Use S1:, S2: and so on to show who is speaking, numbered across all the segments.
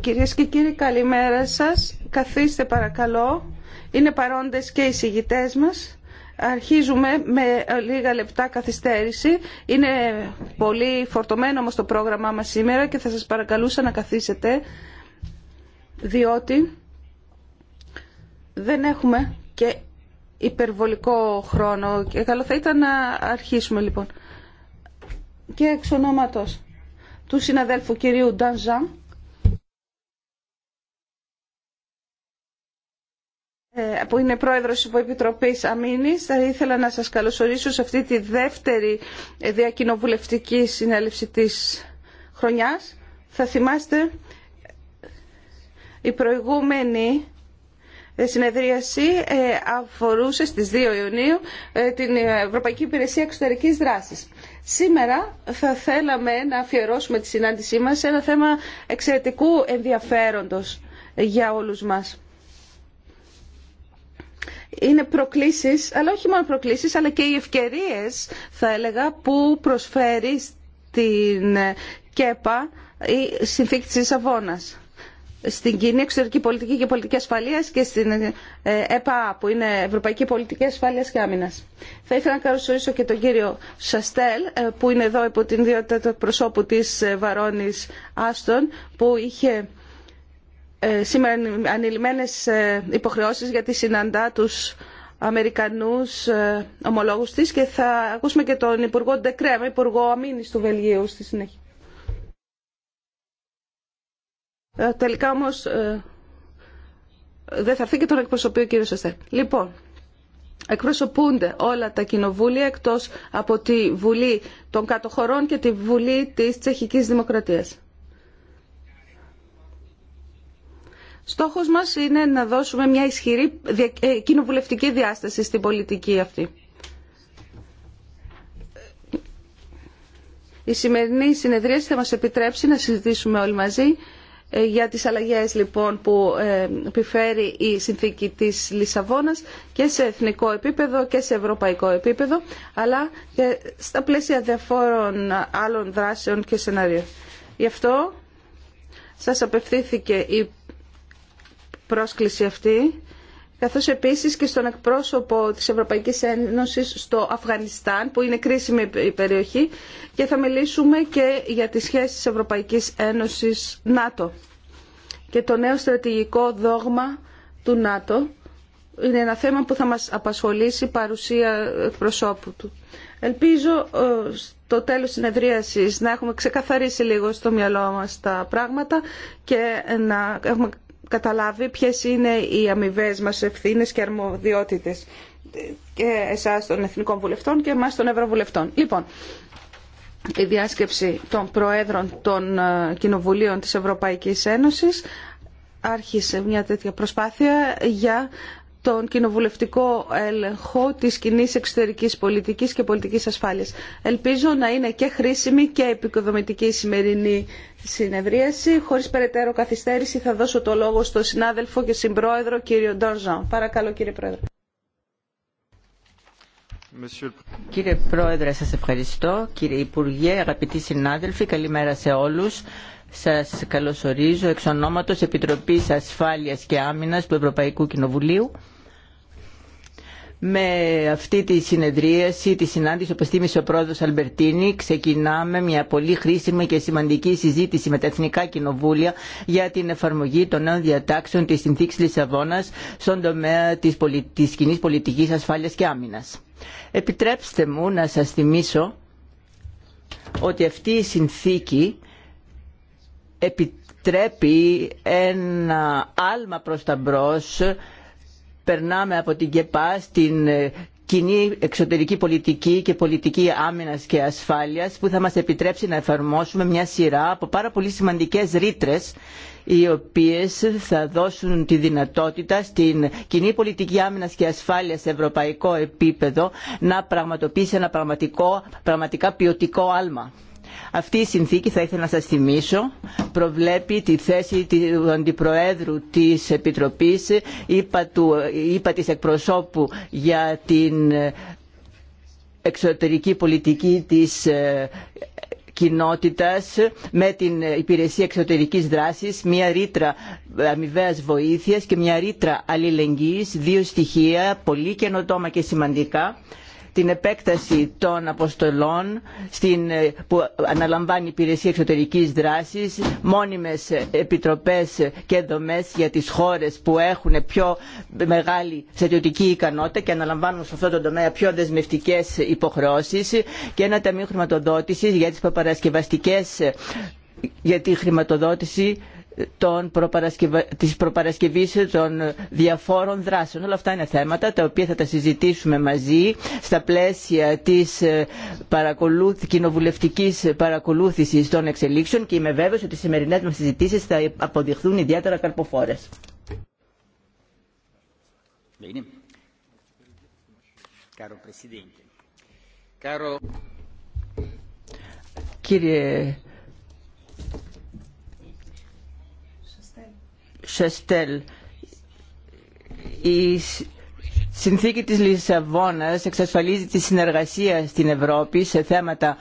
S1: Κυρίες και κύριοι καλημέρα σας. Καθίστε παρακαλώ. Είναι παρόντες και οι συγητέ μας. Αρχίζουμε με λίγα λεπτά καθυστέρηση. Είναι πολύ φορτωμένο όμως το πρόγραμμά μας σήμερα και θα σας παρακαλούσα να καθίσετε διότι δεν έχουμε και υπερβολικό χρόνο και καλό θα ήταν να αρχίσουμε λοιπόν. Και εξ ονόματος του συναδέλφου κυρίου Ντανζάν ε, που είναι πρόεδρος της Υποεπιτροπής Αμήνης. Θα ήθελα να σας καλωσορίσω σε αυτή τη δεύτερη διακοινοβουλευτική συνέλευση της χρονιάς. Θα θυμάστε η προηγούμενη ε, συνεδρίαση ε, αφορούσε στις 2 Ιουνίου ε, την Ευρωπαϊκή Υπηρεσία Εξωτερικής Δράσης. Σήμερα θα θέλαμε να αφιερώσουμε τη συνάντησή μας σε ένα θέμα εξαιρετικού ενδιαφέροντος για όλους μας. Είναι προκλήσεις, αλλά όχι μόνο προκλήσεις, αλλά και οι ευκαιρίες, θα έλεγα, που προσφέρει στην ΚΕΠΑ η συνθήκη της Αβώνας στην κοινή εξωτερική πολιτική και πολιτική ασφαλεία και στην ε, ΕΠΑ που είναι Ευρωπαϊκή Πολιτική Ασφαλεία και Αμυνα. Θα ήθελα να καλωσορίσω και τον κύριο Σαστέλ ε, που είναι εδώ υπό την ιδιότητα του προσώπου της ε, Βαρόνης Άστον που είχε σήμερα ανηλυμένε υποχρεώσεις γιατί συναντά τους Αμερικανούς ομολόγου τη και θα ακούσουμε και τον Υπουργό Ντεκρέμ, Υπουργό Αμήνη του Βελγίου στη συνέχεια. Ε, τελικά όμως ε, δεν θα έρθει και τον εκπροσωπεί ο κύριο Αστέρ. Λοιπόν, εκπροσωπούνται όλα τα κοινοβούλια εκτός από τη Βουλή των Κατοχωρών και τη Βουλή της Τσεχική Δημοκρατίας. Στόχος μας είναι να δώσουμε μια ισχυρή ε, κοινοβουλευτική διάσταση στην πολιτική αυτή. Η σημερινή συνεδρίαση θα μας επιτρέψει να συζητήσουμε όλοι μαζί ε, για τις αλλαγές λοιπόν που ε, επιφέρει η συνθήκη της Λισαβόνας και σε εθνικό επίπεδο και σε ευρωπαϊκό επίπεδο αλλά και στα πλαίσια διαφόρων άλλων δράσεων και σενάριων. Γι' αυτό σας απευθύνθηκε η πρόσκληση αυτή καθώς επίσης και στον εκπρόσωπο της Ευρωπαϊκής Ένωσης στο Αφγανιστάν, που είναι κρίσιμη η περιοχή, και θα μιλήσουμε και για τις σχέσεις της Ευρωπαϊκής Ένωσης ΝΑΤΟ. Και το νέο στρατηγικό δόγμα του ΝΑΤΟ είναι ένα θέμα που θα μας απασχολήσει παρουσία εκπροσώπου του. Ελπίζω ε, στο τέλος της συνεδρίασης να έχουμε ξεκαθαρίσει λίγο στο μυαλό μας τα πράγματα και να έχουμε καταλάβει ποιες είναι οι αμοιβέ μας ευθύνες και αρμοδιότητες και εσάς των Εθνικών Βουλευτών και εμάς των Ευρωβουλευτών. Λοιπόν, η διάσκεψη των Προέδρων των ε, Κοινοβουλίων της Ευρωπαϊκής Ένωσης άρχισε μια τέτοια προσπάθεια για τον κοινοβουλευτικό έλεγχο της κοινή εξωτερικής πολιτικής και πολιτικής ασφάλειας. Ελπίζω να είναι και χρήσιμη και επικοδομητική η σημερινή συνεδρίαση. Χωρίς περαιτέρω καθυστέρηση θα δώσω το λόγο στο συνάδελφο και συμπρόεδρο κύριο Ντόρζαν. Παρακαλώ κύριε Πρόεδρε.
S2: Κύριε Πρόεδρε, σας ευχαριστώ. Κύριε Υπουργέ, αγαπητοί συνάδελφοι, καλημέρα σε όλους. Σας καλωσορίζω εξ ονόματος Επιτροπής Ασφάλειας και Άμυνας του Ευρωπαϊκού Κοινοβουλίου με αυτή τη συνεδρίαση, τη συνάντηση, όπως θύμισε ο πρόεδρος Αλμπερτίνη, ξεκινάμε μια πολύ χρήσιμη και σημαντική συζήτηση με τα Εθνικά Κοινοβούλια για την εφαρμογή των νέων διατάξεων της Συνθήκης Λισαβόνας στον τομέα της, πολι... της κοινής πολιτικής ασφάλειας και άμυνας. Επιτρέψτε μου να σας θυμίσω ότι αυτή η συνθήκη επιτρέπει ένα άλμα προς τα μπρος περνάμε από την ΚΕΠΑ στην ε, κοινή εξωτερική πολιτική και πολιτική άμυνας και ασφάλειας που θα μας επιτρέψει να εφαρμόσουμε μια σειρά από πάρα πολύ σημαντικές ρήτρε οι οποίες θα δώσουν τη δυνατότητα στην κοινή πολιτική άμυνας και ασφάλειας σε ευρωπαϊκό επίπεδο να πραγματοποιήσει ένα πραγματικά ποιοτικό άλμα. Αυτή η συνθήκη, θα ήθελα να σας θυμίσω, προβλέπει τη θέση του Αντιπροέδρου της Επιτροπής, είπα, του, εκπροσώπου για την εξωτερική πολιτική της ε, κοινότητας με την υπηρεσία εξωτερικής δράσης μια ρήτρα αμοιβαίας βοήθειας και μια ρήτρα αλληλεγγύης δύο στοιχεία πολύ καινοτόμα και σημαντικά την επέκταση των αποστολών στην, ε, που αναλαμβάνει η υπηρεσία εξωτερικής δράσης, μόνιμες επιτροπές και δομές για τις χώρες που έχουν πιο μεγάλη στρατιωτική ικανότητα και αναλαμβάνουν σε αυτό το τομέα πιο δεσμευτικές υποχρεώσεις και ένα ταμείο χρηματοδότησης για τις παρασκευαστικές ε, για τη χρηματοδότηση των προπαρασκευή της προπαρασκευής των διαφόρων δράσεων. Όλα αυτά είναι θέματα τα οποία θα τα συζητήσουμε μαζί στα πλαίσια της ε, κοινοβουλευτική κοινοβουλευτικής παρακολούθησης των εξελίξεων και είμαι βέβαιος ότι οι σημερινές μας συζητήσεις θα αποδειχθούν ιδιαίτερα καρποφόρες. Σεστέλ. Η συνθήκη της Λισαβόνας εξασφαλίζει τη συνεργασία στην Ευρώπη σε θέματα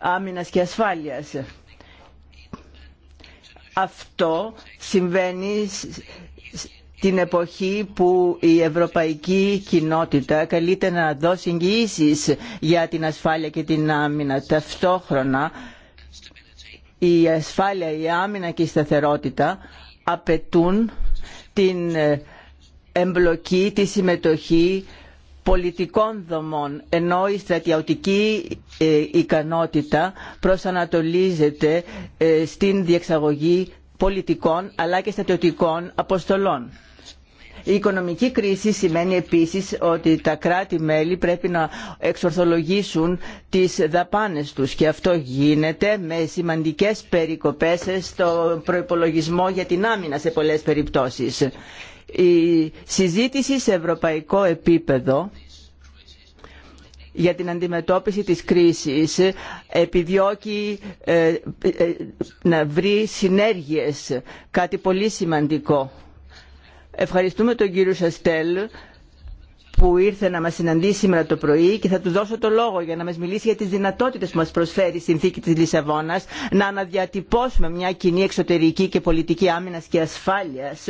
S2: άμυνας και ασφάλειας. Αυτό συμβαίνει την εποχή που η ευρωπαϊκή κοινότητα καλείται να δώσει εγγυήσει για την ασφάλεια και την άμυνα. Ταυτόχρονα η ασφάλεια, η άμυνα και η σταθερότητα απαιτούν την ε, εμπλοκή, τη συμμετοχή πολιτικών δομών, ενώ η στρατιωτική ε, ικανότητα προσανατολίζεται ε, στην διεξαγωγή πολιτικών αλλά και στρατιωτικών αποστολών. Η οικονομική κρίση σημαίνει επίσης ότι τα κράτη-μέλη πρέπει να εξορθολογήσουν τις δαπάνες τους και αυτό γίνεται με σημαντικές περικοπές στο προϋπολογισμό για την άμυνα σε πολλές περιπτώσεις. Η συζήτηση σε ευρωπαϊκό επίπεδο για την αντιμετώπιση της κρίσης επιδιώκει ε, ε, να βρει συνέργειες, κάτι πολύ σημαντικό. Ευχαριστούμε τον κύριο Σαστέλ που ήρθε να μας συναντήσει σήμερα το πρωί και θα του δώσω το λόγο για να μας μιλήσει για τις δυνατότητες που μας προσφέρει η συνθήκη της Λισαβόνας να αναδιατυπώσουμε μια κοινή εξωτερική και πολιτική άμυνας και ασφάλειας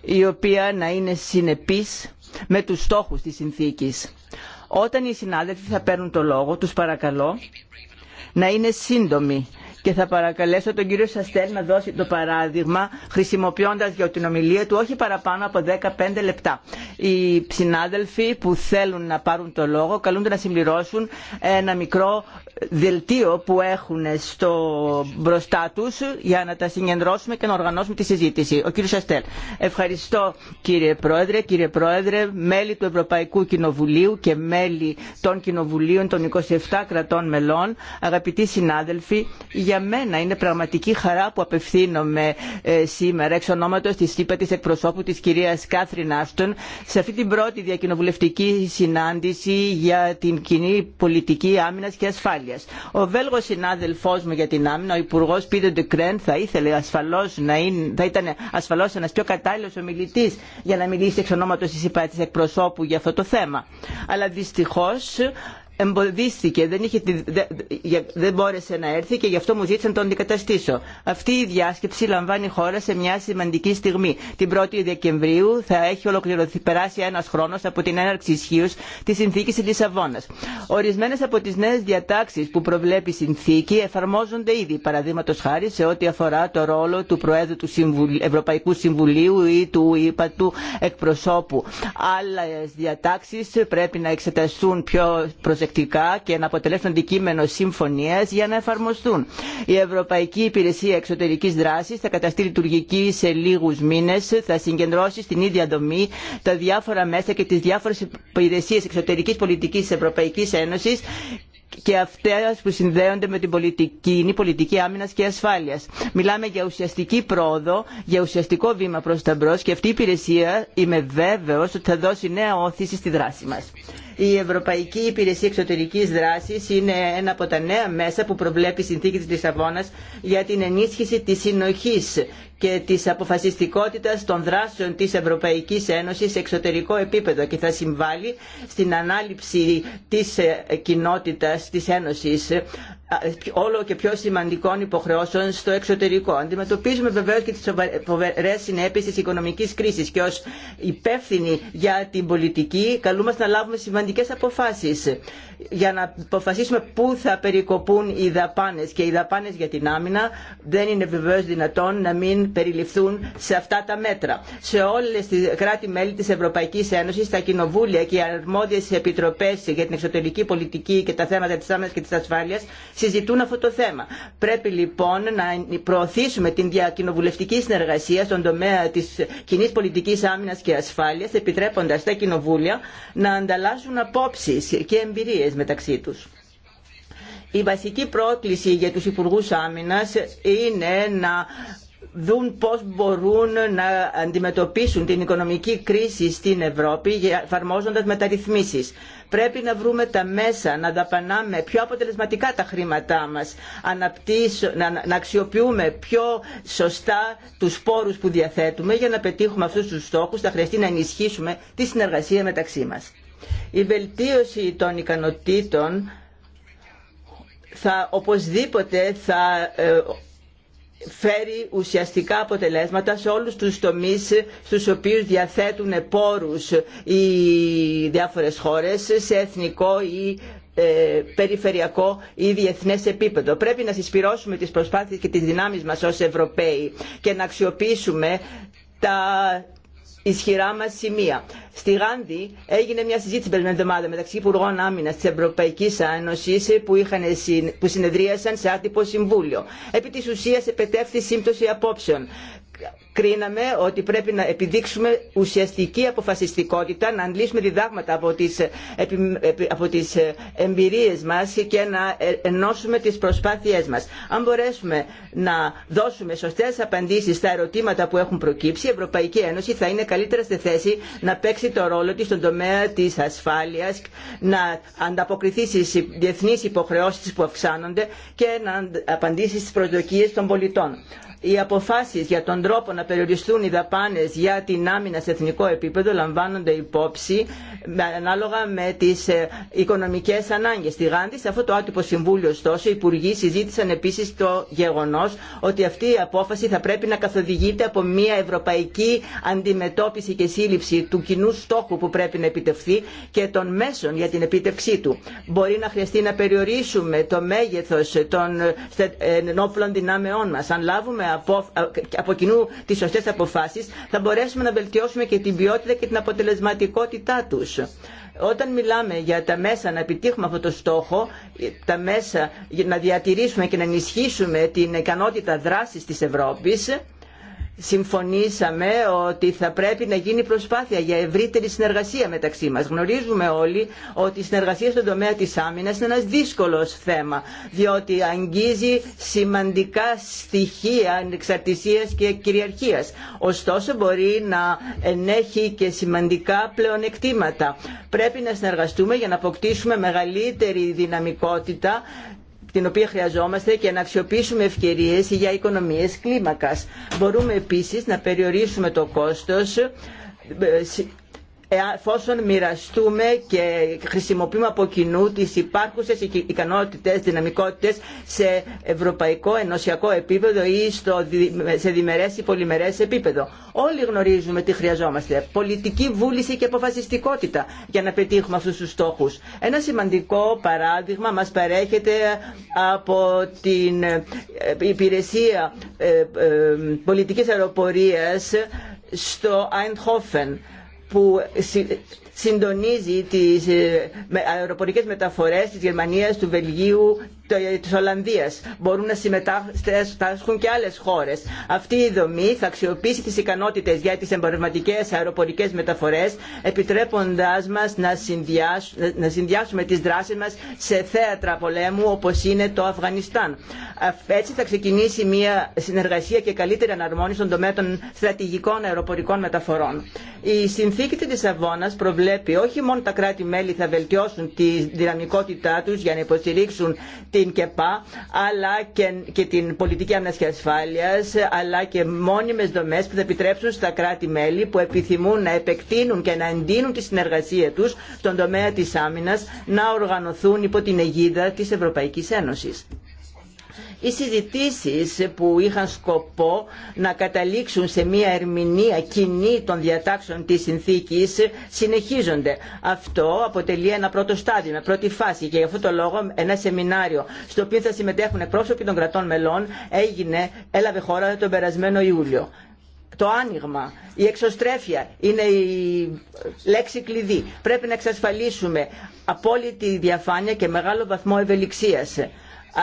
S2: η οποία να είναι συνεπής με τους στόχους της συνθήκης. Όταν οι συνάδελφοι θα παίρνουν το λόγο, τους παρακαλώ να είναι σύντομοι και θα παρακαλέσω τον κύριο Σαστέλ να δώσει το παράδειγμα χρησιμοποιώντας για την ομιλία του όχι παραπάνω από 15 λεπτά. Οι συνάδελφοι που θέλουν να πάρουν το λόγο καλούνται να συμπληρώσουν ένα μικρό δελτίο που έχουν στο μπροστά του για να τα συγκεντρώσουμε και να οργανώσουμε τη συζήτηση. Ο κύριος Αστέλ. Ευχαριστώ κύριε Πρόεδρε, κύριε Πρόεδρε, μέλη του Ευρωπαϊκού Κοινοβουλίου και μέλη των Κοινοβουλίων των 27 κρατών μελών, αγαπητοί συνάδελφοι, για μένα είναι πραγματική χαρά που απευθύνομαι ε, σήμερα εξ ονόματο τη ΣΥΠΑ της εκπροσώπου τη κυρία Κάθριν Άστον σε αυτή την πρώτη διακοινοβουλευτική συνάντηση για την κοινή πολιτική Άμυνα και ασφάλεια ασφάλειας. Ο Βέλγος συνάδελφός μου για την άμυνα, ο υπουργό Πίτερ Ντεκρέν, θα ήθελε ασφαλώς να είναι, θα ήταν ασφαλώς ένας πιο κατάλληλος ομιλητή για να μιλήσει εξ ονόματος της ΥΠΑ εκπροσώπου για αυτό το θέμα. Αλλά δυστυχώς εμποδίστηκε, δεν, είχε, δεν μπόρεσε να έρθει και γι' αυτό μου ζήτησαν τον αντικαταστήσω. Αυτή η διάσκεψη λαμβάνει χώρα σε μια σημαντική στιγμή. Την 1η Δεκεμβρίου θα έχει ολοκληρωθεί, περάσει ένα χρόνο από την έναρξη ισχύω τη συνθήκη τη Λισαβόνα. Ορισμένε από τι νέε διατάξει που προβλέπει η συνθήκη εφαρμόζονται ήδη, παραδείγματο χάρη σε ό,τι αφορά το ρόλο του Προέδρου του Ευρωπαϊκού Συμβουλίου ή του ΙΠΑ του εκπροσώπου. Άλλε διατάξει πρέπει να εξεταστούν πιο προσεκτικά και να αποτελέσουν αντικείμενο συμφωνία για να εφαρμοστούν. Η Ευρωπαϊκή Υπηρεσία Εξωτερική Δράση θα καταστεί λειτουργική σε λίγου μήνε, θα συγκεντρώσει στην ίδια δομή τα διάφορα μέσα και τι διάφορε υπηρεσίε εξωτερική πολιτική τη Ευρωπαϊκή Ένωση και αυτέ που συνδέονται με την πολιτική, πολιτική άμυνα και ασφάλεια. Μιλάμε για ουσιαστική πρόοδο, για ουσιαστικό βήμα προ τα μπρο και αυτή η υπηρεσία είμαι βέβαιο ότι θα δώσει νέα όθηση στη δράση μα. Η Ευρωπαϊκή Υπηρεσία Εξωτερική δράση είναι ένα από τα νέα μέσα που προβλέπει η συνθήκη τη Λισαβόνα για την ενίσχυση της συνοχής και της αποφασιστικότητας των δράσεων της Ευρωπαϊκής Ένωσης σε εξωτερικό επίπεδο και θα συμβάλλει στην ανάληψη της ε, κοινότητα της Ένωσης όλο και πιο σημαντικών υποχρεώσεων στο εξωτερικό. Αντιμετωπίζουμε βεβαίως και τις φοβερές συνέπειες της οικονομικής κρίσης και ως υπεύθυνοι για την πολιτική καλούμαστε να λάβουμε σημαντικές αποφάσεις για να αποφασίσουμε πού θα περικοπούν οι δαπάνε και οι δαπάνε για την άμυνα δεν είναι βεβαιω δυνατόν να μην περιληφθούν σε αυτά τα μέτρα. Σε όλε τι κράτη-μέλη τη Ευρωπαϊκή Ένωση, τα κοινοβούλια και οι αρμόδιες επιτροπέ για την εξωτερική πολιτική και τα θέματα τη άμυνας και τη ασφάλεια συζητούν αυτό το θέμα. Πρέπει λοιπόν να προωθήσουμε την διακοινοβουλευτική συνεργασία στον τομέα τη κοινή πολιτική άμυνα και ασφάλεια, επιτρέποντα τα κοινοβούλια να ανταλλάσσουν απόψει και εμπειρίες συνεργασίες μεταξύ τους. Η βασική πρόκληση για τους Υπουργούς Άμυνας είναι να δουν πώς μπορούν να αντιμετωπίσουν την οικονομική κρίση στην Ευρώπη εφαρμόζοντα μεταρρυθμίσεις. Πρέπει να βρούμε τα μέσα, να δαπανάμε πιο αποτελεσματικά τα χρήματά μας, να αξιοποιούμε πιο σωστά τους πόρους που διαθέτουμε για να πετύχουμε αυτούς τους στόχους, θα χρειαστεί να ενισχύσουμε τη συνεργασία μεταξύ μας. Η βελτίωση των ικανοτήτων θα οπωσδήποτε θα ε, φέρει ουσιαστικά αποτελέσματα σε όλους τους τομείς στους οποίους διαθέτουν πόρους οι διάφορες χώρες σε εθνικό ή ε, περιφερειακό ή διεθνές επίπεδο. Πρέπει να συσπυρώσουμε τις προσπάθειες και τις δυνάμεις μας ως Ευρωπαίοι και να αξιοποιήσουμε τα ισχυρά μα σημεία. Στη Γάνδη έγινε μια συζήτηση πριν εβδομάδα μεταξύ Υπουργών Άμυνα τη Ευρωπαϊκή Ένωση που, που συνεδρίασαν σε άτυπο συμβούλιο. Επί τη ουσία επετεύχθη σύμπτωση απόψεων κρίναμε ότι πρέπει να επιδείξουμε ουσιαστική αποφασιστικότητα, να αντλήσουμε διδάγματα από τις, από τις εμπειρίες μας και να ε, ενώσουμε τις προσπάθειές μας. Αν μπορέσουμε να δώσουμε σωστές απαντήσεις στα ερωτήματα που έχουν προκύψει, η Ευρωπαϊκή Ένωση θα είναι καλύτερα στη θέση να παίξει το ρόλο της στον τομέα της ασφάλειας, να ανταποκριθεί στις διεθνείς υποχρεώσεις που αυξάνονται και να απαντήσει στις προσδοκίες των πολιτών οι αποφάσει για τον τρόπο να περιοριστούν οι δαπάνε για την άμυνα σε εθνικό επίπεδο λαμβάνονται υπόψη ανάλογα με τι ε, οικονομικέ ανάγκε. Στη Γάνδη, σε αυτό το άτυπο συμβούλιο ωστόσο, οι υπουργοί συζήτησαν επίση το γεγονό ότι αυτή η απόφαση θα πρέπει να καθοδηγείται από μια ευρωπαϊκή αντιμετώπιση και σύλληψη του κοινού στόχου που πρέπει να επιτευχθεί και των μέσων για την επίτευξή του. Μπορεί να χρειαστεί να περιορίσουμε το μέγεθο των ε, ενόπλων δυνάμεών μα, Αν λάβουμε από, από κοινού τις σωστέ αποφάσεις θα μπορέσουμε να βελτιώσουμε και την ποιότητα και την αποτελεσματικότητά τους. Όταν μιλάμε για τα μέσα να επιτύχουμε αυτό το στόχο, τα μέσα για να διατηρήσουμε και να ενισχύσουμε την ικανότητα δράσης της Ευρώπης, συμφωνήσαμε ότι θα πρέπει να γίνει προσπάθεια για ευρύτερη συνεργασία μεταξύ μας. Γνωρίζουμε όλοι ότι η συνεργασία στον τομέα της άμυνας είναι ένας δύσκολος θέμα, διότι αγγίζει σημαντικά στοιχεία ανεξαρτησίας και κυριαρχίας. Ωστόσο μπορεί να ενέχει και σημαντικά πλεονεκτήματα. Πρέπει να συνεργαστούμε για να αποκτήσουμε μεγαλύτερη δυναμικότητα την οποία χρειαζόμαστε και να αξιοποιήσουμε ευκαιρίες για οικονομίες κλίμακας. Μπορούμε επίση να περιορίσουμε το κόστος ε, ε, εφόσον μοιραστούμε και χρησιμοποιούμε από κοινού τις υπάρχουσες ικανότητες, δυναμικότητες σε ευρωπαϊκό ενωσιακό επίπεδο ή στο, σε διμερές ή πολυμερές επίπεδο. Όλοι γνωρίζουμε τι χρειαζόμαστε. Πολιτική βούληση και αποφασιστικότητα για να πετύχουμε αυτούς τους στόχους. Ένα σημαντικό παράδειγμα μας παρέχεται από την ε, υπηρεσία ε, πολιτικής αεροπορίας στο Eindhoven που συντονίζει τις ε, αεροπορικές μεταφορές της Γερμανίας, του Βελγίου, της Ολλανδίας. Μπορούν να συμμετάσχουν και άλλες χώρες. Αυτή η δομή θα αξιοποιήσει τις ικανότητες για τις εμπορευματικές αεροπορικές μεταφορές, επιτρέποντάς μας να, συνδυάσουμε, να συνδυάσουμε τις δράσεις μας σε θέατρα πολέμου όπως είναι το Αφγανιστάν. Έτσι θα ξεκινήσει μια συνεργασία και καλύτερη αναρμόνιση στον τομέα των στρατηγικών αεροπορικών μεταφορών. Η συνθήκη της Αβώνας προβλέπει όχι μόνο τα κράτη-μέλη θα βελτιώσουν τη δυναμικότητά τους για να υποστηρίξουν την ΚΕΠΑ αλλά και, την πολιτική άμυνας και ασφάλειας αλλά και μόνιμες δομές που θα επιτρέψουν στα κράτη-μέλη που επιθυμούν να επεκτείνουν και να εντείνουν τη συνεργασία τους στον τομέα της άμυνας να οργανωθούν υπό την αιγίδα της Ευρωπαϊκής Ένωσης. Οι συζητήσει που είχαν σκοπό να καταλήξουν σε μια ερμηνεία κοινή των διατάξεων της συνθήκης συνεχίζονται. Αυτό αποτελεί ένα πρώτο στάδιο, μια πρώτη φάση και γι' αυτό το λόγο ένα σεμινάριο στο οποίο θα συμμετέχουν εκπρόσωποι των κρατών μελών έγινε, έλαβε χώρα τον περασμένο Ιούλιο το άνοιγμα, η εξωστρέφεια είναι η λέξη κλειδί. Πρέπει να εξασφαλίσουμε απόλυτη διαφάνεια και μεγάλο βαθμό ευελιξίας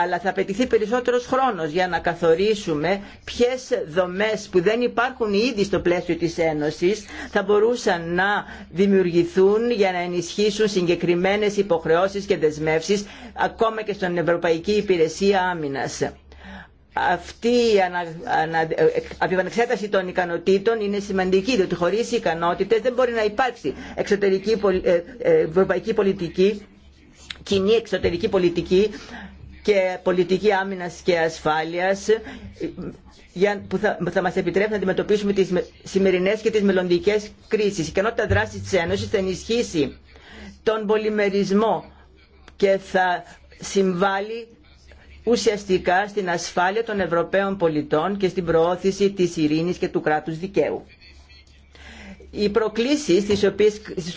S2: αλλά θα απαιτηθεί περισσότερος χρόνος για να καθορίσουμε ποιες δομές που δεν υπάρχουν ήδη στο πλαίσιο της Ένωσης θα μπορούσαν να δημιουργηθούν για να ενισχύσουν συγκεκριμένες υποχρεώσεις και δεσμεύσεις ακόμα και στον Ευρωπαϊκή Υπηρεσία Άμυνας αυτή η ανα, των ικανοτήτων είναι σημαντική, διότι χωρίς ικανότητες δεν μπορεί να υπάρξει εξωτερική, ε, ε, ευρωπαϊκή πολιτική, κοινή εξωτερική πολιτική και πολιτική άμυνας και ασφάλειας που θα μας επιτρέψει να αντιμετωπίσουμε τις σημερινές και τις μελλοντικές κρίσεις. Η ικανότητα δράσης της Ένωσης θα ενισχύσει τον πολυμερισμό και θα συμβάλλει ουσιαστικά στην ασφάλεια των Ευρωπαίων πολιτών και στην προώθηση της ειρήνης και του κράτους δικαίου οι προκλήσει στι οποίε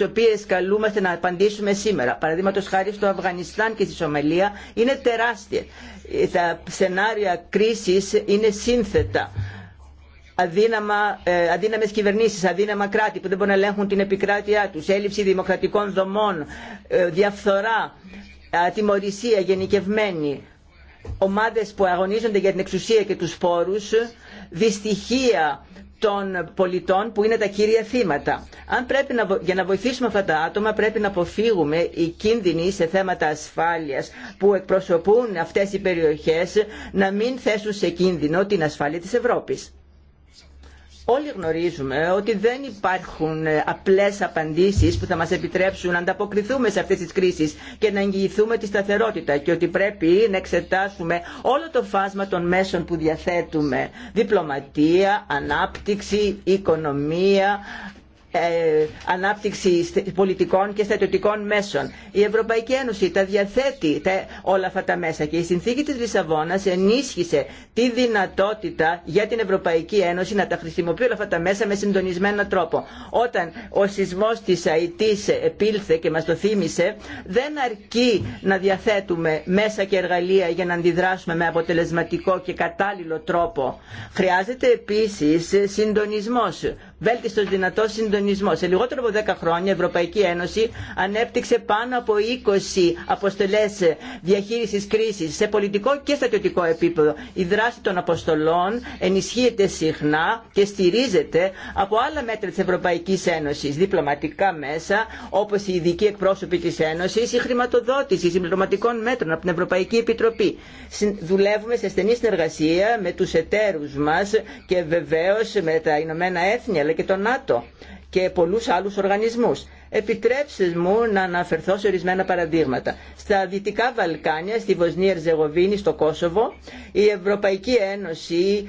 S2: οποίες καλούμαστε να απαντήσουμε σήμερα, παραδείγματο χάρη στο Αφγανιστάν και στη Σομαλία, είναι τεράστια. Τα σενάρια κρίσης είναι σύνθετα. Αδύναμα, ε, αδύναμες κυβερνήσεις, αδύναμα κράτη που δεν μπορούν να ελέγχουν την επικράτειά τους, έλλειψη δημοκρατικών δομών, ε, διαφθορά, ατιμορρησία γενικευμένη, ομάδες που αγωνίζονται για την εξουσία και τους πόρους, δυστυχία των πολιτών που είναι τα κύρια θύματα. Αν πρέπει να, για να βοηθήσουμε αυτά τα άτομα πρέπει να αποφύγουμε οι κίνδυνοι σε θέματα ασφάλειας που εκπροσωπούν αυτές οι περιοχές να μην θέσουν σε κίνδυνο την ασφάλεια της Ευρώπης. Όλοι γνωρίζουμε ότι δεν υπάρχουν ε, απλές απαντήσεις που θα μας επιτρέψουν να ανταποκριθούμε σε αυτές τις κρίσεις και να εγγυηθούμε τη σταθερότητα και ότι πρέπει να εξετάσουμε όλο το φάσμα των μέσων που διαθέτουμε. Διπλωματία, ανάπτυξη, οικονομία, ε, ανάπτυξη πολιτικών και στατιωτικών μέσων. Η Ευρωπαϊκή Ένωση τα διαθέτει όλα αυτά τα μέσα και η συνθήκη της Λισαβόνας ενίσχυσε τη δυνατότητα για την Ευρωπαϊκή Ένωση να τα χρησιμοποιεί όλα αυτά τα μέσα με συντονισμένο τρόπο. Όταν ο σεισμός της ΑΕΤΙΣ επήλθε και μας το θύμισε, δεν αρκεί να διαθέτουμε μέσα και εργαλεία για να αντιδράσουμε με αποτελεσματικό και κατάλληλο τρόπο. Χρειάζεται επίσης συντονισμός βέλτιστο δυνατό συντονισμό. Σε λιγότερο από 10 χρόνια η Ευρωπαϊκή Ένωση ανέπτυξε πάνω από 20 αποστολέ διαχείριση κρίση σε πολιτικό και στρατιωτικό επίπεδο. Η δράση των αποστολών ενισχύεται συχνά και στηρίζεται από άλλα μέτρα τη Ευρωπαϊκή Ένωση, διπλωματικά μέσα όπω οι ειδικοί εκπρόσωποι τη Ένωση, η χρηματοδότηση συμπληρωματικών μέτρων από την Ευρωπαϊκή Επιτροπή. Δουλεύουμε σε στενή συνεργασία με του εταίρου μα και βεβαίω με τα Ηνωμένα Έθνη αλλά και το ΝΑΤΟ και πολλούς άλλους οργανισμούς επιτρέψτε μου να αναφερθώ σε ορισμένα παραδείγματα. Στα Δυτικά Βαλκάνια, στη Βοσνία Ερζεγοβίνη, στο Κόσοβο, η Ευρωπαϊκή Ένωση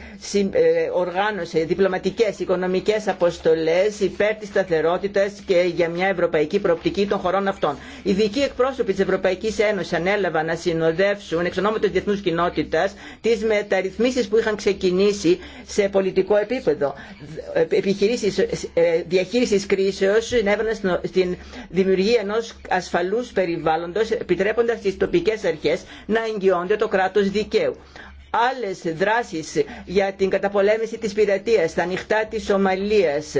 S2: ε, οργάνωσε διπλωματικές οικονομικές αποστολές υπέρ της σταθερότητας και για μια ευρωπαϊκή προοπτική των χωρών αυτών. Οι δικοι εκπρόσωποι της Ευρωπαϊκής Ένωσης ανέλαβαν να συνοδεύσουν εξ ονόματος τη διεθνούς κοινότητας τις μεταρρυθμίσεις που είχαν ξεκινήσει σε πολιτικό επίπεδο. Ε, επιχειρήσεις ε, διαχείρισης κρίσεως συνέβαιναν στην δημιουργία ενό ασφαλού περιβάλλοντος επιτρέποντα στις τοπικές αρχές να εγγυώνται το κράτος δικαίου άλλες δράσεις για την καταπολέμηση της πειρατεία, τα νυχτά τη Σομαλίας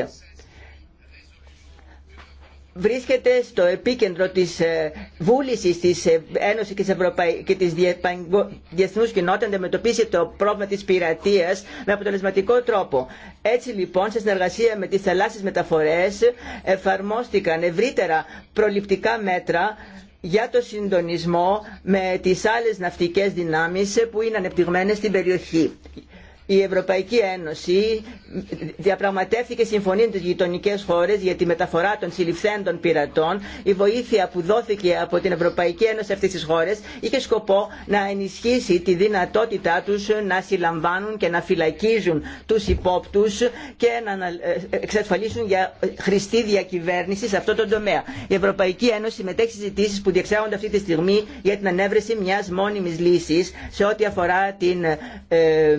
S2: βρίσκεται στο επίκεντρο της ε, βούλησης της ε, Ένωσης και της, Ευρωπαϊ... και διεθνούς κοινότητας να αντιμετωπίσει το πρόβλημα της πειρατείας με αποτελεσματικό τρόπο. Έτσι λοιπόν, σε συνεργασία με τις θαλάσσιες μεταφορές, εφαρμόστηκαν ευρύτερα προληπτικά μέτρα για το συντονισμό με τις άλλες ναυτικές δυνάμεις που είναι ανεπτυγμένες στην περιοχή η Ευρωπαϊκή Ένωση διαπραγματεύτηκε συμφωνή με τις γειτονικές χώρες για τη μεταφορά των συλληφθέντων πειρατών. Η βοήθεια που δόθηκε από την Ευρωπαϊκή Ένωση αυτές τις χώρες είχε σκοπό να ενισχύσει τη δυνατότητά τους να συλλαμβάνουν και να φυλακίζουν τους υπόπτους και να ε, εξασφαλίσουν για χρηστή διακυβέρνηση σε αυτό το τομέα. Η Ευρωπαϊκή Ένωση συμμετέχει συζητήσεις που διεξάγονται αυτή τη στιγμή για την ανέβρεση μιας μόνιμης λύσης σε ό,τι αφορά την ε,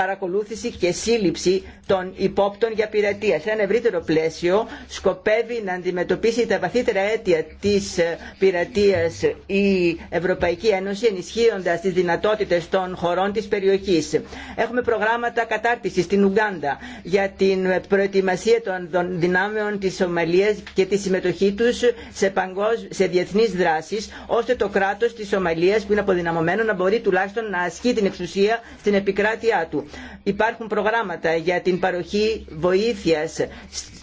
S2: παρακολούθηση και σύλληψη των υπόπτων για πειρατεία. Σε ένα ευρύτερο πλαίσιο σκοπεύει να αντιμετωπίσει τα βαθύτερα αίτια της ε, πειρατείας η Ευρωπαϊκή Ένωση ενισχύοντας τις δυνατότητες των χωρών της περιοχής. Έχουμε προγράμματα κατάρτισης στην Ουγγάντα για την προετοιμασία των δυνάμεων της Σομαλίας και τη συμμετοχή τους σε, παγκόσ... σε διεθνείς δράσεις ώστε το κράτος της Σομαλίας που είναι αποδυναμωμένο να μπορεί τουλάχιστον να ασκεί την εξουσία στην επικράτειά του. Υπάρχουν προγράμματα για την παροχή βοήθειας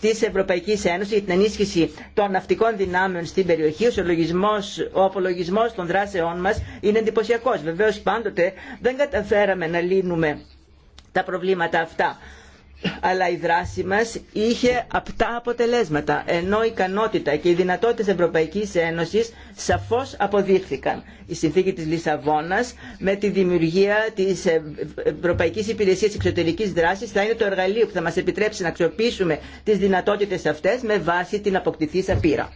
S2: τη ευρωπαϊκή Ένωση, για την ενίσχυση των ναυτικών δυνάμεων στην περιοχή. Ο απολογισμός των δράσεών μας είναι εντυπωσιακό. Βεβαίως πάντοτε δεν καταφέραμε να λύνουμε τα προβλήματα αυτά αλλά η δράση μας είχε απτά αποτελέσματα, ενώ η ικανότητα και οι δυνατότητες Ευρωπαϊκής Ένωσης σαφώς αποδείχθηκαν. Η συνθήκη της Λισαβόνας με τη δημιουργία της ε, Ευρωπαϊκής Υπηρεσίας Εξωτερικής Δράσης θα είναι το εργαλείο που θα μας επιτρέψει να αξιοποιήσουμε τις δυνατότητες αυτές με βάση την αποκτηθή σαπήρα.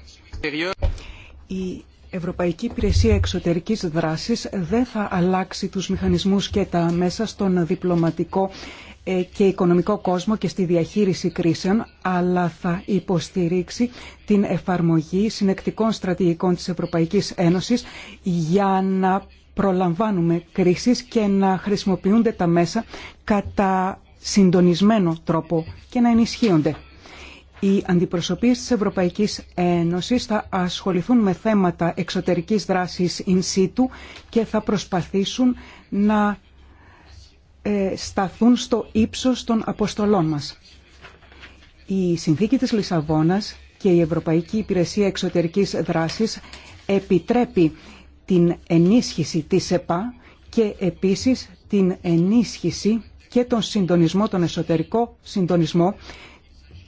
S3: Η Ευρωπαϊκή Υπηρεσία Εξωτερικής Δράσης δεν θα αλλάξει τους μηχανισμούς και τα μέσα στον διπλωματικό ε, και οικονομικό κόσμο και στη διαχείριση κρίσεων, αλλά θα υποστηρίξει την εφαρμογή συνεκτικών στρατηγικών της Ευρωπαϊκής Ένωσης για να προλαμβάνουμε κρίσεις και να χρησιμοποιούνται τα μέσα κατά συντονισμένο τρόπο και να ενισχύονται. Οι αντιπροσωπείς της Ευρωπαϊκής Ένωσης θα ασχοληθούν με θέματα εξωτερικής δράσης in situ και θα προσπαθήσουν να ε, σταθούν στο ύψος των αποστολών μας. Η συνθήκη της Λισαβόνας και η Ευρωπαϊκή Υπηρεσία Εξωτερικής Δράσης επιτρέπει την ενίσχυση της ΕΠΑ και επίσης την ενίσχυση και τον συντονισμό, τον εσωτερικό συντονισμό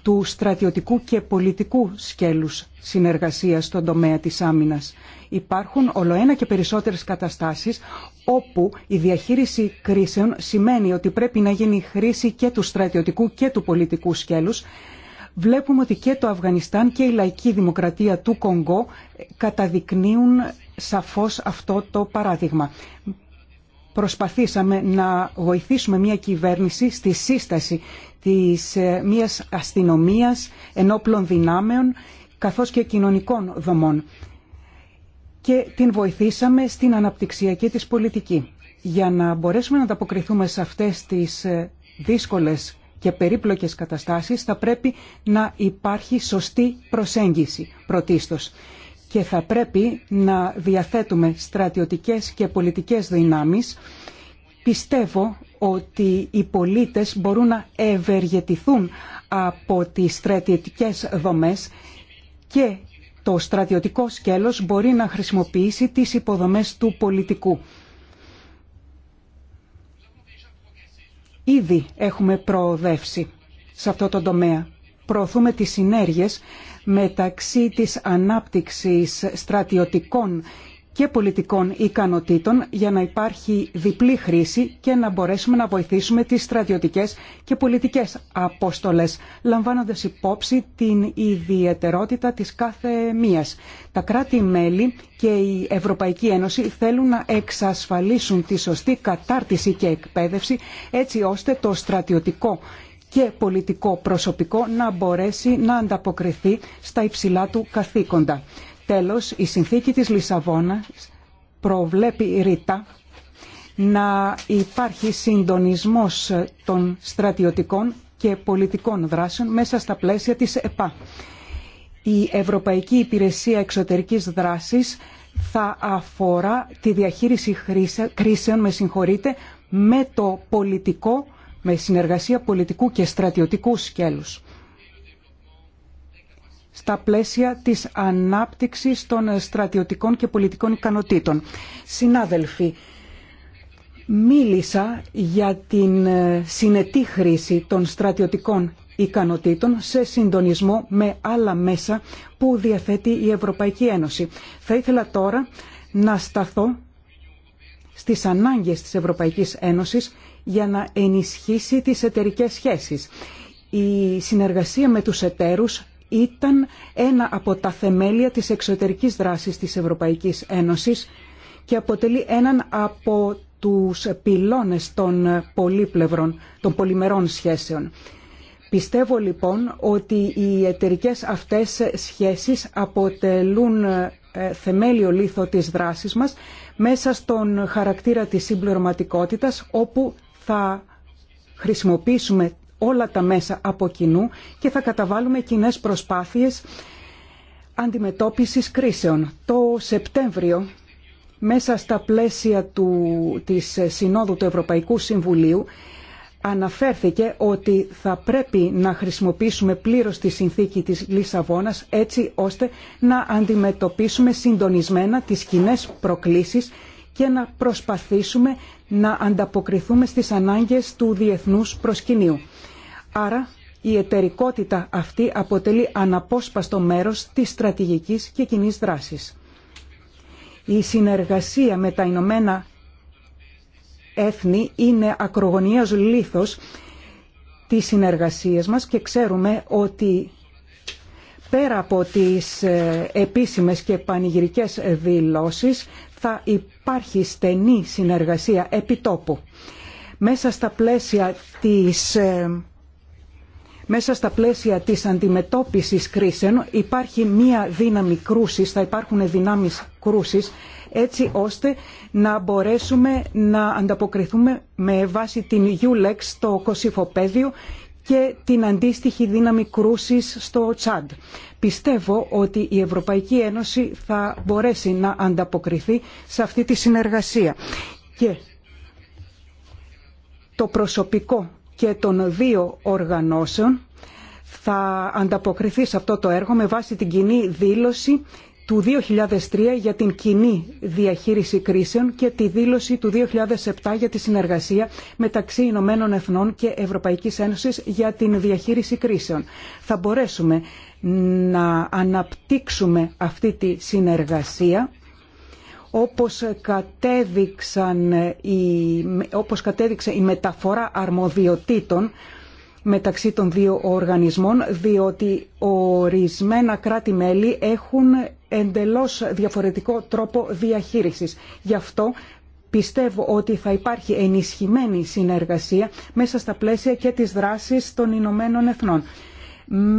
S3: του στρατιωτικού και πολιτικού σκέλους συνεργασίας στον τομέα της άμυνας. Υπάρχουν ολοένα και περισσότερες καταστάσεις όπου η διαχείριση κρίσεων σημαίνει ότι πρέπει να γίνει χρήση και του στρατιωτικού και του πολιτικού σκέλους, βλέπουμε ότι και το Αφγανιστάν και η λαϊκή δημοκρατία του Κονγκό καταδεικνύουν σαφώς αυτό το παράδειγμα. Προσπαθήσαμε να βοηθήσουμε μια κυβέρνηση στη σύσταση της ε, μιας αστυνομίας, ενόπλων δυνάμεων, καθώς και κοινωνικών δομών και την βοηθήσαμε στην αναπτυξιακή της πολιτική. Για να μπορέσουμε να ανταποκριθούμε σε αυτές τις ε, δύσκολες και περίπλοκες καταστάσεις θα πρέπει να υπάρχει σωστή προσέγγιση πρωτίστως και θα πρέπει να διαθέτουμε στρατιωτικές και πολιτικές δυνάμεις. Πιστεύω ότι οι πολίτες μπορούν να ευεργετηθούν από τις στρατιωτικές δομές και το στρατιωτικό σκέλος μπορεί να χρησιμοποιήσει τις υποδομές του πολιτικού. Ήδη έχουμε προοδεύσει σε αυτό το τομέα. Προωθούμε τις συνέργειες μεταξύ της ανάπτυξης στρατιωτικών και πολιτικών ικανοτήτων για να υπάρχει διπλή χρήση και να μπορέσουμε να βοηθήσουμε τις στρατιωτικές και πολιτικές απόστολες, λαμβάνοντας υπόψη την ιδιαιτερότητα της κάθε μίας. Τα κράτη-μέλη και η Ευρωπαϊκή Ένωση θέλουν να εξασφαλίσουν τη σωστή κατάρτιση και εκπαίδευση, έτσι ώστε το στρατιωτικό και πολιτικό προσωπικό να μπορέσει να ανταποκριθεί στα υψηλά του καθήκοντα. Τέλος, η συνθήκη της Λισαβόνα προβλέπει ρητά να υπάρχει συντονισμός των στρατιωτικών και πολιτικών δράσεων μέσα στα πλαίσια της ΕΠΑ. Η Ευρωπαϊκή Υπηρεσία Εξωτερικής Δράσης θα αφορά τη διαχείριση κρίσεων, με συγχωρείτε, με το πολιτικό, με συνεργασία πολιτικού και στρατιωτικού σκέλους στα πλαίσια της ανάπτυξης των στρατιωτικών και πολιτικών ικανοτήτων. Συνάδελφοι, μίλησα για την ε, συνετή χρήση των στρατιωτικών ικανοτήτων σε συντονισμό με άλλα μέσα που διαθέτει η Ευρωπαϊκή Ένωση. Θα ήθελα τώρα να σταθώ στις ανάγκες της Ευρωπαϊκής Ένωσης για να ενισχύσει τις εταιρικές σχέσεις. Η συνεργασία με τους εταίρους ήταν ένα από τα θεμέλια της εξωτερικής δράσης της Ευρωπαϊκής Ένωσης και αποτελεί έναν από τους πυλώνες των πολύπλευρων, των πολυμερών σχέσεων. Πιστεύω λοιπόν ότι οι εταιρικές αυτές σχέσεις αποτελούν ε, θεμέλιο λίθο της δράσης μας μέσα στον χαρακτήρα της συμπληρωματικότητας όπου θα χρησιμοποιήσουμε όλα τα μέσα από κοινού και θα καταβάλουμε κοινέ προσπάθειες αντιμετώπισης κρίσεων. Το Σεπτέμβριο, μέσα στα πλαίσια του, της Συνόδου του Ευρωπαϊκού Συμβουλίου, αναφέρθηκε ότι θα πρέπει να χρησιμοποιήσουμε πλήρως τη συνθήκη της Λισαβόνας έτσι ώστε να αντιμετωπίσουμε συντονισμένα τις κοινέ προκλήσεις και να προσπαθήσουμε να ανταποκριθούμε στις ανάγκες του διεθνούς προσκυνίου. Άρα η εταιρικότητα αυτή αποτελεί αναπόσπαστο μέρος της στρατηγικής και κοινή δράσης. Η συνεργασία με τα Ηνωμένα Έθνη είναι ακρογωνιας λίθος της συνεργασίας μας και ξέρουμε ότι πέρα από τις ε, επίσημες και πανηγυρικές δηλώσεις θα υπάρχει στενή συνεργασία επιτόπου. Μέσα στα πλαίσια της ε, μέσα στα πλαίσια της αντιμετώπισης κρίσεων υπάρχει μία δύναμη κρούσης, θα υπάρχουν δυνάμεις κρούσης, έτσι ώστε να μπορέσουμε να ανταποκριθούμε με βάση την ULEX στο Κωσυφοπέδιο και την αντίστοιχη δύναμη κρούσης στο Τσάντ. Πιστεύω ότι η Ευρωπαϊκή Ένωση θα μπορέσει να ανταποκριθεί σε αυτή τη συνεργασία. Και το προσωπικό και των δύο οργανώσεων θα ανταποκριθεί σε αυτό το έργο με βάση την κοινή δήλωση του 2003 για την κοινή διαχείριση κρίσεων και τη δήλωση του 2007 για τη συνεργασία μεταξύ Ηνωμένων Εθνών και Ευρωπαϊκής Ένωσης για την διαχείριση κρίσεων. Θα μπορέσουμε να αναπτύξουμε αυτή τη συνεργασία όπως, κατέδειξαν η, όπως κατέδειξε η μεταφορά αρμοδιοτήτων μεταξύ των δύο οργανισμών, διότι ορισμένα κράτη-μέλη έχουν εντελώς διαφορετικό τρόπο διαχείρισης. Γι' αυτό πιστεύω ότι θα υπάρχει ενισχυμένη συνεργασία μέσα στα πλαίσια και της δράσης των Ηνωμένων Εθνών.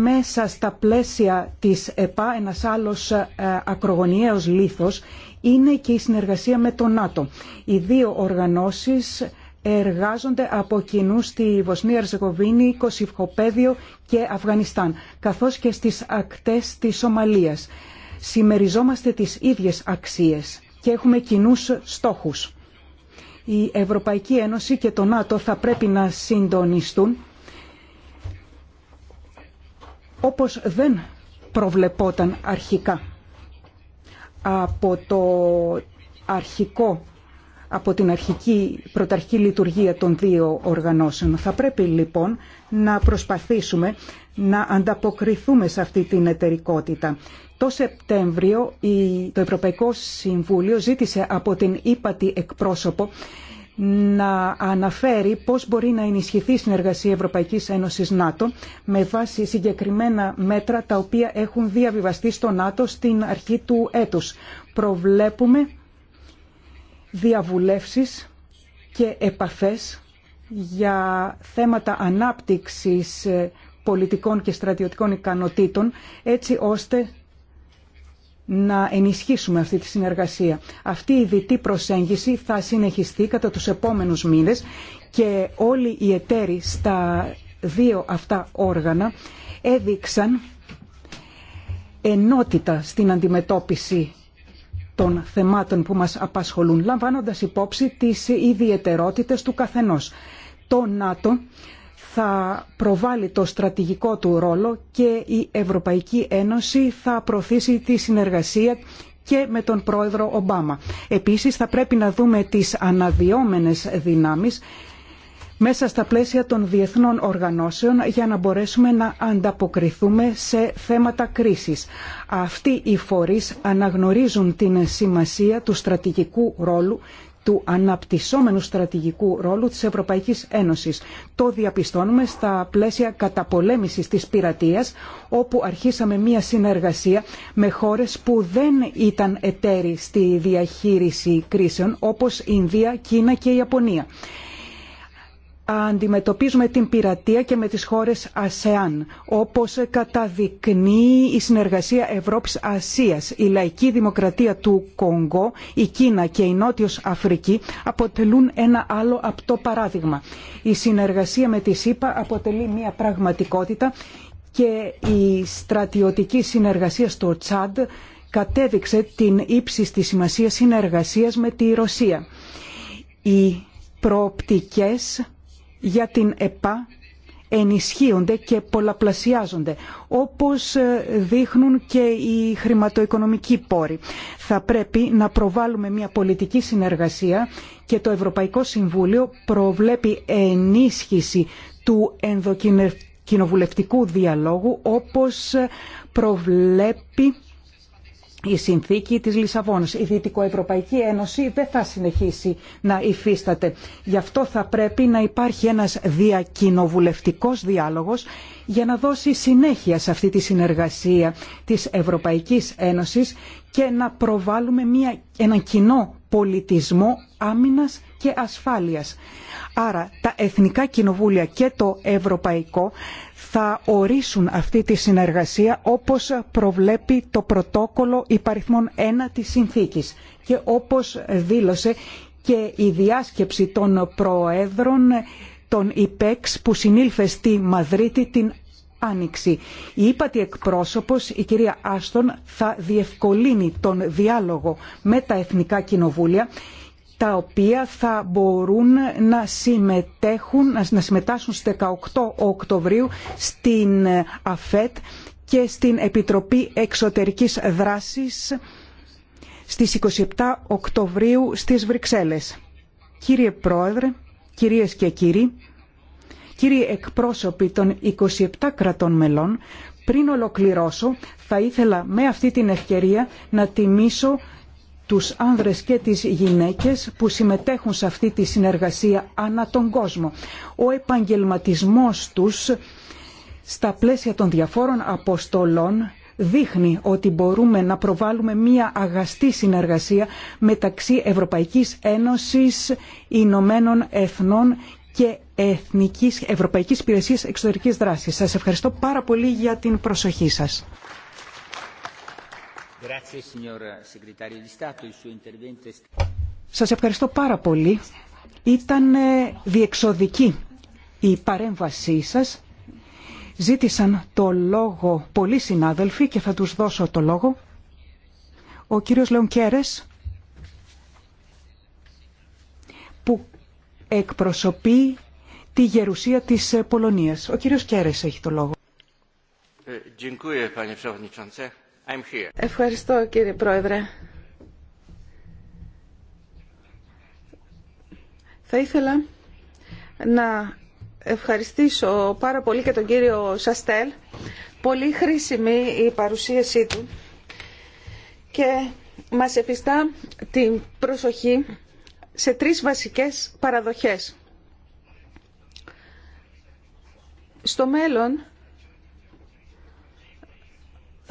S3: Μέσα στα πλαίσια της ΕΠΑ, ένας άλλος ε, ακρογωνιαίος λίθος είναι και η συνεργασία με το ΝΑΤΟ. Οι δύο οργανώσεις εργάζονται από κοινού στη Βοσνία, Ερζεγοβίνη, Κωσυφχοπέδιο και Αφγανιστάν, καθώς και στις ακτές της Σομαλίας. Σημεριζόμαστε τις ίδιες αξίες και έχουμε κοινού στόχους. Η Ευρωπαϊκή Ένωση και το ΝΑΤΟ θα πρέπει να συντονιστούν όπως δεν προβλεπόταν αρχικά από το αρχικό από την αρχική, πρωταρχική λειτουργία των δύο οργανώσεων. Θα πρέπει λοιπόν να προσπαθήσουμε να ανταποκριθούμε σε αυτή την εταιρικότητα. Το Σεπτέμβριο το Ευρωπαϊκό Συμβούλιο ζήτησε από την ύπατη εκπρόσωπο να αναφέρει πώς μπορεί να ενισχυθεί η συνεργασία Ευρωπαϊκής Ένωσης ΝΑΤΟ με βάση συγκεκριμένα μέτρα τα οποία έχουν διαβιβαστεί στο ΝΑΤΟ στην αρχή του έτους. Προβλέπουμε διαβουλεύσεις και επαφές για θέματα ανάπτυξης πολιτικών και στρατιωτικών ικανοτήτων έτσι ώστε να ενισχύσουμε αυτή τη συνεργασία. Αυτή η διτή προσέγγιση θα συνεχιστεί κατά τους επόμενους μήνες και όλοι οι εταίροι στα δύο αυτά όργανα έδειξαν ενότητα στην αντιμετώπιση των θεμάτων που μας απασχολούν, λαμβάνοντας υπόψη τις ιδιαιτερότητες του καθενός. Το ΝΑΤΟ θα προβάλλει το στρατηγικό του ρόλο και η Ευρωπαϊκή Ένωση θα προωθήσει τη συνεργασία και με τον πρόεδρο Ομπάμα. Επίσης θα πρέπει να δούμε τις αναδυόμενες δυνάμεις μέσα στα πλαίσια των διεθνών οργανώσεων για να μπορέσουμε να ανταποκριθούμε σε θέματα κρίσης. Αυτοί οι φορείς αναγνωρίζουν την σημασία του στρατηγικού ρόλου του αναπτυσσόμενου στρατηγικού ρόλου της Ευρωπαϊκής Ένωσης. Το διαπιστώνουμε στα πλαίσια καταπολέμησης της πειρατείας, όπου αρχίσαμε μία συνεργασία με χώρες που δεν ήταν εταίροι στη διαχείριση κρίσεων, όπως Ινδία, Κίνα και Ιαπωνία αντιμετωπίζουμε την πειρατεία και με τις χώρες ασεάν όπως καταδεικνύει η συνεργασία ευρώπης ασίας η λαϊκή δημοκρατία του κονγκό η κίνα και η νότιος αφρική αποτελούν ένα άλλο απτό παράδειγμα. η συνεργασία με τη ΣΥΠΑ αποτελεί μια πραγματικότητα και η στρατιωτική συνεργασία στο τσάντ κατέδειξε την ύψιστη τη σημασία συνεργασίας με τη ρωσία. οι προοπτικές για την ΕΠΑ ενισχύονται και πολλαπλασιάζονται, όπως ε, δείχνουν και οι χρηματοοικονομικοί πόροι. Θα πρέπει να προβάλλουμε μια πολιτική συνεργασία και το Ευρωπαϊκό Συμβούλιο προβλέπει ενίσχυση του ενδοκινοβουλευτικού διαλόγου, όπως ε, προβλέπει η συνθήκη της Λισαβόνας. Η Δυτικοευρωπαϊκή Ένωση δεν θα συνεχίσει να υφίσταται. Γι' αυτό θα πρέπει να υπάρχει ένας διακοινοβουλευτικός διάλογος για να δώσει συνέχεια σε αυτή τη συνεργασία της Ευρωπαϊκής Ένωσης και να προβάλλουμε μια, έναν κοινό πολιτισμό άμυνας και ασφάλειας. Άρα τα Εθνικά Κοινοβούλια και το Ευρωπαϊκό θα ορίσουν αυτή τη συνεργασία όπως προβλέπει το πρωτόκολλο υπαριθμών 1 της συνθήκης και όπως δήλωσε και η διάσκεψη των προέδρων των ΙΠΕΞ που συνήλθε στη Μαδρίτη την Άνοιξη. Η ύπατη εκπρόσωπος, η κυρία Άστον, θα διευκολύνει τον διάλογο με τα Εθνικά Κοινοβούλια τα οποία θα μπορούν να, συμμετέχουν, να συμμετάσχουν στις 18 Οκτωβρίου στην ΑΦΕΤ και στην Επιτροπή Εξωτερικής Δράσης στις 27 Οκτωβρίου στις Βρυξέλλες. Κύριε Πρόεδρε, κυρίες και κύριοι, κύριοι εκπρόσωποι των 27 κρατών μελών, πριν ολοκληρώσω θα ήθελα με αυτή την ευκαιρία να τιμήσω τους άνδρες και τις γυναίκες που συμμετέχουν σε αυτή τη συνεργασία ανά τον κόσμο. Ο επαγγελματισμός τους στα πλαίσια των διαφόρων αποστολών δείχνει ότι μπορούμε να προβάλλουμε μία αγαστή συνεργασία μεταξύ Ευρωπαϊκής Ένωσης, Ηνωμένων Εθνών και Εθνικής Ευρωπαϊκής Υπηρεσίας Εξωτερικής Δράσης. Σας ευχαριστώ πάρα πολύ για την προσοχή σας. Σας ευχαριστώ πάρα πολύ. Ήταν ε, διεξοδική η παρέμβασή σας. Ζήτησαν το λόγο πολλοί συνάδελφοι και θα τους δώσω το λόγο. Ο κύριος Λεονκέρες που εκπροσωπεί τη γερουσία της ε, Πολωνίας. Ο κύριος Κέρες έχει το λόγο.
S4: Ε,
S1: Ευχαριστώ κύριε Πρόεδρε. Θα ήθελα να ευχαριστήσω πάρα πολύ και τον κύριο Σαστέλ. Πολύ χρήσιμη η παρουσίασή του και μας εφιστά την προσοχή σε τρεις βασικές παραδοχές. Στο μέλλον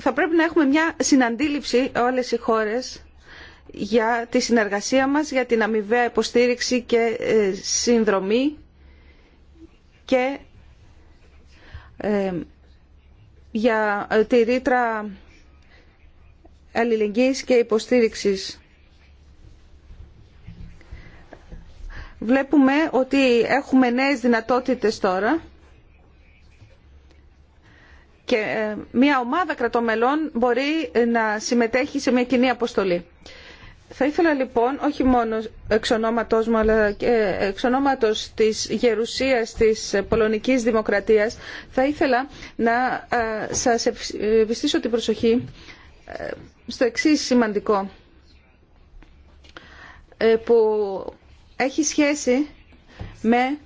S1: θα πρέπει να έχουμε μια συναντήληψη όλες οι χώρες για τη συνεργασία μας, για την αμοιβαία υποστήριξη και ε, συνδρομή και ε, για ε, τη ρήτρα αλληλεγγύης και υποστήριξης. Βλέπουμε ότι έχουμε νέες δυνατότητες τώρα και ε, μια ομάδα κρατομελών μπορεί να συμμετέχει σε μια κοινή αποστολή. Θα ήθελα λοιπόν, όχι μόνο εξ ονόματός μου, αλλά και εξ ονόματος της γερουσίας της πολωνικής δημοκρατίας, θα ήθελα να ε, σας ευστήσω την προσοχή ε, στο εξής σημαντικό, που έχει σχέση με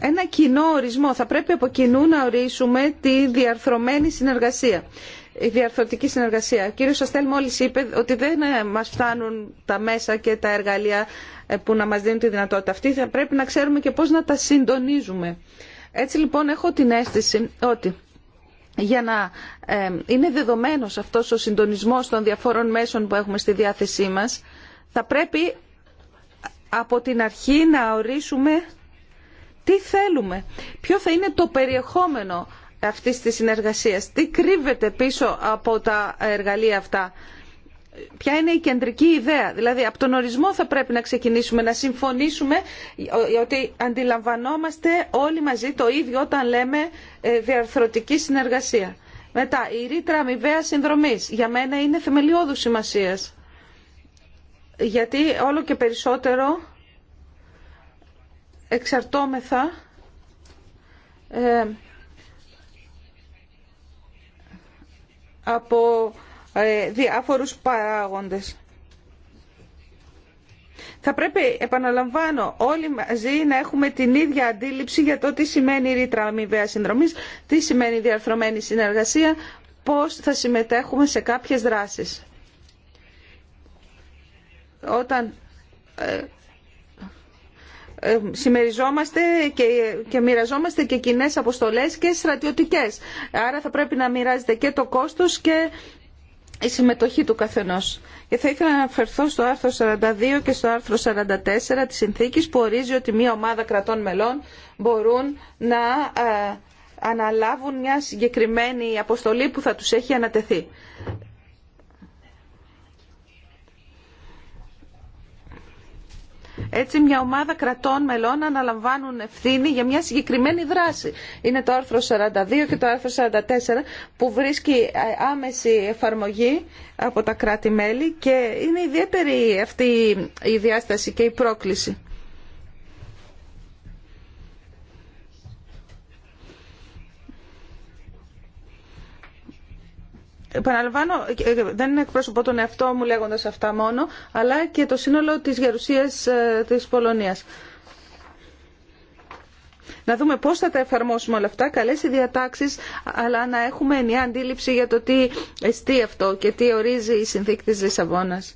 S1: ένα κοινό ορισμό. Θα πρέπει από κοινού να ορίσουμε τη διαρθρωμένη συνεργασία. Η διαρθρωτική συνεργασία. Ο κύριος Αστέλ μόλις είπε ότι δεν ε, μας φτάνουν τα μέσα και τα εργαλεία ε, που να μας δίνουν τη δυνατότητα αυτή. Θα πρέπει να ξέρουμε και πώς να τα συντονίζουμε. Έτσι λοιπόν έχω την αίσθηση ότι για να ε, είναι δεδομένος αυτός ο συντονισμός των διαφόρων μέσων που έχουμε στη διάθεσή μας, θα πρέπει από την αρχή να ορίσουμε τι θέλουμε, ποιο θα είναι το περιεχόμενο αυτής της συνεργασίας, τι κρύβεται πίσω από τα εργαλεία αυτά. Ποια είναι η κεντρική ιδέα. Δηλαδή, από τον ορισμό θα πρέπει να ξεκινήσουμε, να συμφωνήσουμε ότι αντιλαμβανόμαστε όλοι μαζί το ίδιο όταν λέμε ε, διαρθρωτική συνεργασία. Μετά, η ρήτρα αμοιβαία συνδρομή. Για μένα είναι θεμελιώδου σημασία. Γιατί όλο και περισσότερο εξαρτώμεθα ε, από ε, διάφορους παράγοντες. Θα πρέπει, επαναλαμβάνω, όλοι μαζί να έχουμε την ίδια αντίληψη για το τι σημαίνει η ρήτρα αμοιβαία συνδρομής, τι σημαίνει η διαρθρωμένη συνεργασία, πώς θα συμμετέχουμε σε κάποιες δράσεις. Όταν ε, ε, συμμεριζόμαστε και, και μοιραζόμαστε και κοινέ αποστολές και στρατιωτικές. Άρα θα πρέπει να μοιράζεται και το κόστος και η συμμετοχή του καθενός. Και θα ήθελα να αναφερθώ στο άρθρο 42 και στο άρθρο 44 της συνθήκης που ορίζει ότι μια ομάδα κρατών μελών μπορούν να ε, αναλάβουν μια συγκεκριμένη αποστολή που θα τους έχει ανατεθεί. Έτσι μια ομάδα κρατών μελών αναλαμβάνουν ευθύνη για μια συγκεκριμένη δράση. Είναι το άρθρο 42 και το άρθρο 44 που βρίσκει ε, άμεση εφαρμογή από τα κράτη-μέλη και είναι ιδιαίτερη αυτή η διάσταση και η πρόκληση. Επαναλαμβάνω, ε, δεν εκπροσωπώ τον εαυτό μου λέγοντας αυτά μόνο, αλλά και το σύνολο της γερουσίας ε, της Πολωνίας. Να δούμε πώς θα τα εφαρμόσουμε όλα αυτά, καλές οι διατάξεις, αλλά να έχουμε ενιαία αντίληψη για το τι εστί αυτό και τι ορίζει η συνθήκη της Λισαβόνας.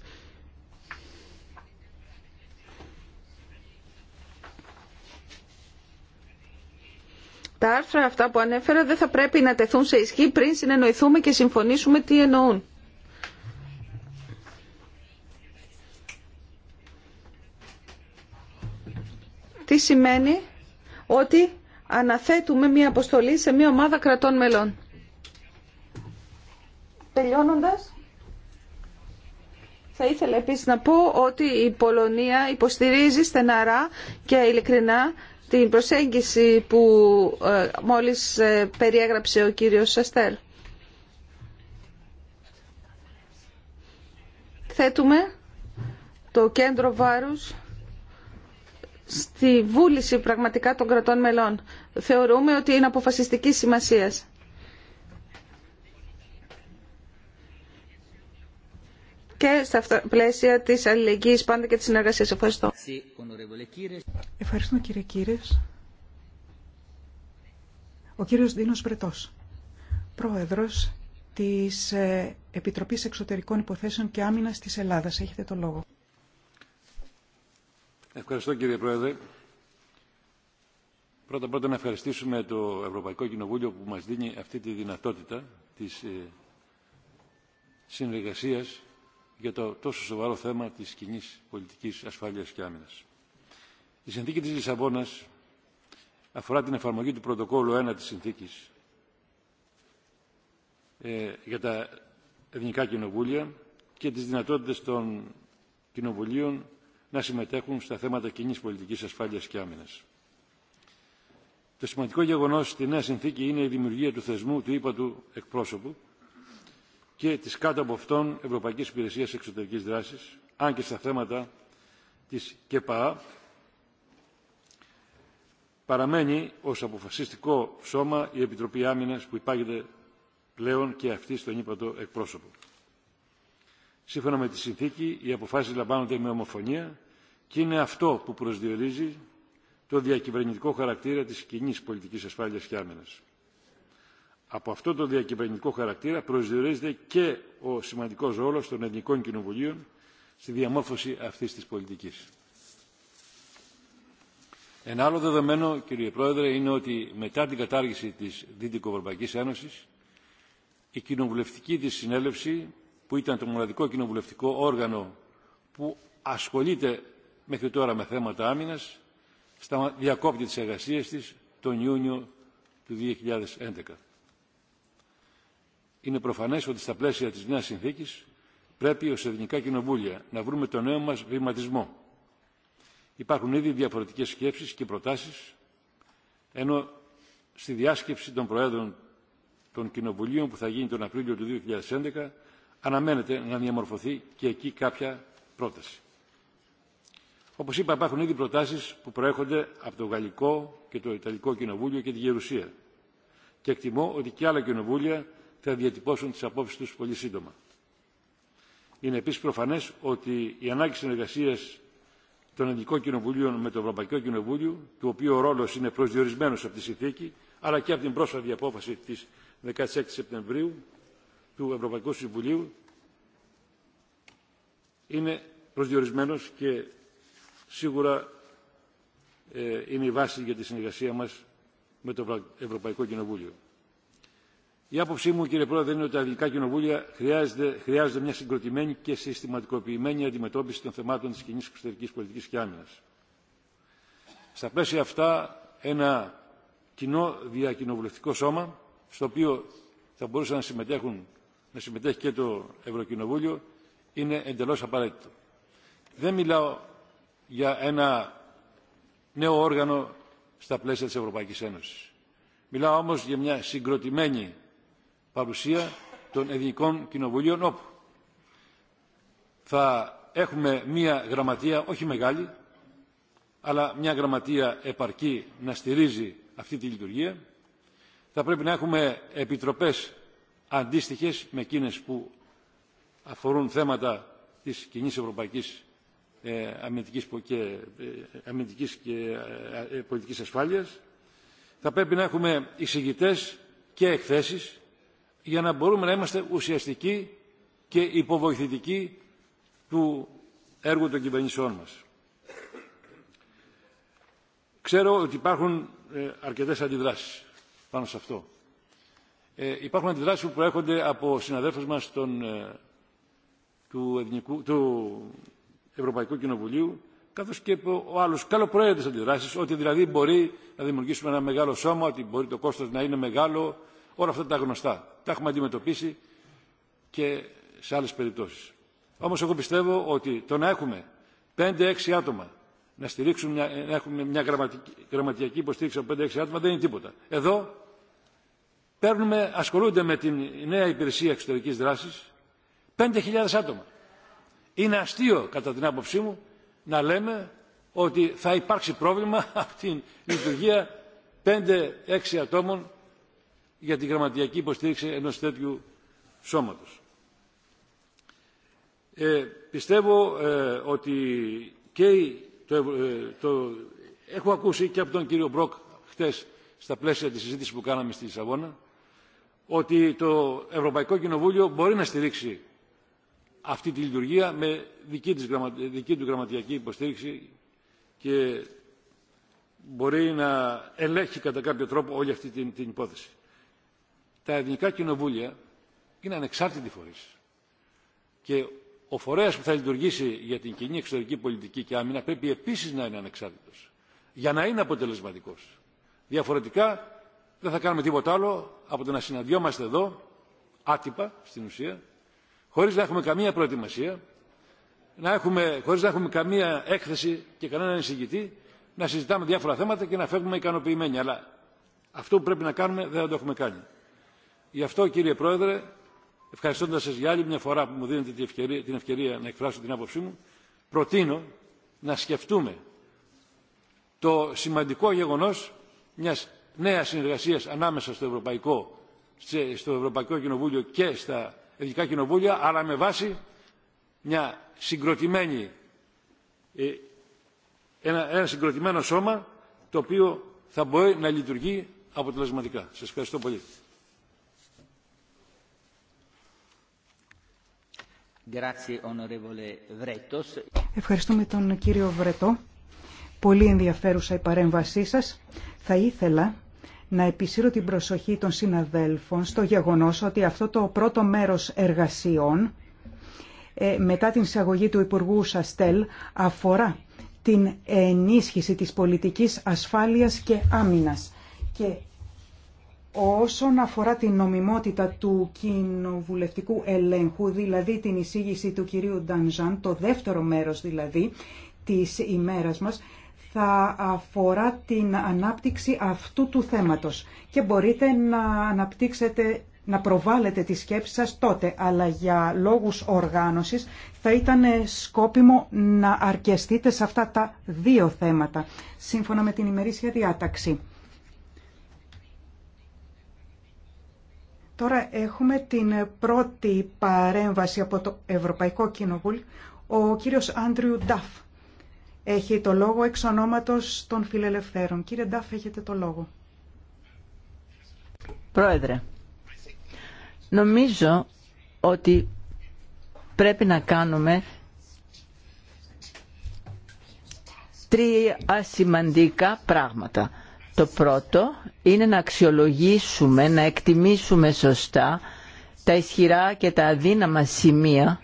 S1: Τα άρθρα αυτά που ανέφερα δεν θα πρέπει να τεθούν σε ισχύ πριν συνεννοηθούμε και συμφωνήσουμε τι εννοούν. Τι σημαίνει ότι αναθέτουμε μία αποστολή σε μία ομάδα κρατών μελών. Τελειώνοντας, θα ήθελα επίσης να πω ότι η Πολωνία υποστηρίζει στεναρά και ειλικρινά την προσέγγιση που ε, μόλις ε, περιέγραψε ο κύριος Σαστέρ. Θέτουμε το κέντρο βάρους στη βούληση πραγματικά των κρατών μελών. Θεωρούμε ότι είναι αποφασιστική σημασίας. και στα πλαίσια της αλληλεγγύης πάντα και της συνεργασίας. Ευχαριστώ.
S3: Ευχαριστούμε κύριε κύριε. Ο κύριος Δίνος Βρετός, πρόεδρος της ε, Επιτροπής Εξωτερικών Υποθέσεων και Άμυνας της Ελλάδας. Έχετε το λόγο.
S5: Ευχαριστώ κύριε Πρόεδρε. Πρώτα πρώτα να ευχαριστήσουμε το Ευρωπαϊκό Κοινοβούλιο που μας δίνει αυτή τη δυνατότητα της ε, συνεργασίας για το τόσο σοβαρό θέμα της κοινή πολιτικής ασφάλειας και άμυνας. Η συνθήκη της Λισαβόνας αφορά την εφαρμογή του πρωτοκόλου 1 της συνθήκης ε, για τα εθνικά κοινοβούλια και τις δυνατότητες των κοινοβουλίων να συμμετέχουν στα θέματα κοινή πολιτικής ασφάλειας και άμυνας. Το σημαντικό γεγονός στη νέα συνθήκη είναι η δημιουργία του θεσμού του ύπατου εκπρόσωπου και της κάτω από αυτών Ευρωπαϊκής Υπηρεσίας Εξωτερικής Δράσης, αν και στα θέματα της ΚΕΠΑ, παραμένει ως αποφασιστικό σώμα η Επιτροπή Άμυνας που υπάγεται πλέον και αυτή στον ύπατο εκπρόσωπο. Σύμφωνα με τη συνθήκη, οι αποφάσεις λαμβάνονται με ομοφωνία και είναι αυτό που προσδιορίζει το διακυβερνητικό χαρακτήρα της κοινή πολιτικής ασφάλειας και άμυνας. Από αυτό το διακυβερνητικό χαρακτήρα προσδιορίζεται και ο σημαντικός ρόλος των Εθνικών Κοινοβουλίων στη διαμόρφωση αυτής της πολιτικής. Ένα άλλο δεδομένο, κύριε Πρόεδρε, είναι ότι μετά την κατάργηση της Δυτικοευρωπαϊκής Ένωσης, η κοινοβουλευτική της συνέλευση, που ήταν το μοναδικό κοινοβουλευτικό όργανο που ασχολείται μέχρι τώρα με θέματα άμυνας, διακόπτει τις εργασίες της τον Ιούνιο του 2011. Είναι προφανές ότι στα πλαίσια της νέας συνθήκης πρέπει ως εθνικά κοινοβούλια να βρούμε το νέο μας βηματισμό. Υπάρχουν ήδη διαφορετικές σκέψεις και προτάσεις, ενώ στη διάσκεψη των Προέδρων των Κοινοβουλίων που θα γίνει τον Απρίλιο του 2011 αναμένεται να διαμορφωθεί και εκεί κάποια πρόταση. Όπως είπα, υπάρχουν ήδη προτάσεις που προέρχονται από το Γαλλικό και το Ιταλικό Κοινοβούλιο και τη Γερουσία. Και εκτιμώ ότι και άλλα κοινοβούλια θα διατυπώσουν τις απόψεις τους πολύ σύντομα. Είναι επίσης προφανές ότι η ανάγκη συνεργασίας των Ελληνικών Κοινοβουλίων με το Ευρωπαϊκό Κοινοβούλιο, του οποίου ο ρόλος είναι προσδιορισμένος από τη συνθήκη, αλλά και από την πρόσφατη απόφαση της 16 Σεπτεμβρίου του Ευρωπαϊκού Συμβουλίου, είναι προσδιορισμένος και σίγουρα ε, είναι η βάση για τη συνεργασία μας με το Ευρωπαϊκό Κοινοβούλιο. Η άποψή μου, κύριε Πρόεδρε, είναι ότι τα ελληνικά κοινοβούλια χρειάζονται μια συγκροτημένη και συστηματικοποιημένη αντιμετώπιση των θεμάτων τη κοινή εξωτερική πολιτική και άμυνα. Στα πλαίσια αυτά, ένα κοινό διακοινοβουλευτικό σώμα, στο οποίο θα μπορούσαν να, συμμετέχουν, να συμμετέχει και το Ευρωκοινοβούλιο, είναι εντελώ απαραίτητο. Δεν μιλάω για ένα νέο όργανο στα πλαίσια τη Ευρωπαϊκή Ένωση. Μιλάω όμω για μια συγκροτημένη παρουσία των ειδικών κοινοβουλίων όπου θα έχουμε μια γραμματεία όχι μεγάλη αλλά μια γραμματεία επαρκή να στηρίζει αυτή τη λειτουργία. Θα πρέπει να έχουμε επιτροπές αντίστοιχες με εκείνες που αφορούν θέματα της κοινή ευρωπαϊκής ε, ε, αμυντικής και, αμυντικής ε, και πολιτικής ασφάλειας. Θα πρέπει να έχουμε εισηγητές και εκθέσεις για να μπορούμε να είμαστε ουσιαστικοί και υποβοηθητικοί του έργου των κυβερνήσεών μας. Ξέρω ότι υπάρχουν ε, αρκετές αντιδράσεις πάνω σε αυτό. Ε, υπάρχουν αντιδράσεις που προέρχονται από συναδέλφους μας ε, του, Εθνικού, του Ευρωπαϊκού Κοινοβουλίου καθώς και από ο άλλος καλοπροέδρες αντιδράσεις ότι δηλαδή μπορεί να δημιουργήσουμε ένα μεγάλο σώμα, ότι μπορεί το κόστος να είναι μεγάλο, Όλα αυτά τα γνωστά. Τα έχουμε αντιμετωπίσει και σε άλλες περιπτώσεις. Όμως εγώ πιστεύω ότι το να έχουμε 5-6 άτομα να, στηρίξουν μια, να έχουμε μια γραμματική, γραμματιακή υποστήριξη από 5-6 άτομα δεν είναι τίποτα. Εδώ παίρνουμε, ασχολούνται με την νέα υπηρεσία εξωτερικής δράσης 5.000 άτομα. Είναι αστείο κατά την άποψή μου να λέμε ότι θα υπάρξει πρόβλημα από την λειτουργία 5-6 ατόμων για την γραμματιακή υποστήριξη ενός τέτοιου σώματος. Ε, πιστεύω ε, ότι και το, ε, το, έχω ακούσει και από τον κύριο Μπροκ χτες στα πλαίσια της συζήτησης που κάναμε στη Λισαβόνα ότι το Ευρωπαϊκό Κοινοβούλιο μπορεί να στηρίξει αυτή τη λειτουργία με δική, της, δική του γραμματιακή υποστήριξη και μπορεί να ελέγχει κατά κάποιο τρόπο όλη αυτή την, την υπόθεση τα ελληνικά κοινοβούλια είναι ανεξάρτητοι φορείς. Και ο φορέας που θα λειτουργήσει για την κοινή εξωτερική πολιτική και άμυνα πρέπει επίση να είναι ανεξάρτητο, Για να είναι αποτελεσματικό. Διαφορετικά δεν θα κάνουμε τίποτα άλλο από το να συναντιόμαστε εδώ, άτυπα στην ουσία, χωρί να έχουμε καμία προετοιμασία, να χωρίς να έχουμε καμία έκθεση και κανέναν εισηγητή, να συζητάμε διάφορα θέματα και να φεύγουμε ικανοποιημένοι. Αλλά αυτό που πρέπει να κάνουμε δεν το έχουμε κάνει. Γι' αυτό κύριε Πρόεδρε, ευχαριστώντας σας για άλλη μια φορά που μου δίνετε την ευκαιρία, την ευκαιρία να εκφράσω την άποψή μου, προτείνω να σκεφτούμε το σημαντικό γεγονός μιας νέας συνεργασίας ανάμεσα στο Ευρωπαϊκό, στο Ευρωπαϊκό Κοινοβούλιο και στα Εθνικά Κοινοβούλια, αλλά με βάση μια συγκροτημένη, ε, ένα, ένα συγκροτημένο σώμα το οποίο θα μπορεί να λειτουργεί αποτελεσματικά. Σας ευχαριστώ πολύ.
S3: Ευχαριστούμε τον κύριο Βρετό. Πολύ ενδιαφέρουσα η παρέμβασή σας. Θα ήθελα να επισύρω την προσοχή των συναδέλφων στο γεγονός ότι αυτό το πρώτο μέρος εργασιών ε, μετά την εισαγωγή του Υπουργού Σαστέλ αφορά την ενίσχυση της πολιτικής ασφάλειας και άμυνας όσον αφορά την νομιμότητα του κοινοβουλευτικού ελέγχου, δηλαδή την εισήγηση του κυρίου Ντανζάν, το δεύτερο μέρος δηλαδή της ημέρας μας, θα αφορά την ανάπτυξη αυτού του θέματος και μπορείτε να αναπτύξετε να προβάλλετε τη σκέψη σας τότε, αλλά για λόγους οργάνωσης θα ήταν σκόπιμο να αρκεστείτε σε αυτά τα δύο θέματα, σύμφωνα με την ημερήσια διάταξη. Τώρα έχουμε την πρώτη παρέμβαση από το Ευρωπαϊκό Κοινοβούλιο. Ο κύριος Άντριου Νταφ έχει το λόγο εξ ονόματος των φιλελευθέρων. Κύριε Νταφ, έχετε το λόγο.
S2: Πρόεδρε, νομίζω ότι πρέπει να κάνουμε τρία σημαντικά πράγματα. Το πρώτο είναι να αξιολογήσουμε, να εκτιμήσουμε σωστά τα ισχυρά και τα αδύναμα σημεία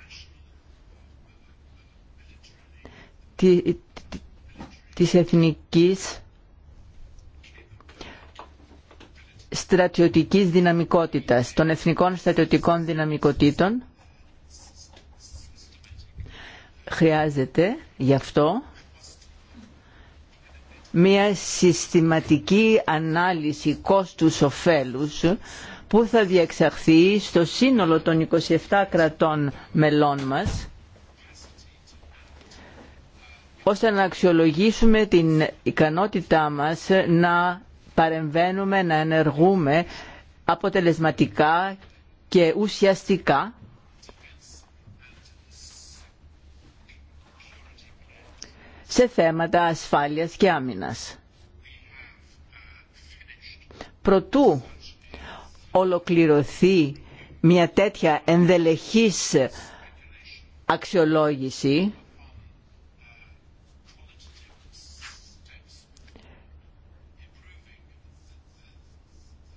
S2: της εθνικής στρατιωτικής δυναμικότητας, των εθνικών στρατιωτικών δυναμικοτήτων. Χρειάζεται γι' αυτό μια συστηματική ανάλυση κόστους οφέλους που θα διεξαχθεί στο σύνολο των 27 κρατών μελών μας ώστε να αξιολογήσουμε την ικανότητά μας να παρεμβαίνουμε, να ενεργούμε αποτελεσματικά και ουσιαστικά σε θέματα ασφάλειας και άμυνας. Προτού ολοκληρωθεί μια τέτοια ενδελεχής αξιολόγηση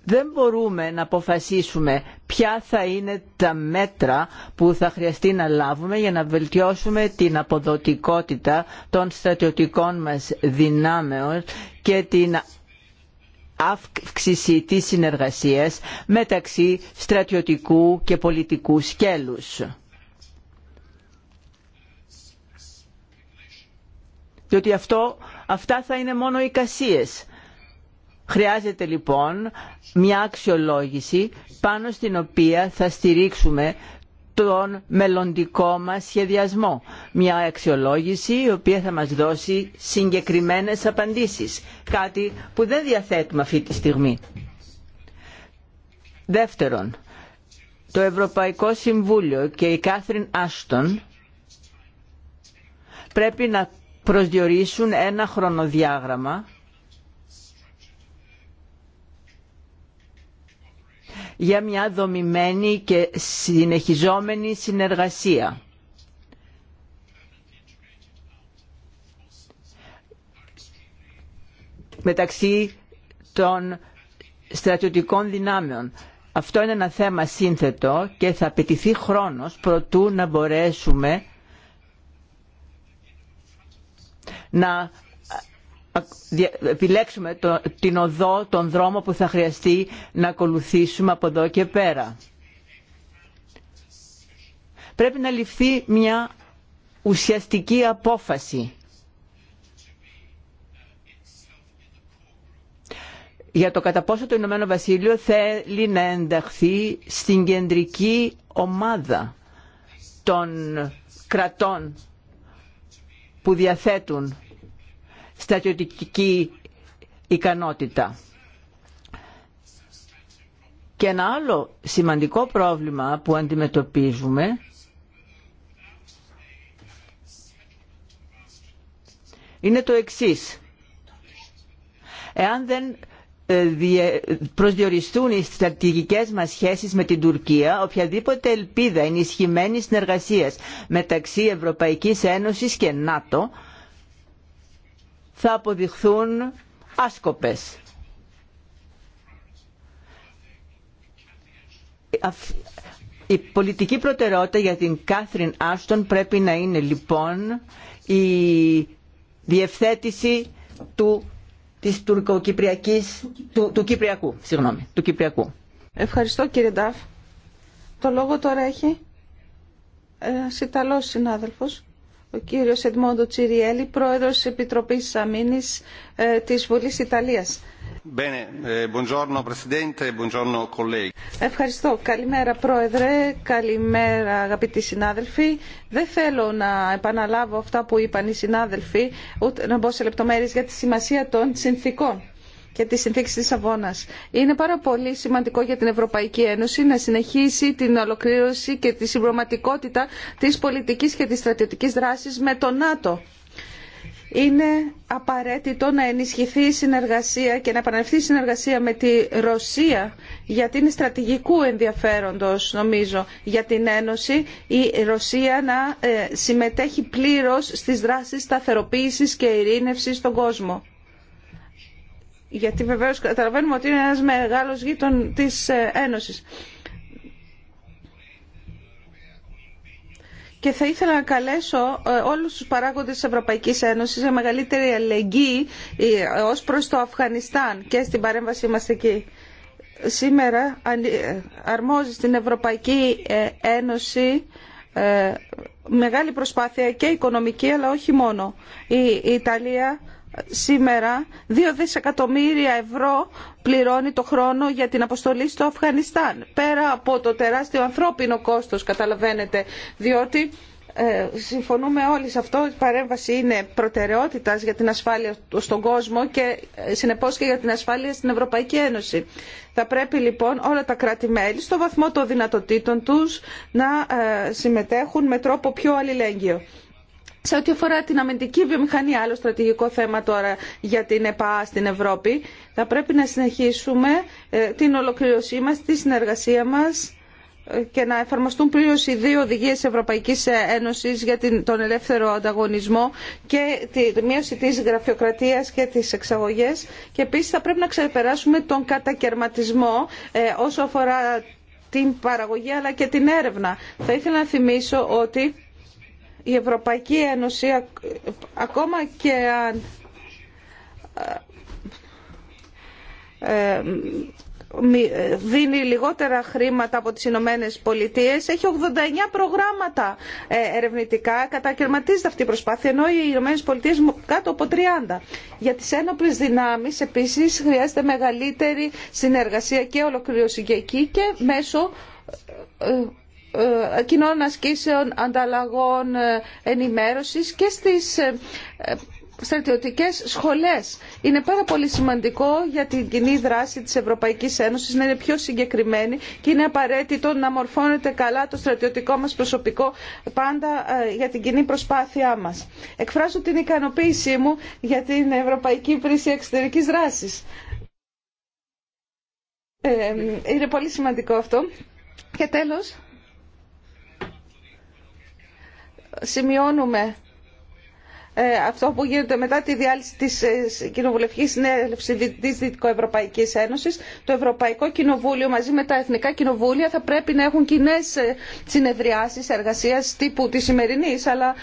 S2: δεν μπορούμε να αποφασίσουμε ποια θα είναι τα μέτρα που θα χρειαστεί να λάβουμε για να βελτιώσουμε την αποδοτικότητα των στρατιωτικών μας δυνάμεων και την αύξηση της συνεργασίας μεταξύ στρατιωτικού και πολιτικού σκέλους. Διότι αυτό, αυτά θα είναι μόνο εικασίες Χρειάζεται λοιπόν μια αξιολόγηση πάνω στην οποία θα στηρίξουμε τον μελλοντικό μας σχεδιασμό. Μια αξιολόγηση η οποία θα μας δώσει συγκεκριμένες απαντήσεις. Κάτι που δεν διαθέτουμε αυτή τη στιγμή. Δεύτερον, το Ευρωπαϊκό Συμβούλιο και η Κάθριν Άστον πρέπει να προσδιορίσουν ένα χρονοδιάγραμμα για μια δομημένη και συνεχιζόμενη συνεργασία. μεταξύ των στρατιωτικών δυνάμεων. Αυτό είναι ένα θέμα σύνθετο και θα απαιτηθεί χρόνος προτού να μπορέσουμε να επιλέξουμε την οδό, τον δρόμο που θα χρειαστεί να ακολουθήσουμε από εδώ και πέρα. Πρέπει να ληφθεί μια ουσιαστική απόφαση. για το κατά πόσο το Ηνωμένο Βασίλειο θέλει να ενταχθεί στην κεντρική ομάδα των κρατών που διαθέτουν στρατιωτική ικανότητα. Και ένα άλλο σημαντικό πρόβλημα που αντιμετωπίζουμε είναι το εξής. Εάν δεν ε, προσδιοριστούν οι στρατηγικές μας σχέσεις με την Τουρκία, οποιαδήποτε ελπίδα ενισχυμένης συνεργασίας μεταξύ Ευρωπαϊκής Ένωσης και ΝΑΤΟ θα αποδειχθούν άσκοπες. Η πολιτική προτεραιότητα για την Κάθριν Άστον πρέπει να είναι λοιπόν η διευθέτηση του, της τουρκοκυπριακής, του, του Κυπριακού, συγγνώμη, του Κυπριακού. Ευχαριστώ κύριε Νταφ. Το λόγο τώρα έχει
S1: ένας ε, Ιταλός συνάδελφος, ο κύριος Εντμόντο Τσιριέλη, πρόεδρος της Επιτροπής Αμήνης ε, της Βουλής Ιταλίας. Ε, Ευχαριστώ. Καλημέρα Πρόεδρε, καλημέρα αγαπητοί συνάδελφοι. Δεν θέλω να επαναλάβω αυτά που είπαν οι συνάδελφοι, ούτε να μπω σε λεπτομέρειες για τη σημασία των συνθήκων και τη συνθήκη τη Αβώνα. Είναι πάρα πολύ σημαντικό για την Ευρωπαϊκή Ένωση να συνεχίσει την ολοκλήρωση και τη συμπροματικότητα της πολιτική και της στρατιωτική δράση με το ΝΑΤΟ. Είναι απαραίτητο να ενισχυθεί η συνεργασία και να επαναληφθεί η συνεργασία με τη Ρωσία γιατί είναι στρατηγικού ενδιαφέροντος νομίζω για την Ένωση η Ρωσία να ε, συμμετέχει πλήρως στις δράσεις σταθεροποίησης και ειρήνευσης στον κόσμο γιατί βεβαίως καταλαβαίνουμε ότι είναι ένας μεγάλος γείτον της ε, Ένωσης. Και θα ήθελα να καλέσω ε, όλους τους παράγοντες της Ευρωπαϊκής Ένωσης για μεγαλύτερη αλληλεγγύη ε, ως προς το Αφγανιστάν και στην παρέμβασή μας εκεί. Σήμερα αρμόζει στην Ευρωπαϊκή Ένωση μεγάλη προσπάθεια και οικονομική αλλά όχι μόνο. Η Ιταλία σήμερα 2 δισεκατομμύρια ευρώ πληρώνει το χρόνο για την αποστολή στο Αφγανιστάν. Πέρα από το τεράστιο ανθρώπινο κόστος, καταλαβαίνετε, διότι ε, συμφωνούμε όλοι σε αυτό, η παρέμβαση είναι προτεραιότητας για την ασφάλεια στον κόσμο και ε, συνεπώς και για την ασφάλεια στην Ευρωπαϊκή Ένωση. Θα πρέπει λοιπόν όλα τα κράτη-μέλη στο βαθμό των δυνατοτήτων τους να ε, συμμετέχουν με τρόπο πιο αλληλέγγυο. Σε ό,τι αφορά την αμυντική βιομηχανία, άλλο στρατηγικό θέμα τώρα για την ΕΠΑ στην Ευρώπη, θα πρέπει να συνεχίσουμε ε, την ολοκληρωσή μα, τη συνεργασία μας ε, και να εφαρμοστούν πλήρω οι δύο οδηγίε Ευρωπαϊκή Ένωση για τον ελεύθερο ανταγωνισμό και τη μείωση τη γραφειοκρατία και τι εξαγωγέ. Και επίση θα πρέπει να ξεπεράσουμε τον κατακαιρματισμό ε, όσο αφορά την παραγωγή αλλά και την έρευνα. Θα ήθελα να θυμίσω ότι η Ευρωπαϊκή Ένωση ακόμα και αν ε, ε, δίνει λιγότερα χρήματα από τις Ηνωμένε Πολιτείε. Έχει 89 προγράμματα ε, ερευνητικά. Κατακαιρματίζεται αυτή η προσπάθεια, ενώ οι Ηνωμένε Πολιτείε κάτω από 30. Για τις ένοπλες δυνάμεις επίσης χρειάζεται μεγαλύτερη συνεργασία και ολοκλήρωση και μέσω ε, κοινών ασκήσεων, ανταλλαγών, ε, ενημέρωσης και στις ε, στρατιωτικές σχολές. Είναι πάρα πολύ σημαντικό για την κοινή δράση της Ευρωπαϊκής Ένωσης να είναι πιο συγκεκριμένη και είναι απαραίτητο να μορφώνεται καλά το στρατιωτικό μας προσωπικό πάντα για την κοινή προσπάθειά μας. Εκφράζω την ικανοποίησή μου για την Ευρωπαϊκή Υπηρεσία Εξωτερικής Δράσης. είναι πολύ σημαντικό αυτό. Και τέλος, σημειώνουμε ε, αυτό που γίνεται μετά τη διάλυση της ε, Κοινοβουλευτικής Συνέλευσης της Δυτικοευρωπαϊκής Ένωσης, το Ευρωπαϊκό Κοινοβούλιο μαζί με τα Εθνικά Κοινοβούλια θα πρέπει να έχουν κοινέ ε, συνεδριάσεις εργασίας τύπου της σημερινής, αλλά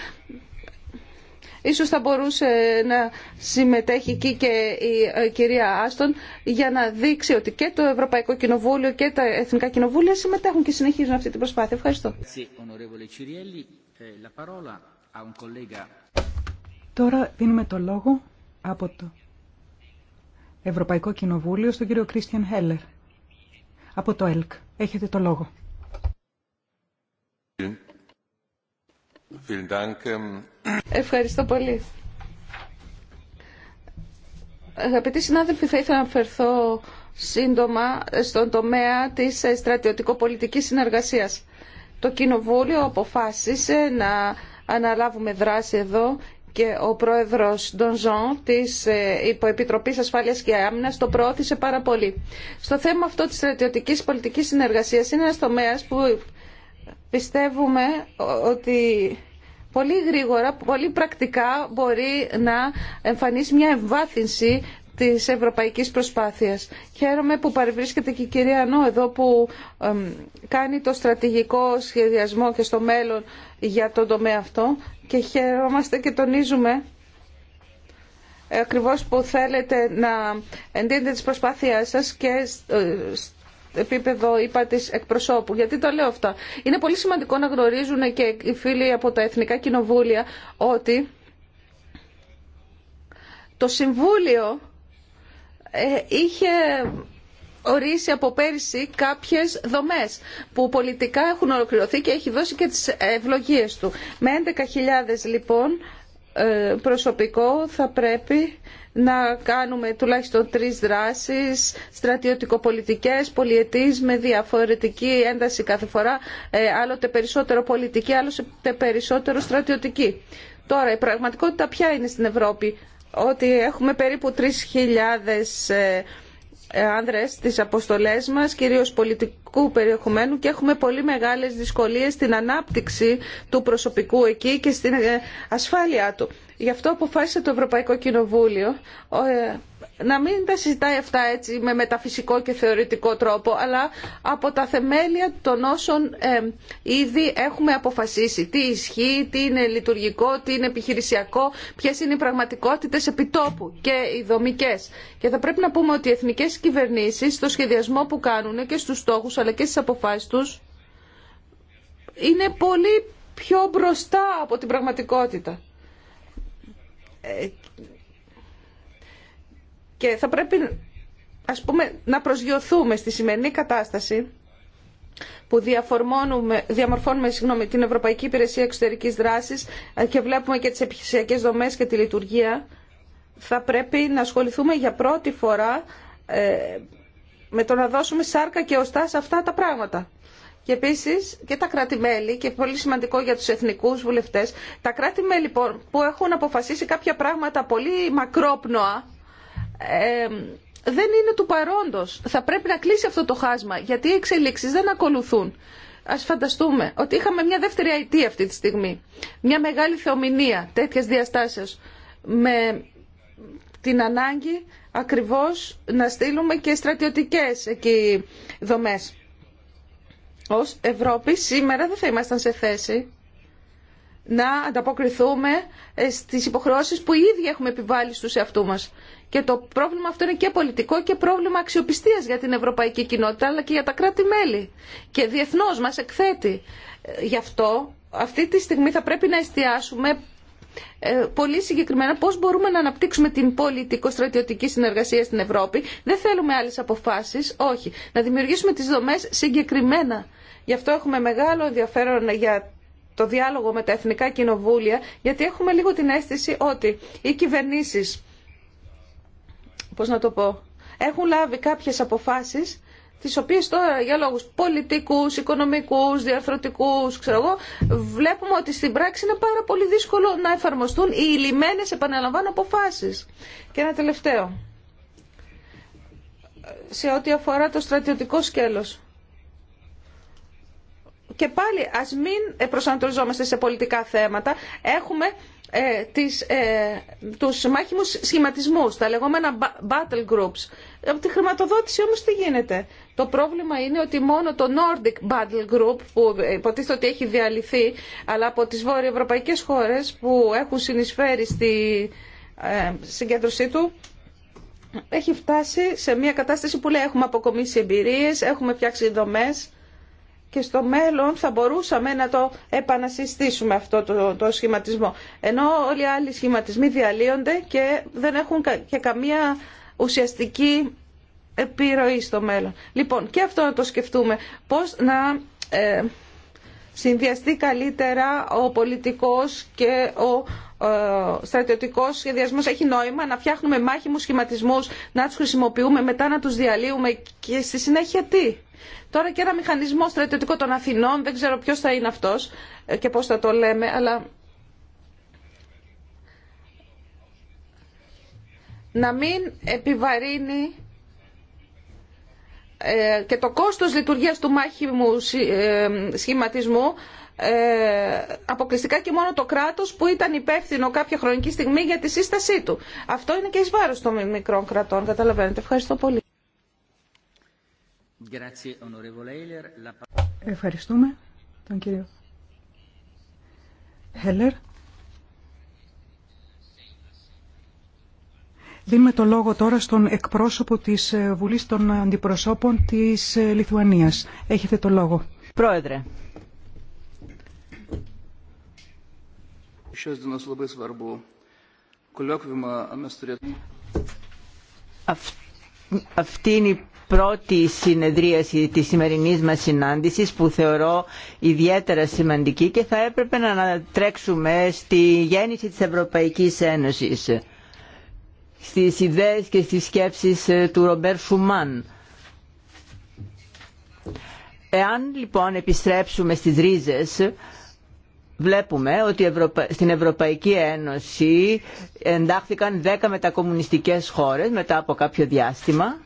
S1: ίσως θα μπορούσε να συμμετέχει εκεί και η κυρία Άστον για να δείξει ότι και το Ευρωπαϊκό Κοινοβούλιο και τα Εθνικά Κοινοβούλια συμμετέχουν και συνεχίζουν αυτή την προσπάθεια. Ευχαριστώ.
S3: Τώρα δίνουμε το λόγο από το Ευρωπαϊκό Κοινοβούλιο στον κύριο Κρίστιαν Χέλλερ. Από το ΕΛΚ. Έχετε το λόγο. Ευχαριστώ πολύ.
S1: Αγαπητοί συνάδελφοι, θα ήθελα να αφαιρθώ σύντομα στον τομέα της στρατιωτικοπολιτικής συνεργασίας. Το Κοινοβούλιο αποφάσισε να αναλάβουμε δράση εδώ και ο πρόεδρος Ντονζόν της ε, Υποεπιτροπής Ασφάλειας και Άμυνας το προώθησε πάρα πολύ. Στο θέμα αυτό της στρατιωτικής πολιτικής συνεργασίας είναι ένας τομέας που πιστεύουμε ότι πολύ γρήγορα, πολύ πρακτικά μπορεί να εμφανίσει μια εμβάθυνση της ευρωπαϊκής προσπάθειας. Χαίρομαι που παρευρίσκεται και η κυρία Νό εδώ που κάνει το στρατηγικό σχεδιασμό και στο μέλλον για τον τομέα αυτό και χαιρόμαστε και τονίζουμε ακριβώς που θέλετε να εντείνετε τις προσπάθειές σας και ε, επίπεδο είπα τη εκπροσώπου. Γιατί το λέω αυτά. Είναι πολύ σημαντικό να γνωρίζουν και οι φίλοι από τα εθνικά κοινοβούλια ότι το Συμβούλιο ε, είχε ορίσει από πέρυσι κάποιες δομές που πολιτικά έχουν ολοκληρωθεί και έχει δώσει και τις ευλογίες του. Με 11.000 λοιπόν ε, προσωπικό θα πρέπει να κάνουμε τουλάχιστον τρεις δράσεις, στρατιωτικοπολιτικές, πολιετής με διαφορετική ένταση κάθε φορά, ε, άλλοτε περισσότερο πολιτική, άλλοτε περισσότερο στρατιωτική. Τώρα, η πραγματικότητα ποια είναι στην Ευρώπη ότι έχουμε περίπου 3.000 ε, ε, άνδρες στις αποστολές μας, κυρίως πολιτικού περιεχομένου και έχουμε πολύ μεγάλες δυσκολίες στην ανάπτυξη του προσωπικού εκεί και στην ε, ασφάλειά του. Γι' αυτό αποφάσισε το Ευρωπαϊκό Κοινοβούλιο να μην τα συζητάει αυτά έτσι με μεταφυσικό και θεωρητικό τρόπο, αλλά από τα θεμέλια των όσων ήδη έχουμε αποφασίσει. Τι ισχύει, τι είναι λειτουργικό, τι είναι επιχειρησιακό, ποιε είναι οι πραγματικότητε επιτόπου και οι δομικέ. Και θα πρέπει να πούμε ότι οι εθνικέ κυβερνήσει, στο σχεδιασμό που κάνουν και στου στόχου αλλά και στι αποφάσει του, είναι πολύ πιο μπροστά από την πραγματικότητα ε, και θα πρέπει ας πούμε, να προσγειωθούμε στη σημερινή κατάσταση που διαμορφώνουμε συγγνώμη, την Ευρωπαϊκή Υπηρεσία Εξωτερικής Δράσης ε, και βλέπουμε και τις επιχειρησιακές δομές και τη λειτουργία, θα πρέπει να ασχοληθούμε για πρώτη φορά ε, με το να δώσουμε σάρκα και οστά σε αυτά τα πράγματα. Και επίση και τα κράτη-μέλη, και πολύ σημαντικό για του εθνικού βουλευτέ, τα κράτη-μέλη λοιπόν, που έχουν αποφασίσει κάποια πράγματα πολύ μακρόπνοα, ε, δεν είναι του παρόντος. Θα πρέπει να κλείσει αυτό το χάσμα, γιατί οι εξελίξεις δεν ακολουθούν. Ας φανταστούμε ότι είχαμε μια δεύτερη αιτία αυτή τη στιγμή, μια μεγάλη θεομηνία τέτοιας διαστάσεως, με την ανάγκη ακριβώς να στείλουμε και στρατιωτικές εκεί δομές. Ως Ευρώπη σήμερα δεν θα ήμασταν σε θέση να ανταποκριθούμε ε, στις υποχρεώσεις που ήδη έχουμε επιβάλει στους εαυτού μας. Και το πρόβλημα αυτό είναι και πολιτικό και πρόβλημα αξιοπιστία για την ευρωπαϊκή κοινότητα αλλά και για τα κράτη-μέλη. Και διεθνώ μα εκθέτει. Ε, γι' αυτό αυτή τη στιγμή θα πρέπει να εστιάσουμε ε, πολύ συγκεκριμένα πώ μπορούμε να αναπτύξουμε την πολιτικο-στρατιωτική συνεργασία στην Ευρώπη. Δεν θέλουμε άλλε αποφάσει όχι. Να δημιουργήσουμε τι δομέ συγκεκριμένα. Γι' αυτό έχουμε μεγάλο ενδιαφέρον για το διάλογο με τα εθνικά κοινοβούλια, γιατί έχουμε λίγο την αίσθηση ότι οι κυβερνήσει πώς να το πω, έχουν λάβει κάποιες αποφάσεις τις οποίες τώρα για λόγους πολιτικούς, οικονομικούς, διαρθρωτικούς, ξέρω εγώ, βλέπουμε ότι στην πράξη είναι πάρα πολύ δύσκολο να εφαρμοστούν οι λιμένες, επαναλαμβάνω, αποφάσεις. Και ένα τελευταίο, σε ό,τι αφορά το στρατιωτικό σκέλος. Και πάλι ας μην προσανατολιζόμαστε σε πολιτικά θέματα. Έχουμε ε, τις, ε, τους μάχημους σχηματισμούς, τα λεγόμενα battle groups. Από τη χρηματοδότηση όμως τι γίνεται. Το πρόβλημα είναι ότι μόνο το Nordic Battle Group που υποτίθεται ότι έχει διαλυθεί αλλά από τις βορειοευρωπαϊκές ευρωπαικες χώρες που έχουν συνεισφέρει στη ε, συγκέντρωσή του έχει φτάσει σε μια κατάσταση που λέει έχουμε αποκομίσει εμπειρίες, έχουμε φτιάξει δομές και στο μέλλον θα μπορούσαμε να το επανασυστήσουμε αυτό το, το σχηματισμό. Ενώ όλοι οι άλλοι σχηματισμοί διαλύονται και δεν έχουν και καμία ουσιαστική επιρροή στο μέλλον. Λοιπόν, και αυτό να το σκεφτούμε. Πώς να ε, συνδυαστεί καλύτερα ο πολιτικός και ο ε, στρατιωτικός σχεδιασμός. Έχει νόημα να φτιάχνουμε μάχημους σχηματισμούς, να τους χρησιμοποιούμε, μετά να τους διαλύουμε και στη συνέχεια τι. Τώρα και ένα μηχανισμό στρατιωτικό των Αθηνών, δεν ξέρω ποιος θα είναι αυτός ε, και πώς θα το λέμε, αλλά να μην επιβαρύνει ε, και το κόστος λειτουργίας του μάχημου ε, σχηματισμού αποκλειστικά και μόνο το κράτος που ήταν υπεύθυνο κάποια χρονική στιγμή για τη σύστασή του.
S6: Αυτό είναι και εις βάρος
S1: των μικρών κρατών, καταλαβαίνετε. Ευχαριστώ πολύ.
S3: Ευχαριστούμε τον κύριο Χέλλερ. Δίνουμε το λόγο τώρα στον εκπρόσωπο της ε, Βουλής των Αντιπροσώπων της ε, Λιθουανίας. Έχετε το λόγο. Πρόεδρε.
S2: Αυτή είναι η πρώτη συνεδρίαση τη σημερινή μας συνάντησης που θεωρώ ιδιαίτερα σημαντική και θα έπρεπε να ανατρέξουμε στη γέννηση της Ευρωπαϊκής Ένωσης στις ιδέες και στις σκέψεις ε, του Ρομπέρ Σουμάν. Εάν λοιπόν επιστρέψουμε στις ρίζες, βλέπουμε ότι στην Ευρωπαϊκή Ένωση εντάχθηκαν 10 μετακομμουνιστικές χώρες μετά από κάποιο διάστημα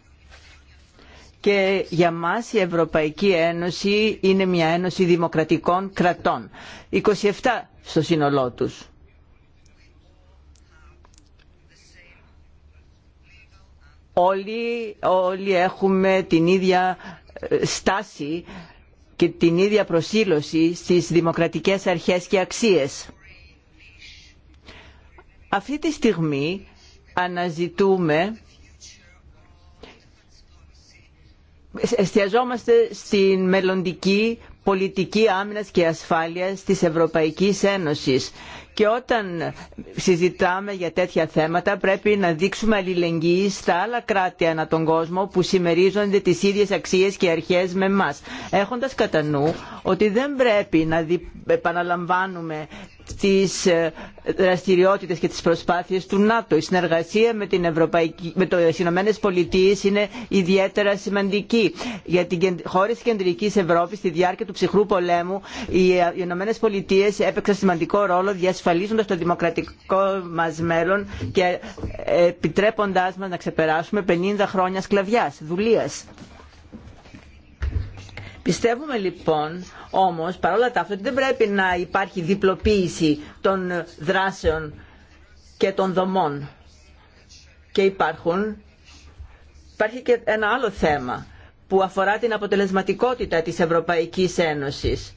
S2: και για μας η Ευρωπαϊκή Ένωση είναι μια ένωση δημοκρατικών κρατών. 27 στο σύνολό τους. Όλοι, όλοι έχουμε την ίδια ε, στάση και την ίδια προσήλωση στις δημοκρατικές αρχές και αξίες. Αυτή τη στιγμή αναζητούμε εστιαζόμαστε στην μελλοντική πολιτική άμυνας και ασφάλειας της Ευρωπαϊκής Ένωσης και όταν συζητάμε για τέτοια θέματα πρέπει να δείξουμε αλληλεγγύη στα άλλα κράτη ανά τον κόσμο που συμμερίζονται τις ίδιες αξίες και αρχές με εμά. Έχοντας κατά νου ότι δεν πρέπει να επαναλαμβάνουμε τις ε, δραστηριότητες και τις προσπάθειες του ΝΑΤΟ. Η συνεργασία με, την Ευρωπαϊκή, με τις Ηνωμένες Πολιτείες είναι ιδιαίτερα σημαντική. Για την χώρες της Κεντρικής Ευρώπης στη διάρκεια του ψυχρού πολέμου οι ε, Ηνωμένες έπαιξαν σημαντικό ρόλο εξασφαλίζοντας το δημοκρατικό μας μέλλον και επιτρέποντάς μας να ξεπεράσουμε 50 χρόνια σκλαβιάς, δουλείας. Πιστεύουμε λοιπόν όμως παρόλα τα αυτά ότι δεν πρέπει να υπάρχει διπλοποίηση των δράσεων και των δομών. Και υπάρχουν, υπάρχει και ένα άλλο θέμα που αφορά την αποτελεσματικότητα της Ευρωπαϊκής Ένωσης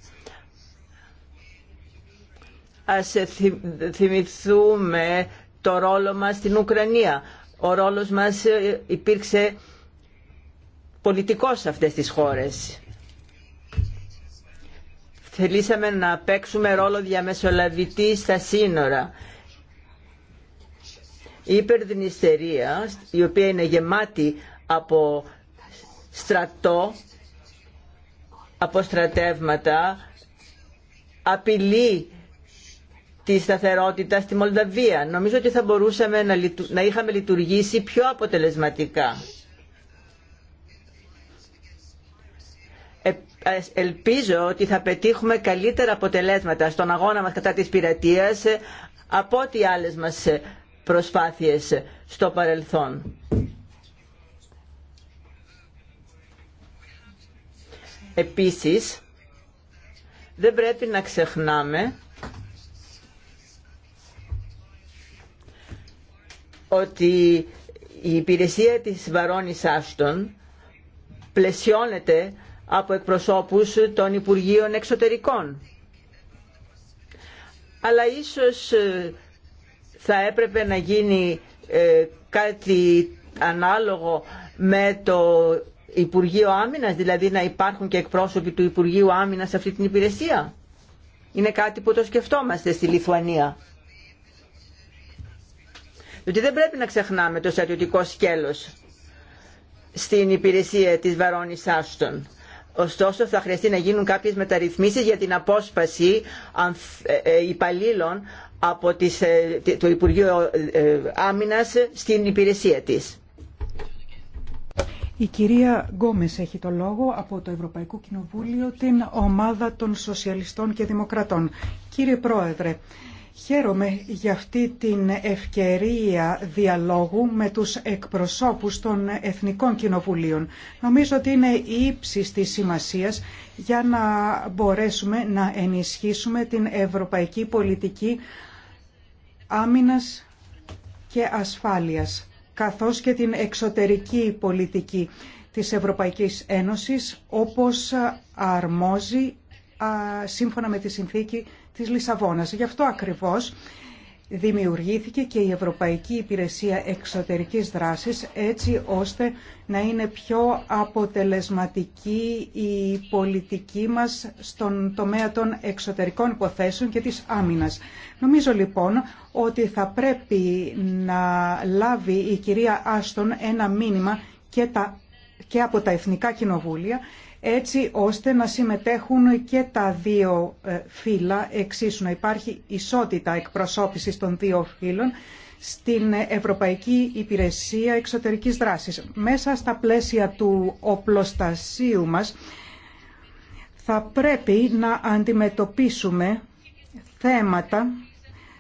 S2: Ας θυμηθούμε το ρόλο μας στην Ουκρανία. Ο ρόλος μας ε, υπήρξε πολιτικός σε αυτές τις χώρες. Θελήσαμε να παίξουμε ρόλο διαμεσολαβητή στα σύνορα. Η υπερδυνιστερία, η οποία είναι γεμάτη από στρατό, από στρατεύματα, απειλεί τη σταθερότητα στη Μολδαβία. Νομίζω ότι θα μπορούσαμε να, να είχαμε λειτουργήσει πιο αποτελεσματικά. Ε, ελπίζω ότι θα πετύχουμε καλύτερα αποτελέσματα στον αγώνα μας κατά της πειρατείας ε, από ό,τι άλλες μας ε, προσπάθειες στο παρελθόν. Επίσης, δεν πρέπει να ξεχνάμε ότι η υπηρεσία της Βαρόνης Άστον πλαισιώνεται από εκπροσώπους των Υπουργείων Εξωτερικών. Αλλά ίσως ε, θα έπρεπε να γίνει ε, κάτι ανάλογο με το Υπουργείο Άμυνας, δηλαδή να υπάρχουν και εκπρόσωποι του Υπουργείου Άμυνας σε αυτή την υπηρεσία. Είναι κάτι που το σκεφτόμαστε στη Λιθουανία. Διότι δεν πρέπει να ξεχνάμε το στρατιωτικό σκέλος στην υπηρεσία της Βαρόνης Άστον. Ωστόσο θα χρειαστεί να γίνουν κάποιες μεταρρυθμίσεις για την απόσπαση ε, ε, υπαλλήλων από ε, το Υπουργείο Άμυνας στην υπηρεσία της.
S3: Η κυρία Γκόμες έχει το λόγο από το Ευρωπαϊκό Κοινοβούλιο, την ομάδα των Σοσιαλιστών και Δημοκρατών. Κύριε Πρόεδρε, Χαίρομαι για αυτή την ευκαιρία διαλόγου με τους εκπροσώπους των Εθνικών Κοινοβουλίων. Νομίζω ότι είναι ύψης της σημασίας για να μπορέσουμε να ενισχύσουμε την ευρωπαϊκή πολιτική άμυνας και ασφάλειας, καθώς και την εξωτερική πολιτική της Ευρωπαϊκής Ένωσης, όπως αρμόζει σύμφωνα με τη συνθήκη της Λισαβόνας. Γι' αυτό ακριβώς δημιουργήθηκε και η Ευρωπαϊκή Υπηρεσία Εξωτερικής Δράσης έτσι ώστε να είναι πιο αποτελεσματική η πολιτική μας στον τομέα των εξωτερικών υποθέσεων και της άμυνας. Νομίζω λοιπόν ότι θα πρέπει να λάβει η κυρία Άστον ένα μήνυμα και, τα, και από τα Εθνικά Κοινοβούλια έτσι ώστε να συμμετέχουν και τα δύο ε, φύλλα εξίσου, να υπάρχει ισότητα εκπροσώπησης των δύο φύλων στην Ευρωπαϊκή Υπηρεσία Εξωτερικής Δράσης. Μέσα στα πλαίσια του οπλοστασίου μας θα πρέπει να αντιμετωπίσουμε θέματα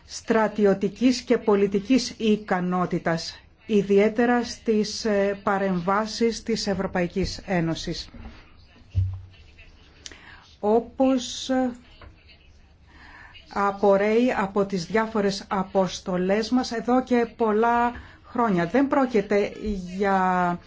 S3: στρατιωτικής και πολιτικής ικανότητας, ιδιαίτερα στις ε, παρεμβάσεις της Ευρωπαϊκής Ένωσης όπως απορρέει από τις διάφορες αποστολές μας εδώ και πολλά χρόνια. Δεν πρόκειται για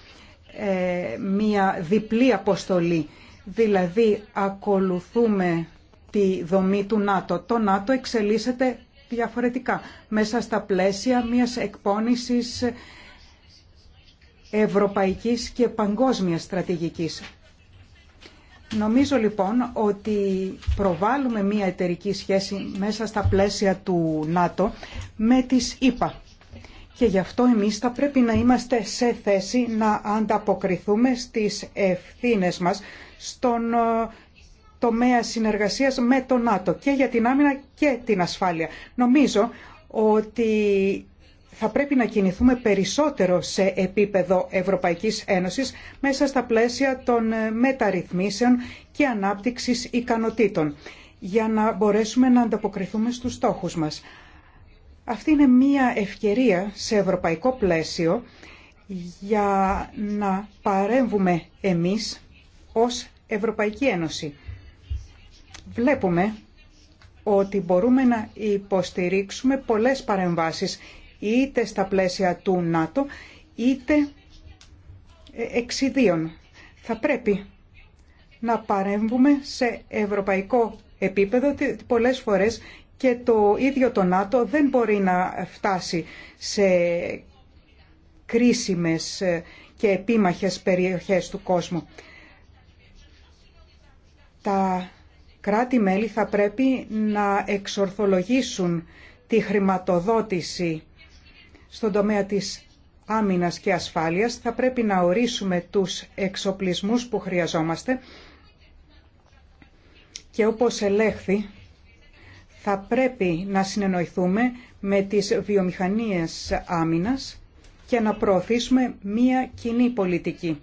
S3: ε, μία διπλή αποστολή. Δηλαδή ακολουθούμε τη δομή του ΝΑΤΟ. Το ΝΑΤΟ εξελίσσεται διαφορετικά μέσα στα πλαίσια μιας εκπόνησης ευρωπαϊκής και παγκόσμιας στρατηγικής. Νομίζω λοιπόν ότι προβάλλουμε μια εταιρική σχέση μέσα στα πλαίσια του ΝΑΤΟ με τις ΗΠΑ. Και γι' αυτό εμείς θα πρέπει να είμαστε σε θέση να ανταποκριθούμε στις ευθύνες μας στον ε, τομέα συνεργασίας με το ΝΑΤΟ και για την άμυνα και την ασφάλεια. Νομίζω ότι θα πρέπει να κινηθούμε περισσότερο σε επίπεδο Ευρωπαϊκής Ένωσης μέσα στα πλαίσια των ε, μεταρρυθμίσεων και ανάπτυξης ικανοτήτων για να μπορέσουμε να ανταποκριθούμε στους στόχους μας. Αυτή είναι μία ευκαιρία σε ευρωπαϊκό πλαίσιο για να παρέμβουμε εμείς ως Ευρωπαϊκή Ένωση. Βλέπουμε ότι μπορούμε να υποστηρίξουμε πολλές παρεμβάσεις είτε στα πλαίσια του ΝΑΤΟ είτε ε, εξιδίων. Θα πρέπει να παρέμβουμε σε ευρωπαϊκό επίπεδο, ότι πολλές φορές και το ίδιο το ΝΑΤΟ δεν μπορεί να φτάσει σε κρίσιμες ε, και επίμαχες περιοχές του κόσμου. Τα κράτη-μέλη θα πρέπει να εξορθολογήσουν τη χρηματοδότηση στον τομέα της άμυνας και ασφάλειας θα πρέπει να ορίσουμε τους εξοπλισμούς που χρειαζόμαστε και όπως ελέγχθη θα πρέπει να συνεννοηθούμε με τις βιομηχανίες άμυνας και να προωθήσουμε μία κοινή πολιτική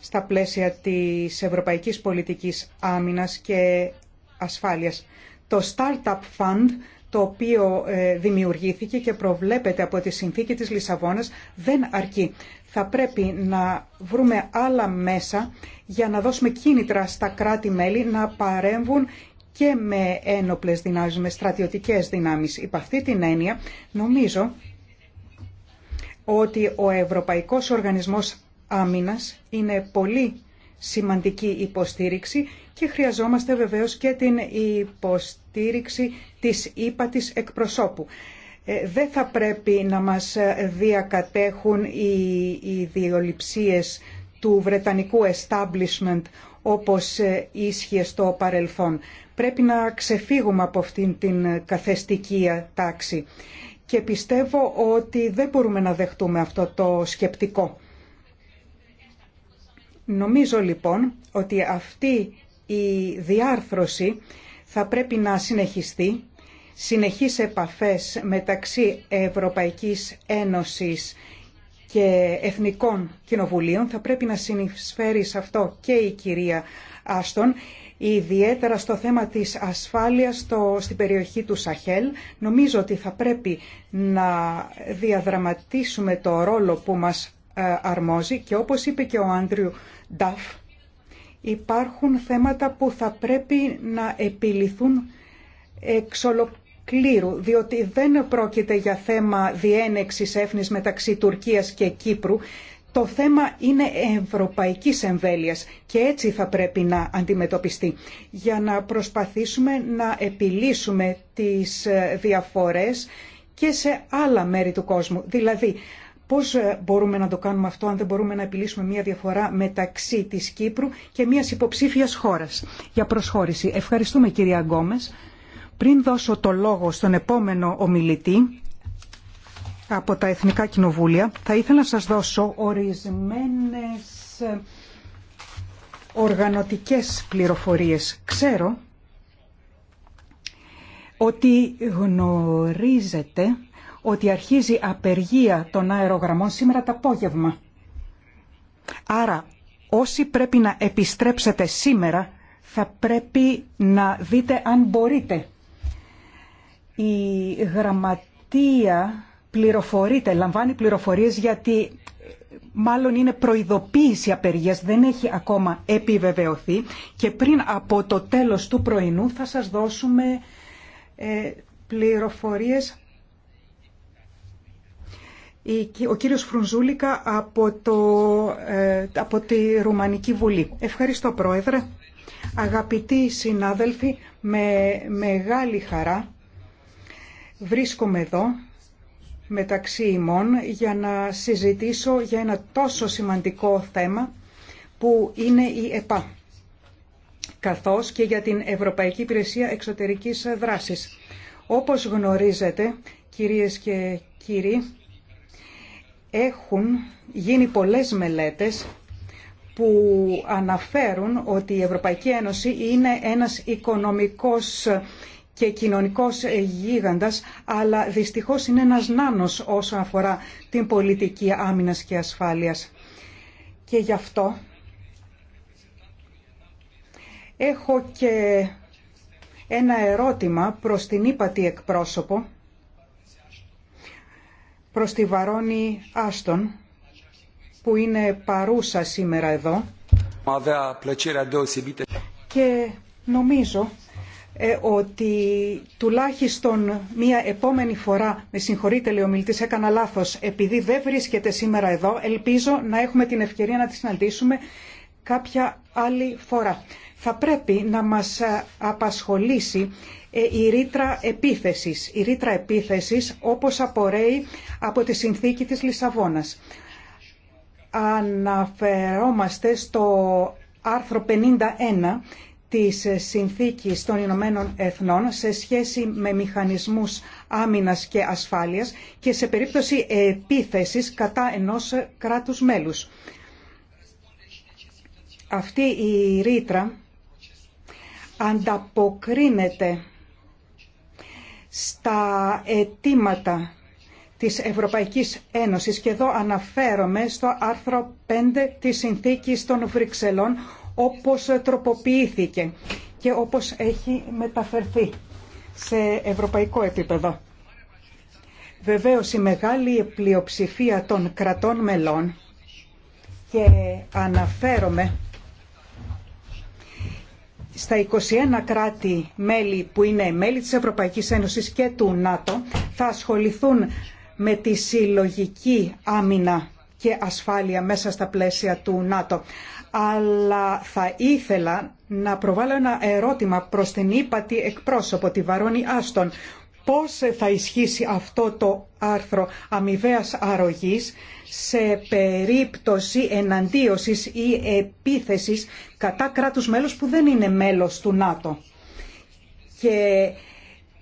S3: στα πλαίσια της ευρωπαϊκής πολιτικής άμυνας και ασφάλειας. Το Startup Fund το οποίο ε, δημιουργήθηκε και προβλέπεται από τη συνθήκη της Λισαβόνας δεν αρκεί. Θα πρέπει να βρούμε άλλα μέσα για να δώσουμε κίνητρα στα κράτη-μέλη να παρέμβουν και με ένοπλες δυνάμεις, με στρατιωτικές δυνάμεις. Υπ' αυτή την έννοια νομίζω ότι ο Ευρωπαϊκός Οργανισμός Άμυνας είναι πολύ σημαντική υποστήριξη και χρειαζόμαστε βεβαίως και την υποστήριξη Τη της ύπα εκπροσώπου. Ε, δεν θα πρέπει να μας διακατέχουν οι, οι του Βρετανικού establishment όπως ε, ίσχυε στο παρελθόν. Πρέπει να ξεφύγουμε από αυτήν την καθεστική τάξη και πιστεύω ότι δεν μπορούμε να δεχτούμε αυτό το σκεπτικό. Νομίζω λοιπόν ότι αυτή η διάρθρωση θα πρέπει να συνεχιστεί συνεχείς επαφές μεταξύ Ευρωπαϊκής Ένωσης και Εθνικών Κοινοβουλίων. Θα πρέπει να συνεισφέρει σε αυτό και η κυρία Άστον, ιδιαίτερα στο θέμα της ασφάλειας στο, στην περιοχή του Σαχέλ. Νομίζω ότι θα πρέπει να διαδραματίσουμε το ρόλο που μας ε, αρμόζει και όπως είπε και ο Άντριου Νταφ, υπάρχουν θέματα που θα πρέπει να επιληθούν εξ ολοκλήρου, διότι δεν πρόκειται για θέμα διένεξης έθνης μεταξύ Τουρκίας και Κύπρου. Το θέμα είναι ευρωπαϊκής εμβέλειας και έτσι θα πρέπει να αντιμετωπιστεί για να προσπαθήσουμε να επιλύσουμε τις διαφορές και σε άλλα μέρη του κόσμου. Δηλαδή, Πώς ε, μπορούμε να το κάνουμε αυτό αν δεν μπορούμε να επιλύσουμε μια διαφορά μεταξύ της Κύπρου και μιας υποψήφιας χώρας για προσχώρηση. Ευχαριστούμε κυρία Γκόμες. Πριν δώσω το λόγο στον επόμενο ομιλητή από τα Εθνικά Κοινοβούλια, θα ήθελα να σας δώσω ορισμένες ε, οργανωτικές πληροφορίες. Ξέρω ότι γνωρίζετε ότι αρχίζει απεργία των αερογραμμών σήμερα το απόγευμα. Άρα όσοι πρέπει να επιστρέψετε σήμερα θα πρέπει να δείτε αν μπορείτε. Η γραμματεία πληροφορείται, λαμβάνει πληροφορίες γιατί μάλλον είναι προειδοποίηση απεργίας, δεν έχει ακόμα επιβεβαιωθεί και πριν από το τέλος του πρωινού θα σας δώσουμε ε, πληροφορίες ο κύριος Φρουνζούλικα από, το, ε, από τη Ρουμανική Βουλή. Ευχαριστώ Πρόεδρε. Αγαπητοί συνάδελφοι, με μεγάλη χαρά βρίσκομαι εδώ μεταξύ ημών για να συζητήσω για ένα τόσο σημαντικό θέμα που είναι η ΕΠΑ καθώς και για την Ευρωπαϊκή Υπηρεσία Εξωτερικής Δράσης. Όπως γνωρίζετε, κυρίες και κύριοι, έχουν γίνει πολλές μελέτες που αναφέρουν ότι η Ευρωπαϊκή Ένωση είναι ένας οικονομικός και κοινωνικός γίγαντας, αλλά δυστυχώς είναι ένας νάνος όσον αφορά την πολιτική άμυνας και ασφάλειας. Και γι' αυτό έχω και ένα ερώτημα προς την ύπατη εκπρόσωπο προς τη Βαρόνη Άστον που είναι παρούσα σήμερα εδώ και νομίζω ε, ότι τουλάχιστον μία επόμενη φορά, με συγχωρείτε λέει ο μιλητής, έκανα λάθος, επειδή δεν βρίσκεται σήμερα εδώ, ελπίζω να έχουμε την ευκαιρία να τη συναντήσουμε κάποια άλλη φορά θα πρέπει να μας ε, απασχολήσει ε, η ρήτρα επίθεσης. Η ρήτρα επίθεσης όπως απορρέει από τη συνθήκη της Λισαβόνας. Αναφερόμαστε στο άρθρο 51 της Συνθήκης των Ηνωμένων Εθνών σε σχέση με μηχανισμούς άμυνας και ασφάλειας και σε περίπτωση επίθεσης κατά ενός κράτους μέλους. Αυτή η ρήτρα ανταποκρίνεται στα αιτήματα της Ευρωπαϊκής Ένωσης και εδώ αναφέρομαι στο άρθρο 5 της Συνθήκης των Βρυξελών όπως τροποποιήθηκε και όπως έχει μεταφερθεί σε ευρωπαϊκό επίπεδο. Βεβαίως η μεγάλη πλειοψηφία των κρατών μελών και αναφέρομαι στα 21 κράτη-μέλη που είναι μέλη της Ευρωπαϊκής Ένωσης και του ΝΑΤΟ θα ασχοληθούν με τη συλλογική άμυνα και ασφάλεια μέσα στα πλαίσια του ΝΑΤΟ. Αλλά θα ήθελα να προβάλλω ένα ερώτημα προς την ύπατη εκπρόσωπο, τη Βαρόνη Άστον. Πώς θα ισχύσει αυτό το άρθρο αμοιβαίας αρρωγής σε περίπτωση εναντίωσης ή επίθεσης κατά κράτους μέλος που δεν είναι μέλος του ΝΑΤΟ. Και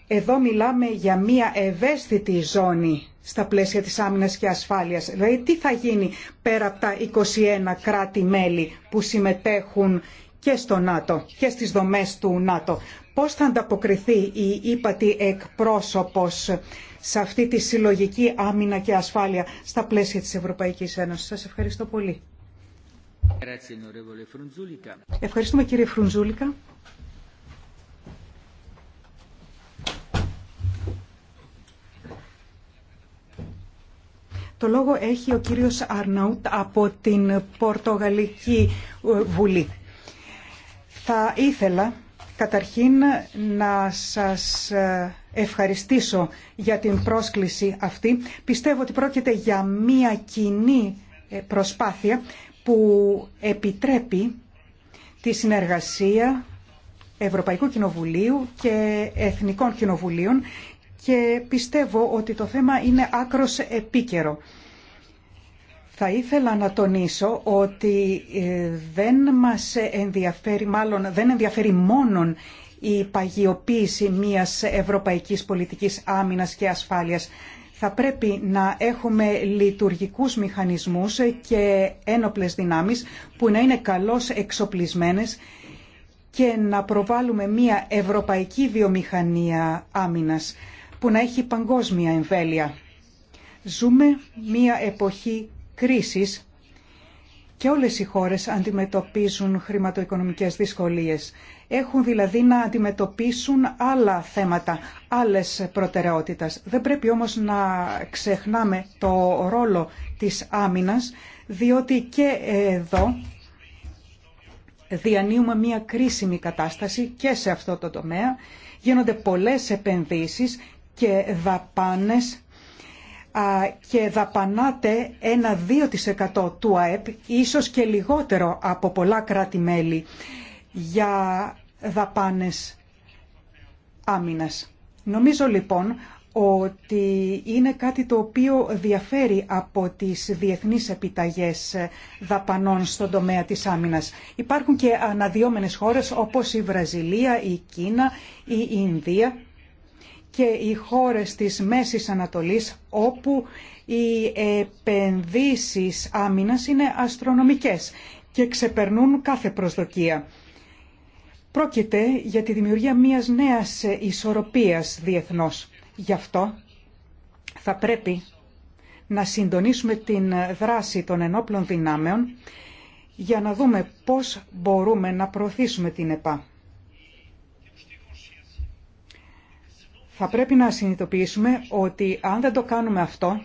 S3: εδώ μιλάμε για μια ευαίσθητη ζώνη στα πλαίσια της άμυνας και ασφάλειας. Δηλαδή τι θα γίνει πέρα από τα 21 κράτη-μέλη που συμμετέχουν και στο ΝΑΤΟ και στις δομές του ΝΑΤΟ πώς θα ανταποκριθεί η ύπατη εκπρόσωπος σε αυτή τη συλλογική άμυνα και ασφάλεια στα πλαίσια της Ευρωπαϊκής Ένωσης. Σας ευχαριστώ πολύ.
S6: Ευχαριστούμε κύριε
S3: Φρουντζούλικα. Το λόγο έχει ο κύριος Αρναούτ από την Πορτογαλική Βουλή. Θα ήθελα Καταρχήν να σας ε, ευχαριστήσω για την πρόσκληση αυτή. Πιστεύω ότι πρόκειται για μία κοινή ε, προσπάθεια που επιτρέπει τη συνεργασία Ευρωπαϊκού Κοινοβουλίου και Εθνικών Κοινοβουλίων και πιστεύω ότι το θέμα είναι άκρος επίκαιρο. Θα ήθελα να τονίσω ότι ε, δεν μας ενδιαφέρει, μάλλον δεν ενδιαφέρει μόνον η παγιοποίηση μιας ευρωπαϊκής πολιτικής άμυνας και ασφάλειας. Θα πρέπει να έχουμε λειτουργικούς μηχανισμούς και ένοπλες δυνάμεις που να είναι καλώς εξοπλισμένες και να προβάλλουμε μια ευρωπαϊκή βιομηχανία άμυνας που να έχει παγκόσμια εμβέλεια. Ζούμε μια εποχή κρίσης και όλες οι χώρες αντιμετωπίζουν χρηματοοικονομικές δυσκολίες. Έχουν δηλαδή να αντιμετωπίσουν άλλα θέματα, άλλες προτεραιότητες Δεν πρέπει όμως να ξεχνάμε το ρόλο της άμυνας, διότι και εδώ διανύουμε μια κρίσιμη κατάσταση και σε αυτό το τομέα. Γίνονται πολλές επενδύσεις και δαπάνες και δαπανάτε ένα 2% του ΑΕΠ, ίσως και λιγότερο από πολλά κράτη-μέλη, για δαπάνες άμυνας. Νομίζω λοιπόν ότι είναι κάτι το οποίο διαφέρει από τις διεθνείς επιταγές δαπανών στον τομέα της άμυνας. Υπάρχουν και αναδυόμενες χώρες όπως η Βραζιλία, η Κίνα, η Ινδία και οι χώρες της Μέσης Ανατολής όπου οι επενδύσεις άμυνας είναι αστρονομικές και ξεπερνούν κάθε προσδοκία. Πρόκειται για τη δημιουργία μιας νέας ισορροπίας διεθνώς. Γι' αυτό θα πρέπει να συντονίσουμε την δράση των ενόπλων δυνάμεων για να δούμε πώς μπορούμε να προωθήσουμε την ΕΠΑ. θα πρέπει να συνειδητοποιήσουμε ότι αν δεν το κάνουμε αυτό,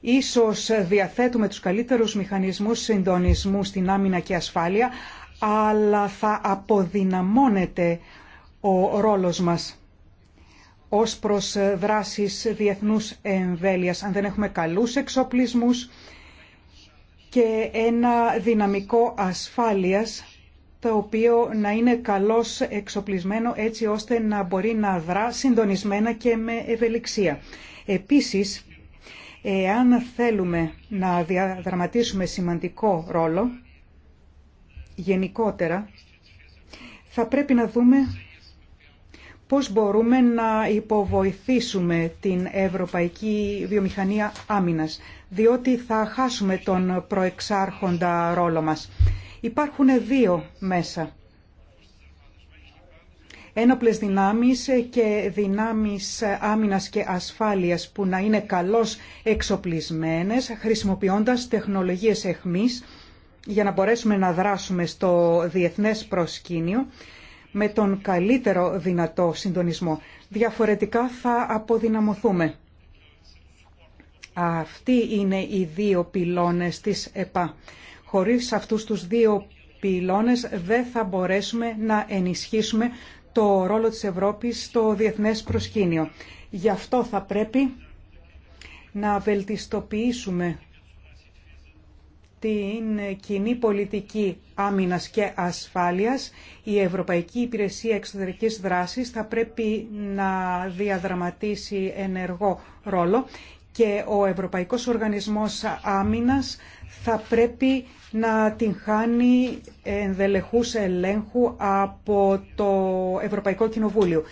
S3: ίσως διαθέτουμε τους καλύτερους μηχανισμούς συντονισμού στην άμυνα και ασφάλεια, αλλά θα αποδυναμώνεται ο ρόλος μας ως προς δράσεις διεθνούς εμβέλειας, αν δεν έχουμε καλούς εξοπλισμούς και ένα δυναμικό ασφάλειας το οποίο να είναι καλώς εξοπλισμένο έτσι ώστε να μπορεί να δρά συντονισμένα και με ευελιξία. Επίσης, εάν θέλουμε να διαδραματίσουμε σημαντικό ρόλο, γενικότερα, θα πρέπει να δούμε πώς μπορούμε να υποβοηθήσουμε την Ευρωπαϊκή Βιομηχανία Άμυνας, διότι θα χάσουμε τον προεξάρχοντα ρόλο μας. Υπάρχουν δύο μέσα. Ένοπλες δυνάμεις και δυνάμεις άμυνας και ασφάλειας που να είναι καλώς εξοπλισμένες χρησιμοποιώντας τεχνολογίες εχμής για να μπορέσουμε να δράσουμε στο διεθνές προσκήνιο με τον καλύτερο δυνατό συντονισμό. Διαφορετικά θα αποδυναμωθούμε. Αυτοί είναι οι δύο πυλώνες της ΕΠΑ. Χωρίς αυτούς τους δύο πυλώνες δεν θα μπορέσουμε να ενισχύσουμε το ρόλο της Ευρώπης στο διεθνές προσκήνιο. Γι' αυτό θα πρέπει να βελτιστοποιήσουμε την κοινή πολιτική άμυνας και ασφάλειας, η Ευρωπαϊκή Υπηρεσία Εξωτερικής Δράσης θα πρέπει να διαδραματίσει ενεργό ρόλο και ο Ευρωπαϊκός Οργανισμός Άμυνας θα πρέπει να την χάνει ενδελεχούς ελέγχου από το Ευρωπαϊκό Κοινοβούλιο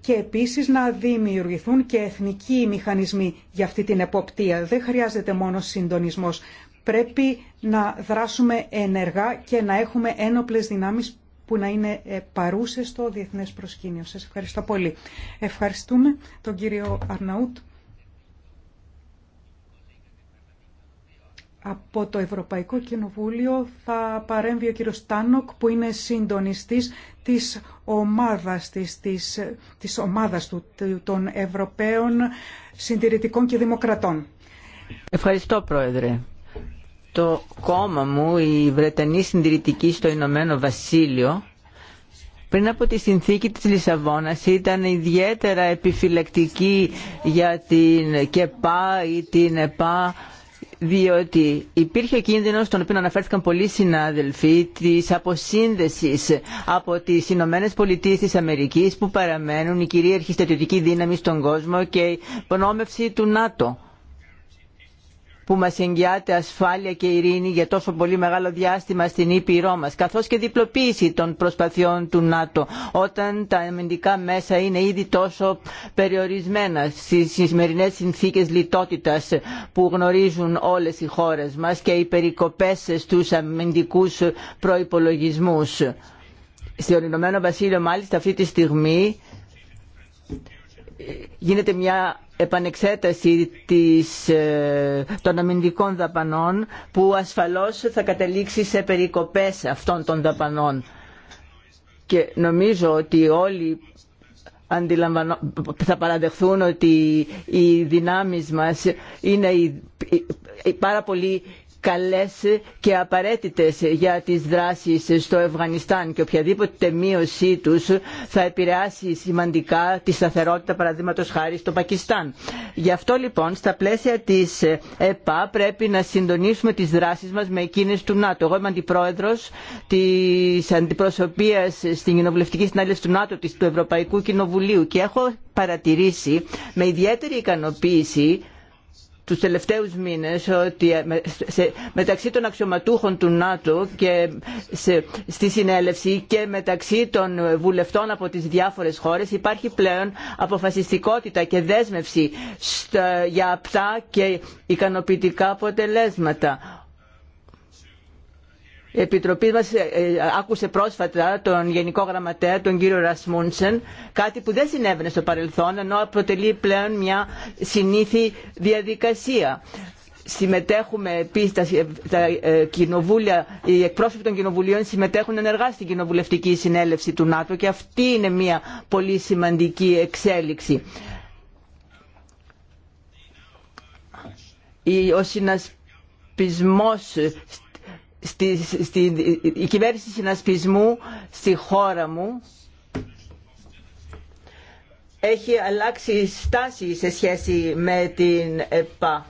S3: και επίσης να δημιουργηθούν και εθνικοί μηχανισμοί για αυτή την εποπτεία. Δεν χρειάζεται μόνο συντονισμός. Πρέπει να δράσουμε ενεργά και να έχουμε ένοπλες δυνάμεις που να είναι ε, παρούσες στο διεθνές προσκήνιο. Σας ευχαριστώ πολύ. Ευχαριστούμε τον κύριο Αρναούτ. Από το Ευρωπαϊκό Κοινοβούλιο θα παρέμβει ο κύριο Τάνοκ που είναι συντονιστής της ομάδας, της, της, του, των Ευρωπαίων Συντηρητικών και Δημοκρατών.
S2: Ευχαριστώ Πρόεδρε. Το κόμμα μου, η Βρετανή Συντηρητική στο Ηνωμένο Βασίλειο, πριν από τη συνθήκη της Λισαβόνας ήταν ιδιαίτερα επιφυλακτική για την ΚΕΠΑ ή την ΕΠΑ διότι υπήρχε κίνδυνο, στον τον οποίο αναφέρθηκαν πολλοί συνάδελφοι, τη αποσύνδεση από τι Ηνωμένε Πολιτείε της Αμερικής που παραμένουν η κυρίαρχη στρατιωτική δύναμη στον κόσμο και η υπονόμευση του ΝΑΤΟ που μας εγγυάται ασφάλεια και ειρήνη για τόσο πολύ μεγάλο διάστημα στην Ήπειρό μας, καθώς και διπλοποίηση των προσπαθειών του ΝΑΤΟ, όταν τα αμυντικά μέσα είναι ήδη τόσο περιορισμένα στις σημερινές συνθήκες λιτότητας που γνωρίζουν όλες οι χώρες μας και οι περικοπές στους αμυντικούς προϋπολογισμούς. Στον Ηνωμένο Βασίλειο μάλιστα αυτή τη στιγμή γίνεται μια επανεξέταση ε, των αμυντικών δαπανών που ασφαλώς θα καταλήξει σε περικοπές αυτών των δαπανών. Και νομίζω ότι όλοι θα παραδεχθούν ότι οι δυνάμεις μας είναι πάρα πολύ καλές και απαραίτητες για τις δράσεις στο Αφγανιστάν και οποιαδήποτε μείωσή τους θα επηρεάσει σημαντικά τη σταθερότητα παραδείγματο χάρη στο Πακιστάν. Γι' αυτό λοιπόν στα πλαίσια της ΕΠΑ πρέπει να συντονίσουμε τις δράσεις μας με εκείνες του ΝΑΤΟ. Εγώ είμαι αντιπρόεδρος της αντιπροσωπείας στην κοινοβουλευτική συνάλληση του ΝΑΤΟ του Ευρωπαϊκού Κοινοβουλίου και έχω παρατηρήσει με ιδιαίτερη ικανοποίηση τους τελευταίους μήνες ότι ε, μεταξύ των αξιωματούχων του ΝΑΤΟ και στη συνέλευση και μεταξύ των βουλευτών από τις διάφορες χώρες υπάρχει πλέον αποφασιστικότητα και δέσμευση για απτά και ικανοποιητικά αποτελέσματα Επιτροπή μας ε, ε, άκουσε πρόσφατα τον Γενικό Γραμματέα, τον κύριο Ρασμούντσεν, κάτι που δεν συνέβαινε στο παρελθόν, ενώ αποτελεί πλέον μια συνήθη διαδικασία συμμετέχουμε επίση τα, ε, κοινοβούλια, οι εκπρόσωποι των κοινοβουλίων συμμετέχουν ενεργά στην κοινοβουλευτική συνέλευση του ΝΑΤΟ και αυτή είναι μια πολύ σημαντική εξέλιξη. Ο συνασπισμός στη, στη, η κυβέρνηση συνασπισμού στη χώρα μου έχει αλλάξει στάση σε σχέση με την ΕΠΑ.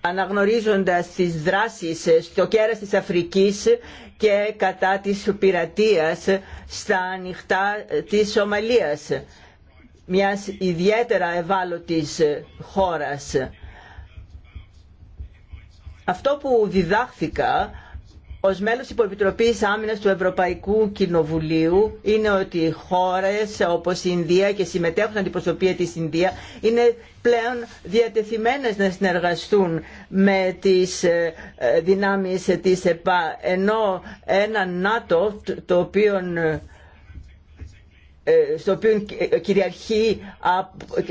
S2: αναγνωρίζοντας τις δράσεις στο κέρας της Αφρικής και κατά της πειρατείας στα ανοιχτά της Σομαλίας, μιας ιδιαίτερα ευάλωτης χώρας αυτό που διδάχθηκα ως μέλος Υποεπιτροπής Άμυνας του Ευρωπαϊκού Κοινοβουλίου είναι ότι χώρες όπως η Ινδία και συμμετέχουν αντιπροσωπεία της Ινδία είναι πλέον διατεθειμένες να συνεργαστούν με τις ε, ε, δυνάμεις της ΕΠΑ ενώ ένα ΝΑΤΟ το οποίο ε, ε, στο οποίο ε, κυριαρχεί,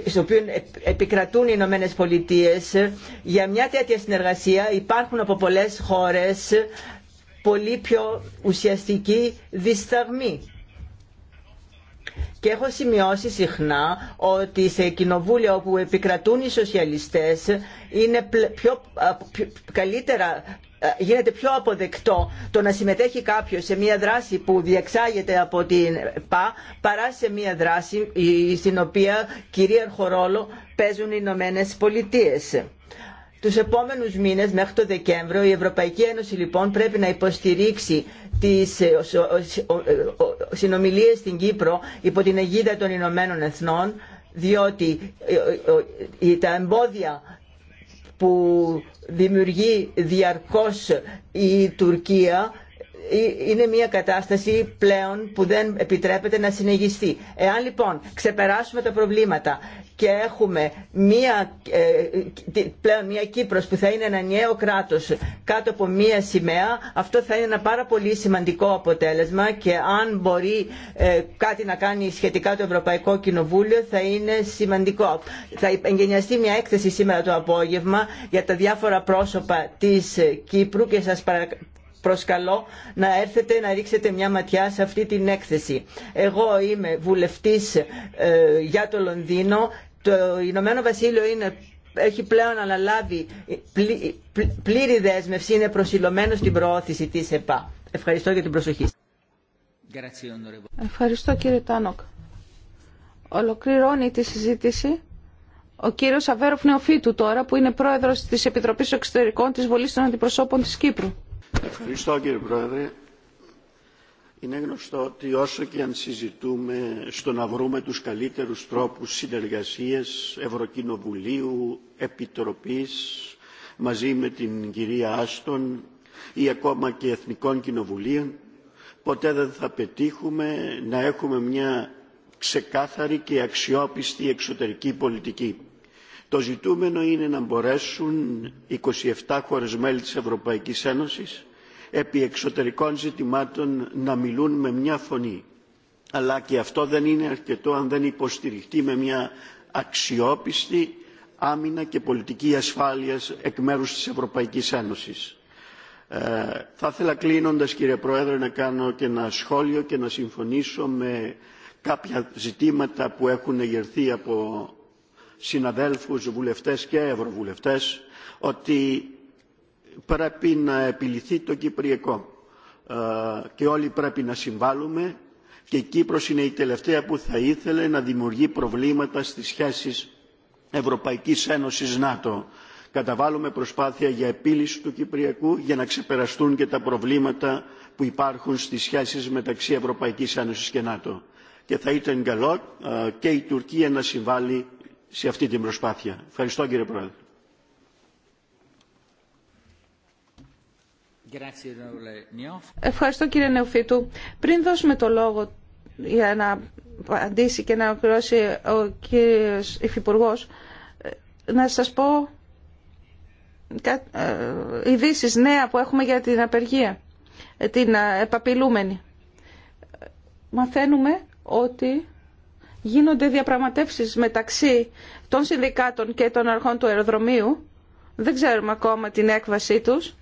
S2: στο οποίο επικρατούν οι Ηνωμένε Πολιτείε. Ε, για μια τέτοια συνεργασία υπάρχουν από πολλέ χώρες πολύ πιο ουσιαστική δισταγμή. Και έχω σημειώσει συχνά ότι σε κοινοβούλια όπου επικρατούν οι σοσιαλιστές είναι πιο, καλύτερα ε, γίνεται πιο αποδεκτό το να συμμετέχει κάποιος σε μια δράση που διεξάγεται από την ΠΑ παρά σε μια δράση στην οποία κυρίαρχο ρόλο παίζουν οι Ηνωμένε Πολιτείε. Τους επόμενους μήνες μέχρι το Δεκέμβριο η Ευρωπαϊκή Ένωση λοιπόν πρέπει να υποστηρίξει τις ε, ε, συνομιλίες στην Κύπρο υπό την αιγίδα των Ηνωμένων Εθνών διότι τα εμπόδια που δημιουργεί διαρκώς η Τουρκία ε, είναι μια κατάσταση πλέον που δεν επιτρέπεται να συνεχιστεί. Εάν λοιπόν ξεπεράσουμε τα προβλήματα και έχουμε μία, ε, πλέον μία Κύπρος που θα είναι ένα νέο κράτος κάτω από μία σημαία, αυτό θα είναι ένα πάρα πολύ σημαντικό αποτέλεσμα και αν μπορεί ε, κάτι να κάνει σχετικά το Ευρωπαϊκό Κοινοβούλιο θα είναι σημαντικό. Θα εγγενιαστεί μια έκθεση σήμερα το απόγευμα για τα διάφορα πρόσωπα της Κύπρου και σας παρα προσκαλώ να έρθετε να ρίξετε μια ματιά σε αυτή την έκθεση. Εγώ είμαι βουλευτής ε, για το Λονδίνο το Ηνωμένο Βασίλειο είναι, έχει πλέον αναλάβει πλή, πλήρη δέσμευση, είναι προσιλωμένο στην προώθηση τη ΕΠΑ. Ευχαριστώ για την προσοχή
S1: Ευχαριστώ κύριε Τάνοκ. Ολοκληρώνει τη συζήτηση ο κύριος Αβέροφ Νεοφίτου τώρα που είναι πρόεδρος της Επιτροπής Εξωτερικών της Βολής των Αντιπροσώπων της Κύπρου.
S4: Ευχαριστώ κύριε Πρόεδρε. Είναι γνωστό ότι όσο και αν συζητούμε στο να βρούμε τους καλύτερους τρόπους συνεργασίας Ευρωκοινοβουλίου, Επιτροπής, μαζί με την κυρία Άστον ή ακόμα και Εθνικών Κοινοβουλίων, ποτέ δεν θα πετύχουμε να έχουμε μια ξεκάθαρη και αξιόπιστη εξωτερική πολιτική. Το ζητούμενο είναι να μπορέσουν 27 χώρες μέλη της Ευρωπαϊκής Ένωσης επί εξωτερικών ζητημάτων να μιλούν με μια φωνή. Αλλά και αυτό δεν είναι αρκετό αν δεν υποστηριχτεί με μια αξιόπιστη άμυνα και πολιτική ασφάλειας εκ μέρους της Ευρωπαϊκής Ένωσης. Ε, θα ήθελα κλείνοντας κύριε Πρόεδρε να κάνω και ένα σχόλιο και να συμφωνήσω με κάποια ζητήματα που έχουν εγερθεί από συναδέλφους βουλευτές και ευρωβουλευτές ότι πρέπει να επιληθεί το κυπριακό ε, και όλοι πρέπει να συμβάλλουμε και η Κύπρος είναι η τελευταία που θα ήθελε να δημιουργεί προβλήματα στις σχέσεις Ευρωπαϊκής Ένωσης ΝΑΤΟ. Καταβάλουμε προσπάθεια για επίλυση του Κυπριακού για να ξεπεραστούν και τα προβλήματα που υπάρχουν στις σχέσεις μεταξύ Ευρωπαϊκής Ένωσης και ΝΑΤΟ. Και θα ήταν καλό ε, και η Τουρκία να συμβάλλει σε αυτή την προσπάθεια. Ευχαριστώ κύριε Πρόεδρε.
S1: Ευχαριστώ κύριε Νεοφίτου. Πριν δώσουμε το λόγο για να απαντήσει και να ολοκληρώσει ο κύριος Υφυπουργό, ε, να σας πω ε, ειδήσει νέα που έχουμε για την απεργία, ε, την επαπειλούμενη. Μαθαίνουμε ότι γίνονται διαπραγματεύσεις μεταξύ των συνδικάτων και των αρχών του αεροδρομίου. Δεν ξέρουμε ακόμα την έκβασή τους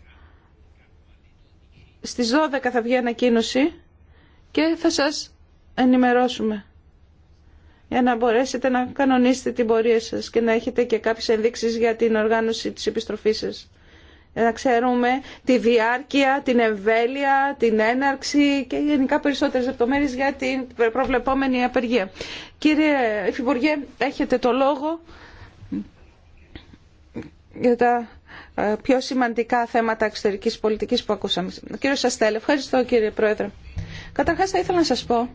S1: στις 12 θα βγει ανακοίνωση και θα σας ενημερώσουμε για να μπορέσετε να κανονίσετε την πορεία σας και να έχετε και κάποιες ενδείξεις για την οργάνωση της επιστροφής σας. Να ξέρουμε τη διάρκεια, την εμβέλεια, την έναρξη και γενικά περισσότερες λεπτομέρειες για την προβλεπόμενη απεργία. Κύριε Υφυπουργέ, έχετε το λόγο για τα ε, πιο σημαντικά θέματα εξωτερική πολιτική που ακούσαμε. Κύριο Σαστέλ, ευχαριστώ κύριε Πρόεδρε. Καταρχάς θα ήθελα να σα πω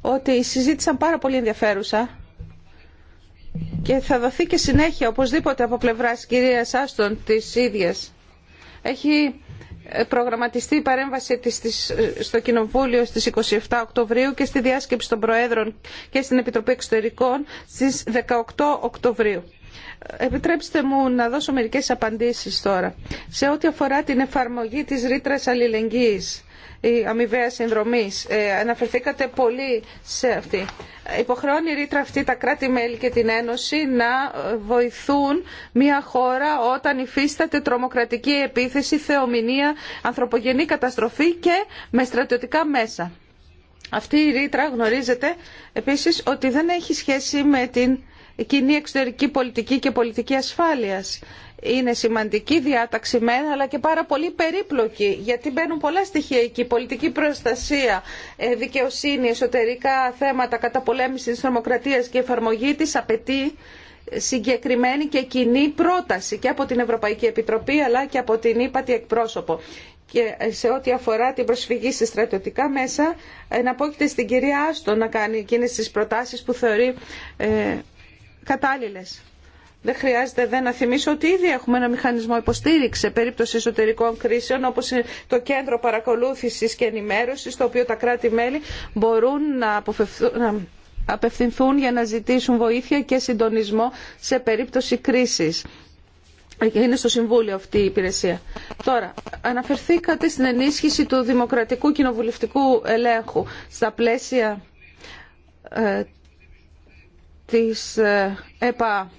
S1: ότι συζήτησαν πάρα πολύ ενδιαφέρουσα και θα δοθεί και συνέχεια οπωσδήποτε από πλευράς κυρία Άστον τη ίδια Έχει ε, προγραμματιστεί η παρέμβασή της ε, στο Κοινοβούλιο στις 27 Οκτωβρίου και στη διάσκεψη των Προέδρων και στην Επιτροπή Εξωτερικών στις 18 Οκτωβρίου. Επιτρέψτε μου να δώσω μερικές απαντήσεις τώρα. Σε ό,τι αφορά την εφαρμογή της ρήτρα αλληλεγγύης, η αμοιβαία συνδρομή. Ε, αναφερθήκατε πολύ σε αυτή. Υποχρεώνει η ρήτρα αυτή τα κράτη-μέλη και την Ένωση να ε, βοηθούν μια χώρα όταν υφίσταται τρομοκρατική επίθεση, θεομηνία, ανθρωπογενή καταστροφή και με στρατιωτικά μέσα. Αυτή η ρήτρα γνωρίζετε επίσης ότι δεν έχει σχέση με την κοινή εξωτερική πολιτική και πολιτική ασφάλειας. Είναι σημαντική διάταξη μεν, αλλά και πάρα πολύ περίπλοκη, γιατί μπαίνουν πολλά στοιχεία εκεί. Πολιτική προστασία, ε, δικαιοσύνη, εσωτερικά θέματα, καταπολέμηση της θερμοκρατίας και εφαρμογή της απαιτεί συγκεκριμένη και κοινή πρόταση και από την Ευρωπαϊκή Επιτροπή αλλά και από την ΥΠΑΤΗ εκπρόσωπο. Και ε, σε ό,τι αφορά την προσφυγή σε στρατιωτικά μέσα, ε, να στην κυρία Άστο να κάνει εκείνες τις προτάσεις που θεωρεί κατάλληλες. Δεν χρειάζεται να θυμίσω ότι ήδη έχουμε ένα μηχανισμό υποστήριξη σε περίπτωση εσωτερικών κρίσεων, όπω το κέντρο παρακολούθηση και ενημέρωση, στο οποίο τα κράτη-μέλη μπορούν να, απευθυνθούν για να ζητήσουν βοήθεια και συντονισμό σε περίπτωση κρίσης. Είναι στο Συμβούλιο αυτή η υπηρεσία. Τώρα, αναφερθήκατε στην ενίσχυση του δημοκρατικού κοινοβουλευτικού ελέγχου στα πλαίσια ε, της ε, ΕΠΑ.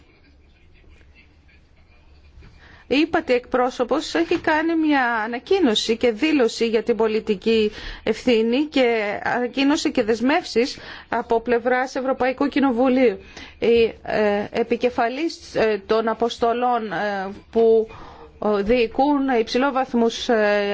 S1: Η ύπατη εκπρόσωπος έχει κάνει μια ανακοίνωση και δήλωση για την πολιτική ευθύνη και ανακοίνωση και δεσμεύσεις από πλευράς Ευρωπαϊκού Κοινοβουλίου. Η ε, επικεφαλής ε, των αποστολών που διοικούν υψηλόβαθμού ε,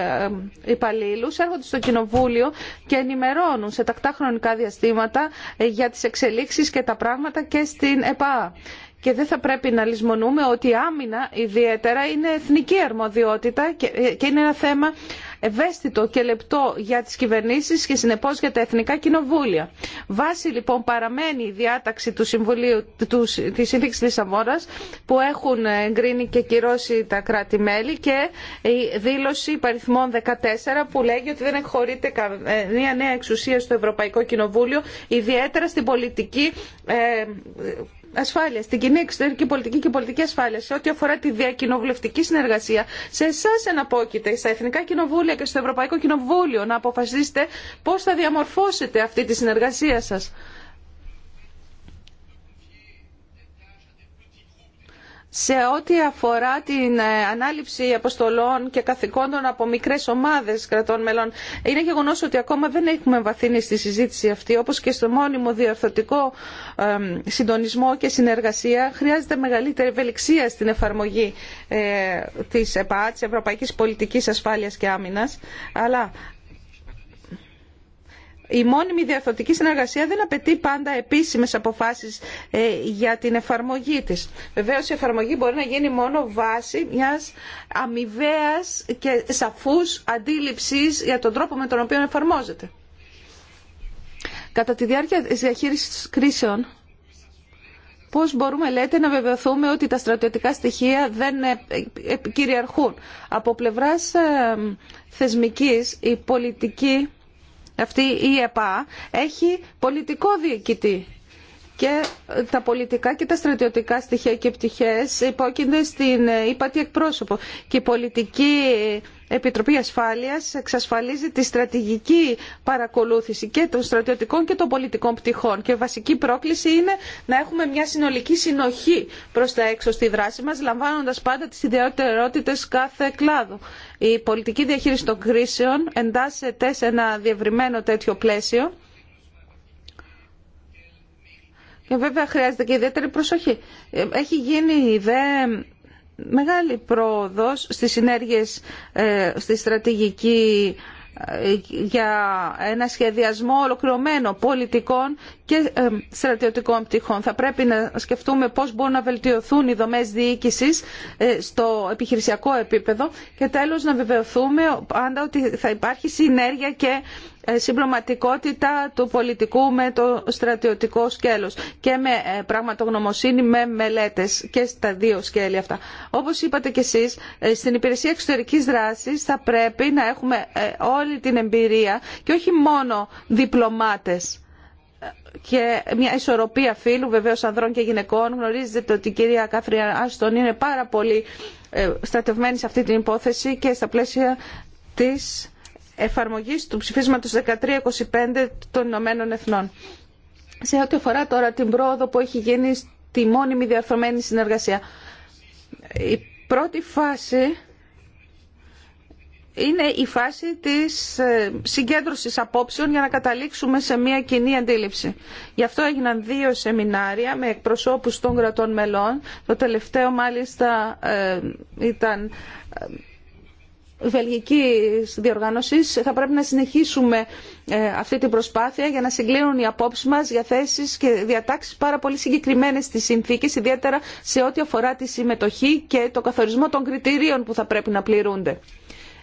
S1: ε, υπαλλήλου, έρχονται στο Κοινοβούλιο και ενημερώνουν σε τακτά χρονικά διαστήματα ε, για τις εξελίξεις και τα πράγματα και στην ΕΠΑ. Και δεν θα πρέπει να λησμονούμε ότι η άμυνα ιδιαίτερα είναι εθνική αρμοδιότητα και είναι ένα θέμα ευαίσθητο και λεπτό για τις κυβερνήσεις και συνεπώς για τα εθνικά κοινοβούλια. Βάση λοιπόν παραμένει η διάταξη του Συμβουλίου του, της Σύνθηκης που έχουν εγκρίνει και κυρώσει τα κράτη-μέλη και η δήλωση παριθμών 14 που λέγει ότι δεν εκχωρείται καμία νέα εξουσία στο Ευρωπαϊκό Κοινοβούλιο ιδιαίτερα στην πολιτική ε, ασφάλεια, στην κοινή εξωτερική πολιτική και πολιτική ασφάλεια, σε ό,τι αφορά τη διακοινοβουλευτική συνεργασία, σε εσά εναπόκειται, στα Εθνικά Κοινοβούλια και στο Ευρωπαϊκό Κοινοβούλιο, να αποφασίσετε πώ θα διαμορφώσετε αυτή τη συνεργασία σα. σε ό,τι αφορά την ε, ανάληψη αποστολών και καθηκόντων από μικρές ομάδες κρατών μελών. Είναι γεγονός ότι ακόμα δεν έχουμε βαθύνει στη συζήτηση αυτή, όπως και στο μόνιμο διορθωτικό συντονισμό και συνεργασία χρειάζεται μεγαλύτερη ευελιξία στην εφαρμογή ε, της ΕΠΑ, της Ευρωπαϊκής Πολιτικής Ασφάλειας και Άμυνας, αλλά η μόνιμη διαφθορτική συνεργασία δεν απαιτεί πάντα επίσημες αποφάσεις ε, για την εφαρμογή της. Βεβαίως η εφαρμογή μπορεί να γίνει μόνο βάση μιας αμοιβαίας και σαφούς αντίληψης για τον τρόπο με τον οποίο εφαρμόζεται. Κατά τη διάρκεια της διαχείρισης κρίσεων, πώς μπορούμε λέτε να βεβαιωθούμε ότι τα στρατιωτικά στοιχεία δεν ε, κυριαρχούν. Από πλευράς ε, θεσμικής η πολιτική αυτή η ΕΠΑ έχει πολιτικό διοικητή και τα πολιτικά και τα στρατιωτικά στοιχεία και πτυχές υπόκεινται στην ε, ύπατη εκπρόσωπο και η πολιτική Επιτροπή Ασφάλειας εξασφαλίζει τη στρατηγική παρακολούθηση και των στρατιωτικών και των πολιτικών πτυχών και βασική πρόκληση είναι να έχουμε μια συνολική συνοχή προς τα έξω στη δράση μας λαμβάνοντας πάντα τις ιδιαιτερότητες κάθε κλάδου. Η πολιτική διαχείριση των κρίσεων εντάσσεται σε ένα διευρυμένο τέτοιο πλαίσιο και βέβαια χρειάζεται και ιδιαίτερη προσοχή. Έχει γίνει ιδέα μεγάλη πρόοδος στις συνέργειες ε, στη στρατηγική ε, για ένα σχεδιασμό ολοκληρωμένο πολιτικών και ε, στρατιωτικών πτυχών. Θα πρέπει να σκεφτούμε πώς μπορούν να βελτιωθούν οι δομές διοίκησης στο επιχειρησιακό επίπεδο και τέλος να βεβαιωθούμε πάντα ότι θα υπάρχει συνέργεια και ε, συμπληρωματικότητα του πολιτικού με το στρατιωτικό σκέλος και με ε, πραγματογνωμοσύνη με μελέτες και στα δύο σκέλη αυτά. Όπως είπατε και εσείς, ε, στην υπηρεσία εξωτερικής δράσης θα πρέπει να έχουμε όλη την εμπειρία και όχι μόνο διπλωμάτες και μια ισορροπία φίλου βεβαίως ανδρών και γυναικών. Γνωρίζετε ότι η κυρία Κάθρια Άστον είναι πάρα πολύ στρατευμένη σε αυτή την υπόθεση και στα πλαίσια της εφαρμογής του ψηφίσματος 1325 των Ηνωμένων Εθνών. Σε ό,τι αφορά τώρα την πρόοδο που έχει γίνει στη μόνιμη διαρθρωμένη συνεργασία. Η πρώτη φάση είναι η φάση της ε, συγκέντρωσης απόψεων για να καταλήξουμε σε μια κοινή αντίληψη. Γι' αυτό έγιναν δύο σεμινάρια με εκπροσώπους των κρατών μελών. Το τελευταίο μάλιστα ε, ήταν ε, βελγικής διοργάνωσης θα πρέπει να συνεχίσουμε ε, αυτή την προσπάθεια για να συγκλίνουν οι απόψεις μας για θέσεις και διατάξεις πάρα πολύ συγκεκριμένες στις συνθήκες ιδιαίτερα σε ό,τι αφορά τη συμμετοχή και το καθορισμό των κριτηρίων που θα πρέπει να πληρούνται.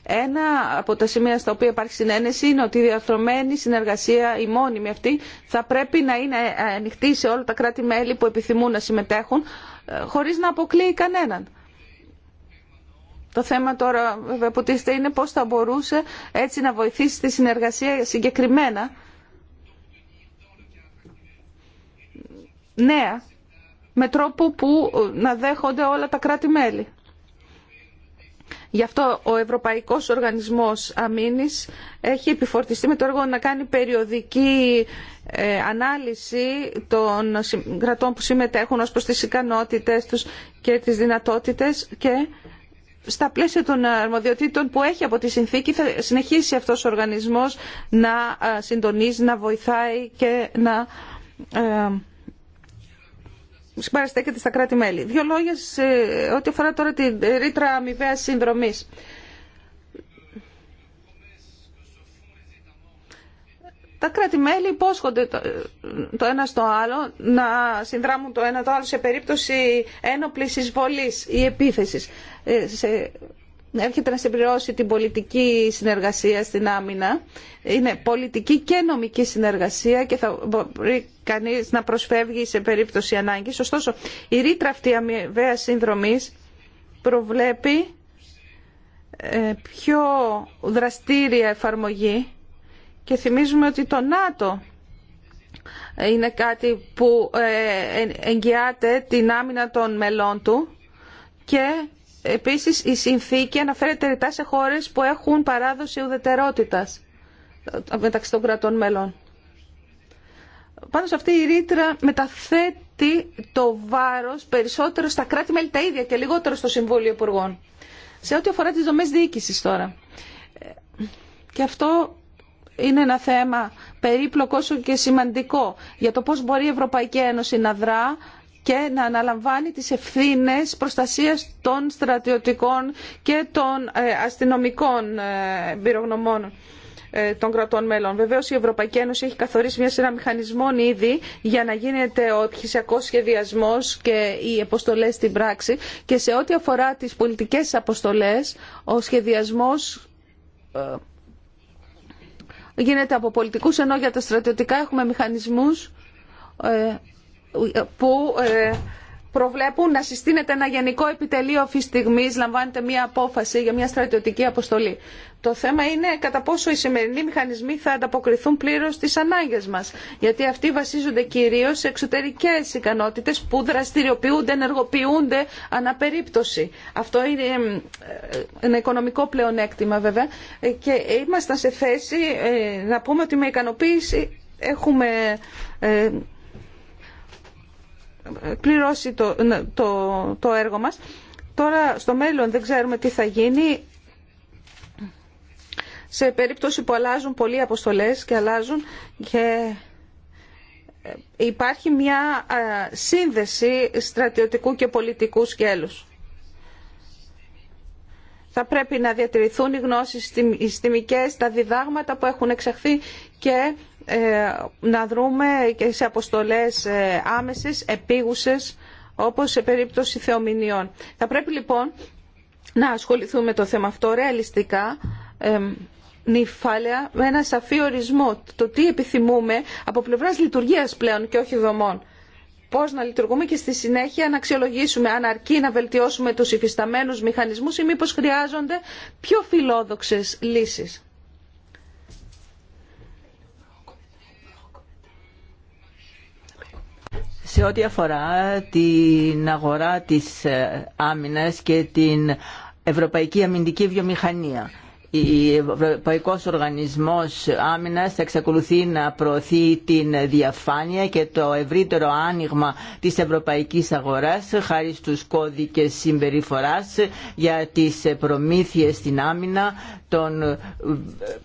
S1: Ένα από τα σημεία στα οποία υπάρχει συνένεση είναι ότι η διαρθρωμένη συνεργασία, η μόνιμη αυτή, θα πρέπει να είναι ανοιχτή σε όλα τα κράτη-μέλη που επιθυμούν να συμμετέχουν, ε, χωρίς να αποκλείει κανέναν το θέμα τώρα που τίστε είναι πώς θα μπορούσε έτσι να βοηθήσει τη συνεργασία συγκεκριμένα νέα με τρόπο που ε, να δέχονται όλα τα κράτη-μέλη. Γι' αυτό ο Ευρωπαϊκός Οργανισμός Αμήνης έχει επιφορτιστεί με το έργο να κάνει περιοδική ε, ανάλυση των κρατών που συμμετέχουν ως προς τις ικανότητες τους και τις δυνατότητες και στα πλαίσια των αρμοδιοτήτων που έχει από τη συνθήκη θα συνεχίσει αυτός ο οργανισμός να συντονίζει, να βοηθάει και να ε, συμπαραστέκεται στα κράτη-μέλη. Δύο λόγια σε ό,τι αφορά τώρα τη ρήτρα αμοιβαία συνδρομής. Τα κράτη-μέλη υπόσχονται το ένα στο άλλο να συνδράμουν το ένα το άλλο σε περίπτωση ένοπλης εισβολής ή επίθεσης. Ε, έρχεται να συμπληρώσει την πολιτική συνεργασία στην άμυνα. Είναι πολιτική και νομική συνεργασία και θα μπορεί κανείς να προσφεύγει σε περίπτωση ανάγκης. Ωστόσο, η ρήτρα αυτή αμοιβαία συνδρομής προβλέπει ε, πιο δραστήρια εφαρμογή και θυμίζουμε ότι το ΝΑΤΟ είναι κάτι που ε, εγγυάται την άμυνα των μελών του και επίσης η συνθήκη αναφέρεται ρητά σε χώρες που έχουν παράδοση ουδετερότητας ε, μεταξύ των κρατών μελών. Πάνω σε αυτή η ρήτρα μεταθέτει το βάρος περισσότερο στα κράτη-μέλη τα ίδια και λιγότερο στο Συμβούλιο Υπουργών. Σε ό,τι αφορά τις δομές διοίκησης τώρα. Ε, και αυτό είναι ένα θέμα περίπλοκο όσο και σημαντικό για το πώς μπορεί η Ευρωπαϊκή Ένωση να δρά και να αναλαμβάνει τις ευθύνες προστασίας των στρατιωτικών και των ε, αστυνομικών ε, πυρογνωμών ε, των κρατών μέλων. Βεβαίως, η Ευρωπαϊκή Ένωση έχει καθορίσει μια σειρά μηχανισμών ήδη για να γίνεται ο επιχειρησιακό σχεδιασμός και οι αποστολέ στην πράξη. Και σε ό,τι αφορά τις πολιτικές αποστολέ, ο σχεδιασμό γίνεται από πολιτικούς, ενώ για τα στρατιωτικά έχουμε μηχανισμούς ε, που ε, προβλέπουν να συστήνεται ένα γενικό επιτελείο αυτή τη στιγμή, λαμβάνεται μια απόφαση για μια στρατιωτική αποστολή. Το θέμα είναι κατά πόσο οι σημερινοί μηχανισμοί θα ανταποκριθούν πλήρω στι ανάγκε μα. Γιατί αυτοί βασίζονται κυρίω σε εξωτερικέ ικανότητε που δραστηριοποιούνται, ενεργοποιούνται αναπερίπτωση. Αυτό είναι ε, ένα οικονομικό πλεονέκτημα βέβαια. Ε, και ήμασταν σε θέση ε, να πούμε ότι με ικανοποίηση έχουμε πληρώσει το, το, το έργο μας. Τώρα στο μέλλον δεν ξέρουμε τι θα γίνει. Σε περίπτωση που αλλάζουν πολλοί αποστολές και αλλάζουν και ε, υπάρχει μια ε, σύνδεση στρατιωτικού και πολιτικού σκέλους. Θα πρέπει να διατηρηθούν οι γνώσεις οι τα διδάγματα που έχουν εξαχθεί και ε, να δρούμε και σε αποστολές ε, άμεσης, επίγουσες, όπως σε περίπτωση θεομηνιών. Θα πρέπει λοιπόν να ασχοληθούμε το θέμα αυτό ρεαλιστικά, ε, νυφάλαια, με ένα σαφή ορισμό, το τι επιθυμούμε από πλευράς λειτουργίας πλέον και όχι δομών. Πώς να λειτουργούμε και στη συνέχεια να αξιολογήσουμε αν αρκεί να βελτιώσουμε του υφισταμένους μηχανισμού ή μήπω χρειάζονται πιο
S2: φιλόδοξε λύσει. σε ό,τι αφορά την αγορά της ε, άμυνας και την Ευρωπαϊκή Αμυντική Βιομηχανία. Ο Ευρωπαϊκός Οργανισμός Άμυνας θα εξακολουθεί να προωθεί την διαφάνεια και το ευρύτερο άνοιγμα της ευρωπαϊκής αγοράς χάρη στους κώδικες συμπεριφοράς για τις προμήθειες στην άμυνα, τον ε,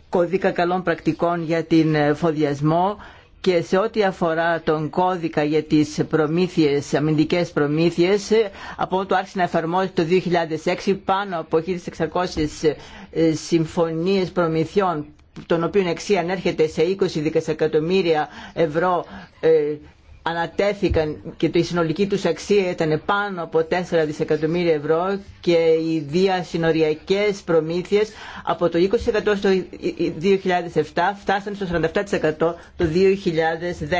S2: κώδικα καλών πρακτικών για την ε, φοδιασμό και σε ό,τι αφορά τον κώδικα για τις προμήθειες, αμυντικές προμήθειες, από όταν άρχισε να εφαρμόζεται το 2006 πάνω από 1.600 ε, συμφωνίες προμηθειών των οποίων εξή ανέρχεται σε 20 δισεκατομμύρια ευρώ ε, ανατέθηκαν και η συνολική τους αξία ήταν πάνω από 4 δισεκατομμύρια ευρώ και οι διασυνοριακές προμήθειες από το 20% το 2007 φτάσαν στο 47% το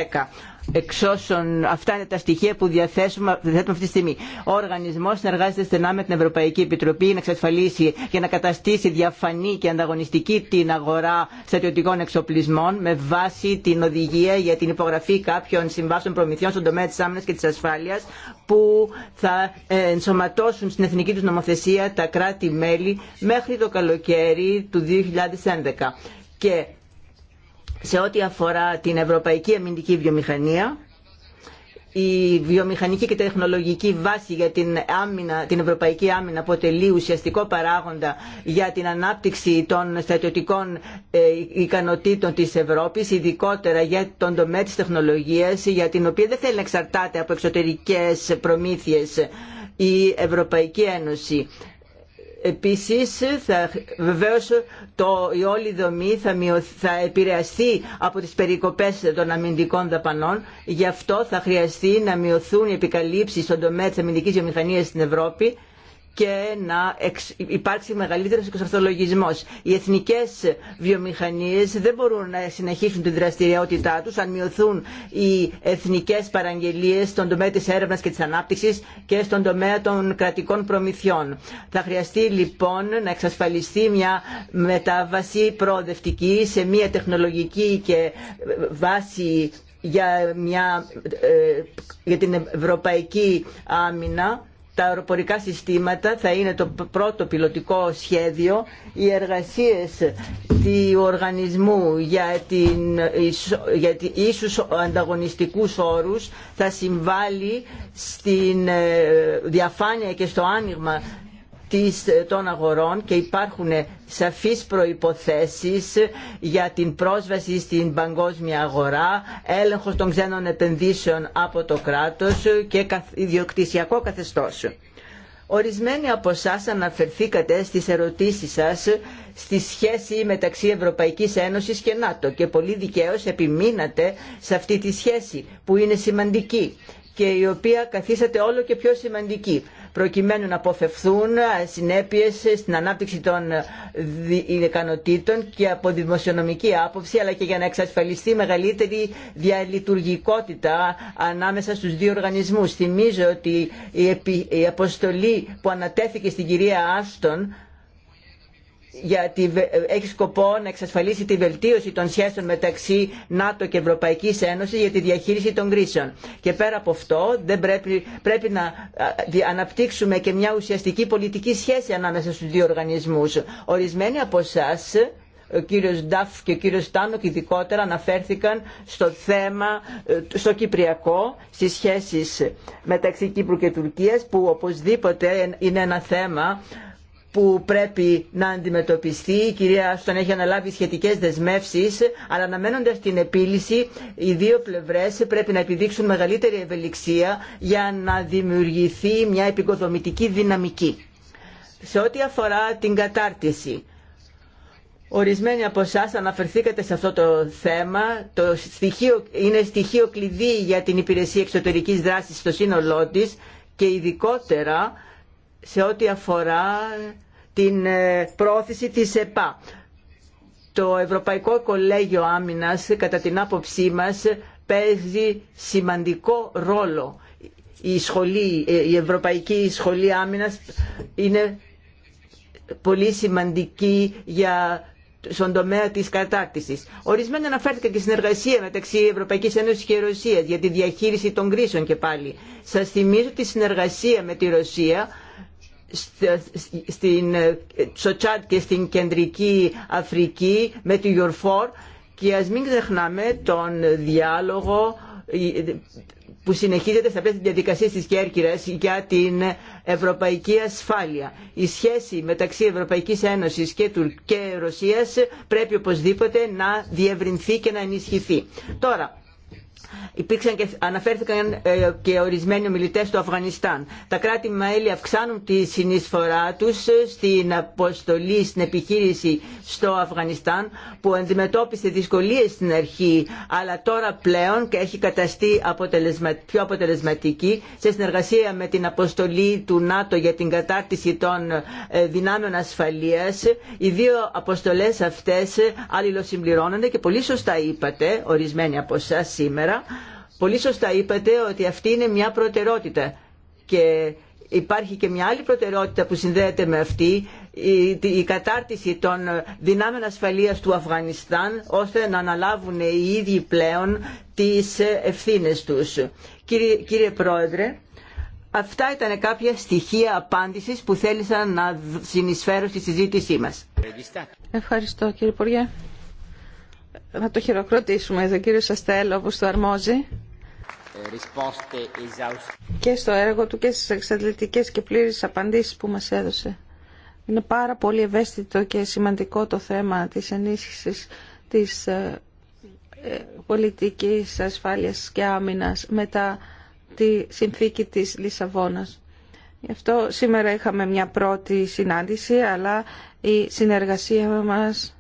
S2: 2010 εξ όσων αυτά είναι τα στοιχεία που διαθέτουμε αυτή τη στιγμή. Ο οργανισμό συνεργάζεται στενά με την Ευρωπαϊκή Επιτροπή να εξασφαλίσει και να καταστήσει διαφανή και ανταγωνιστική την αγορά στρατιωτικών εξοπλισμών με βάση την οδηγία για την υπογραφή κάποιων συμβάσεων προμηθειών στον τομέα τη άμυνα και τη ασφάλεια που θα ενσωματώσουν στην εθνική του νομοθεσία τα κράτη-μέλη μέχρι το καλοκαίρι του 2011. Και σε ό,τι αφορά την ευρωπαϊκή αμυντική βιομηχανία, η βιομηχανική και τεχνολογική βάση για την, άμυνα, την ευρωπαϊκή άμυνα αποτελεί ουσιαστικό παράγοντα για την ανάπτυξη των στρατιωτικών ε, ικανοτήτων της Ευρώπης, ειδικότερα για τον τομέα της τεχνολογίας, για την οποία δεν θέλει να εξαρτάται από εξωτερικές προμήθειες η Ευρωπαϊκή Ένωση. Επίσης, θα, βεβαίως το, η όλη δομή θα, θα επηρεαστεί από τις περικοπές των αμυντικών δαπανών. Γι' αυτό θα χρειαστεί να μειωθούν οι επικαλύψεις στον τομέα της αμυντικής βιομηχανίας στην Ευρώπη και να υπάρξει μεγαλύτερος εξορθολογισμός. Οι εθνικές βιομηχανίες δεν μπορούν να συνεχίσουν την δραστηριότητά τους αν μειωθούν οι εθνικές παραγγελίες στον τομέα της έρευνας και της ανάπτυξης και στον τομέα των κρατικών προμηθειών. Θα χρειαστεί λοιπόν να εξασφαλιστεί μια μετάβαση προοδευτική σε μια τεχνολογική και βάση για, μια, ε, για την ευρωπαϊκή άμυνα τα αεροπορικά συστήματα θα είναι το πρώτο πιλωτικό σχέδιο. Οι εργασίες του οργανισμού για, την, για την, ίσους ανταγωνιστικούς όρους θα συμβάλλει στην ε, διαφάνεια και στο άνοιγμα ε, των αγορών και υπάρχουν ε, σαφείς προϋποθέσεις ε, για την πρόσβαση στην παγκόσμια αγορά, έλεγχος των ξένων επενδύσεων από το κράτος και ιδιοκτησιακό καθεστώς. Ορισμένοι από εσά αναφερθήκατε στις ερωτήσεις σας στη σχέση μεταξύ Ευρωπαϊκής Ένωσης και ΝΑΤΟ και πολύ δικαίως επιμείνατε σε αυτή τη σχέση που είναι σημαντική και η οποία καθίσατε όλο και πιο σημαντική προκειμένου να αποφευθούν ε, συνέπειες ε, στην ανάπτυξη των ε, ικανοτήτων και από δημοσιονομική άποψη αλλά και για να εξασφαλιστεί μεγαλύτερη διαλειτουργικότητα ανάμεσα στους δύο οργανισμούς. Θυμίζω ότι η αποστολή που ανατέθηκε στην κυρία Άστον γιατί έχει σκοπό να εξασφαλίσει τη βελτίωση των σχέσεων μεταξύ ΝΑΤΟ και Ευρωπαϊκής Ένωσης για τη διαχείριση των κρίσεων. Και πέρα από αυτό δεν πρέπει, πρέπει να αναπτύξουμε και μια ουσιαστική πολιτική σχέση ανάμεσα στους δύο οργανισμούς. Ορισμένοι από εσά ο κύριος Νταφ και ο κύριος Τάνοκ ειδικότερα αναφέρθηκαν στο θέμα ε, στο Κυπριακό στις σχέσεις μεταξύ Κύπρου και Τουρκίας που οπωσδήποτε είναι ένα θέμα που πρέπει να αντιμετωπιστεί. Η κυρία Άστον έχει αναλάβει σχετικές δεσμεύσεις, αλλά αναμένοντα την επίλυση, οι δύο πλευρές πρέπει να επιδείξουν μεγαλύτερη ευελιξία για να δημιουργηθεί μια επικοδομητική δυναμική. Σε ό,τι αφορά την κατάρτιση, Ορισμένοι από εσά αναφερθήκατε σε αυτό το θέμα. Το στοιχείο, είναι στοιχείο κλειδί για την υπηρεσία εξωτερικής δράσης στο σύνολό τη και ειδικότερα σε ό,τι αφορά την ε, πρόθεση της ΕΠΑ. Το Ευρωπαϊκό Κολέγιο Άμυνας, κατά την άποψή μας, παίζει σημαντικό ρόλο. Η, σχολή, ε, Ευρωπαϊκή Σχολή Άμυνας είναι πολύ σημαντική για στον τομέα της κατάκτησης. Ορισμένα αναφέρθηκαν και συνεργασία μεταξύ Ευρωπαϊκής Ένωσης και Ρωσίας για τη διαχείριση των κρίσεων και πάλι. Σας θυμίζω τη συνεργασία με τη Ρωσία στην, στο Τσάτ και στην Κεντρική Αφρική με τη Γιορφόρ και ας μην ξεχνάμε τον διάλογο που συνεχίζεται στα πλαίσια τη της Κέρκυρας για την ευρωπαϊκή ασφάλεια. Η σχέση μεταξύ Ευρωπαϊκής Ένωσης και, του, και Ρωσίας πρέπει οπωσδήποτε να διευρυνθεί και να ενισχυθεί. Τώρα, Υπήρξαν και, αναφέρθηκαν ε, και ορισμένοι ομιλητέ του Αφγανιστάν. Τα κράτη μαέλη αυξάνουν τη συνεισφορά του ε, στην αποστολή, στην επιχείρηση στο Αφγανιστάν που αντιμετώπισε δυσκολίε στην αρχή αλλά τώρα πλέον και έχει καταστεί πιο αποτελεσματική σε συνεργασία με την αποστολή του ΝΑΤΟ για την κατάρτιση των ε, δυνάμεων ασφαλεία. Οι δύο αποστολέ αυτέ αλληλοσυμπληρώνονται και πολύ σωστά είπατε ορισμένοι από εσά σήμερα πολύ σωστά είπατε ότι αυτή είναι μια προτερότητα και υπάρχει και μια άλλη προτεραιότητα που συνδέεται με αυτή, η, κατάρτιση των δυνάμεων ασφαλείας του Αφγανιστάν, ώστε να αναλάβουν οι ίδιοι πλέον τις ευθύνες τους. Κύριε, Πρόεδρε, αυτά ήταν κάποια στοιχεία απάντησης που θέλησα να συνεισφέρω στη συζήτησή μας.
S1: Ευχαριστώ κύριε Υπουργέ
S2: να το χειροκροτήσουμε τον κύριο Σαστέλ
S1: όπως το αρμόζει ε,
S6: και στο έργο
S1: του και στις εξαντλητικές και πλήρες απαντήσεις που μας έδωσε. Είναι πάρα πολύ ευαίσθητο και σημαντικό το θέμα της ενίσχυσης της ε, ε, πολιτικής ασφάλειας και άμυνας μετά τη συνθήκη της Λισαβόνας. Γι' αυτό σήμερα είχαμε μια πρώτη συνάντηση, αλλά η συνεργασία μας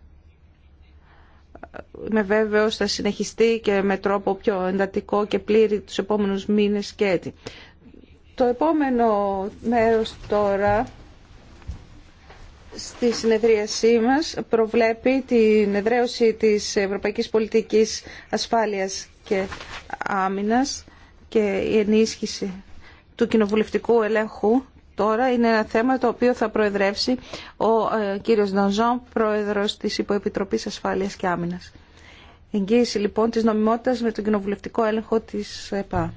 S1: με βέβαιο θα συνεχιστεί και με τρόπο πιο εντατικό και πλήρη τους επόμενους μήνες και έτσι. Το επόμενο μέρος τώρα στη συνεδρίασή μας προβλέπει την εδραίωση της Ευρωπαϊκής Πολιτικής Ασφάλειας και Άμυνας και η ενίσχυση του κοινοβουλευτικού ελέγχου τώρα είναι ένα θέμα το οποίο θα προεδρεύσει ο ε, κύριος Νονζόν, πρόεδρος της Υποεπιτροπής Ασφάλειας και Άμυνας. Εγγύηση λοιπόν της νομιμότητας με τον κοινοβουλευτικό έλεγχο της ΕΠΑ.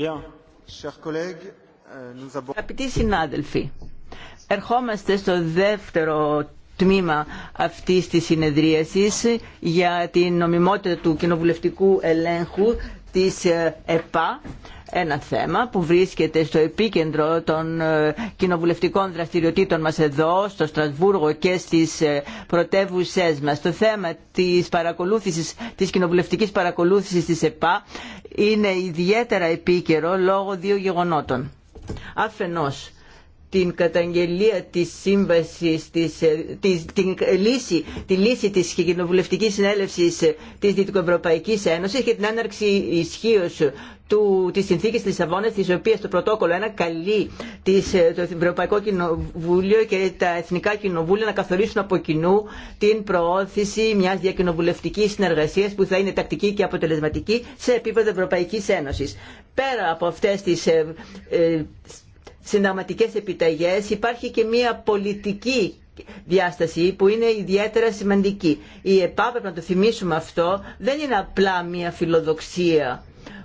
S4: Euh,
S2: Αγαπητοί συνάδελφοι, ερχόμαστε στο δεύτερο τμήμα αυτής της συνεδρίασης για την νομιμότητα του κοινοβουλευτικού ελέγχου της ε, ΕΠΑ ένα θέμα που βρίσκεται στο επίκεντρο των ε, κοινοβουλευτικών δραστηριοτήτων μας εδώ, στο Στρασβούργο και στις ε, πρωτεύουσές μας. Το θέμα της, παρακολούθησης, της κοινοβουλευτικής παρακολούθησης της ΕΠΑ είναι ιδιαίτερα επίκαιρο λόγω δύο γεγονότων. Αφενός, την καταγγελία της σύμβασης, τη ε, λύση, τη λύση της κοινοβουλευτικής συνέλευσης της Δυτικοευρωπαϊκής Ένωσης και την έναρξη ισχύω του, της συνθήκης της τη της οποίας το πρωτόκολλο 1 καλεί της, ε, το Ευρωπαϊκό Κοινοβούλιο και τα Εθνικά Κοινοβούλια να καθορίσουν από κοινού την προώθηση μιας διακοινοβουλευτικής συνεργασίας που θα είναι τακτική και αποτελεσματική σε επίπεδο Ευρωπαϊκής Ένωσης. Πέρα από αυτές τις ε, συνταγματικές επιταγές υπάρχει και μια πολιτική διάσταση που είναι ιδιαίτερα σημαντική. Η ΕΠΑ, να το θυμίσουμε αυτό, δεν είναι απλά μια φιλοδοξία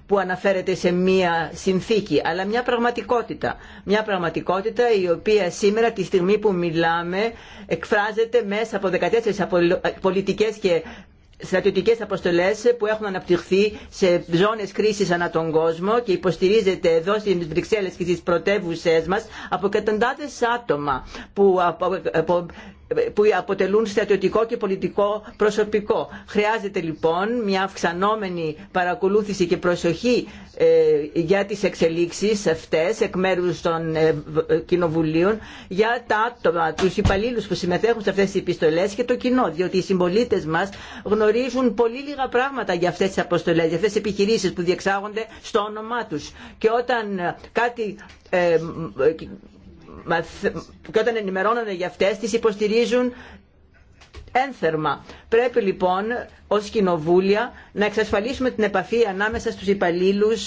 S2: που αναφέρεται σε μια συνθήκη, αλλά μια πραγματικότητα. Μια πραγματικότητα η οποία σήμερα τη στιγμή που μιλάμε εκφράζεται μέσα από 14 πολιτικές και στρατιωτικές αποστολές που έχουν αναπτυχθεί σε ζώνες κρίσης ανά τον κόσμο και υποστηρίζεται εδώ στις Βρυξέλλες και στις πρωτεύουσές μας από εκατοντάδες άτομα που που αποτελούν στρατιωτικό και πολιτικό προσωπικό. Χρειάζεται λοιπόν μια αυξανόμενη παρακολούθηση και προσοχή ε, για τις εξελίξεις αυτές εκ μέρους των ε, ε, κοινοβουλίων για τα άτομα, τους υπαλλήλους που συμμετέχουν σε αυτές τις επιστολές και το κοινό, διότι οι συμπολίτε μας γνωρίζουν πολύ λίγα πράγματα για αυτές τις αποστολές, για αυτές τις επιχειρήσεις που διεξάγονται στο όνομά τους. Και όταν κάτι και όταν ενημερώνονται για αυτές τις υποστηρίζουν ένθερμα. Πρέπει λοιπόν ως κοινοβούλια να εξασφαλίσουμε την επαφή ανάμεσα στους υπαλλήλους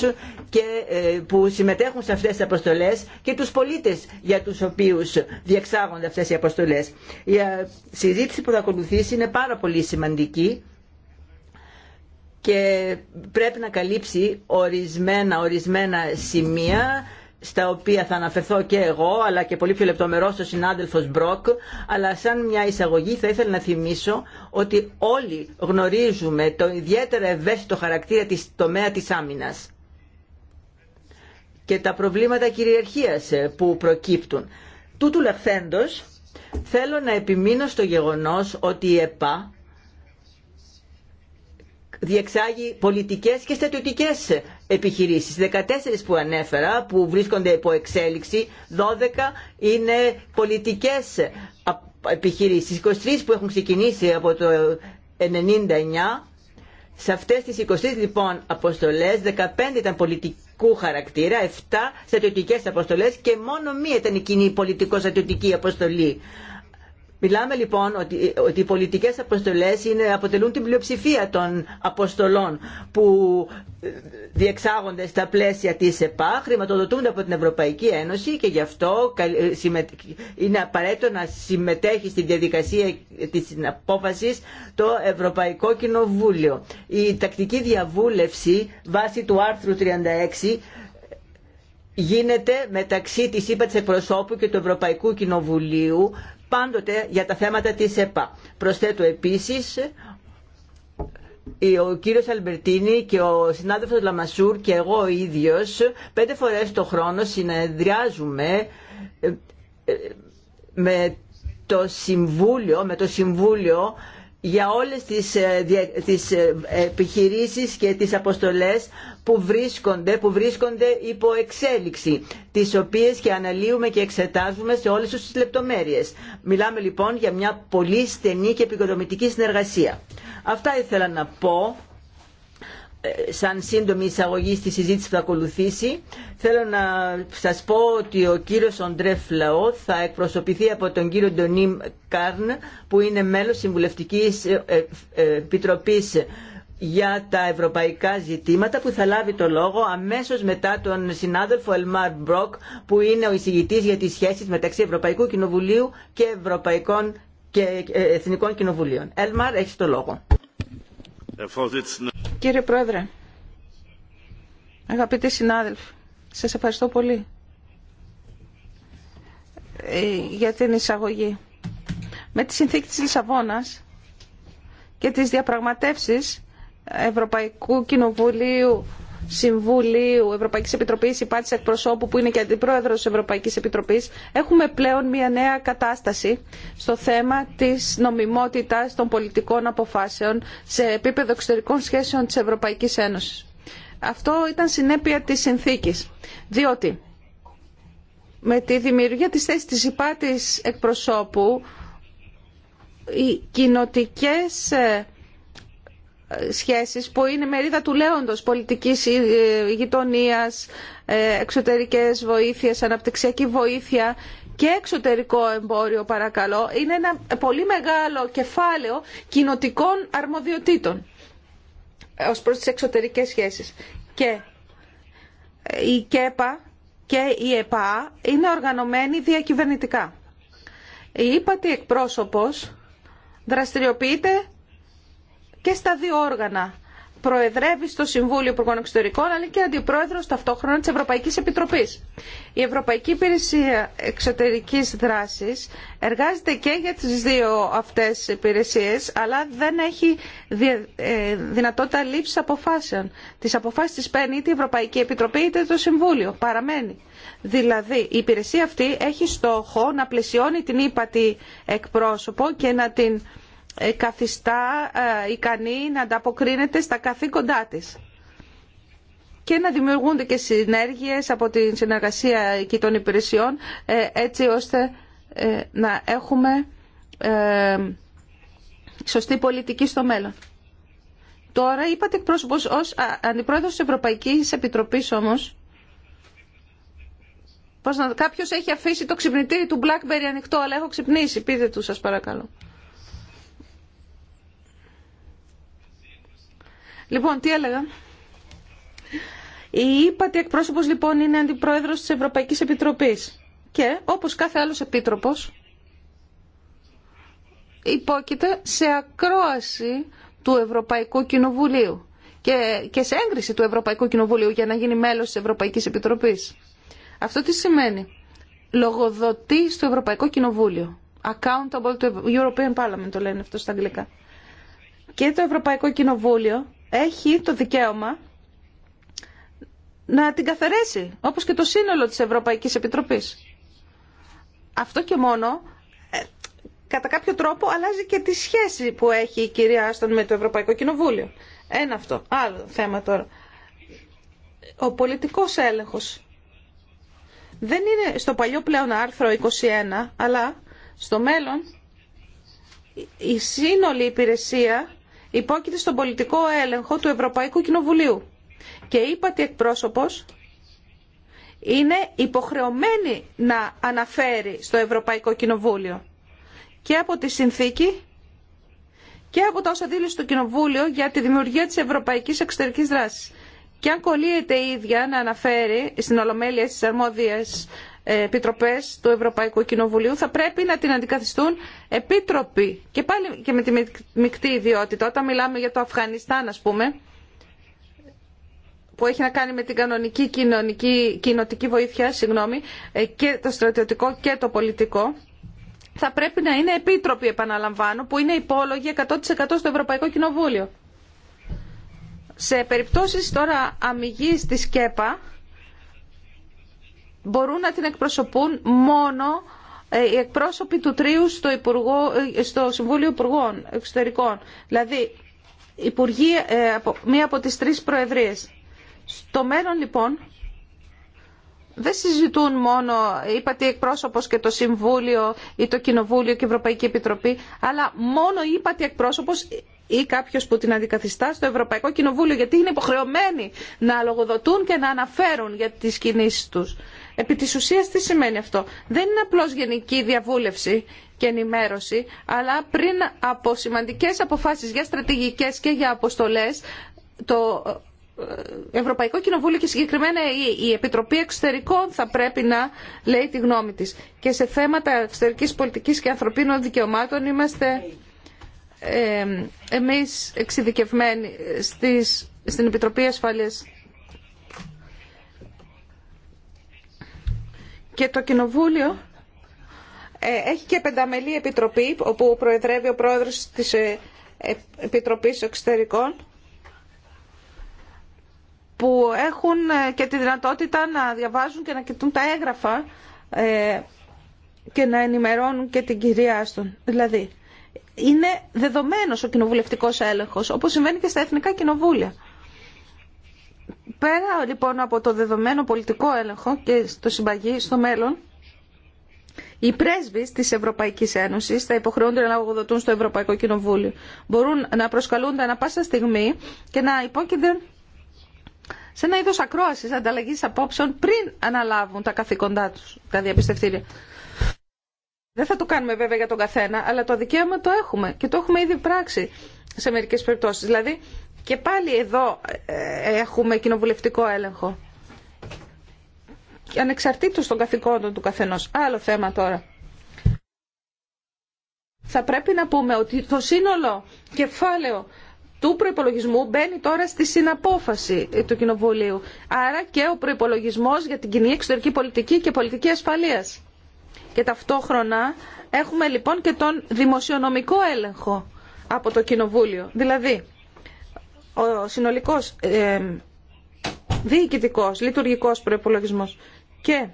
S2: και, ε, που συμμετέχουν σε αυτές τις αποστολές και τους πολίτες για τους οποίους διεξάγονται αυτές οι αποστολές. Η ε, συζήτηση που θα ακολουθήσει είναι πάρα πολύ σημαντική και πρέπει να καλύψει ορισμένα, ορισμένα σημεία στα οποία θα αναφερθώ και εγώ, αλλά και πολύ πιο λεπτομερώς ο συνάδελφο Μπροκ, αλλά σαν μια εισαγωγή θα ήθελα να θυμίσω ότι όλοι γνωρίζουμε το ιδιαίτερα ευαίσθητο χαρακτήρα της τομέα της άμυνας και τα προβλήματα κυριαρχίας ε, που προκύπτουν. Τούτου λεχθέντος θέλω να επιμείνω στο γεγονός ότι η ΕΠΑ διεξάγει πολιτικές και στρατιωτικές επιχειρήσεις. 14 που ανέφερα που βρίσκονται υπό εξέλιξη, 12 είναι πολιτικές επιχειρήσεις. 23 που έχουν ξεκινήσει από το 99 σε αυτές τις 23 λοιπόν αποστολές, 15 ήταν πολιτικού χαρακτήρα, 7 στρατιωτικές αποστολές και μόνο μία ήταν η κοινή πολιτικο-στρατιωτική αποστολή. Μιλάμε λοιπόν ότι, οι πολιτικές αποστολές είναι, αποτελούν την πλειοψηφία των αποστολών που ε, διεξάγονται στα πλαίσια της ΕΠΑ, χρηματοδοτούνται από την Ευρωπαϊκή Ένωση και γι' αυτό ε, είναι απαραίτητο να συμμετέχει στη διαδικασία της απόφασης το Ευρωπαϊκό Κοινοβούλιο. Η τακτική διαβούλευση βάσει του άρθρου 36 ε, γίνεται μεταξύ της ΥΠΑ και του Ευρωπαϊκού Κοινοβουλίου πάντοτε για τα θέματα της ΕΠΑ. Προσθέτω επίσης ο κύριος Αλμπερτίνη και ο συνάδελφος Λαμασούρ και εγώ ο ίδιος πέντε φορές το χρόνο συνεδριάζουμε ε, ε, με το Συμβούλιο, με το Συμβούλιο για όλες τις, ε, τις επιχειρήσεις και τις αποστολές που βρίσκονται, που βρίσκονται υπό εξέλιξη, τις οποίες και αναλύουμε και εξετάζουμε σε όλες τις λεπτομέρειες. Μιλάμε λοιπόν για μια πολύ στενή και επικοδομητική συνεργασία. Αυτά ήθελα να πω ε, σαν σύντομη εισαγωγή στη συζήτηση που θα ακολουθήσει. Θέλω να σας πω ότι ο κύριος Οντρέ Φλαό θα εκπροσωπηθεί από τον κύριο Ντονίμ Κάρν που είναι μέλος Συμβουλευτικής ε, ε, Επιτροπής για τα ευρωπαϊκά ζητήματα που θα λάβει το λόγο αμέσως μετά τον συνάδελφο Ελμάρ Μπροκ που είναι ο εισηγητής για τις σχέσεις μεταξύ Ευρωπαϊκού Κοινοβουλίου και Ευρωπαϊκών και ε, Εθνικών Κοινοβουλίων. Ελμάρ, έχει το λόγο. Κύριε Πρόεδρε, αγαπητοί συνάδελφοι,
S1: σας ευχαριστώ πολύ ε, για την εισαγωγή. Με τη συνθήκη της Λισαβόνας και τις διαπραγματεύσεις Ευρωπαϊκού Κοινοβουλίου, Συμβουλίου, Ευρωπαϊκής Επιτροπής, υπάτης εκπροσώπου που είναι και αντιπρόεδρος της Ευρωπαϊκής Επιτροπής, έχουμε πλέον μια νέα κατάσταση στο θέμα της νομιμότητας των πολιτικών αποφάσεων σε επίπεδο εξωτερικών σχέσεων της Ευρωπαϊκής Ένωσης. Αυτό ήταν συνέπεια της συνθήκη διότι με τη δημιουργία της θέσης της υπάτης εκπροσώπου οι κοινοτικές ε, σχέσεις που είναι μερίδα του λέοντος πολιτικής ε, γειτονίας, ε, εξωτερικές βοήθειες, αναπτυξιακή βοήθεια και εξωτερικό εμπόριο παρακαλώ. Είναι ένα πολύ μεγάλο κεφάλαιο κοινοτικών αρμοδιοτήτων ως προς τις εξωτερικές σχέσεις. Και η ΚΕΠΑ και η ΕΠΑ είναι οργανωμένοι διακυβερνητικά. Η ύπατη εκπρόσωπος δραστηριοποιείται και στα δύο όργανα. Προεδρεύει στο Συμβούλιο Υπουργών Εξωτερικών, αλλά και αντιπρόεδρο ταυτόχρονα τη Ευρωπαϊκή Επιτροπή. Η Ευρωπαϊκή Υπηρεσία Εξωτερική Δράση εργάζεται και για τι δύο αυτέ υπηρεσίε, αλλά δεν έχει ε, δυνατότητα λήψη αποφάσεων. Τι αποφάσει τι παίρνει είτε η Ευρωπαϊκή Επιτροπή είτε το Συμβούλιο. Παραμένει. Δηλαδή, η υπηρεσία αυτή έχει στόχο να πλαισιώνει την ύπατη εκπρόσωπο και να την ε, καθιστά ε, ικανή να ανταποκρίνεται στα καθήκοντά της και να δημιουργούνται και συνέργειες από την συνεργασία εκεί των υπηρεσιών ε, έτσι ώστε να έχουμε σωστή πολιτική στο μέλλον. Τώρα είπατε εκπρόσωπος ως αντιπρόεδρος της Ευρωπαϊκής Επιτροπής όμως Πώς να... Κάποιος έχει αφήσει το ξυπνητήρι του Blackberry ανοιχτό, αλλά έχω ξυπνήσει. Πείτε του σας παρακαλώ. Λοιπόν, τι έλεγα. Η ύπατη εκπρόσωπο λοιπόν είναι αντιπρόεδρος της Ευρωπαϊκής Επιτροπής και όπως κάθε άλλος επίτροπος υπόκειται σε ακρόαση του Ευρωπαϊκού Κοινοβουλίου και, και σε έγκριση του Ευρωπαϊκού Κοινοβουλίου για να γίνει μέλος τη Ευρωπαϊκής Επιτροπής. Αυτό τι σημαίνει. Λογοδοτεί στο Ευρωπαϊκό Κοινοβούλιο. Accountable to European Parliament το λένε αυτό στα αγγλικά. Και το Ευρωπαϊκό Κοινοβούλιο έχει το δικαίωμα να την καθαρέσει, όπως και το σύνολο της Ευρωπαϊκής Επιτροπής. Αυτό και μόνο, ε, κατά κάποιο τρόπο, αλλάζει και τη σχέση που έχει η κυρία Άστον με το Ευρωπαϊκό Κοινοβούλιο. Ένα αυτό. Άλλο θέμα τώρα. Ο πολιτικός έλεγχος. Δεν είναι στο παλιό πλέον άρθρο 21, αλλά στο μέλλον η σύνολη υπηρεσία υπόκειται στον πολιτικό έλεγχο του Ευρωπαϊκού Κοινοβουλίου. Και είπα ότι εκπρόσωπος είναι υποχρεωμένη να αναφέρει στο Ευρωπαϊκό Κοινοβούλιο και από τη συνθήκη και από τα όσα δήλωσε το Κοινοβούλιο για τη δημιουργία της Ευρωπαϊκής Εξωτερικής Δράσης. Και αν κολλείεται η ίδια να αναφέρει στην Ολομέλεια τη αρμόδια επιτροπέ του Ευρωπαϊκού Κοινοβουλίου θα πρέπει να την αντικαθιστούν επίτροποι και πάλι και με τη μεικτή ιδιότητα όταν μιλάμε για το Αφγανιστάν ας πούμε που έχει να κάνει με την κανονική κοινωνική, κοινοτική βοήθεια συγγνώμη, ε, και το στρατιωτικό και το πολιτικό θα πρέπει να είναι επίτροποι επαναλαμβάνω που είναι υπόλογοι 100% στο Ευρωπαϊκό Κοινοβούλιο. Σε περιπτώσεις τώρα αμυγής της ΚΕΠΑ μπορούν να την εκπροσωπούν μόνο ε, οι εκπρόσωποι του τρίου στο, Υπουργό, ε, στο Συμβούλιο Υπουργών Εξωτερικών. Δηλαδή, υπουργοί, ε, μία από τις τρεις προεδρίες. Στο μέλλον, λοιπόν, δεν συζητούν μόνο, είπατε εκπρόσωπος και το Συμβούλιο ή το Κοινοβούλιο και η Ευρωπαϊκή Επιτροπή, αλλά μόνο είπατε εκπρόσωπος ή κάποιο που την αντικαθιστά στο Ευρωπαϊκό Κοινοβούλιο, γιατί είναι υποχρεωμένοι να λογοδοτούν και να αναφέρουν για τις κινήσεις τους. Επί της ουσίας τι σημαίνει αυτό. Δεν είναι απλώς γενική διαβούλευση και ενημέρωση, αλλά πριν από σημαντικές αποφάσεις για στρατηγικές και για αποστολές, το ε, Ευρωπαϊκό Κοινοβούλιο και συγκεκριμένα η Επιτροπή Εξωτερικών θα πρέπει να λέει τη γνώμη της. Και σε θέματα εξωτερικής πολιτικής και ανθρωπίνων δικαιωμάτων είμαστε ε, εμείς εξειδικευμένοι στις, στην Επιτροπή Ασφάλειας Και το Κοινοβούλιο ε, έχει και πενταμελή επιτροπή, όπου προεδρεύει ο πρόεδρος της ε, ε, Επιτροπής Εξωτερικών, που έχουν και τη δυνατότητα να διαβάζουν και να κοιτούν τα έγγραφα και να ενημερώνουν και την κυρία Άστον. Δηλαδή, είναι δεδομένος ο κοινοβουλευτικός έλεγχος, όπως συμβαίνει και στα εθνικά κοινοβούλια. Πέρα λοιπόν από το δεδομένο πολιτικό έλεγχο και στο συμπαγή στο μέλλον, οι πρέσβει τη Ευρωπαϊκή Ένωση θα υποχρεούνται να λογοδοτούν στο Ευρωπαϊκό Κοινοβούλιο. Μπορούν να προσκαλούνται ανα πάσα στιγμή και να υπόκεινται σε ένα είδο ακρόαση ανταλλαγή απόψεων πριν αναλάβουν τα καθήκοντά του, τα διαπιστευτήρια. Δεν θα το κάνουμε βέβαια για τον καθένα, αλλά το δικαίωμα το έχουμε και το έχουμε ήδη πράξει σε μερικέ περιπτώσει. Δηλαδή, και πάλι εδώ ε, έχουμε κοινοβουλευτικό έλεγχο. Και ανεξαρτήτως των καθηκόντων του καθενός. Άλλο θέμα τώρα. Θα πρέπει να πούμε ότι το σύνολο κεφάλαιο του προϋπολογισμού μπαίνει τώρα στη συναπόφαση του Κοινοβουλίου. Άρα και ο προϋπολογισμός για την κοινή εξωτερική πολιτική και πολιτική ασφαλείας. Και ταυτόχρονα έχουμε λοιπόν και τον δημοσιονομικό έλεγχο από το Κοινοβούλιο. Δηλαδή, ο συνολικός ε, διοικητικός, λειτουργικός προϋπολογισμός και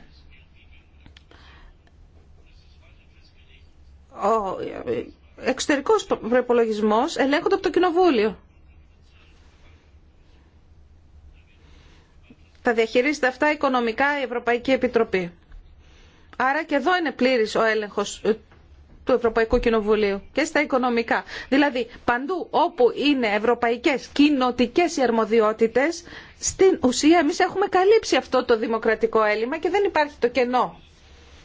S1: ο ε, εξωτερικός προϋπολογισμός ελέγχονται από το Κοινοβούλιο. Τα διαχειρίζεται αυτά οικονομικά η Ευρωπαϊκή Επιτροπή. Άρα και εδώ είναι πλήρης ο έλεγχος του Ευρωπαϊκού Κοινοβουλίου και στα οικονομικά. Δηλαδή, παντού όπου είναι ευρωπαϊκέ κοινοτικέ οι αρμοδιότητε, στην ουσία εμεί έχουμε καλύψει αυτό το δημοκρατικό έλλειμμα και δεν υπάρχει το κενό.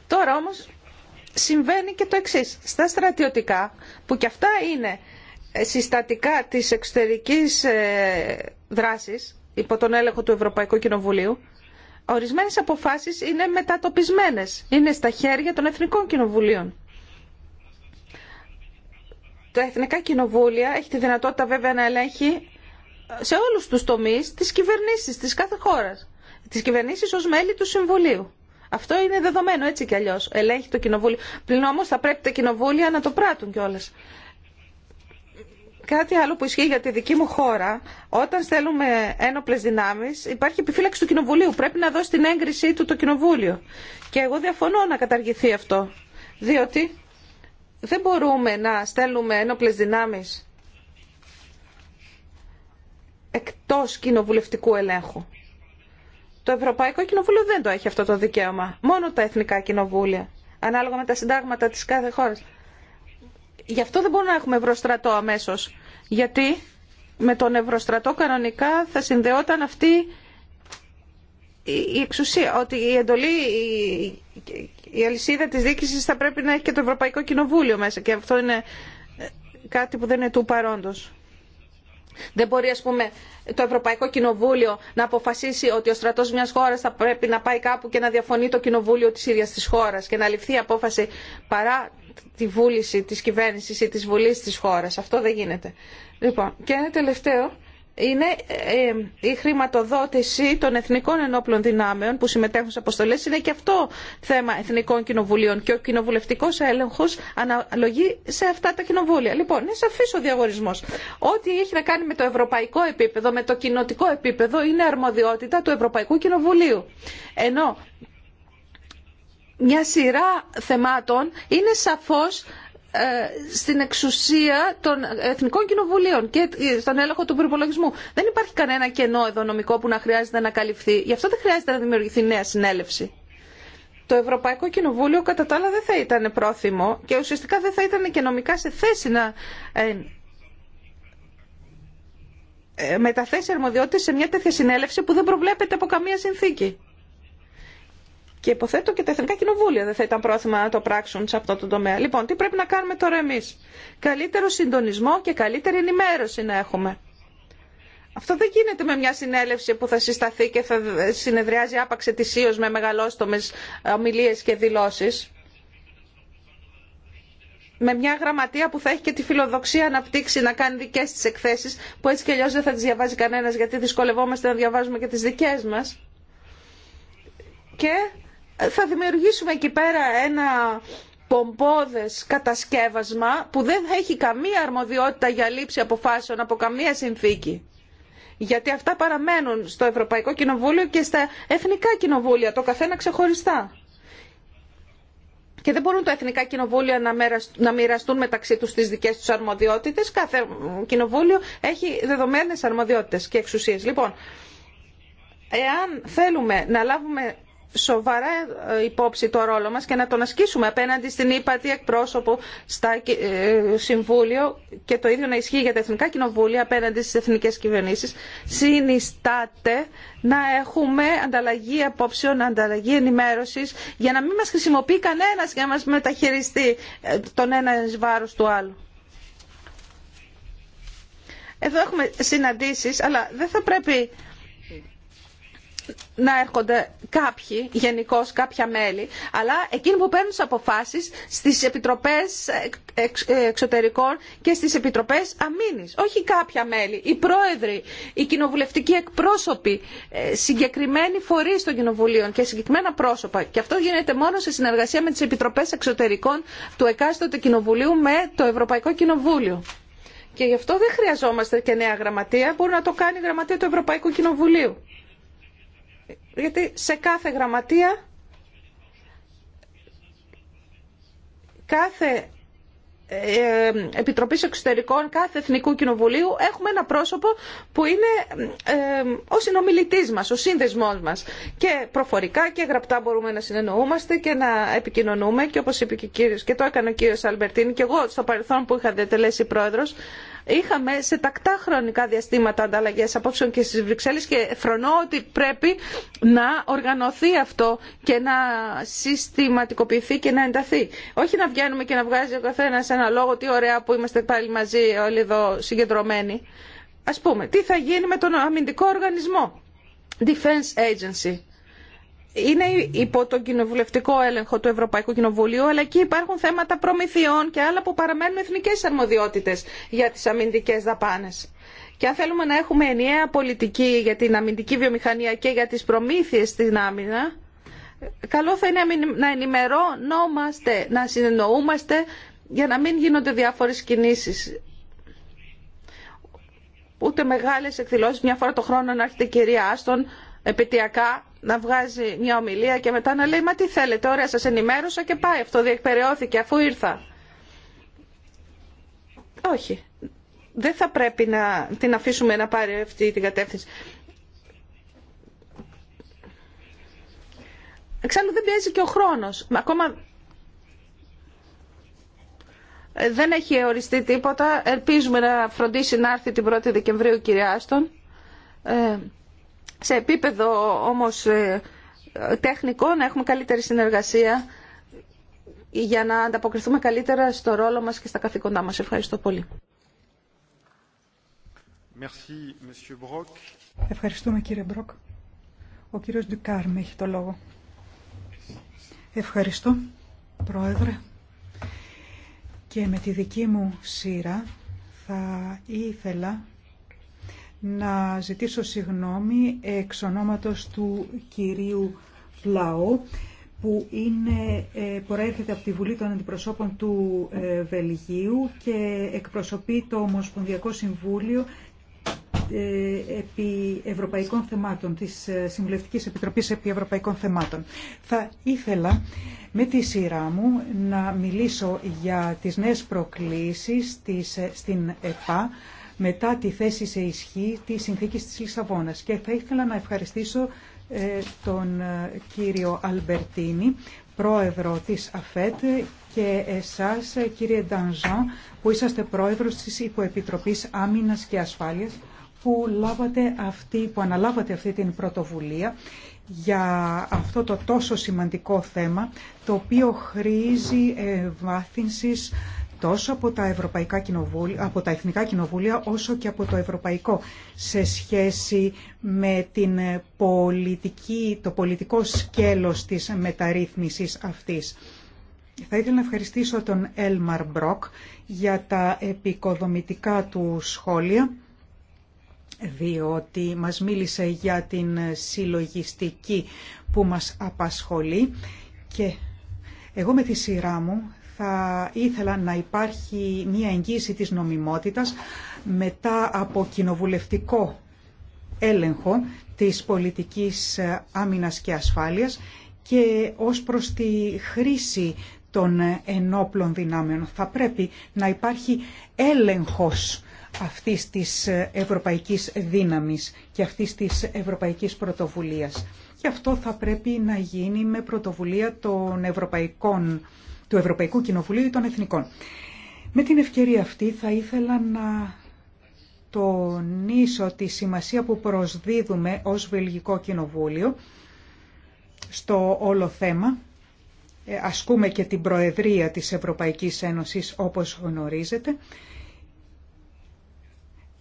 S1: Τώρα όμω συμβαίνει και το εξή Στα στρατιωτικά, που και αυτά είναι συστατικά τη εξωτερική ε, δράση υπό τον έλεγχο του Ευρωπαϊκού Κοινοβουλίου, ορισμένες αποφάσεις είναι μετατοπισμένες, είναι στα χέρια των Εθνικών Κοινοβουλίων τα Εθνικά Κοινοβούλια έχει τη δυνατότητα βέβαια να ελέγχει σε όλους τους τομείς τις κυβερνήσεις της κάθε χώρας. Τις κυβερνήσεις ως μέλη του Συμβουλίου. Αυτό είναι δεδομένο έτσι κι αλλιώς. Ελέγχει το Κοινοβούλιο. Πλην όμως θα πρέπει τα Κοινοβούλια να το πράττουν κιόλα. Κάτι άλλο που ισχύει για τη δική μου χώρα, όταν στέλνουμε ένοπλες δυνάμεις, υπάρχει επιφύλαξη του Κοινοβουλίου. Πρέπει να δώσει την έγκρισή του το Κοινοβούλιο. Και εγώ διαφωνώ να καταργηθεί αυτό. Διότι δεν μπορούμε να στέλνουμε ένοπλες δυνάμεις εκτός κοινοβουλευτικού ελέγχου. Το Ευρωπαϊκό Κοινοβούλιο δεν το έχει αυτό το δικαίωμα. Μόνο τα εθνικά κοινοβούλια, ανάλογα με τα συντάγματα της κάθε χώρας. Γι' αυτό δεν μπορούμε να έχουμε ευρωστρατό αμέσως. Γιατί με τον ευρωστρατό κανονικά θα συνδεόταν αυτή η εξουσία, ότι η εντολή η αλυσίδα της διοίκησης θα πρέπει να έχει και το Ευρωπαϊκό Κοινοβούλιο μέσα και αυτό είναι ε, κάτι που δεν είναι του παρόντος. Δεν μπορεί ας πούμε το Ευρωπαϊκό Κοινοβούλιο να αποφασίσει ότι ο στρατός μιας χώρας θα πρέπει να πάει κάπου και να διαφωνεί το Κοινοβούλιο της ίδιας της χώρας και να ληφθεί η απόφαση παρά τη βούληση της κυβέρνησης ή της βουλής της χώρας. Αυτό δεν γίνεται. Λοιπόν, και ένα τελευταίο είναι ε, η χρηματοδότηση των εθνικών ενόπλων δυνάμεων που συμμετέχουν σε αποστολές. Είναι και αυτό θέμα εθνικών κοινοβουλίων και ο κοινοβουλευτικό έλεγχο αναλογεί σε αυτά τα κοινοβούλια. Λοιπόν, είναι σαφής ο διαγωνισμός. Ό,τι έχει να κάνει με το ευρωπαϊκό επίπεδο, με το κοινοτικό επίπεδο, είναι αρμοδιότητα του Ευρωπαϊκού Κοινοβουλίου. Ενώ μια σειρά θεμάτων είναι σαφώς ε, στην εξουσία των Εθνικών Κοινοβουλίων και στον έλεγχο του προπολογισμού. Δεν υπάρχει κανένα κενό εδώ νομικό που να χρειάζεται να καλυφθεί. Γι' αυτό δεν χρειάζεται να δημιουργηθεί νέα συνέλευση. Το Ευρωπαϊκό Κοινοβούλιο κατά τα άλλα δεν θα ήταν πρόθυμο και ουσιαστικά δεν θα ήταν και νομικά σε θέση να ε, ε, μεταθέσει αρμοδιότητες σε μια τέτοια συνέλευση που δεν προβλέπεται από καμία συνθήκη. Και υποθέτω και τα εθνικά κοινοβούλια δεν θα ήταν πρόθυμα να το πράξουν σε αυτό το τομέα. Λοιπόν, τι πρέπει να κάνουμε τώρα εμεί. Καλύτερο συντονισμό και καλύτερη ενημέρωση να έχουμε. Αυτό δεν γίνεται με μια συνέλευση που θα συσταθεί και θα συνεδριάζει άπαξ ετησίω με μεγαλόστομε ομιλίε και δηλώσει. Με μια γραμματεία που θα έχει και τη φιλοδοξία να πτύξει να κάνει δικέ τη εκθέσει, που έτσι κι αλλιώ δεν θα τι διαβάζει κανένα γιατί δυσκολευόμαστε να διαβάζουμε και τι δικέ μα. Και θα δημιουργήσουμε εκεί πέρα ένα πομπόδες κατασκεύασμα που δεν θα έχει καμία αρμοδιότητα για λήψη αποφάσεων από καμία συνθήκη. Γιατί αυτά παραμένουν στο Ευρωπαϊκό Κοινοβούλιο και στα Εθνικά Κοινοβούλια, το καθένα ξεχωριστά. Και δεν μπορούν τα Εθνικά Κοινοβούλια να μοιραστούν μεταξύ τους τις δικές τους αρμοδιότητες. Κάθε κοινοβούλιο έχει δεδομένες αρμοδιότητες και εξουσίες. Λοιπόν, εάν θέλουμε να λάβουμε σοβαρά ε, υπόψη το ρόλο μας και να τον ασκήσουμε απέναντι στην ύπατη εκπρόσωπο στα ε, Συμβούλιο και το ίδιο να ισχύει για τα Εθνικά Κοινοβούλια απέναντι στις εθνικές κυβερνήσεις συνιστάται να έχουμε ανταλλαγή απόψεων, ανταλλαγή ενημέρωσης για να μην μας χρησιμοποιεί κανένας για να μας μεταχειριστεί ε, τον ένα βάρος του άλλου. Εδώ έχουμε συναντήσεις, αλλά δεν θα πρέπει να έρχονται κάποιοι, γενικώ κάποια μέλη, αλλά εκείνοι που παίρνουν τι αποφάσει στι επιτροπέ εξωτερικών και στι επιτροπέ αμήνη. Όχι κάποια μέλη, οι πρόεδροι, οι κοινοβουλευτικοί εκπρόσωποι, ε, συγκεκριμένοι φορεί των κοινοβουλίων και συγκεκριμένα πρόσωπα. Και αυτό γίνεται μόνο σε συνεργασία με τι επιτροπέ εξωτερικών του εκάστοτε κοινοβουλίου με το Ευρωπαϊκό Κοινοβούλιο. Και γι' αυτό δεν χρειαζόμαστε και νέα γραμματεία, μπορεί να το κάνει η γραμματεία του Ευρωπαϊκού Κοινοβουλίου. Γιατί σε κάθε γραμματεία, κάθε ε, Επιτροπής Εξωτερικών κάθε Εθνικού Κοινοβουλίου έχουμε ένα πρόσωπο που είναι ε, ο συνομιλητής μας, ο σύνδεσμός μας και προφορικά και γραπτά μπορούμε να συνεννοούμαστε και να επικοινωνούμε και όπως είπε και, κύριος, και το έκανε ο κύριος Αλμπερτίνη και εγώ στο παρελθόν που είχα διατελέσει πρόεδρος Είχαμε σε τακτά χρονικά διαστήματα ανταλλαγέ απόψεων και στι Βρυξέλλε και φρονώ ότι πρέπει να οργανωθεί αυτό και να συστηματικοποιηθεί και να ενταθεί. Όχι να βγαίνουμε και να βγάζει ο καθένα ένα λόγο, τι ωραία που είμαστε πάλι μαζί όλοι εδώ συγκεντρωμένοι. Α πούμε, τι θα γίνει με τον αμυντικό οργανισμό. Defense Agency είναι υπό τον κοινοβουλευτικό έλεγχο του Ευρωπαϊκού Κοινοβουλίου, αλλά εκεί υπάρχουν θέματα προμηθειών και άλλα που παραμένουν εθνικές αρμοδιότητες για τις αμυντικές δαπάνες. Και αν θέλουμε να έχουμε ενιαία πολιτική για την αμυντική βιομηχανία και για τις προμήθειες στην άμυνα, καλό θα είναι να ενημερώνομαστε, να συνεννοούμαστε για να μην γίνονται διάφορες κινήσεις. Ούτε μεγάλες εκδηλώσεις μια φορά το χρόνο να έρχεται η κυρία Άστον επαιτειακά να βγάζει μια ομιλία και μετά να λέει «Μα τι θέλετε, ωραία σας ενημέρωσα και πάει, αυτό διεκπεραιώθηκε αφού ήρθα». Όχι. Δεν θα πρέπει να την αφήσουμε να πάρει αυτή την κατεύθυνση. Εξάλλου δεν πιέζει και ο χρόνος. Ακόμα δεν έχει οριστεί τίποτα. Ελπίζουμε να φροντίσει να έρθει την 1η Δεκεμβρίου η κυρία Άστον. Ε, σε επίπεδο όμως ε, τεχνικό να έχουμε καλύτερη συνεργασία για να ανταποκριθούμε καλύτερα στο ρόλο μας και στα καθήκοντά μας. Ευχαριστώ πολύ.
S3: Ευχαριστούμε κύριε Μπροκ. Ο κύριος Ντουκάρμ έχει το λόγο. Ευχαριστώ, Πρόεδρε. Και με τη δική μου σειρά θα ήθελα να ζητήσω συγγνώμη εξ ονόματος του κυρίου Πλαού που είναι, ε, προέρχεται από τη Βουλή των Αντιπροσώπων του ε, Βελγίου και εκπροσωπεί το Ομοσπονδιακό Συμβούλιο ε, επί Ευρωπαϊκών Θεμάτων, της Συμβουλευτικής Επιτροπής επί Ευρωπαϊκών Θεμάτων. Θα ήθελα με τη σειρά μου να μιλήσω για τις νέες προκλήσεις της, στην ΕΠΑ μετά τη θέση σε ισχύ τη συνθήκη τη Λισαβόνα. Και θα ήθελα να ευχαριστήσω ε, τον ε, κύριο Αλμπερτίνη, πρόεδρο της ΑΦΕΤ και εσάς ε, κύριε Ντανζόν, που είσαστε πρόεδρο της Υποεπιτροπή Άμυνα και Ασφάλειας που, λάβατε αυτή, που αναλάβατε αυτή την πρωτοβουλία για αυτό το τόσο σημαντικό θέμα το οποίο χρήζει βάθυνσης τόσο από τα, Ευρωπαϊκά κοινοβούλια, Εθνικά Κοινοβούλια όσο και από το Ευρωπαϊκό σε σχέση με την πολιτική, το πολιτικό σκέλος της μεταρρύθμισης αυτής. Θα ήθελα να ευχαριστήσω τον Έλμαρ Μπροκ για τα επικοδομητικά του σχόλια διότι μας μίλησε για την συλλογιστική που μας απασχολεί και εγώ με τη σειρά μου θα ήθελα να υπάρχει μία εγγύηση της νομιμότητας μετά από κοινοβουλευτικό έλεγχο της πολιτικής άμυνας και ασφάλειας και ως προς τη χρήση των ενόπλων δυνάμεων. Θα πρέπει να υπάρχει έλεγχος αυτής της ευρωπαϊκής δύναμης και αυτής της ευρωπαϊκής πρωτοβουλίας. Και αυτό θα πρέπει να γίνει με πρωτοβουλία των ευρωπαϊκών του Ευρωπαϊκού Κοινοβουλίου ή των Εθνικών. Με την ευκαιρία αυτή θα ήθελα να τονίσω τη σημασία που προσδίδουμε ως Βελγικό Κοινοβούλιο στο όλο θέμα. Ε, ασκούμε και την Προεδρία της Ευρωπαϊκής Ένωσης όπως γνωρίζετε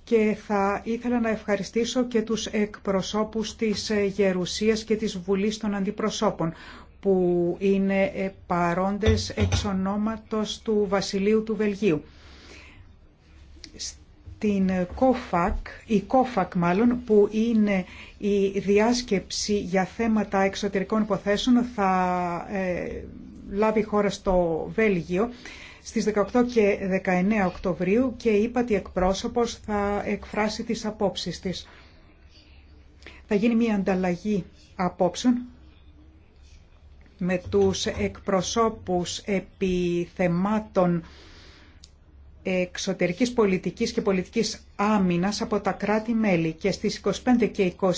S3: και θα ήθελα να ευχαριστήσω και τους εκπροσώπους της Γερουσίας και της Βουλής των Αντιπροσώπων που είναι ε, παρόντες εξ ονόματος του Βασιλείου του Βελγίου. Στην ΚΟΦΑΚ η ΚΟΦΑΚ μάλλον, που είναι η διάσκεψη για θέματα εξωτερικών υποθέσεων, θα ε, λάβει χώρα στο Βέλγιο στις 18 και 19 Οκτωβρίου και η ύπατη εκπρόσωπος θα εκφράσει τις απόψεις της. Θα γίνει μια ανταλλαγή απόψεων με τους εκπροσώπους επί θεμάτων εξωτερικής πολιτικής και πολιτικής άμυνας από τα κράτη-μέλη και στις 25 και 26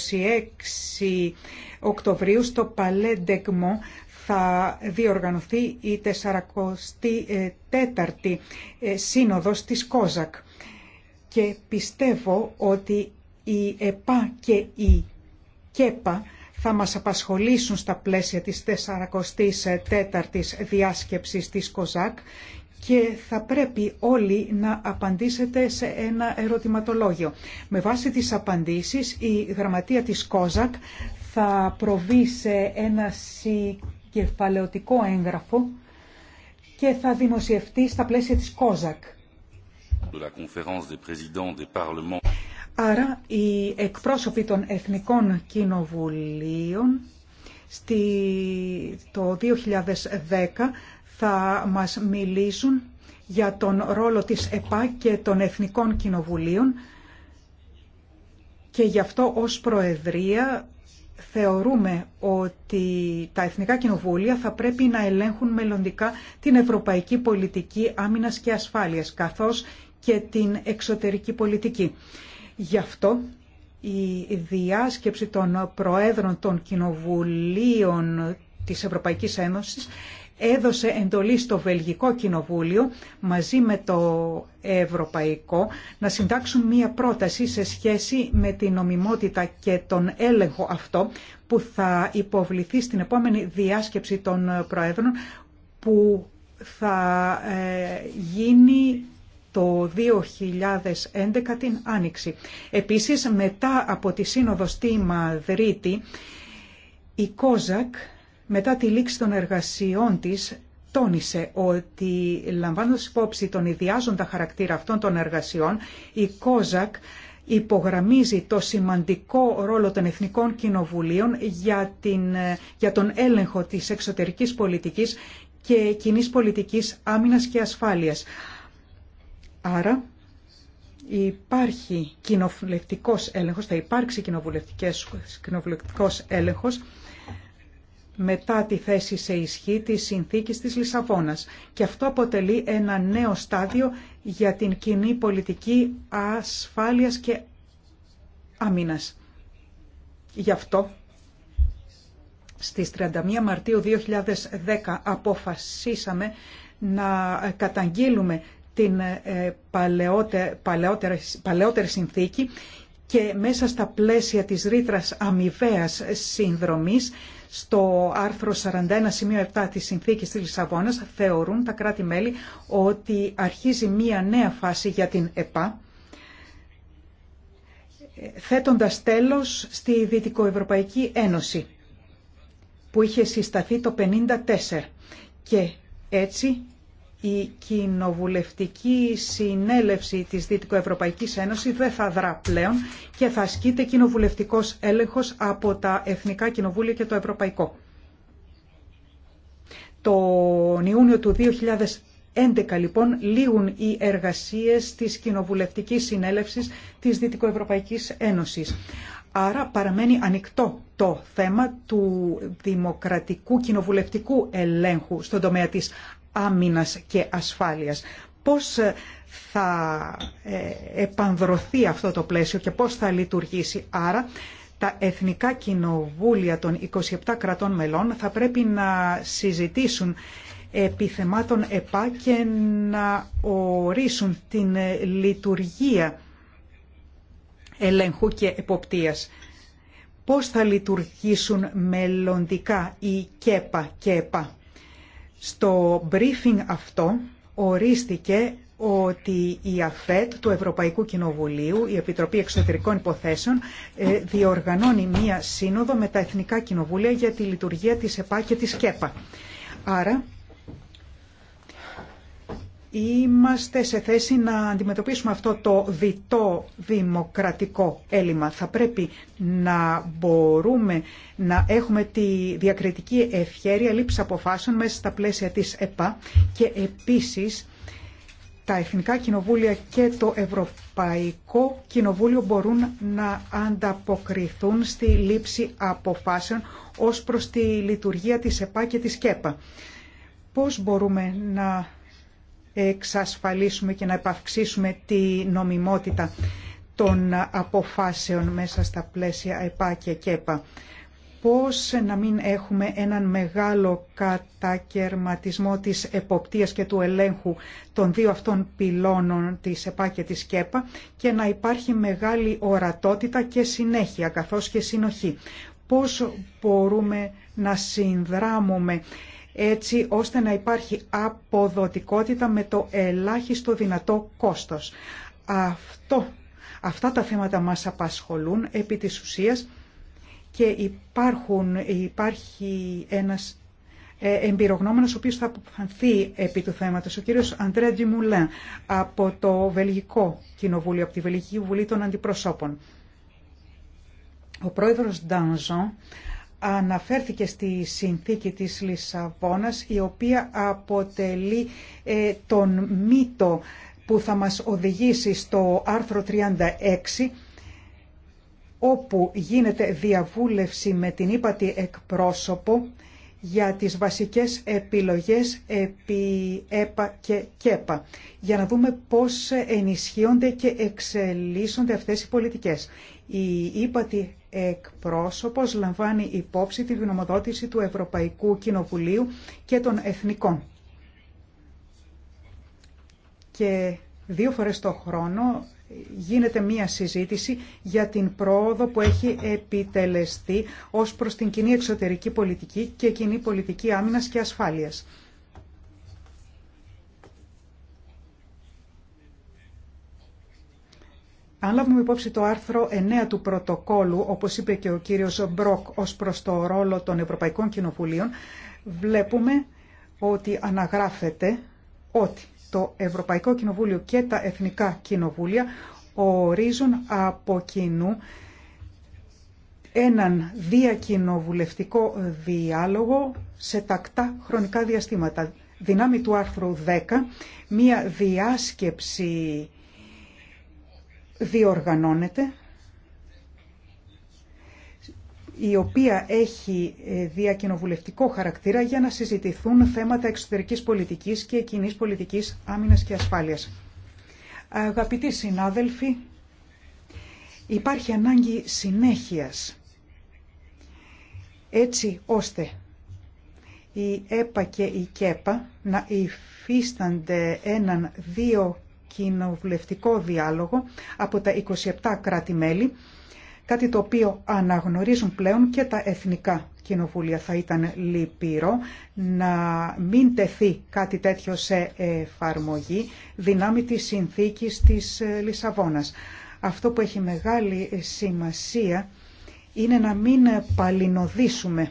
S3: Οκτωβρίου στο Παλέ θα διοργανωθεί η 44η ε, Σύνοδος της Κόζακ και πιστεύω ότι η ΕΠΑ και η ΚΕΠΑ θα μας απασχολήσουν στα πλαίσια της 44ης διάσκεψης της ΚΟΖΑΚ και θα πρέπει όλοι να απαντήσετε σε ένα ερωτηματολόγιο. Με βάση τις απαντήσεις η γραμματεία της ΚΟΖΑΚ θα προβεί σε ένα συγκεφαλαιωτικό έγγραφο και θα δημοσιευτεί στα πλαίσια της ΚΟΖΑΚ. Άρα οι εκπρόσωποι των Εθνικών Κοινοβουλίων στη, το 2010 θα μας μιλήσουν για τον ρόλο της ΕΠΑ και των Εθνικών Κοινοβουλίων και γι' αυτό ως Προεδρία θεωρούμε ότι τα Εθνικά Κοινοβούλια θα πρέπει να ελέγχουν μελλοντικά την ευρωπαϊκή πολιτική άμυνας και ασφάλειας καθώς και την εξωτερική πολιτική. Γι' αυτό η διάσκεψη των Προέδρων των Κοινοβουλίων της Ευρωπαϊκής Ένωσης έδωσε εντολή στο Βελγικό Κοινοβούλιο μαζί με το Ευρωπαϊκό να συντάξουν μία πρόταση σε σχέση με την νομιμότητα και τον έλεγχο αυτό που θα υποβληθεί στην επόμενη διάσκεψη των Προέδρων που θα ε, γίνει το 2011 την Άνοιξη. Επίσης, μετά από τη σύνοδο στη Μαδρίτη, η Κόζακ, μετά τη λήξη των εργασιών της, τόνισε ότι λαμβάνοντας υπόψη τον ιδιάζοντα χαρακτήρα αυτών των εργασιών, η Κόζακ υπογραμμίζει το σημαντικό ρόλο των Εθνικών Κοινοβουλίων για, την, για τον έλεγχο της εξωτερικής πολιτικής και κοινής πολιτικής άμυνας και ασφάλειας. Άρα υπάρχει κοινοβουλευτικός έλεγχος, θα υπάρξει κοινοβουλευτικός έλεγχος μετά τη θέση σε ισχύ της συνθήκης της Λισαβόνας. Και αυτό αποτελεί ένα νέο στάδιο για την κοινή πολιτική ασφάλειας και άμυνας. Γι' αυτό στις 31 Μαρτίου 2010 αποφασίσαμε να καταγγείλουμε την ε, παλαιότερη συνθήκη και μέσα στα πλαίσια της ρήτρα αμοιβαία συνδρομής στο άρθρο 41.7 της Συνθήκης της Λισαβόνας θεωρούν τα κράτη-μέλη ότι αρχίζει μία νέα φάση για την ΕΠΑ θέτοντας τέλος στη Δυτικοευρωπαϊκή Ένωση που είχε συσταθεί το 1954 και έτσι η κοινοβουλευτική συνέλευση της Δυτικοευρωπαϊκής Ένωσης δεν θα δρά πλέον και θα ασκείται κοινοβουλευτικός έλεγχος από τα Εθνικά Κοινοβούλια και το Ευρωπαϊκό. Τον Ιούνιο του 2011 λοιπόν λήγουν οι εργασίες της κοινοβουλευτικής συνέλευσης της Δυτικοευρωπαϊκής Ένωσης. Άρα παραμένει ανοιχτό το θέμα του δημοκρατικού κοινοβουλευτικού ελέγχου στον τομέα της άμυνας και ασφάλειας. Πώς ε, θα ε, επανδρωθεί αυτό το πλαίσιο και πώς θα λειτουργήσει. Άρα τα εθνικά κοινοβούλια των 27 κρατών μελών θα πρέπει να συζητήσουν επιθεμάτων ΕΠΑ και να ορίσουν την ε, λειτουργία ελέγχου και εποπτείας. Πώς θα λειτουργήσουν μελλοντικά οι ΚΕΠΑ και ΕΠΑ. Στο briefing αυτό ορίστηκε ότι η ΑΦΕΤ του Ευρωπαϊκού Κοινοβουλίου, η Επιτροπή Εξωτερικών Υποθέσεων, ε, διοργανώνει μία σύνοδο με τα Εθνικά Κοινοβούλια για τη λειτουργία της ΕΠΑ και της ΚΕΠΑ. Άρα είμαστε σε θέση να αντιμετωπίσουμε αυτό το διτό δημοκρατικό έλλειμμα. Θα πρέπει να μπορούμε να έχουμε τη διακριτική ευχαίρεια λήψη αποφάσεων μέσα στα πλαίσια της ΕΠΑ και επίσης τα Εθνικά Κοινοβούλια και το Ευρωπαϊκό Κοινοβούλιο μπορούν να ανταποκριθούν στη λήψη αποφάσεων ως προς τη λειτουργία της ΕΠΑ και της ΚΕΠΑ. Πώς μπορούμε να εξασφαλίσουμε και να επαυξήσουμε τη νομιμότητα των αποφάσεων μέσα στα πλαίσια ΕΠΑ και ΚΕΠΑ. Πώς να μην έχουμε έναν μεγάλο κατακαιρματισμό της εποπτείας και του ελέγχου των δύο αυτών πυλώνων της ΕΠΑ και της ΚΕΠΑ και να υπάρχει μεγάλη ορατότητα και συνέχεια καθώς και συνοχή. Πώς μπορούμε να συνδράμουμε έτσι ώστε να υπάρχει αποδοτικότητα με το ελάχιστο δυνατό κόστος. Αυτό, αυτά τα θέματα μας απασχολούν επί της ουσίας και υπάρχουν, υπάρχει ένας ε, εμπειρογνώμενος ο οποίος θα αποφανθεί επί του θέματος, ο κύριος Αντρέ Τζιμουλέν από το Βελγικό Κοινοβούλιο, από τη Βελγική Βουλή των Αντιπροσώπων. Ο πρόεδρος Ντάνζον αναφέρθηκε στη συνθήκη της Λισαβόνας η οποία αποτελεί ε, τον μύτο που θα μας οδηγήσει στο άρθρο 36 όπου γίνεται διαβούλευση με την ύπατη εκπρόσωπο για τις βασικές επιλογές επί ΕΠΑ και ΚΕΠΑ, για να δούμε πώς ενισχύονται και εξελίσσονται αυτές οι πολιτικές. Η ύπατη εκπρόσωπος λαμβάνει υπόψη τη γνωμοδότηση του Ευρωπαϊκού Κοινοβουλίου και των Εθνικών. Και δύο φορές το χρόνο γίνεται μία συζήτηση για την πρόοδο που έχει επιτελεστεί ως προς την κοινή εξωτερική πολιτική και κοινή πολιτική άμυνας και ασφάλειας. Αν λάβουμε υπόψη το άρθρο 9 του πρωτοκόλου, όπως είπε και ο κύριος Μπροκ ως προς το ρόλο των Ευρωπαϊκών Κοινοβουλίων, βλέπουμε ότι αναγράφεται ότι το Ευρωπαϊκό Κοινοβούλιο και τα Εθνικά Κοινοβούλια ορίζουν από κοινού έναν διακοινοβουλευτικό διάλογο σε τακτά χρονικά διαστήματα. Δυνάμει του άρθρου 10, μία διάσκεψη διοργανώνεται η οποία έχει ε, διακοινοβουλευτικό χαρακτήρα για να συζητηθούν θέματα εξωτερικής πολιτικής και κοινής πολιτικής άμυνας και ασφάλειας. Αγαπητοί συνάδελφοι, υπάρχει ανάγκη συνέχειας έτσι ώστε η ΕΠΑ και η ΚΕΠΑ να υφίστανται έναν δύο κοινοβουλευτικό διάλογο από τα 27 κράτη-μέλη, κάτι το οποίο αναγνωρίζουν πλέον και τα εθνικά κοινοβούλια. Θα ήταν λυπηρό να μην τεθεί κάτι τέτοιο σε εφαρμογή δυνάμει της συνθήκης της ε, Λισαβόνας. Αυτό που έχει μεγάλη σημασία είναι να μην παλινοδίσουμε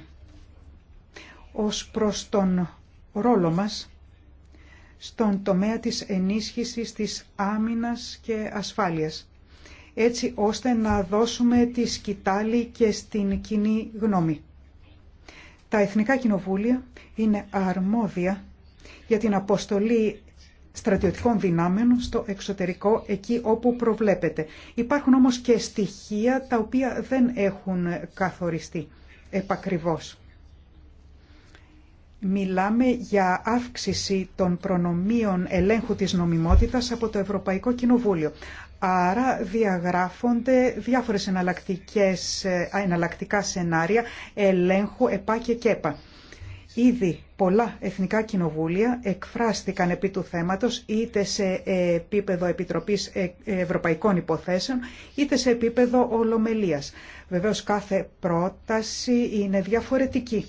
S3: ως προς τον ρόλο μας στον τομέα της ενίσχυσης της άμυνας και ασφάλειας, έτσι ώστε να δώσουμε τη σκητάλη και στην κοινή γνώμη. Τα Εθνικά Κοινοβούλια είναι αρμόδια για την αποστολή στρατιωτικών δυνάμεων στο εξωτερικό, εκεί όπου προβλέπεται. Υπάρχουν όμως και στοιχεία τα οποία δεν έχουν καθοριστεί επακριβώς. Μιλάμε για αύξηση των προνομίων ελέγχου της νομιμότητας από το Ευρωπαϊκό Κοινοβούλιο. Άρα διαγράφονται διάφορες ε, εναλλακτικά σενάρια ελέγχου ΕΠΑ και ΚΕΠΑ. Ήδη πολλά εθνικά κοινοβούλια εκφράστηκαν επί του θέματος είτε σε επίπεδο Επιτροπής ε, Ευρωπαϊκών Υποθέσεων είτε σε επίπεδο Ολομελίας. Βεβαίως κάθε πρόταση είναι διαφορετική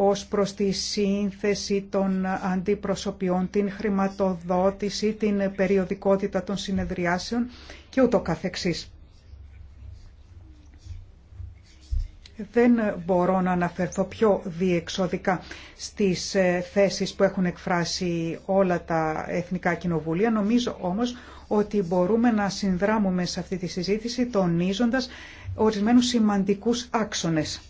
S3: ως προς τη σύνθεση των αντιπροσωπιών, την χρηματοδότηση, την περιοδικότητα των συνεδριάσεων και ούτω καθεξής. Δεν μπορώ να αναφερθώ πιο διεξοδικά στις ε, θέσεις που έχουν εκφράσει όλα τα Εθνικά Κοινοβούλια. Νομίζω όμως ότι μπορούμε να συνδράμουμε σε αυτή τη συζήτηση τονίζοντας ορισμένους σημαντικούς άξονες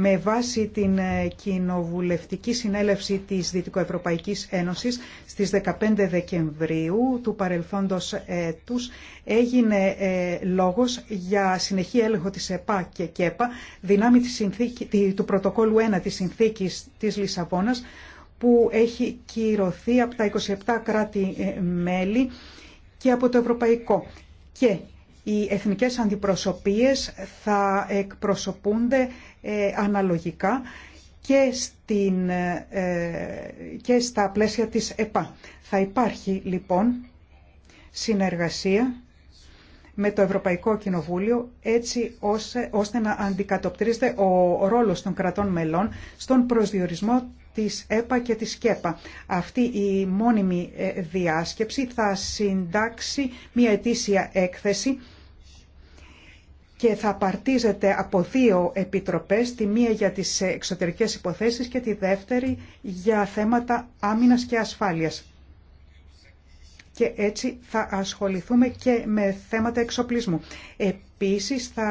S3: με βάση την ε, κοινοβουλευτική συνέλευση της Δυτικοευρωπαϊκής Ένωσης στις 15 Δεκεμβρίου του παρελθόντος έτους έγινε ε, λόγος για συνεχή έλεγχο της ΕΠΑ και ΚΕΠΑ δυνάμει της συνθήκη, του πρωτοκόλου 1 της συνθήκης της Λισαβόνας που έχει κυρωθεί από τα 27 κράτη-μέλη ε, και από το Ευρωπαϊκό. Και οι εθνικές αντιπροσωπείες θα εκπροσωπούνται ε, αναλογικά και, στην, ε, ε, και στα πλαίσια της ΕΠΑ. Θα υπάρχει λοιπόν συνεργασία με το Ευρωπαϊκό Κοινοβούλιο έτσι ώστε να αντικατοπτρίζεται ο ρόλος των κρατών μελών στον προσδιορισμό της ΕΠΑ και της ΚΕΠΑ. Αυτή η μόνιμη διάσκεψη θα συντάξει μια ετήσια έκθεση και θα απαρτίζεται από δύο επιτροπές, τη μία για τις εξωτερικές υποθέσεις και τη δεύτερη για θέματα άμυνας και ασφάλειας. Και έτσι θα ασχοληθούμε και με θέματα εξοπλισμού. Επίσης θα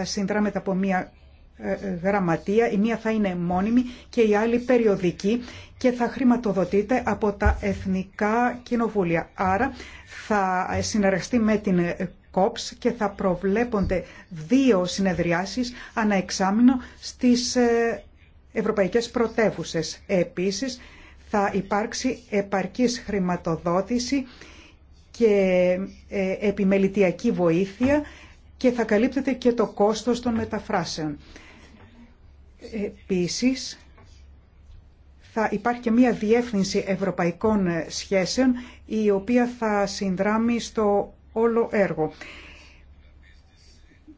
S3: ε, συνδράμεται από μία ε, γραμματεία, η μία θα είναι μόνιμη και η άλλη περιοδική και θα χρηματοδοτείται από τα Εθνικά Κοινοβούλια. Άρα θα συνεργαστεί με την COPS και θα προβλέπονται δύο συνεδριάσεις ανά στις ε, ευρωπαϊκές πρωτεύουσες. Επίσης, θα υπάρξει επαρκής χρηματοδότηση και ε, επιμελητιακή βοήθεια και θα καλύπτεται και το κόστος των μεταφράσεων. Επίσης, θα υπάρχει και μια διεύθυνση ευρωπαϊκών ε, σχέσεων η οποία θα συνδράμει στο όλο έργο.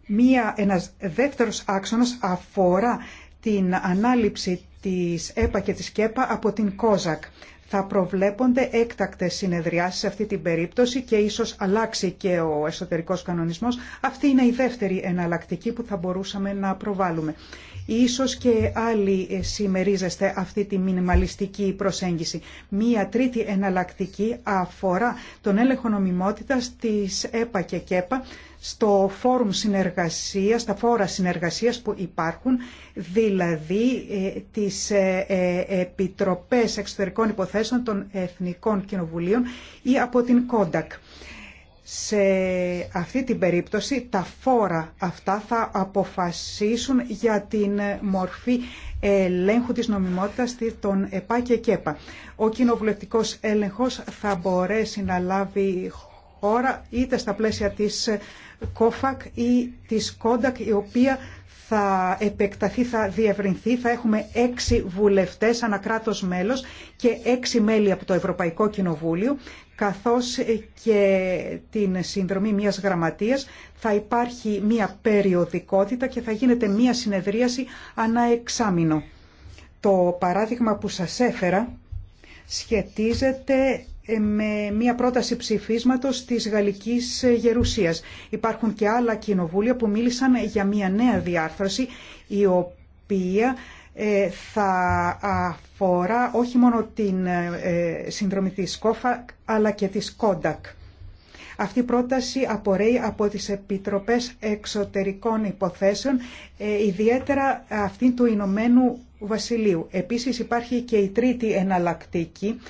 S3: Μία, ένας δεύτερος άξονας αφορά την ανάληψη της ΕΠΑ και της ΚΕΠΑ από την ΚΟΖΑΚ. Θα προβλέπονται έκτακτες συνεδριάσεις σε αυτή την περίπτωση και ίσως αλλάξει και ο εσωτερικός κανονισμός. Αυτή είναι η δεύτερη εναλλακτική που θα μπορούσαμε να προβάλλουμε. Ίσως και άλλοι ε, συμμερίζεστε αυτή τη μινιμαλιστική προσέγγιση. Μία τρίτη εναλλακτική αφορά τον έλεγχο νομιμότητας της ΕΠΑ και ΚΕΠΑ στο φόρουμ συνεργασίας, στα φόρα συνεργασίας που υπάρχουν, δηλαδή ε, τις ε, ε, Επιτροπές Εξωτερικών Υποθέσεων των Εθνικών Κοινοβουλίων ή από την Κόντακ. Σε αυτή την περίπτωση τα φόρα αυτά θα αποφασίσουν για την μορφή ελέγχου της νομιμότητας των ΕΠΑ και ΚΕΠΑ. Ο κοινοβουλευτικός έλεγχος θα μπορέσει να λάβει χώρα είτε στα πλαίσια της ΚΟΦΑΚ ή της ΚΟΝΤΑΚ η οποία θα επεκταθεί, θα διευρυνθεί. Θα έχουμε έξι βουλευτές ανακράτος μέλος και έξι μέλη από το Ευρωπαϊκό Κοινοβούλιο, καθώς και την συνδρομή μιας γραμματείας θα υπάρχει μια περιοδικότητα και θα γίνεται μια συνεδρίαση ανά Το παράδειγμα που σας έφερα σχετίζεται με μια πρόταση ψηφίσματος της Γαλλικής Γερουσίας. Υπάρχουν και άλλα κοινοβούλια που μίλησαν για μια νέα διάρθρωση η οποία ε, θα αφορά όχι μόνο την ε, συνδρομή της αλλά και της ΚΟΝΤΑΚ. Αυτή η πρόταση απορρέει από τις Επιτροπές Εξωτερικών Υποθέσεων, ε, ιδιαίτερα αυτήν του Ηνωμένου Βασιλείου. Επίσης υπάρχει και η τρίτη εναλλακτική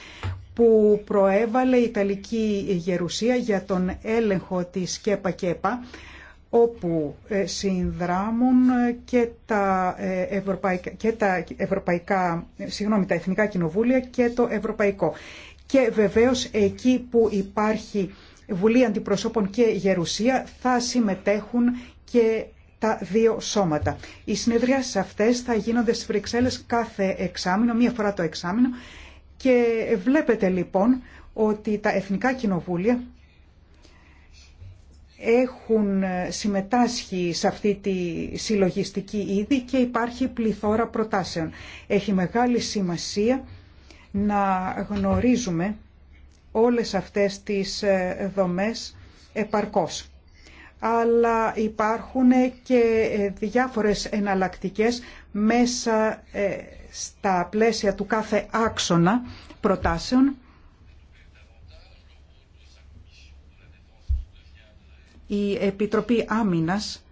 S3: που προέβαλε η Ιταλική Γερουσία για τον έλεγχο της ΚΕΠΑ ΚΕΠΑ όπου ε, συνδράμουν και τα, ε, ευρωπαϊκά, και τα, ευρωπαϊκά, ε, τα εθνικά κοινοβούλια και το ευρωπαϊκό. Και βεβαίως εκεί που υπάρχει Βουλή Αντιπροσώπων και Γερουσία θα συμμετέχουν και τα δύο σώματα. Οι συνεδριάσεις αυτές θα γίνονται στις Βρυξέλλες κάθε εξάμηνο, μία φορά το εξάμεινο και βλέπετε λοιπόν ότι τα εθνικά κοινοβούλια έχουν συμμετάσχει σε αυτή τη συλλογιστική είδη και υπάρχει πληθώρα προτάσεων. Έχει μεγάλη σημασία να γνωρίζουμε όλες αυτές τις ε, δομές επαρκώς. Αλλά υπάρχουν και ε, διάφορες εναλλακτικές μέσα ε, στα πλαίσια του κάθε άξονα προτάσεων η Επιτροπή Άμυνας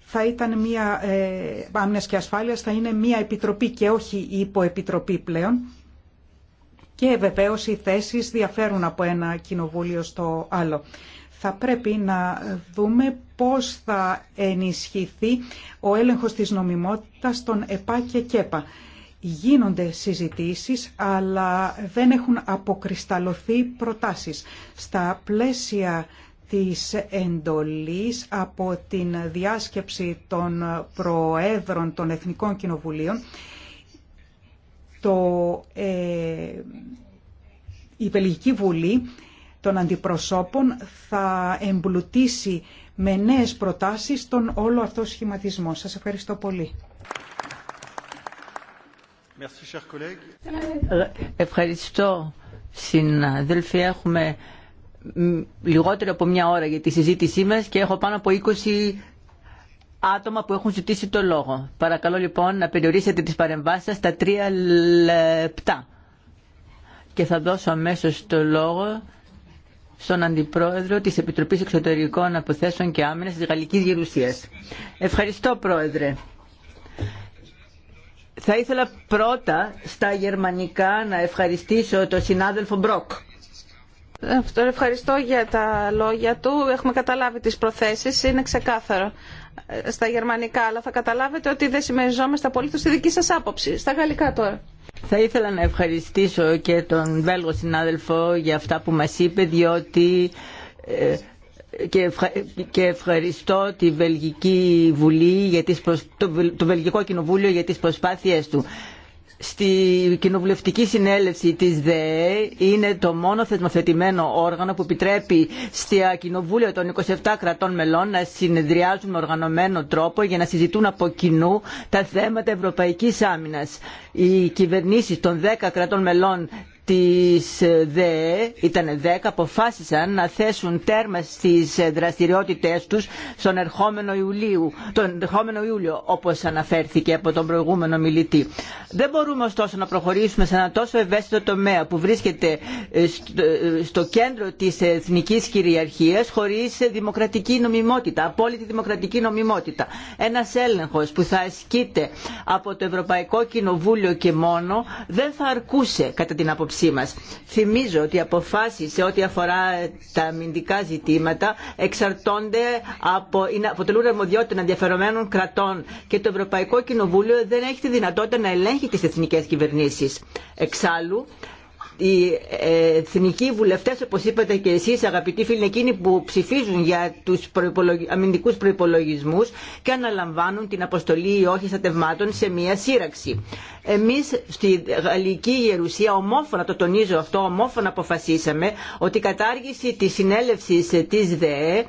S3: θα ήταν μια, ε, άμυνας και ασφάλειας θα είναι μια επιτροπή και όχι υποεπιτροπή πλέον. Και βεβαίω οι θέσεις διαφέρουν από ένα κοινοβούλιο στο άλλο. Θα πρέπει να δούμε πώς θα ενισχυθεί ο έλεγχος της νομιμότητας των ΕΠΑ και ΚΕΠΑ γίνονται συζητήσεις αλλά δεν έχουν αποκρισταλωθεί προτάσεις. Στα πλαίσια της εντολής από την διάσκεψη των προέδρων των Εθνικών Κοινοβουλίων το, ε, η Βελγική Βουλή των Αντιπροσώπων θα εμπλουτίσει με νέες προτάσεις τον όλο αυτό σχηματισμό. Σας ευχαριστώ πολύ. Ευχαριστώ
S2: συναδελφοί. Έχουμε λιγότερο από μια ώρα για τη συζήτησή μας και έχω πάνω από 20 άτομα που έχουν ζητήσει το λόγο. Παρακαλώ λοιπόν να περιορίσετε τις παρεμβάσεις σας στα τρία λεπτά. Και θα δώσω αμέσως το λόγο στον Αντιπρόεδρο της Επιτροπής Εξωτερικών Αποθέσεων και Άμυνας της Γαλλικής Γερουσίας. Ευχαριστώ Πρόεδρε. Θα ήθελα πρώτα στα γερμανικά να ευχαριστήσω τον συνάδελφο Μπροκ. Ε, τον ευχαριστώ για τα λόγια του. Έχουμε
S1: καταλάβει τις προθέσεις, είναι ξεκάθαρο ε, στα γερμανικά, αλλά θα καταλάβετε ότι δεν συμμεριζόμαστε απολύτω στη δική σας άποψη. Στα γαλλικά τώρα.
S2: Θα ήθελα να ευχαριστήσω και τον Βέλγο συνάδελφο για αυτά που μας είπε, διότι ε, και ευχαριστώ τη Βελγική Βουλή για τις προσ... το Βελγικό Κοινοβούλιο για τις προσπάθειές του. Στη κοινοβουλευτική συνέλευση της ΔΕΕ είναι το μόνο θεσμοθετημένο όργανο που επιτρέπει στη κοινοβούλια των 27 κρατών μελών να συνεδριάζουν με οργανωμένο τρόπο για να συζητούν από κοινού τα θέματα ευρωπαϊκής άμυνας. Οι κυβερνήσεις των 10 κρατών μελών της ε, ΔΕΕ ήταν 10, αποφάσισαν να θέσουν τέρμα στις ε, δραστηριότητες τους στον ερχόμενο Ιουλίου, τον ερχόμενο Ιούλιο, όπως αναφέρθηκε από τον προηγούμενο μιλητή. Δεν μπορούμε ωστόσο να προχωρήσουμε σε ένα τόσο ευαίσθητο τομέα που βρίσκεται ε, στο κέντρο της εθνικής κυριαρχίας χωρίς δημοκρατική νομιμότητα, απόλυτη δημοκρατική νομιμότητα. Ένα έλεγχος που θα ασκείται από το Ευρωπαϊκό Κοινοβούλιο και μόνο δεν θα αρκούσε κατά την άποψη άποψή Θυμίζω ότι οι αποφάσεις σε ό,τι αφορά τα αμυντικά ζητήματα εξαρτώνται από, είναι, αποτελούν αρμοδιότητα ενδιαφερομένων κρατών και το Ευρωπαϊκό Κοινοβούλιο δεν έχει τη δυνατότητα να ελέγχει τις εθνικές κυβερνήσεις. Εξάλλου, οι ε, εθνικοί βουλευτές, όπως είπατε και εσείς αγαπητοί φίλοι, εκείνοι που ψηφίζουν για τους προϋπολογι... αμυντικούς προϋπολογισμούς και αναλαμβάνουν την αποστολή ή όχι στατευμάτων σε μία σύραξη. Εμείς στη Γαλλική Γερουσία ομόφωνα, το τονίζω αυτό, ομόφωνα αποφασίσαμε ότι η κατάργηση της συνέλευσης της ΔΕΕ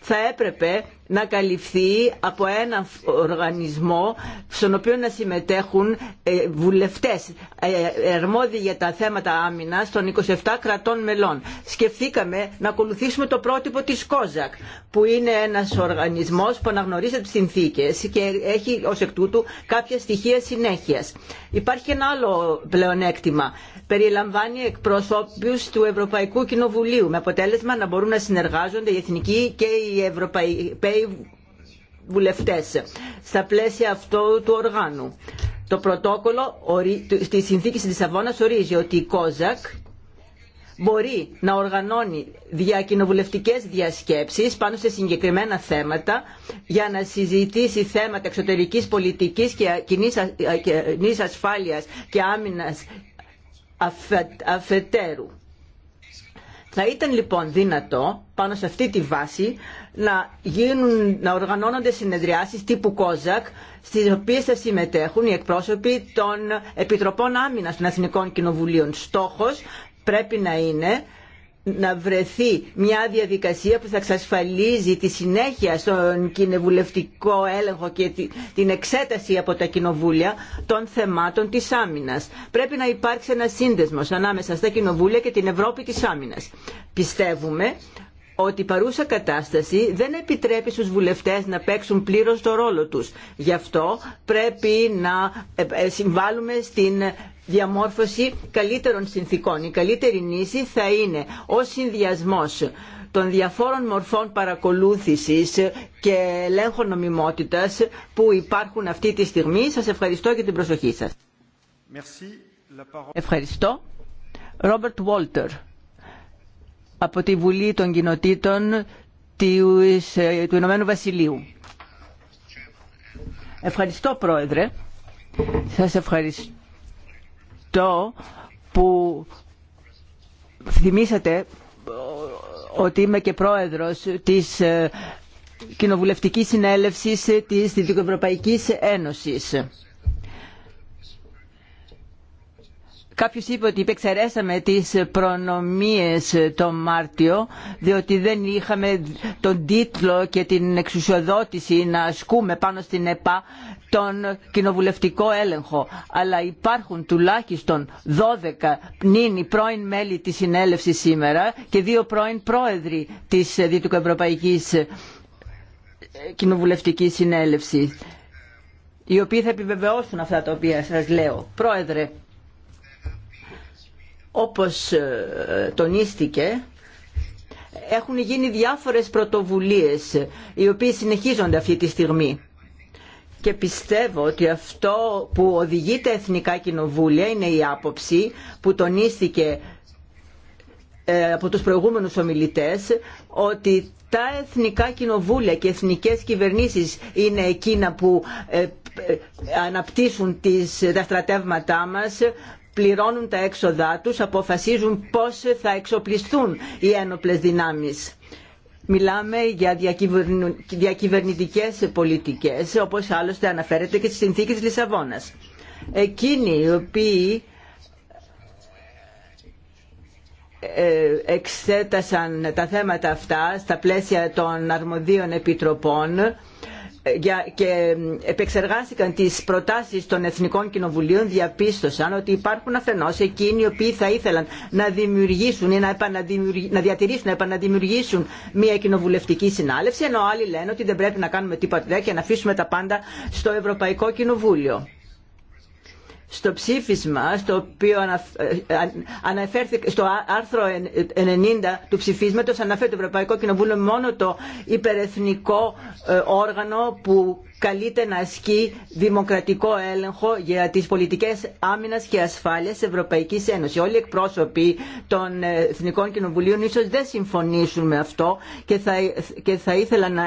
S2: θα έπρεπε να καλυφθεί από ένα οργανισμό στον οποίο να συμμετέχουν ε, βουλευτές ε, ερμόδιοι για τα θέματα άμυνας των 27 κρατών μελών. Σκεφτήκαμε να ακολουθήσουμε το πρότυπο της ΚΟΖΑΚ που είναι ένας οργανισμός που αναγνωρίζει τις συνθήκες και έχει ως εκ τούτου κάποια στοιχεία συνέχειας. Υπάρχει ένα άλλο πλεονέκτημα περιλαμβάνει εκπροσώπους του Ευρωπαϊκού Κοινοβουλίου με αποτέλεσμα να μπορούν να συνεργάζονται οι εθνικοί και οι ευρωπαϊκοί βουλευτέ στα πλαίσια αυτού του οργάνου. Το πρωτόκολλο στη συνθήκη τη Λισαβόνας ορίζει ότι η ΚΟΖΑΚ μπορεί να οργανώνει διακοινοβουλευτικές διασκέψεις πάνω σε συγκεκριμένα θέματα για να συζητήσει θέματα εξωτερική πολιτική και κοινή ασφάλεια και άμυνα αφετέρου. Θα ήταν λοιπόν δυνατό πάνω σε αυτή τη βάση να, γίνουν, να οργανώνονται συνεδριάσεις τύπου ΚΟΖΑΚ στις οποίες θα συμμετέχουν οι εκπρόσωποι των Επιτροπών Άμυνας των Εθνικών Κοινοβουλίων. Στόχος πρέπει να είναι να βρεθεί μια διαδικασία που θα εξασφαλίζει τη συνέχεια στον κοινοβουλευτικό έλεγχο και την εξέταση από τα κοινοβούλια των θεμάτων της άμυνας. Πρέπει να υπάρξει ένα σύνδεσμος ανάμεσα στα κοινοβούλια και την Ευρώπη της άμυνας. Πιστεύουμε ότι η παρούσα κατάσταση δεν επιτρέπει στους βουλευτές να παίξουν πλήρως το ρόλο τους. Γι' αυτό πρέπει να ε, ε, συμβάλλουμε στην διαμόρφωση καλύτερων συνθήκων. Η καλύτερη νήση θα είναι ο συνδυασμός των διαφόρων μορφών παρακολούθησης και ελέγχων νομιμότητας που υπάρχουν αυτή τη στιγμή. Σας ευχαριστώ για την προσοχή σας. Ευχαριστώ. Ρόμπερτ Βόλτερ από τη Βουλή των Κοινοτήτων ε, του Ηνωμένου Βασιλείου. Ευχαριστώ Πρόεδρε. Σας ευχαριστώ αυτό που θυμήσατε ότι είμαι και πρόεδρος της ε, Κοινοβουλευτικής Συνέλευσης της Δυτικοευρωπαϊκής Ένωσης. Κάποιος είπε ότι υπεξαιρέσαμε τις προνομίες το Μάρτιο διότι δεν είχαμε τον τίτλο και την εξουσιοδότηση να ασκούμε πάνω στην ΕΠΑ τον κοινοβουλευτικό έλεγχο. Αλλά υπάρχουν τουλάχιστον 12 νυν πρώην μέλη της συνέλευσης σήμερα και δύο πρώην πρόεδροι της Δυτικοευρωπαϊκής Κοινοβουλευτικής Συνέλευσης οι οποίοι θα επιβεβαιώσουν αυτά τα οποία σας λέω. Πρόεδρε, όπως ε, τονίστηκε, έχουν γίνει διάφορες πρωτοβουλίες οι οποίες συνεχίζονται αυτή τη στιγμή και πιστεύω ότι αυτό που οδηγεί τα Εθνικά Κοινοβούλια είναι η άποψη που τονίστηκε ε, από τους προηγούμενους ομιλητές ότι τα Εθνικά Κοινοβούλια και Εθνικές Κυβερνήσεις είναι εκείνα που ε, ε, αναπτύσσουν τις, τα στρατεύματά μας πληρώνουν τα έξοδά τους, αποφασίζουν πώς θα εξοπλιστούν οι ένοπλες δυνάμεις. Μιλάμε για διακυβερνητικές πολιτικές, όπως άλλωστε αναφέρεται και στις συνθήκες της Λισαβόνας. Εκείνοι οι οποίοι ε, εξέτασαν τα θέματα αυτά στα πλαίσια των αρμοδίων επιτροπών και επεξεργάστηκαν τις προτάσεις των Εθνικών Κοινοβουλίων διαπίστωσαν ότι υπάρχουν αφενός εκείνοι οι οποίοι θα ήθελαν να δημιουργήσουν ή να, να διατηρήσουν, να επαναδημιουργήσουν μια κοινοβουλευτική συνάλευση ενώ άλλοι λένε ότι δεν πρέπει να κάνουμε τίποτα τέτοια και να αφήσουμε τα πάντα στο Ευρωπαϊκό Κοινοβούλιο στο ψήφισμα στο οποίο ε, αναφέρθηκε στο άρθρο 90 του ψηφίσματος αναφέρει το Ευρωπαϊκό Κοινοβούλιο μόνο το υπερεθνικό ε, όργανο που καλείται να ασκεί δημοκρατικό έλεγχο για τις πολιτικές άμυνας και ασφάλειας της Ευρωπαϊκής Ένωσης. Όλοι οι εκπρόσωποι των ε, Εθνικών Κοινοβουλίων ίσως δεν συμφωνήσουν με αυτό και θα, και θα ήθελα να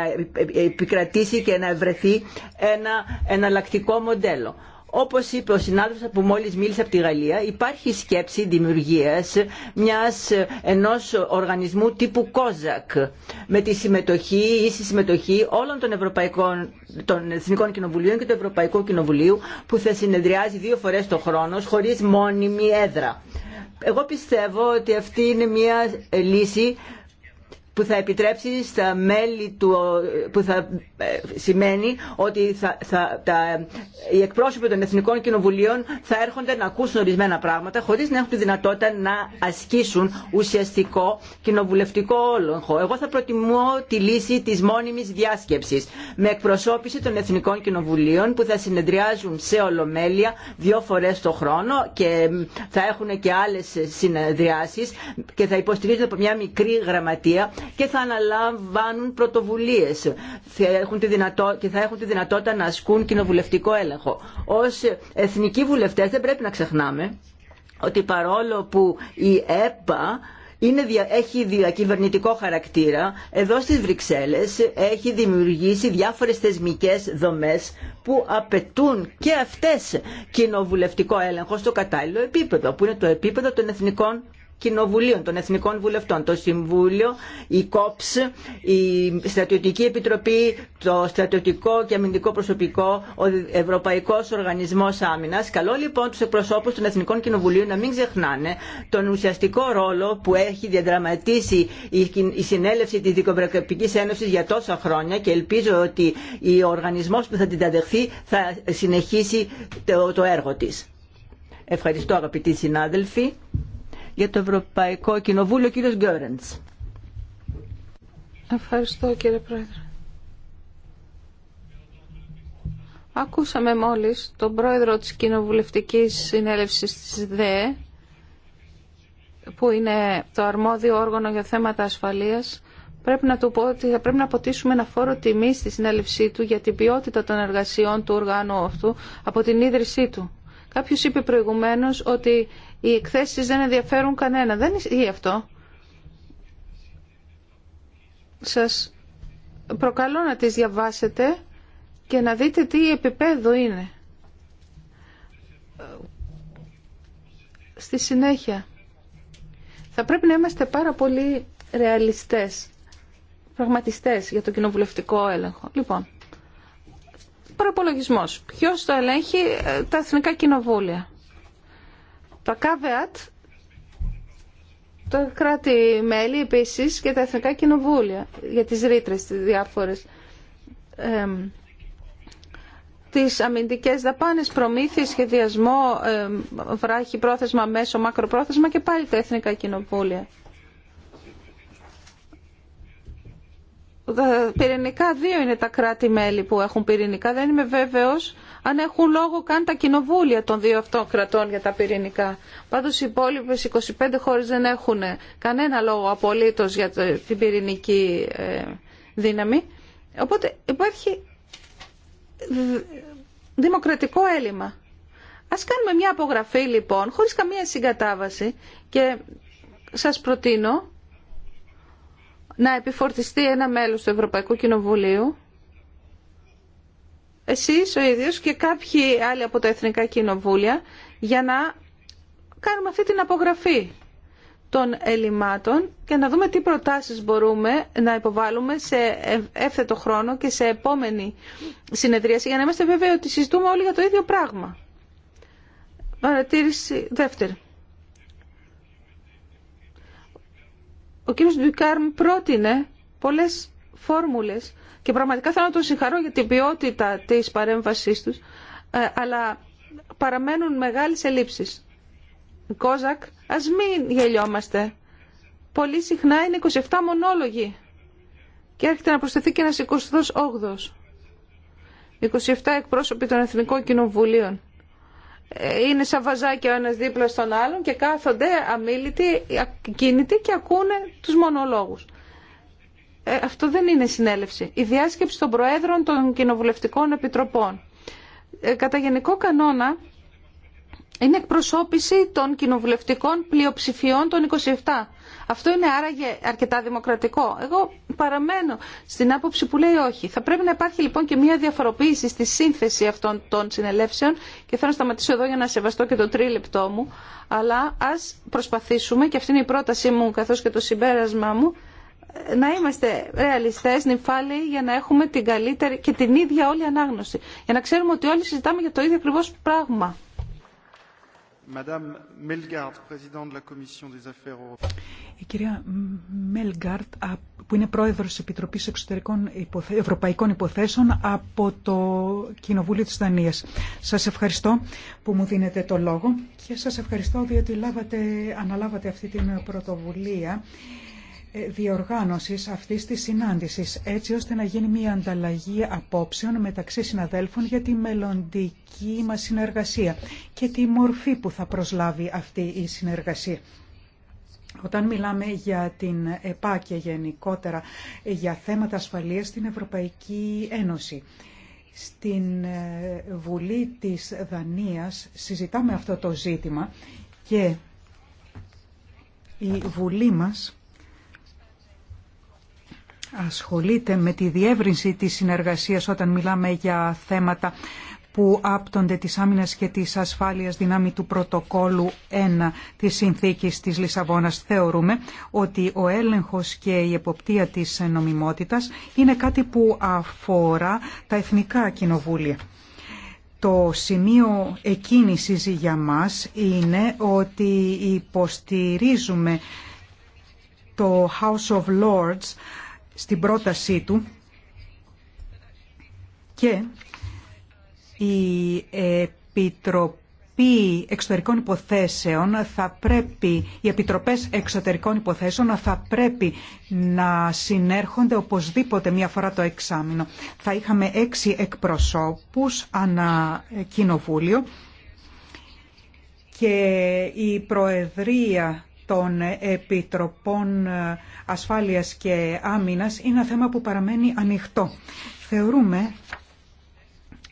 S2: επικρατήσει και να ευρεθεί ένα εναλλακτικό μοντέλο. Όπως είπε ο συνάδελφο που μόλις μίλησε από τη Γαλλία, υπάρχει σκέψη δημιουργίας μιας ενός οργανισμού τύπου COSAC με τη συμμετοχή ή στη συμμετοχή όλων των, Ευρωπαϊκών, των Εθνικών Κοινοβουλίων και του Ευρωπαϊκού Κοινοβουλίου που θα συνεδριάζει δύο φορές το χρόνο χωρίς μόνιμη έδρα. Εγώ πιστεύω ότι αυτή είναι μια λύση που θα επιτρέψει στα μέλη του, που θα ε, σημαίνει ότι θα, θα, τα, οι εκπρόσωποι των Εθνικών Κοινοβουλίων θα έρχονται να ακούσουν ορισμένα πράγματα χωρίς να έχουν τη δυνατότητα να ασκήσουν ουσιαστικό κοινοβουλευτικό όλογχο. Εγώ θα προτιμώ τη λύση της μόνιμης διάσκεψης με εκπροσώπηση των Εθνικών Κοινοβουλίων που θα συνεδριάζουν σε ολομέλεια δύο φορές το χρόνο και θα έχουν και άλλες συνεδριάσεις και θα υποστηρίζονται από μια μικρή γραμματεία και θα αναλαμβάνουν πρωτοβουλίες και θα έχουν τη δυνατότητα να ασκούν κοινοβουλευτικό έλεγχο. Ως εθνικοί βουλευτές δεν πρέπει να ξεχνάμε ότι παρόλο που η ΕΠΑ είναι, έχει διακυβερνητικό χαρακτήρα. Εδώ στις Βρυξέλλες έχει δημιουργήσει διάφορες θεσμικές δομές που απαιτούν και αυτές κοινοβουλευτικό έλεγχο στο κατάλληλο επίπεδο, που είναι το επίπεδο των εθνικών κοινοβουλίων, των εθνικών βουλευτών, το Συμβούλιο, η ΚΟΠΣ, η Στρατιωτική Επιτροπή, το Στρατιωτικό και Αμυντικό Προσωπικό, ο Ευρωπαϊκό Οργανισμό Άμυνα. Καλό λοιπόν του εκπροσώπου των Εθνικών Κοινοβουλίων να μην ξεχνάνε τον ουσιαστικό ρόλο που έχει διαδραματίσει η συνέλευση τη Δικοπρακτική Ένωση για τόσα χρόνια και ελπίζω ότι ο οργανισμό που θα την ταδεχθεί θα συνεχίσει το έργο τη. Ευχαριστώ αγαπητοί συνάδελφοι για το Ευρωπαϊκό Κοινοβούλιο, κύριο κύριος
S1: Ευχαριστώ κύριε Πρόεδρε.
S2: Ακούσαμε
S1: μόλις τον πρόεδρο της Κοινοβουλευτικής Συνέλευσης της ΔΕΕ, που είναι το αρμόδιο όργανο για θέματα ασφαλείας, πρέπει να του πω ότι θα πρέπει να αποτίσουμε ένα φόρο τιμή στη συνέλευσή του για την ποιότητα των εργασιών του οργάνου αυτού από την ίδρυσή του. Κάποιος είπε προηγουμένως ότι οι εκθέσεις δεν ενδιαφέρουν κανένα. Δεν ισχύει αυτό. Σας προκαλώ να τις διαβάσετε και να δείτε τι επίπεδο είναι. Στη συνέχεια, θα πρέπει να είμαστε πάρα πολύ ρεαλιστές, πραγματιστές για το κοινοβουλευτικό έλεγχο. Λοιπόν, προπολογισμός. Ποιος το ελέγχει ε, τα εθνικά κοινοβούλια. Το ΚΑΒΕΑΤ, το κράτη-μέλη επίσης και τα εθνικά κοινοβούλια για τις ρήτρες τις διάφορες. Ε, τις αμυντικές δαπάνες, προμήθειες, σχεδιασμό, ε, βράχη πρόθεσμα, μέσο, μακροπρόθεσμα και πάλι τα εθνικά κοινοβούλια. πυρηνικά δύο είναι τα κράτη-μέλη που έχουν πυρηνικά. Δεν είμαι βέβαιος αν έχουν λόγο καν τα κοινοβούλια των δύο αυτών κρατών για τα πυρηνικά. Πάντω οι υπόλοιπε 25 χώρε δεν έχουν κανένα λόγο απολύτω για την πυρηνική ε, δύναμη. Οπότε υπάρχει δημοκρατικό έλλειμμα. Ας κάνουμε μια απογραφή λοιπόν, χωρίς καμία συγκατάβαση και σας προτείνω να επιφορτιστεί ένα μέλος του Ευρωπαϊκού Κοινοβουλίου εσείς ο ίδιος και κάποιοι άλλοι από τα Εθνικά Κοινοβούλια για να κάνουμε αυτή την απογραφή των ελλημάτων και να δούμε τι προτάσεις μπορούμε να υποβάλουμε σε εύθετο χρόνο και σε επόμενη συνεδρίαση για να είμαστε βέβαιοι ότι συζητούμε όλοι για το ίδιο πράγμα. Παρατήρηση δεύτερη. Ο κ. Ντουκάρμ πρότεινε πολλές φόρμουλες και πραγματικά θέλω να τον συγχαρώ για την ποιότητα της παρέμβασής τους, ε, αλλά παραμένουν μεγάλες ελλείψεις. Κόζακ, ας μην γελιόμαστε. Πολύ συχνά είναι 27 μονόλογοι και έρχεται να προσθεθεί και ένας 28ος. 27 εκπρόσωποι των Εθνικών Κοινοβουλίων. Ε, είναι σαν βαζάκι ο ένας δίπλα στον άλλον και κάθονται αμήλυτοι, ακίνητοι και ακούνε τους μονολόγους. Ε, αυτό δεν είναι συνέλευση. Η διάσκεψη των Προέδρων των Κοινοβουλευτικών Επιτροπών. Ε, κατά γενικό κανόνα είναι εκπροσώπηση των κοινοβουλευτικών πλειοψηφιών των 27. Αυτό είναι άραγε αρκετά δημοκρατικό. Εγώ παραμένω στην άποψη που λέει όχι. Θα πρέπει να υπάρχει λοιπόν και μια διαφοροποίηση στη σύνθεση αυτών των συνελεύσεων και θέλω να σταματήσω εδώ για να σεβαστώ και το τρίλεπτό μου. Αλλά ας προσπαθήσουμε, και αυτή είναι η πρότασή μου καθώς και το συμπέρασμά μου, να είμαστε ρεαλιστέ νυφάλοι, για να έχουμε την καλύτερη και την ίδια όλη ανάγνωση. Για να ξέρουμε ότι όλοι
S3: συζητάμε για το ίδιο ακριβώ πράγμα. Η κυρία Μέλγκαρτ, που είναι πρόεδρος Επιτροπής Εξωτερικών Ευρωπαϊκών Υποθέσεων από το Κοινοβούλιο της Δανία. Σα ευχαριστώ που μου δίνετε το λόγο και σα ευχαριστώ διότι λάβατε, αναλάβατε αυτή την πρωτοβουλία διοργάνωσης αυτής της συνάντησης, έτσι ώστε να γίνει μια ανταλλαγή απόψεων μεταξύ συναδέλφων για τη μελλοντική μας συνεργασία και τη μορφή που θα προσλάβει αυτή η συνεργασία. Όταν μιλάμε για την ΕΠΑ και γενικότερα για θέματα ασφαλείας στην Ευρωπαϊκή Ένωση, στην ε, Βουλή της Δανίας συζητάμε αυτό το ζήτημα και η Βουλή μας ασχολείται με τη διεύρυνση της συνεργασίας όταν μιλάμε για θέματα που άπτονται της άμυνας και της ασφάλειας δυνάμει του πρωτοκόλου 1 της συνθήκης της Λισαβόνας. Θεωρούμε ότι ο έλεγχος και η εποπτεία της νομιμότητας είναι κάτι που αφορά τα εθνικά κοινοβούλια. Το σημείο εκκίνησης για μας είναι ότι υποστηρίζουμε το House of Lords στην πρότασή του και η Επιτροπή Εξωτερικών Υποθέσεων θα πρέπει, οι Επιτροπές Εξωτερικών Υποθέσεων θα πρέπει να συνέρχονται οπωσδήποτε μία φορά το εξάμεινο. Θα είχαμε έξι εκπροσώπους ανά κοινοβούλιο και η Προεδρία των Επιτροπών Ασφάλειας και Άμυνας είναι ένα θέμα που παραμένει ανοιχτό. Θεωρούμε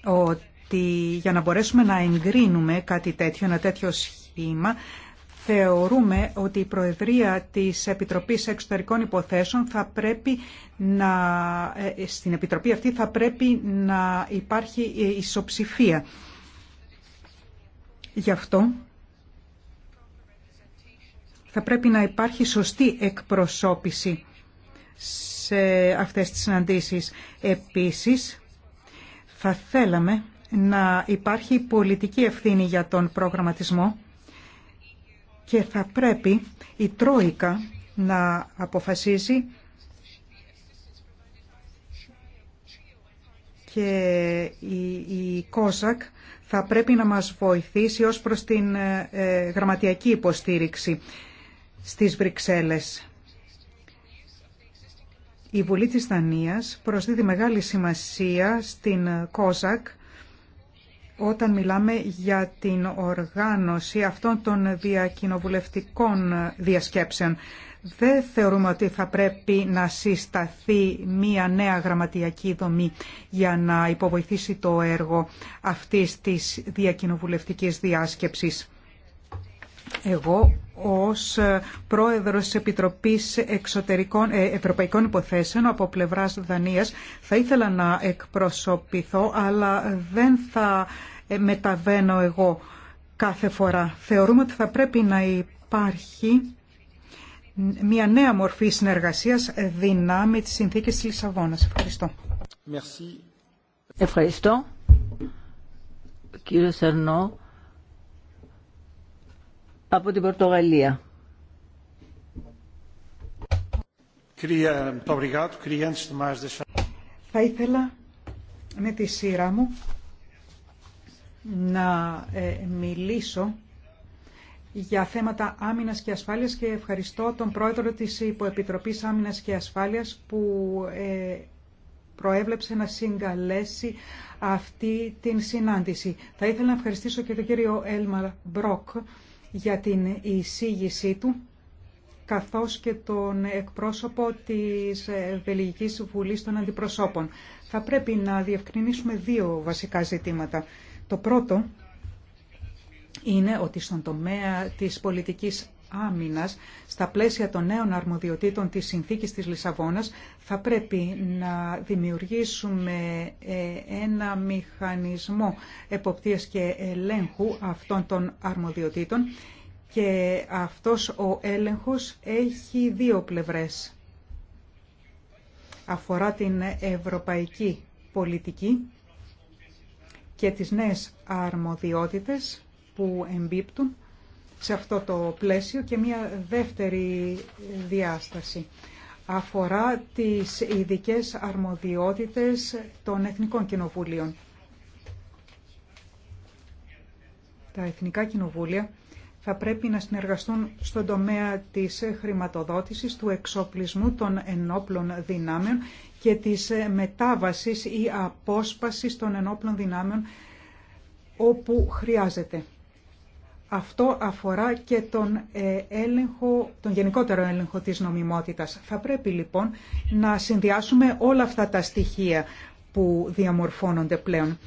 S3: ότι για να μπορέσουμε να εγκρίνουμε κάτι τέτοιο, ένα τέτοιο σχήμα, θεωρούμε ότι η Προεδρία της Επιτροπής Εξωτερικών Υποθέσεων θα πρέπει να, ε, στην Επιτροπή αυτή θα πρέπει να υπάρχει ε, ισοψηφία. Γι' αυτό θα πρέπει να υπάρχει σωστή εκπροσώπηση σε αυτές τις συναντήσεις. Επίσης, θα θέλαμε να υπάρχει πολιτική ευθύνη για τον προγραμματισμό και θα πρέπει η Τρόικα να αποφασίσει και η ΚΟΖΑΚ θα πρέπει να μας βοηθήσει ως προς την ε, ε, γραμματιακή υποστήριξη στις Βρυξέλλες. Η Βουλή της Δανίας προσδίδει μεγάλη σημασία στην ΚΟΖΑΚ όταν μιλάμε για την οργάνωση αυτών των διακοινοβουλευτικών διασκέψεων. Δεν θεωρούμε ότι θα πρέπει να συσταθεί μία νέα γραμματιακή δομή για να υποβοηθήσει το έργο αυτής της διακοινοβουλευτικής διάσκεψης. Εγώ ως ε, πρόεδρος Επιτροπής Εξωτερικών, ε, Ευρωπαϊκών Υποθέσεων από πλευράς Δανίας. Θα ήθελα να εκπροσωπηθώ, αλλά δεν θα ε, μεταβαίνω εγώ κάθε φορά. Θεωρούμε ότι θα πρέπει να υπάρχει μια νέα μορφή συνεργασίας δυνάμει της συνθήκης της Λισαβόνας. Ευχαριστώ. Ευχαριστώ.
S2: Κύριε Σερνό, από την Πορτογαλία.
S3: Θα ήθελα με τη σειρά μου να ε, μιλήσω για θέματα άμυνας και ασφάλειας και ευχαριστώ τον πρόεδρο της Υποεπιτροπής Άμυνας και Ασφάλειας που ε, προέβλεψε να συγκαλέσει αυτή την συνάντηση. Θα ήθελα να ευχαριστήσω και τον κύριο Έλμαρ Μπρόκ για την εισήγησή του καθώς και τον εκπρόσωπο της Βελγικής Βουλής των Αντιπροσώπων. Θα πρέπει να διευκρινίσουμε δύο βασικά ζητήματα. Το πρώτο είναι ότι στον τομέα της πολιτικής στα πλαίσια των νέων αρμοδιοτήτων της συνθήκης της Λισαβόνας θα πρέπει να δημιουργήσουμε ε, ένα μηχανισμό εποπτείας και ελέγχου αυτών των αρμοδιοτήτων και αυτός ο έλεγχος έχει δύο πλευρές. Αφορά την ευρωπαϊκή πολιτική και τις νέες αρμοδιότητες που εμπίπτουν σε αυτό το πλαίσιο και μια δεύτερη διάσταση αφορά τις ειδικέ αρμοδιότητες των Εθνικών Κοινοβουλίων. Τα Εθνικά Κοινοβούλια θα πρέπει να συνεργαστούν στον τομέα της χρηματοδότησης, του εξοπλισμού των ενόπλων δυνάμεων και της μετάβασης ή απόσπασης των ενόπλων δυνάμεων όπου χρειάζεται. Αυτό αφορά και τον, ε, έλεγχο, τον γενικότερο έλεγχο της νομιμότητας. Θα πρέπει λοιπόν να συνδυάσουμε όλα αυτά τα στοιχεία που διαμορφώνονται πλέον.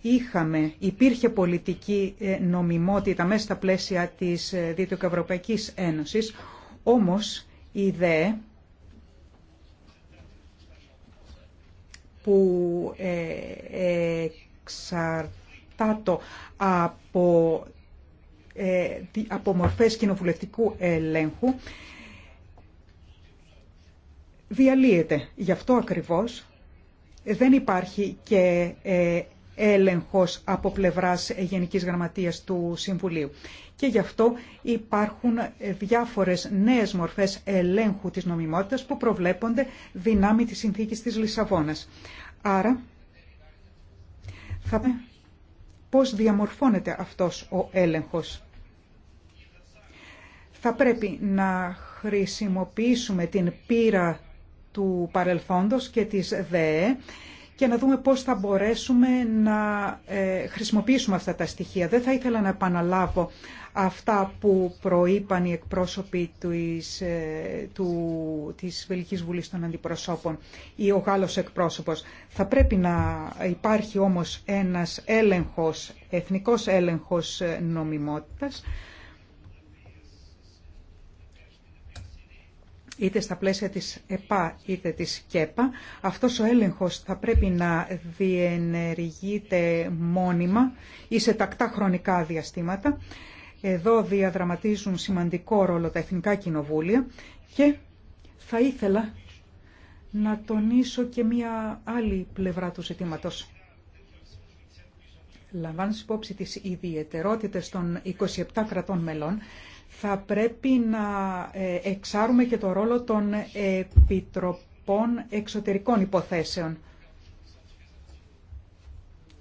S3: Είχαμε, υπήρχε πολιτική ε, νομιμότητα μέσα στα πλαίσια της ε, Δυτικοευρωπαϊκής Ένωσης, όμως η δε που εξαρτάται από ε, από μορφές κοινοβουλευτικού ελέγχου διαλύεται. Γι' αυτό ακριβώς δεν υπάρχει και ε, έλεγχος από πλευράς Γενικής Γραμματείας του Συμβουλίου. Και γι' αυτό υπάρχουν ε, διάφορες νέες μορφές ελέγχου της νομιμότητας που προβλέπονται δυνάμει της συνθήκης της Λισαβόνας. Άρα θα πώς διαμορφώνεται αυτός ο έλεγχος. Θα πρέπει να χρησιμοποιήσουμε την πείρα του παρελθόντος και της ΔΕΕ και να δούμε πώς θα μπορέσουμε να ε, χρησιμοποιήσουμε αυτά τα στοιχεία. Δεν θα ήθελα να επαναλάβω αυτά που προείπαν οι εκπρόσωποι της, ε, του, της Βελικής Βουλής των Αντιπροσώπων ή ο Γάλλος εκπρόσωπος. Θα πρέπει να υπάρχει όμως ένας έλεγχος, εθνικός έλεγχος νομιμότητας είτε στα πλαίσια της ΕΠΑ είτε της ΚΕΠΑ. Αυτός ο έλεγχος θα πρέπει να διενεργείται μόνιμα ή σε τακτά χρονικά διαστήματα. Εδώ διαδραματίζουν σημαντικό ρόλο τα Εθνικά Κοινοβούλια και θα ήθελα να τονίσω και μία άλλη πλευρά του ζητήματος. Λαμβάνοντας υπόψη τις ιδιαιτερότητες των 27 κρατών μελών, θα πρέπει να ε, εξάρουμε και το ρόλο των επιτροπών εξωτερικών υποθέσεων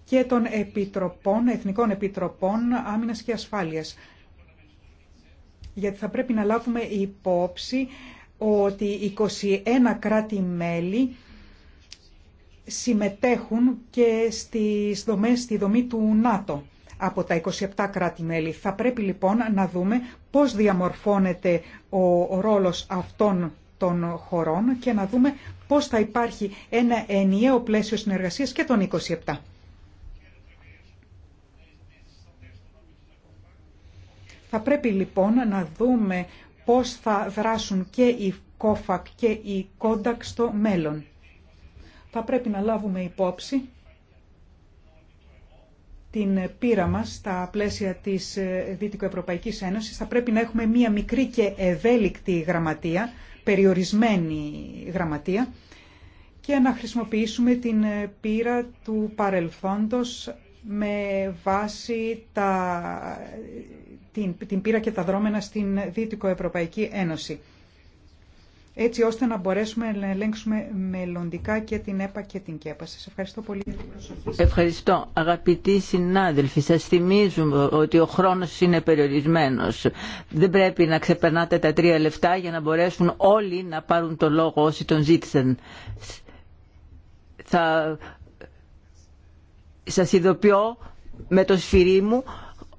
S3: και των επιτροπών, εθνικών επιτροπών άμυνας και ασφάλειας. Γιατί θα πρέπει να λάβουμε υπόψη ότι 21 κράτη-μέλη συμμετέχουν και στις δομές, στη δομή του ΝΑΤΟ από τα 27 κράτη-μέλη. Θα πρέπει λοιπόν να δούμε πώς διαμορφώνεται ο ρόλος αυτών των χωρών και να δούμε πώς θα υπάρχει ένα ενιαίο πλαίσιο συνεργασίας και των 27. Θα πρέπει λοιπόν να δούμε πώς θα δράσουν και οι ΚΟΦΑΚ και οι ΚΟΝΤΑΚ στο μέλλον. Θα πρέπει να λάβουμε υπόψη την πείρα μας στα πλαίσια της ε, Δυτικοευρωπαϊκής Ένωσης θα πρέπει να έχουμε μία μικρή και ευέλικτη γραμματεία, περιορισμένη γραμματεία και να χρησιμοποιήσουμε την ε, πείρα του παρελθόντος με βάση τα, ε, την, την πείρα και τα δρόμενα στην Δυτικοευρωπαϊκή Ένωση έτσι ώστε να μπορέσουμε να ελέγξουμε μελλοντικά και την ΕΠΑ και την ΚΕΠΑ. Σας ευχαριστώ πολύ για την προσοχή.
S2: Ευχαριστώ αγαπητοί συνάδελφοι. Σας θυμίζουμε ότι ο χρόνος είναι περιορισμένος. Δεν πρέπει να ξεπερνάτε τα τρία λεφτά για να μπορέσουν όλοι να πάρουν το λόγο όσοι τον ζήτησαν. Θα... Σας ειδοποιώ με το σφυρί μου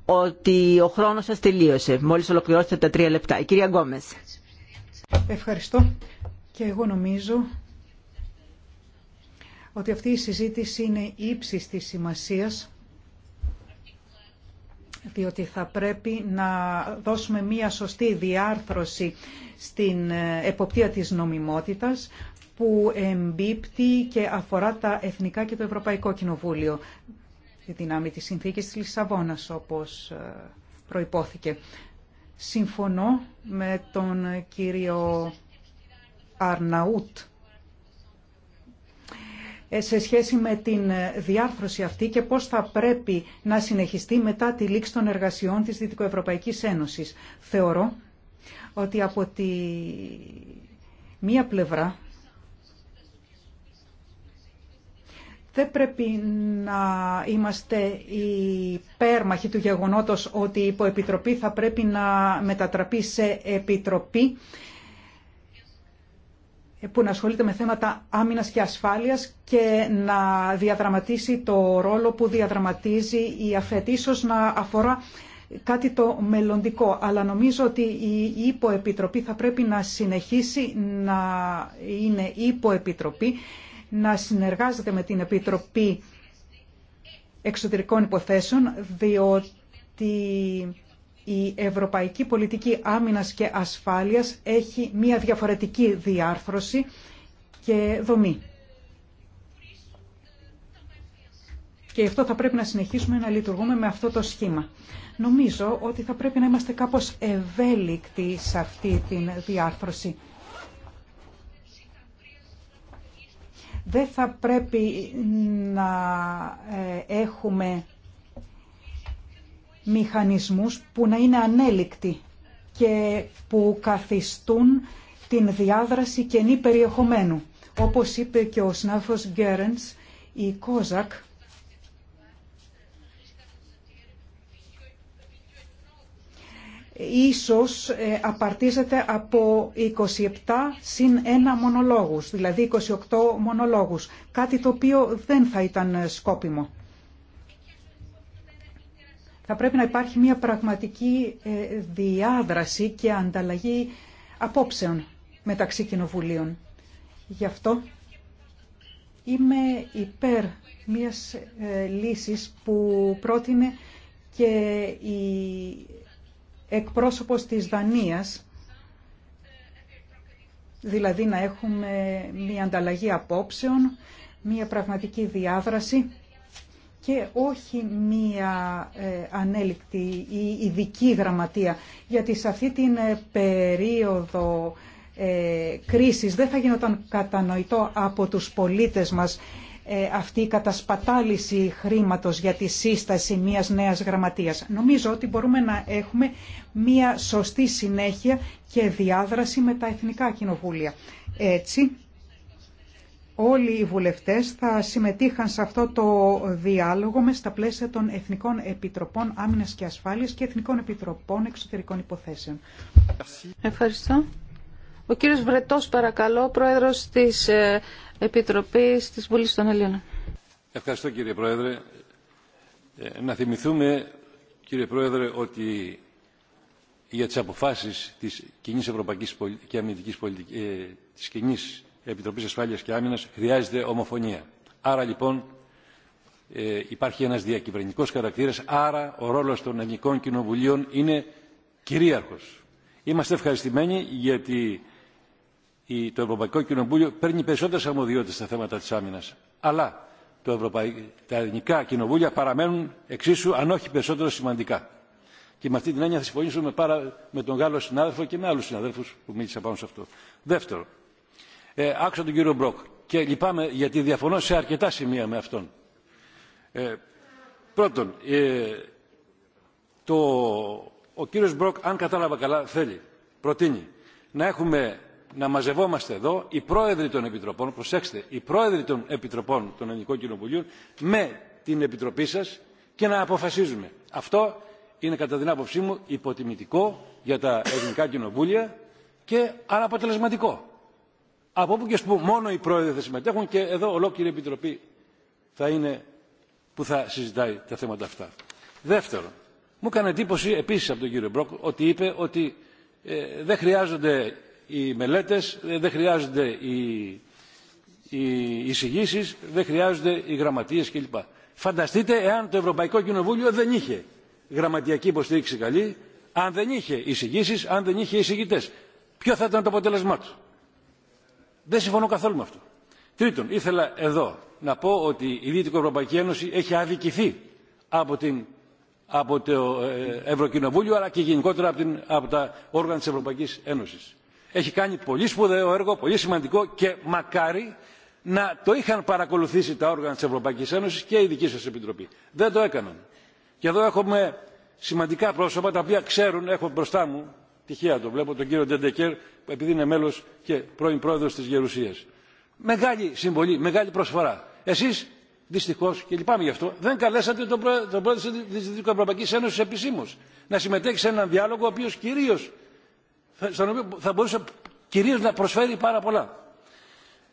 S2: ότι ο χρόνος σας τελείωσε. Μόλις ολοκληρώσετε τα τρία λεπτά. Η
S3: κυρία Γκόμες. Ευχαριστώ. Και εγώ νομίζω ότι αυτή η συζήτηση είναι ύψης της σημασίας διότι θα πρέπει να δώσουμε μία σωστή διάρθρωση στην ε, εποπτεία της νομιμότητας που εμπίπτει και αφορά τα Εθνικά και το Ευρωπαϊκό Κοινοβούλιο τη δυνάμη της συνθήκης της Λισαβόνας όπως ε, προϋπόθηκε. Συμφωνώ με τον κύριο Αρναούτ ε, σε σχέση με την διάρθρωση αυτή και πώς θα πρέπει να συνεχιστεί μετά τη λήξη των εργασιών της Δυτικοευρωπαϊκής Ένωσης. Θεωρώ ότι από τη μία πλευρά Δεν πρέπει να είμαστε υπέρμαχοι του γεγονότος ότι η υποεπιτροπή θα πρέπει να μετατραπεί σε επιτροπή που να ασχολείται με θέματα άμυνας και ασφάλειας και να διαδραματίσει το ρόλο που διαδραματίζει η ΑΦΕΤ. να αφορά κάτι το μελλοντικό, αλλά νομίζω ότι η υποεπιτροπή θα πρέπει να συνεχίσει να είναι υποεπιτροπή να συνεργάζεται με την Επιτροπή Εξωτερικών Υποθέσεων, διότι η Ευρωπαϊκή Πολιτική Άμυνας και Ασφάλειας έχει μία διαφορετική διάρθρωση και δομή. Και αυτό θα πρέπει να συνεχίσουμε να λειτουργούμε με αυτό το σχήμα. Νομίζω ότι θα πρέπει να είμαστε κάπως ευέλικτοι σε αυτή τη διάρθρωση. Δεν θα πρέπει να ε, έχουμε μηχανισμούς που να είναι ανέλικτοι και που καθιστούν την διάδραση κενή περιεχομένου. Όπως είπε και ο Σνάφος Γκέρενς, η Κόζακ ίσως ε, απαρτίζεται από 27 συν ένα μονολόγους, δηλαδή 28 μονολόγους, κάτι το οποίο δεν θα ήταν ε, σκόπιμο. Θα πρέπει να υπάρχει μια πραγματική ε, διάδραση και ανταλλαγή απόψεων μεταξύ κοινοβουλίων. Γι' αυτό είμαι υπέρ μιας λύσης που πρότεινε και η εκπρόσωπος της Δανίας, δηλαδή να έχουμε μια ανταλλαγή απόψεων, μια πραγματική διάδραση και όχι μία ε, ανέλικτη ή ειδική γραμματεία. Γιατί σε αυτή την ε, περίοδο ε, κρίσης δεν θα γινόταν κατανοητό από τους πολίτες μας ε, αυτή η κατασπατάληση χρήματος για τη σύσταση μιας νέας γραμματείας. Νομίζω ότι μπορούμε να έχουμε μια σωστή συνέχεια και διάδραση με τα εθνικά κοινοβούλια. Έτσι, όλοι οι βουλευτές θα συμμετείχαν σε αυτό το διάλογο με στα πλαίσια των Εθνικών Επιτροπών Άμυνας και Ασφάλειας και Εθνικών Επιτροπών Εξωτερικών Υποθέσεων. Ευχαριστώ.
S1: Ο κύριος Βρετός, παρακαλώ, πρόεδρος της ε, Επιτροπής της Βουλής των Ελλήνων.
S5: Ευχαριστώ κύριε Πρόεδρε. Ε, να θυμηθούμε, κύριε Πρόεδρε, ότι για τις αποφάσεις της κοινής ευρωπαϊκής και αμυντικής πολιτικής, ε, της κοινής Επιτροπής Ασφάλειας και Άμυνας χρειάζεται ομοφωνία. Άρα λοιπόν υπάρχει ένας διακυβερνητικός χαρακτήρας, άρα ο ρόλος των ελληνικών κοινοβουλίων είναι κυρίαρχος. Είμαστε ευχαριστημένοι γιατί το Ευρωπαϊκό Κοινοβούλιο παίρνει περισσότερες αρμοδιότητες στα θέματα της άμυνας. Αλλά τα ελληνικά κοινοβούλια παραμένουν εξίσου, αν όχι περισσότερο σημαντικά. Και με αυτή την έννοια θα συμφωνήσω με, πάρα... με τον Γάλλο συνάδελφο και με άλλους συναδέλφους που μίλησαν πάνω σε αυτό. Δεύτερο, ε, άκουσα τον κύριο Μπροκ και λυπάμαι γιατί διαφωνώ σε αρκετά σημεία με αυτόν. Ε, πρώτον, ε, το, ο κύριος Μπροκ, αν κατάλαβα καλά, θέλει, προτείνει να έχουμε να μαζευόμαστε εδώ οι πρόεδροι των επιτροπών, προσέξτε, οι πρόεδροι των επιτροπών των Ελληνικών Κοινοβουλίων με την επιτροπή σας και να αποφασίζουμε. Αυτό είναι κατά την άποψή μου υποτιμητικό για τα ελληνικά κοινοβούλια και αναποτελεσματικό. Από όπου και σπου μόνο οι πρόεδροι θα συμμετέχουν και εδώ ολόκληρη η επιτροπή θα είναι που θα συζητάει τα θέματα αυτά. Δεύτερο, μου έκανε εντύπωση επίση από τον κύριο Μπρόκ ότι είπε ότι ε, δεν χρειάζονται οι μελέτες, ε, δεν χρειάζονται οι, οι εισηγήσει, δεν χρειάζονται οι γραμματείες κλπ. Φανταστείτε εάν το Ευρωπαϊκό Κοινοβούλιο δεν είχε γραμματιακή υποστήριξη καλή, αν δεν είχε εισηγήσει, αν δεν είχε εισηγητέ. Ποιο θα ήταν το αποτέλεσμά του. Δεν συμφωνώ καθόλου με αυτό. Τρίτον, ήθελα εδώ να πω ότι η Δυτική Ευρωπαϊκή Ένωση έχει αδικηθεί από, την, από το ε, Ευρωκοινοβούλιο αλλά και γενικότερα από, την, από τα όργανα της Ευρωπαϊκής Ένωσης. Έχει κάνει πολύ σπουδαίο έργο, πολύ σημαντικό και μακάρι να το είχαν παρακολουθήσει τα όργανα της Ευρωπαϊκής Ένωσης και η δική σας Επιτροπή. Δεν το έκαναν. Και εδώ έχουμε σημαντικά πρόσωπα τα οποία ξέρουν, έχω μπροστά μου, τυχαία το βλέπω, τον κύριο Ντεντεκέρ, επειδή είναι μέλος και πρώην πρόεδρος της Γερουσίας. Μεγάλη συμβολή, μεγάλη προσφορά. Εσείς Δυστυχώ, και λυπάμαι γι' αυτό, δεν καλέσατε τον πρόεδρο τη Ευρωπαϊκής Ένωσης επισήμως να συμμετέχει σε έναν διάλογο ο οποίος κυρίω στον οποίο θα μπορούσε κυρίως να προσφέρει πάρα πολλά.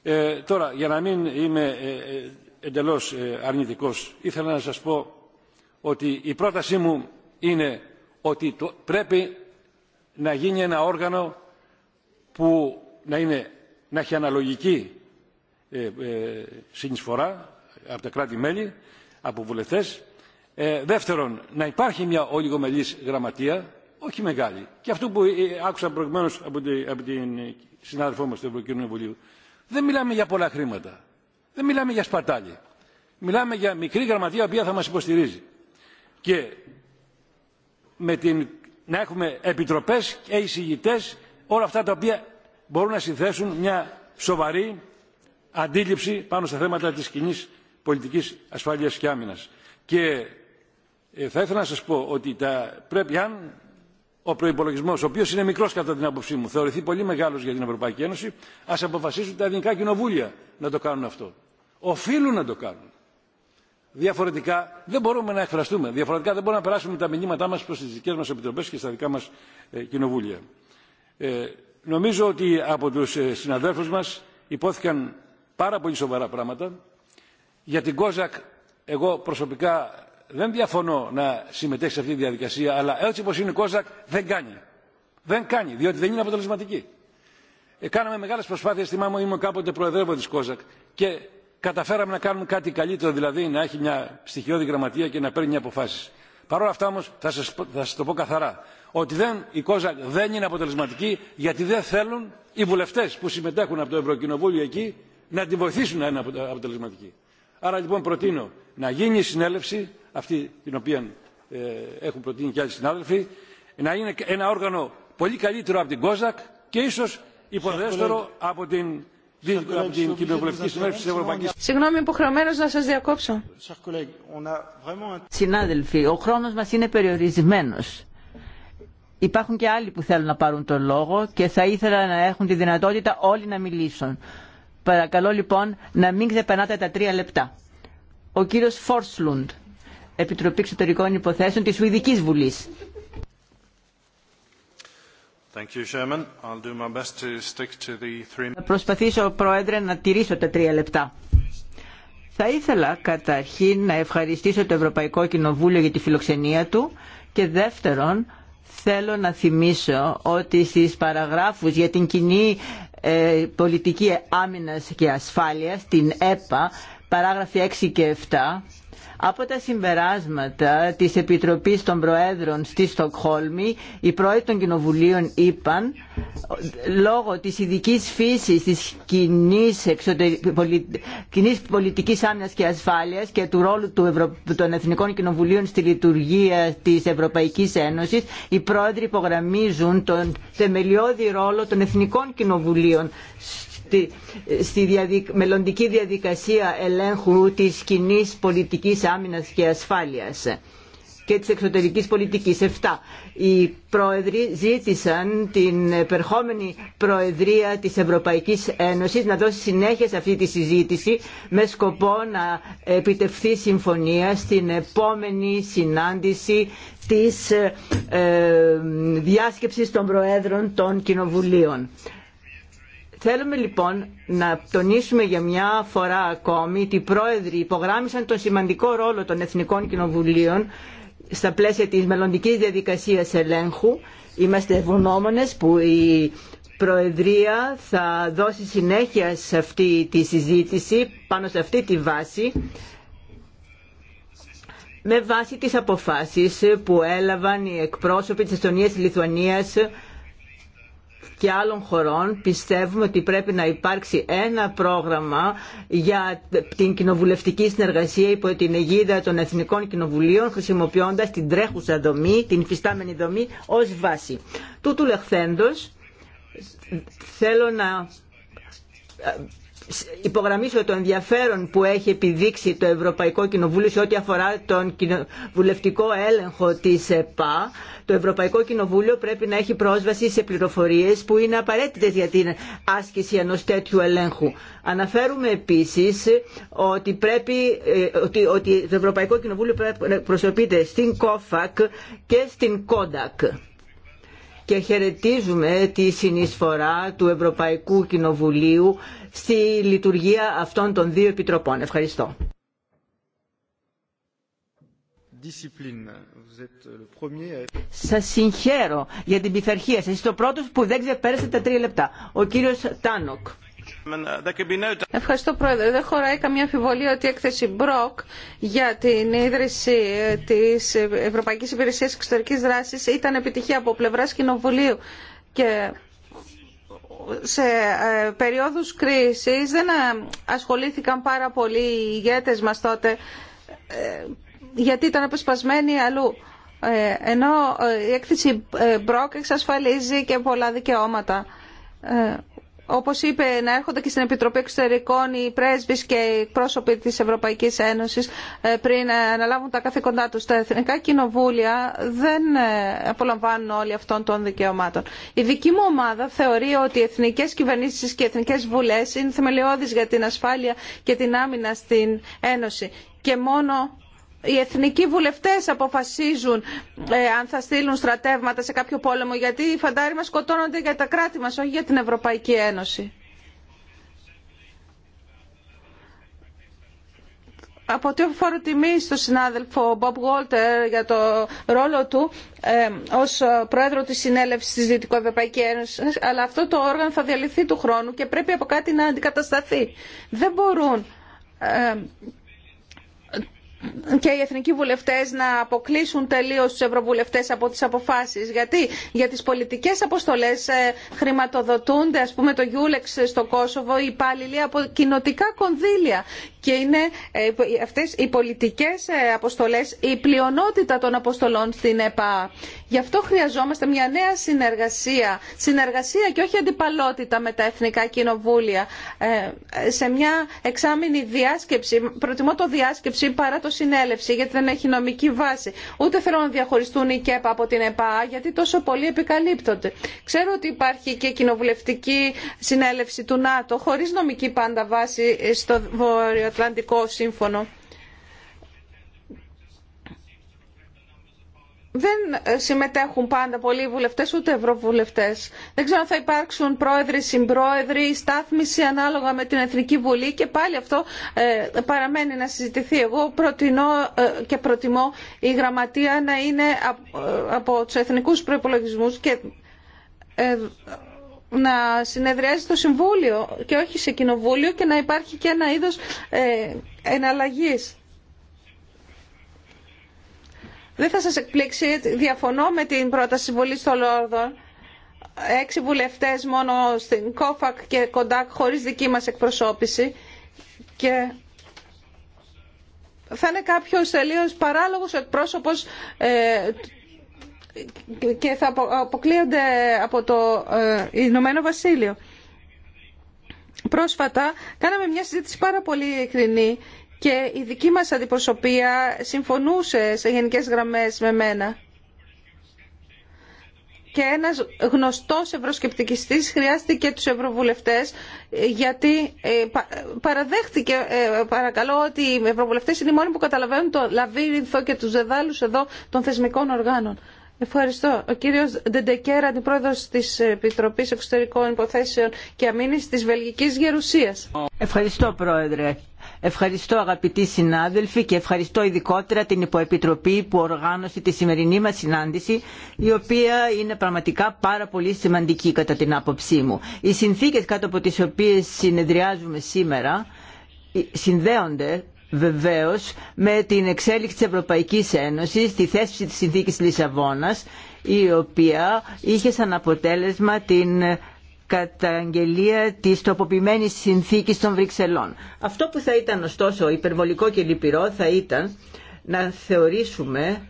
S5: Ε, τώρα, για να μην είμαι ε, ε, εντελώς αρνητικός, ήθελα να σας πω ότι η πρότασή μου είναι ότι πρέπει να γίνει ένα όργανο που να, είναι, να έχει αναλογική ε, συνεισφορά από τα κράτη-μέλη, από βουλευτές. δεύτερον, να υπάρχει μια ολιγομελής γραμματεία, όχι μεγάλη. Και αυτό που ε, άκουσα προηγουμένω από την ε, συνάδελφό μα του Ευρωκοινοβουλίου. Δεν μιλάμε για πολλά χρήματα. Δεν μιλάμε για σπατάλη. Μιλάμε για μικρή γραμματεία η οποία θα μα υποστηρίζει. Και με την, να έχουμε επιτροπέ και εισηγητέ, όλα αυτά τα οποία μπορούν να συνθέσουν μια σοβαρή αντίληψη πάνω στα θέματα τη κοινή πολιτική ασφαλεία και άμυνας. Και ε, θα ήθελα να σα πω ότι τα, πρέπει, αν ο προπολογισμό, ο οποίο είναι μικρό κατά την άποψή μου, θεωρηθεί πολύ μεγάλο για την Ευρωπαϊκή Ένωση, α αποφασίσουν τα ελληνικά κοινοβούλια να το κάνουν αυτό. Οφείλουν να το κάνουν. Διαφορετικά δεν μπορούμε να εκφραστούμε. Διαφορετικά δεν μπορούμε να περάσουμε τα μηνύματά μα προ τι δικέ μα επιτροπέ και στα δικά μα ε, κοινοβούλια. Ε, νομίζω ότι από του ε, συναδέλφου μα υπόθηκαν πάρα πολύ σοβαρά πράγματα. Για την Κόζακ, εγώ προσωπικά δεν διαφωνώ να συμμετέχει σε αυτή τη διαδικασία, αλλά έτσι όπω είναι η Κόζακ δεν κάνει. Δεν κάνει, διότι δεν είναι αποτελεσματική. Ε, κάναμε μεγάλε προσπάθειε, θυμάμαι, ήμουν κάποτε προεδρεύω τη Κόζακ και καταφέραμε να κάνουμε κάτι καλύτερο, δηλαδή να έχει μια στοιχειώδη γραμματεία και να παίρνει μια αποφάσει. Παρ' όλα αυτά όμω θα σα θα σας το πω καθαρά ότι δεν, η Κόζακ δεν είναι αποτελεσματική γιατί δεν θέλουν οι βουλευτέ που συμμετέχουν από το Ευρωκοινοβούλιο εκεί να την βοηθήσουν να είναι αποτελεσματική. Άρα λοιπόν προτείνω να γίνει η συνέλευση, αυτή την οποία ε, έχουν προτείνει και άλλοι συνάδελφοι, να είναι ένα όργανο πολύ καλύτερο από την ΚΟΖΑΚ και ίσως υποδέστερο από την
S1: Συγγνώμη, υποχρεωμένο να σα διακόψω.
S2: Συνάδελφοι, ο χρόνο μα είναι περιορισμένο. Υπάρχουν και άλλοι που θέλουν να πάρουν τον λόγο και θα ήθελα να έχουν τη δυνατότητα όλοι να μιλήσουν. Παρακαλώ λοιπόν να μην ξεπερνάτε τα τρία λεπτά. Ο κύριος Φόρσλουντ, Επιτροπή Εξωτερικών Υποθέσεων της Σουηδικής Βουλής.
S4: Θα προσπαθήσω,
S2: Πρόεδρε, να τηρήσω τα τρία λεπτά. Θα ήθελα καταρχήν να ευχαριστήσω το Ευρωπαϊκό Κοινοβούλιο για τη φιλοξενία του και δεύτερον θέλω να θυμίσω ότι στις παραγράφους για την κοινή ε, πολιτική άμυνας και ασφάλειας, την ΕΠΑ, παράγραφοι 6 και 7 από τα συμπεράσματα της Επιτροπής των Προέδρων στη Στοκχόλμη, οι πρόεδροι των κοινοβουλίων είπαν, λόγω της ειδική φύσης της κοινής πολιτικής άμυνας και ασφάλειας και του ρόλου των Εθνικών Κοινοβουλίων στη λειτουργία της Ευρωπαϊκής Ένωσης, οι πρόεδροι υπογραμμίζουν τον θεμελιώδη ρόλο των Εθνικών Κοινοβουλίων στη μελλοντική διαδικασία ελέγχου της κοινή πολιτικής άμυνας και ασφάλειας και της εξωτερικής πολιτικής. 7. Οι πρόεδροι ζήτησαν την περχόμενη Προεδρία της Ευρωπαϊκής Ένωσης να δώσει συνέχεια σε αυτή τη συζήτηση με σκοπό να επιτευχθεί συμφωνία στην επόμενη συνάντηση της ε, ε διάσκεψης των Προέδρων των Κοινοβουλίων. Θέλουμε λοιπόν να τονίσουμε για μια φορά ακόμη ότι οι πρόεδροι υπογράμμισαν τον σημαντικό ρόλο των Εθνικών Κοινοβουλίων στα πλαίσια της μελλοντική διαδικασίας ελέγχου. Είμαστε ευγνώμονες που η Προεδρία θα δώσει συνέχεια σε αυτή τη συζήτηση, πάνω σε αυτή τη βάση, με βάση τις αποφάσεις που έλαβαν οι εκπρόσωποι της Εστονίας της Λιθουανίας και άλλων χωρών πιστεύουμε ότι πρέπει να υπάρξει ένα πρόγραμμα για την κοινοβουλευτική συνεργασία υπό την αιγίδα των Εθνικών Κοινοβουλίων χρησιμοποιώντας την τρέχουσα δομή, την υφιστάμενη δομή ως βάση. Τούτου λεχθέντος θέλω να υπογραμμίσω το ενδιαφέρον που έχει επιδείξει το Ευρωπαϊκό Κοινοβούλιο σε ό,τι αφορά τον βουλευτικό έλεγχο της ΕΠΑ. Το Ευρωπαϊκό Κοινοβούλιο πρέπει να έχει πρόσβαση σε πληροφορίες που είναι απαραίτητες για την άσκηση ενός τέτοιου ελέγχου. Αναφέρουμε επίσης ότι, πρέπει, ε, ότι, ότι το Ευρωπαϊκό Κοινοβούλιο πρέπει να προσωπείται στην ΚΟΦΑΚ και στην ΚΟΝΤΑΚ και χαιρετίζουμε τη συνεισφορά του Ευρωπαϊκού Κοινοβουλίου στη λειτουργία αυτών των δύο επιτροπών. Ευχαριστώ. Σας συγχαίρω για την πειθαρχία σας. Είστε ο πρώτος που δεν ξεπέρασε τα τρία λεπτά. Ο κύριος Τάνοκ. Ευχαριστώ Πρόεδρε. Δεν
S1: χωράει καμία αμφιβολία ότι η έκθεση Μπροκ για την ίδρυση της Ευρωπαϊκής Υπηρεσίας Εξωτερικής Δράσης ήταν επιτυχία από πλευράς Κοινοβουλίου και σε ε, περίοδους κρίσης δεν ε, ασχολήθηκαν πάρα πολύ οι ηγέτες μας τότε ε, γιατί ήταν αποσπασμένοι αλλού. Ενώ η έκθεση Μπροκ εξασφαλίζει και πολλά δικαιώματα όπως είπε, να έρχονται και στην Επιτροπή Εξωτερικών οι πρέσβει και οι πρόσωποι της Ευρωπαϊκής Ένωσης ε, πριν ε, αναλάβουν τα καθήκοντά του. Τα εθνικά κοινοβούλια δεν ε, απολαμβάνουν όλοι αυτών των δικαιωμάτων. Η δική μου ομάδα θεωρεί ότι οι εθνικές κυβερνήσει και οι εθνικές βουλές είναι θεμελιώδεις για την ασφάλεια και την άμυνα στην Ένωση. Και μόνο οι εθνικοί βουλευτές αποφασίζουν ε, αν θα στείλουν στρατεύματα σε κάποιο πόλεμο γιατί οι φαντάροι μας σκοτώνονται για τα κράτη μας, όχι για την Ευρωπαϊκή Ένωση. Από ό,τι αφορά τιμή στο συνάδελφο Μπομπ Γόλτερ για το ρόλο του ε, ως πρόεδρο της συνέλευσης της Δυτικοευρωπαϊκής Ένωσης, αλλά αυτό το όργανο θα διαλυθεί του χρόνου και πρέπει από κάτι να αντικατασταθεί. Δεν μπορούν ε, και οι εθνικοί βουλευτέ να αποκλείσουν τελείω του ευρωβουλευτέ από τι αποφάσει Γιατί για τις πολιτικές αποστολές ε, χρηματοδοτούνται, α πούμε το Γιούλεξ στο Κόσοβο, οι υπάλληλοι από κοινοτικά κονδύλια και είναι ε, ε, αυτές οι πολιτικές ε, αποστολές η πλειονότητα των αποστολών στην ΕΠΑ. Γι' αυτό χρειαζόμαστε μια νέα συνεργασία, συνεργασία και όχι αντιπαλότητα με τα εθνικά κοινοβούλια. σε μια εξάμεινη διάσκεψη, προτιμώ το διάσκεψη παρά το συνέλευση γιατί δεν έχει νομική βάση. Ούτε θέλω να διαχωριστούν οι ΚΕΠΑ από την ΕΠΑ γιατί τόσο πολύ επικαλύπτονται. Ξέρω ότι υπάρχει και κοινοβουλευτική συνέλευση του ΝΑΤΟ χωρίς νομική πάντα βάση στο Βόρειο Ατλαντικό Σύμφωνο. δεν συμμετέχουν πάντα πολλοί βουλευτέ ούτε ευρωβουλευτέ. Δεν ξέρω αν θα υπάρξουν πρόεδροι, συμπρόεδροι, στάθμιση ανάλογα με την Εθνική Βουλή και πάλι αυτό ε, παραμένει να συζητηθεί. Εγώ προτείνω ε, και προτιμώ η γραμματεία να είναι ε, από του εθνικού προπολογισμού και να συνεδριάζει το Συμβούλιο και όχι σε Κοινοβούλιο και να υπάρχει και ένα είδος ε, εναλλαγής. Δεν θα σας εκπλήξει, διαφωνώ με την πρόταση συμβολή στο Λόρδο, Έξι βουλευτές μόνο στην ΚΟΦΑΚ και ΚΟΝΤΑΚ χωρίς δική μας εκπροσώπηση. Και θα είναι κάποιος τελείως παράλογος εκπρόσωπος ε, και θα αποκλείονται από το ε, Ηνωμένο Βασίλειο. Πρόσφατα κάναμε μια συζήτηση πάρα πολύ εκρινή και η δική μας αντιπροσωπεία συμφωνούσε σε γενικές γραμμές με μένα. Και ένας γνωστός ευρωσκεπτικιστής χρειάστηκε τους ευρωβουλευτές γιατί ε, παραδέχτηκε, ε, παρακαλώ, ότι οι ευρωβουλευτές είναι οι μόνοι που καταλαβαίνουν το λαβύρινθο και τους δεδάλους εδώ των θεσμικών οργάνων. Ευχαριστώ. Ο κύριο Ντεντεκέρα, αντιπρόεδρος της Επιτροπής Εξωτερικών Υποθέσεων και αμήνη της Βελγικής
S2: Γερουσίας. Ευχαριστώ, Πρόεδρε. Ευχαριστώ αγαπητοί συνάδελφοι και ευχαριστώ ειδικότερα την Υποεπιτροπή που οργάνωσε τη σημερινή μας συνάντηση η οποία είναι πραγματικά πάρα πολύ σημαντική κατά την άποψή μου. Οι συνθήκες κάτω από τις οποίες συνεδριάζουμε σήμερα ε, συνδέονται Βεβαίω με την εξέλιξη τη Ευρωπαϊκή Ένωση, τη θέση της συνθήκη Λισαβόνα, η οποία είχε σαν αποτέλεσμα την καταγγελία της τοποποιημένης συνθήκης των Βρυξελών. Αυτό που θα ήταν ωστόσο υπερβολικό και λυπηρό θα ήταν να θεωρήσουμε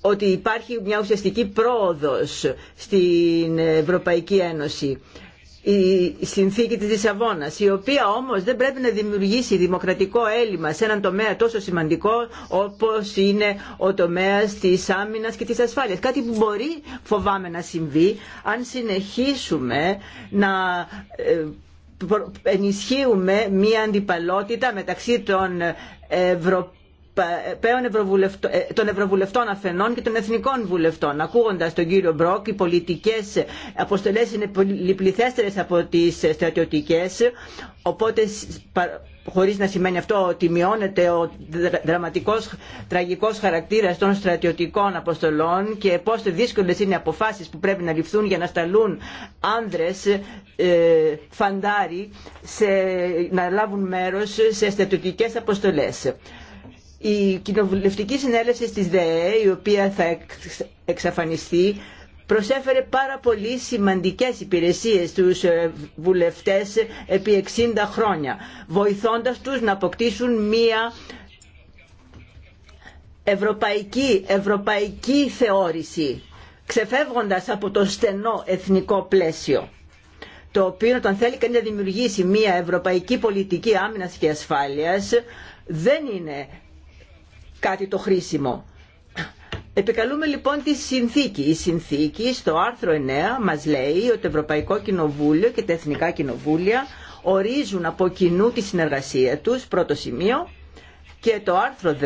S2: ότι υπάρχει μια ουσιαστική πρόοδος στην Ευρωπαϊκή Ένωση η συνθήκη της Λισαβόνα, η οποία όμως δεν πρέπει να δημιουργήσει δημοκρατικό έλλειμμα σε έναν τομέα τόσο σημαντικό όπως είναι ο τομέας της άμυνας και της ασφάλειας. Κάτι που μπορεί φοβάμαι να συμβεί αν συνεχίσουμε να ε, ενισχύουμε μία αντιπαλότητα μεταξύ των Ευρωπαίων Ευρωβουλευτών, ε, των Ευρωβουλευτών αφενών και των Εθνικών Βουλευτών. Ακούγοντα τον κύριο Μπρόκ, οι πολιτικέ αποστολέ είναι πολυπληθέστερε από τι στρατιωτικέ. Οπότε, χωρί να σημαίνει αυτό ότι μειώνεται ο δραματικό, τραγικό χαρακτήρα των στρατιωτικών αποστολών και πόσο δύσκολε είναι οι αποφάσει που πρέπει να ληφθούν για να σταλούν άνδρε ε, φαντάρι σε, να λάβουν μέρο σε στρατιωτικέ αποστολέ η κοινοβουλευτική συνέλευση της ΔΕΕ, η οποία θα εξαφανιστεί, προσέφερε πάρα πολύ σημαντικές υπηρεσίες στους ε, βουλευτές επί 60 χρόνια, βοηθώντας τους να αποκτήσουν μία ευρωπαϊκή, ευρωπαϊκή θεώρηση, ξεφεύγοντας από το στενό εθνικό πλαίσιο το οποίο όταν θέλει κανείς να δημιουργήσει μια ευρωπαϊκή πολιτική άμυνας και ασφάλειας δεν είναι κάτι το χρήσιμο. Επικαλούμε λοιπόν τη συνθήκη. Η συνθήκη στο άρθρο 9 μας λέει ότι το Ευρωπαϊκό Κοινοβούλιο και τα Εθνικά Κοινοβούλια ορίζουν από κοινού τη συνεργασία τους, πρώτο σημείο, και το άρθρο 10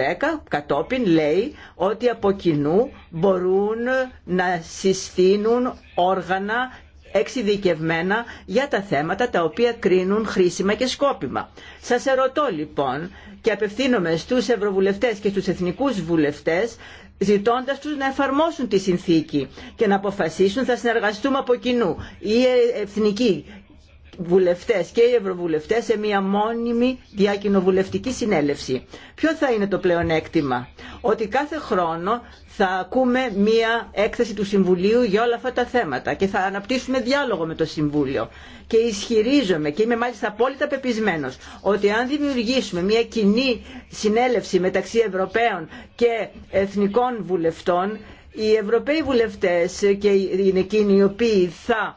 S2: κατόπιν λέει ότι από κοινού μπορούν να συστήνουν όργανα εξειδικευμένα για τα θέματα τα οποία κρίνουν χρήσιμα και σκόπιμα. Σας ερωτώ λοιπόν και απευθύνομαι στους ευρωβουλευτές και στους εθνικούς βουλευτές ζητώντας τους να εφαρμόσουν τη συνθήκη και να αποφασίσουν θα συνεργαστούμε από κοινού οι εθνικοί βουλευτές και οι ευρωβουλευτές σε μια μόνιμη διακοινοβουλευτική συνέλευση. Ποιο θα είναι το πλεονέκτημα? Ότι κάθε χρόνο θα ακούμε μια έκθεση του Συμβουλίου για όλα αυτά τα θέματα και θα αναπτύσσουμε διάλογο με το Συμβούλιο. Και ισχυρίζομαι και είμαι μάλιστα απόλυτα πεπισμένος ότι αν δημιουργήσουμε μια κοινή συνέλευση μεταξύ Ευρωπαίων και Εθνικών Βουλευτών, οι Ευρωπαίοι Βουλευτές και είναι εκείνοι οι οποίοι θα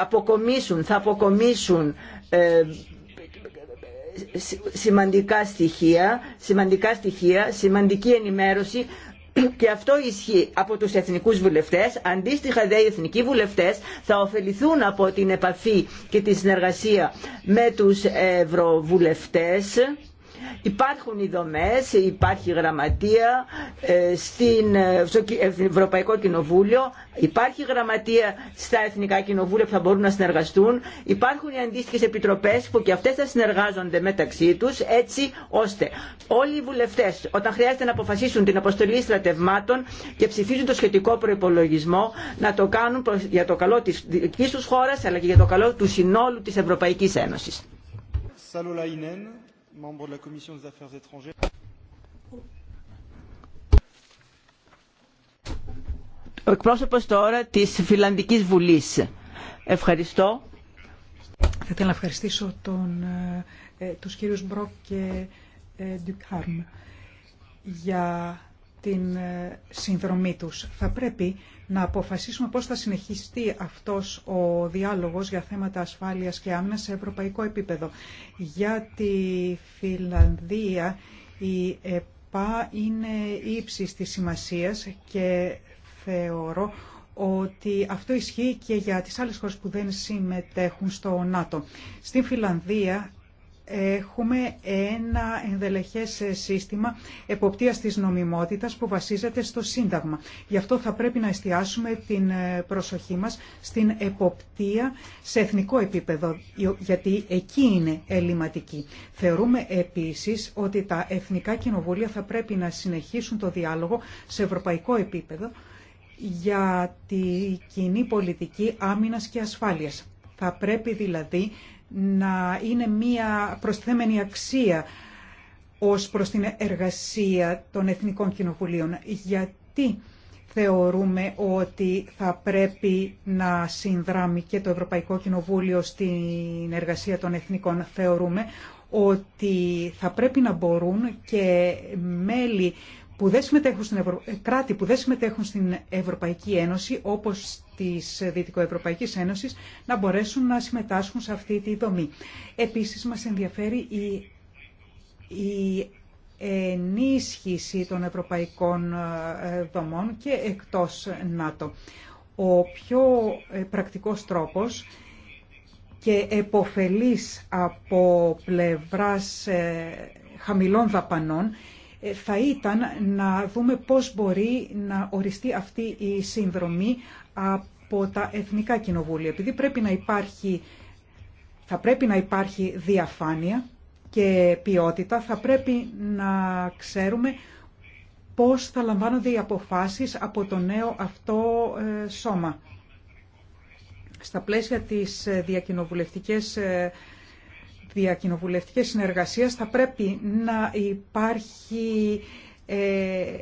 S2: αποκομίσουν, θα αποκομίσουν ε, σημαντικά στοιχεία, σημαντικά στοιχεία, σημαντική ενημέρωση και αυτό ισχύει από τους εθνικούς βουλευτές. Αντίστοιχα δε οι εθνικοί βουλευτές θα ωφεληθούν από την επαφή και τη συνεργασία με τους ευρωβουλευτές Υπάρχουν οι δομές, υπάρχει γραμματεία, ε, στην, ε, στο ε, Ευρωπαϊκό Κοινοβούλιο, υπάρχει γραμματεία στα Εθνικά Κοινοβούλια που θα μπορούν να συνεργαστούν, υπάρχουν οι αντίστοιχε επιτροπές που και αυτές θα συνεργάζονται μεταξύ τους, έτσι ώστε όλοι οι βουλευτές όταν χρειάζεται να αποφασίσουν την αποστολή στρατευμάτων και ψηφίζουν το σχετικό προπολογισμό να το κάνουν για το καλό της δικής τους χώρας αλλά και για το καλό του συνόλου της Ευρωπαϊκής Ένωσης
S4: membre de la Commission des Affaires étrangères.
S2: Ο εκπρόσωπος τώρα της Φιλανδικής Βουλής. Ευχαριστώ.
S3: Θα ήθελα να ευχαριστήσω τον, ε, ε τους κύριους Μπροκ και ε, Ντουκάρμ για την ε, συνδρομή τους. Θα πρέπει να αποφασίσουμε πώς θα συνεχιστεί αυτός ο διάλογος για θέματα ασφάλειας και άμυνας σε ευρωπαϊκό επίπεδο. Για τη Φιλανδία η ΕΠΑ είναι ύψη της σημασίας και θεωρώ ότι αυτό ισχύει και για τις άλλες χώρες που δεν συμμετέχουν στο ΝΑΤΟ. Στην Φιλανδία έχουμε ένα ενδελεχές σύστημα εποπτείας της νομιμότητας που βασίζεται στο Σύνταγμα. Γι' αυτό θα πρέπει να εστιάσουμε την ε, προσοχή μας στην εποπτεία σε εθνικό επίπεδο, γιατί εκεί είναι ελληματική. Θεωρούμε επίσης ότι τα εθνικά κοινοβούλια θα πρέπει να συνεχίσουν το διάλογο σε ευρωπαϊκό επίπεδο για τη κοινή πολιτική άμυνας και ασφάλειας. Θα πρέπει δηλαδή να είναι μία προσθέμενη αξία ως προς την εργασία των Εθνικών Κοινοβουλίων. Γιατί θεωρούμε ότι θα πρέπει να συνδράμει και το Ευρωπαϊκό Κοινοβούλιο στην εργασία των Εθνικών. Θεωρούμε ότι θα πρέπει να μπορούν και μέλη που δεν συμμετέχουν στην Ευρω... Ε, κράτη που δεν συμμετέχουν στην Ευρωπαϊκή Ένωση, όπως της Δυτικοευρωπαϊκής Ένωσης, να μπορέσουν να συμμετάσχουν σε αυτή τη δομή. Επίσης, μας ενδιαφέρει η, η ενίσχυση των ευρωπαϊκών ε, δομών και εκτός ΝΑΤΟ. Ο πιο ε, πρακτικός τρόπος και εποφελής από πλευράς χαμηλών δαπανών ε, θα ήταν να δούμε πώς μπορεί να οριστεί αυτή η συνδρομή από τα Εθνικά Κοινοβούλια. Επειδή πρέπει να υπάρχει, θα πρέπει να υπάρχει διαφάνεια και ποιότητα, θα πρέπει να ξέρουμε πώς θα λαμβάνονται οι αποφάσεις από το νέο αυτό ε, σώμα. Στα πλαίσια της ε, διακοινοβουλευτικής διακοινοβουλευτικές συνεργασίας θα πρέπει να υπάρχει ε, ε,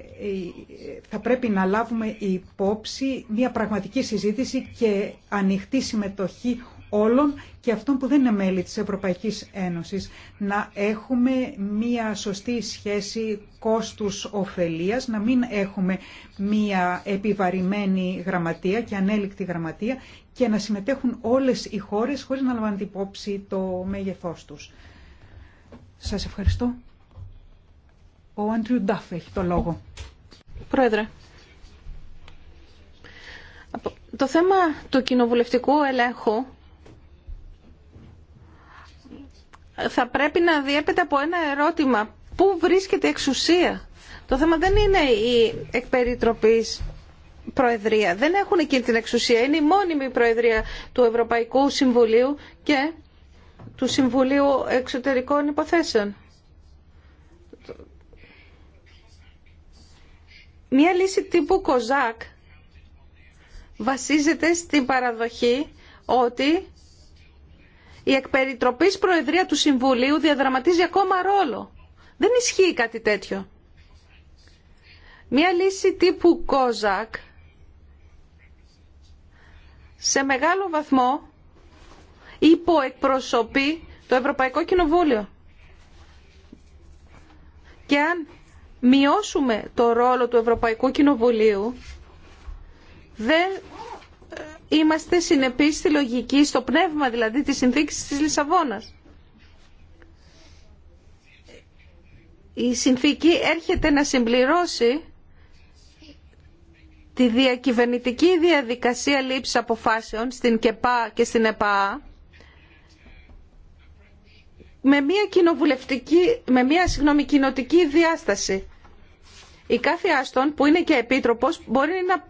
S3: θα πρέπει να λάβουμε υπόψη μια πραγματική συζήτηση και ανοιχτή συμμετοχή όλων και αυτών που δεν είναι μέλη της Ευρωπαϊκής Ένωσης. Να έχουμε μία σωστή σχέση κόστους-οφελίας, να μην έχουμε μία επιβαρημένη γραμματεία και ανέλικτη γραμματεία και να συμμετέχουν όλες οι χώρες χωρίς να λαμβάνουν υπόψη το μέγεθός τους. Σας ευχαριστώ. Ο Άντριου Ντάφ έχει το λόγο. Πρόεδρε.
S1: Το θέμα του κοινοβουλευτικού ελέγχου θα πρέπει να διέπεται από ένα ερώτημα. Πού βρίσκεται η εξουσία. Το θέμα δεν είναι η εκπεριτροπής προεδρία. Δεν έχουν εκείνη την εξουσία. Είναι η μόνιμη προεδρία του Ευρωπαϊκού Συμβουλίου και του Συμβουλίου Εξωτερικών Υποθέσεων. Μία λύση τύπου Κοζάκ βασίζεται στην παραδοχή ότι η εκπεριτροπής Προεδρία του Συμβουλίου διαδραματίζει ακόμα ρόλο. Δεν ισχύει κάτι τέτοιο. Μία λύση τύπου Κόζακ σε μεγάλο βαθμό υποεκπροσωπεί το Ευρωπαϊκό Κοινοβούλιο. Και αν μειώσουμε το ρόλο του Ευρωπαϊκού Κοινοβουλίου, δεν είμαστε συνεπείς στη λογική, στο πνεύμα δηλαδή της συνθήκης της Λισαβόνας. Η συνθήκη έρχεται να συμπληρώσει τη διακυβερνητική διαδικασία λήψης αποφάσεων στην ΚΕΠΑ και στην ΕΠΑ με μια, κοινοβουλευτική, με μια συγγνώμη, κοινοτική διάσταση. Η κάθε άστον που είναι και επίτροπος μπορεί να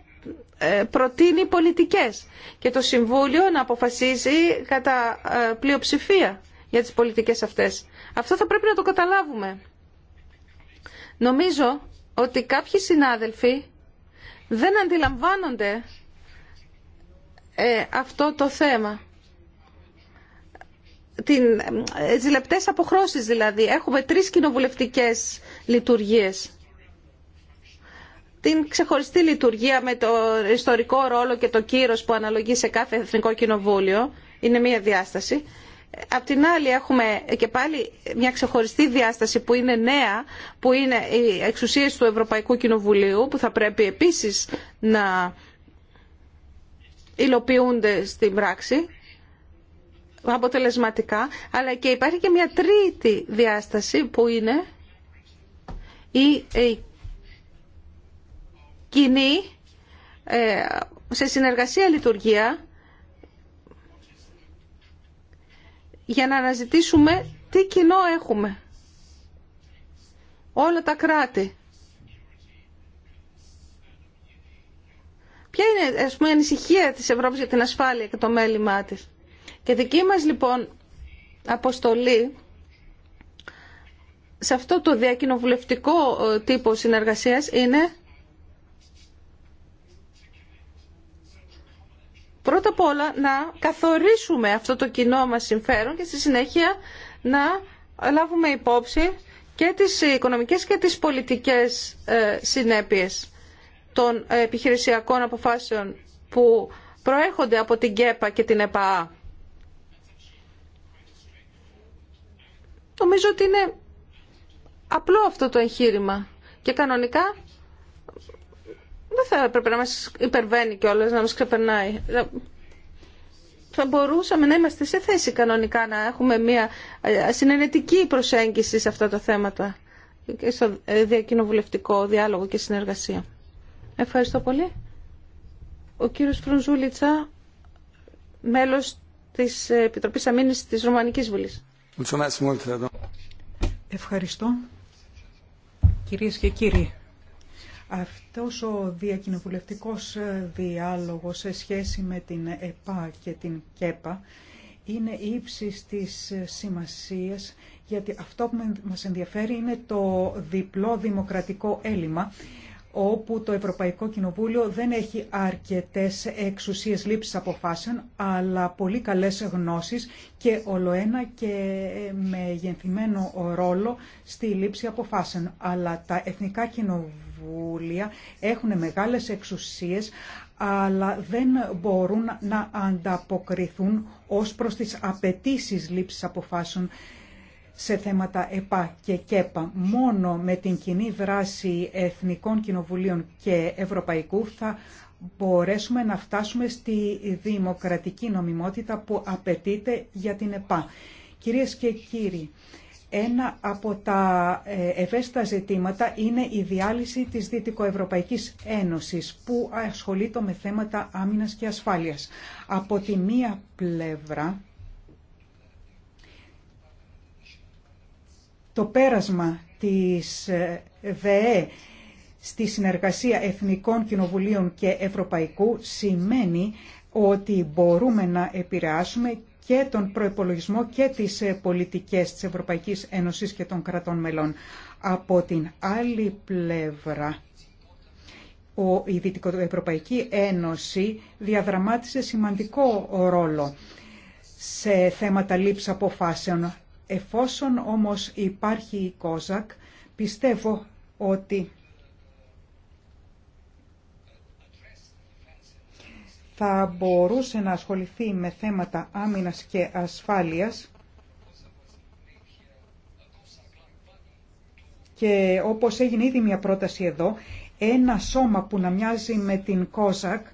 S1: ε, προτείνει πολιτικές και το Συμβούλιο να αποφασίζει κατά ε, πλειοψηφία για τις πολιτικές αυτές. Αυτό θα πρέπει να το καταλάβουμε. Νομίζω ότι κάποιοι συνάδελφοι δεν αντιλαμβάνονται ε, αυτό το θέμα. Τις λεπτές αποχρώσεις δηλαδή. Έχουμε τρεις κοινοβουλευτικές λειτουργίες την ξεχωριστή λειτουργία με το ιστορικό ρόλο και το κύρος που αναλογεί σε κάθε Εθνικό Κοινοβούλιο. Είναι μία διάσταση. Απ' την άλλη έχουμε και πάλι μια ξεχωριστή διάσταση που είναι νέα, που είναι οι εξουσίες του Ευρωπαϊκού Κοινοβουλίου, που θα πρέπει επίσης να υλοποιούνται στην πράξη αποτελεσματικά, αλλά και υπάρχει και μια τρίτη διάσταση που είναι η κοινή ε, σε συνεργασία λειτουργία για να αναζητήσουμε τι κοινό έχουμε. Όλα τα κράτη. Ποια είναι ας πούμε, η ανησυχία της Ευρώπης για την ασφάλεια και το μέλημά της. Και δική μας λοιπόν αποστολή σε αυτό το διακοινοβουλευτικό ε, τύπο συνεργασίας είναι πρώτα απ' όλα να καθορίσουμε αυτό το κοινό μας συμφέρον και στη συνέχεια να λάβουμε υπόψη και τις οικονομικές και τις πολιτικές ε, συνέπειες των ε, επιχειρησιακών αποφάσεων που προέρχονται από την ΚΕΠΑ και την ΕΠΑΑ. Νομίζω ότι είναι απλό αυτό το εγχείρημα και κανονικά δεν θα έπρεπε να μας υπερβαίνει κιόλα να μας ξεπερνάει. Θα μπορούσαμε να είμαστε σε θέση κανονικά να έχουμε μια ε, συνενετική προσέγγιση σε αυτά τα θέματα και στο ε, διακοινοβουλευτικό διάλογο και συνεργασία. Ευχαριστώ πολύ. Ο κύριος Φρουνζούλητσα, μέλος της Επιτροπής Αμήνης της Ρουμανικής Βουλής.
S3: Ευχαριστώ. Κυρίες και κύριοι, αυτός ο διακοινοβουλευτικός ε, διάλογος σε σχέση με την ΕΠΑ και την ΚΕΠΑ είναι ύψης της ε, σημασίας γιατί αυτό που μας ενδιαφέρει είναι το διπλό δημοκρατικό έλλειμμα όπου το Ευρωπαϊκό Κοινοβούλιο δεν έχει αρκετές εξουσίες λήψης αποφάσεων, αλλά πολύ καλές γνώσεις και ολοένα και ε, με γενθυμένο ρόλο στη λήψη αποφάσεων. Αλλά τα Εθνικά Κοινοβούλια έχουν μεγάλες εξουσίες, αλλά δεν μπορούν να ανταποκριθούν ως προς τις απαιτήσεις λήψης αποφάσεων σε θέματα ΕΠΑ και ΚΕΠΑ. Μόνο με την κοινή δράση Εθνικών Κοινοβουλίων και Ευρωπαϊκού θα μπορέσουμε να φτάσουμε στη δημοκρατική νομιμότητα που απαιτείται για την ΕΠΑ. Κυρίες και κύριοι, ένα από τα ε, ευαίσθητα ζητήματα είναι η διάλυση της Δυτικοευρωπαϊκής Ένωσης που ασχολείται με θέματα άμυνας και ασφάλειας. Από τη μία πλευρά το πέρασμα της ε, ΔΕΕ στη συνεργασία Εθνικών Κοινοβουλίων και Ευρωπαϊκού σημαίνει ότι μπορούμε να επηρεάσουμε και τον προϋπολογισμό και τις ε, πολιτικές της Ευρωπαϊκής Ένωσης και των κρατών μελών. Από την άλλη πλευρά, η Δυτικοευρωπαϊκή Ένωση διαδραμάτισε σημαντικό ρόλο σε θέματα λήψη αποφάσεων. Εφόσον όμως υπάρχει η ΚΟΖΑΚ, πιστεύω ότι θα μπορούσε να ασχοληθεί με θέματα άμυνας και ασφάλειας και όπως έγινε ήδη μια πρόταση εδώ, ένα σώμα που να μοιάζει με την ΚΟΖΑΚ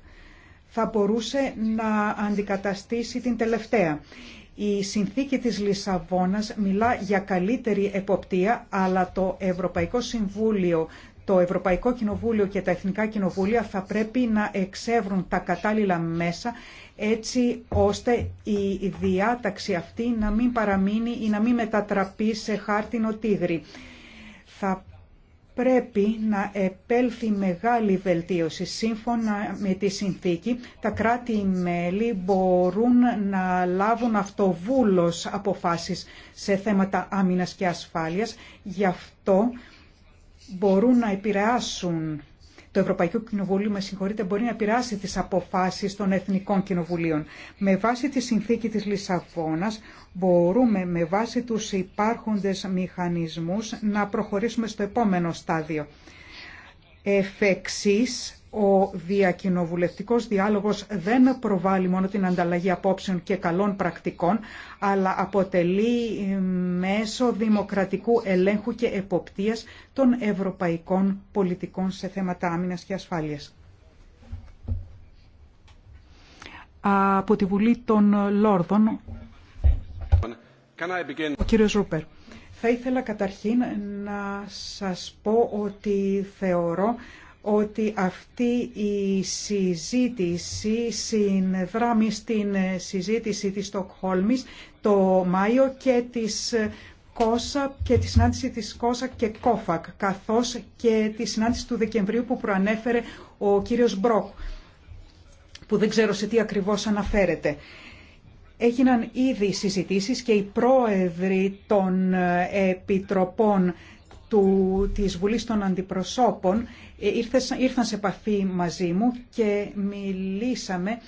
S3: θα μπορούσε να αντικαταστήσει την τελευταία. Η συνθήκη της Λισαβόνας μιλά για καλύτερη εποπτεία, αλλά το Ευρωπαϊκό Συμβούλιο το Ευρωπαϊκό Κοινοβούλιο και τα Εθνικά Κοινοβούλια θα πρέπει να εξεύρουν τα κατάλληλα μέσα έτσι ώστε η διάταξη αυτή να μην παραμείνει ή να μην μετατραπεί σε χάρτινο τίγρη. Θα πρέπει να επέλθει μεγάλη βελτίωση. Σύμφωνα με τη συνθήκη, τα κράτη-μέλη μπορούν να λάβουν αυτοβούλως αποφάσεις σε θέματα άμυνας και ασφάλειας. Γι' αυτό μπορούν να επηρεάσουν το Ευρωπαϊκό Κοινοβούλιο, με συγχωρείτε, μπορεί να επηρεάσει τις αποφάσεις των Εθνικών Κοινοβουλίων. Με βάση τη συνθήκη της Λισαβόνας μπορούμε με βάση τους υπάρχοντες μηχανισμούς να προχωρήσουμε στο επόμενο στάδιο. Εφ' Ο διακοινοβουλευτικό διάλογος δεν προβάλλει μόνο την ανταλλαγή απόψεων και καλών πρακτικών, αλλά αποτελεί μέσο δημοκρατικού ελέγχου και εποπτείας των ευρωπαϊκών πολιτικών σε θέματα άμυνας και ασφάλειας. Από τη Βουλή των Λόρδων,
S7: ο κύριος Ρούπερ.
S3: Θα ήθελα καταρχήν να σας πω ότι θεωρώ ότι αυτή η συζήτηση συνδράμει στην συζήτηση της Στοκχόλμης το Μάιο και της Κόσα και τη συνάντηση της Κόσα και Κόφακ, καθώς και τη συνάντηση του Δεκεμβρίου που προανέφερε ο κύριος Μπρόχ που δεν ξέρω σε τι ακριβώς αναφέρεται. Έγιναν ήδη συζητήσεις και οι πρόεδροι των επιτροπών του, της Βουλής των Αντιπροσώπων ε, ήρθαν σε επαφή μαζί μου και μιλήσαμε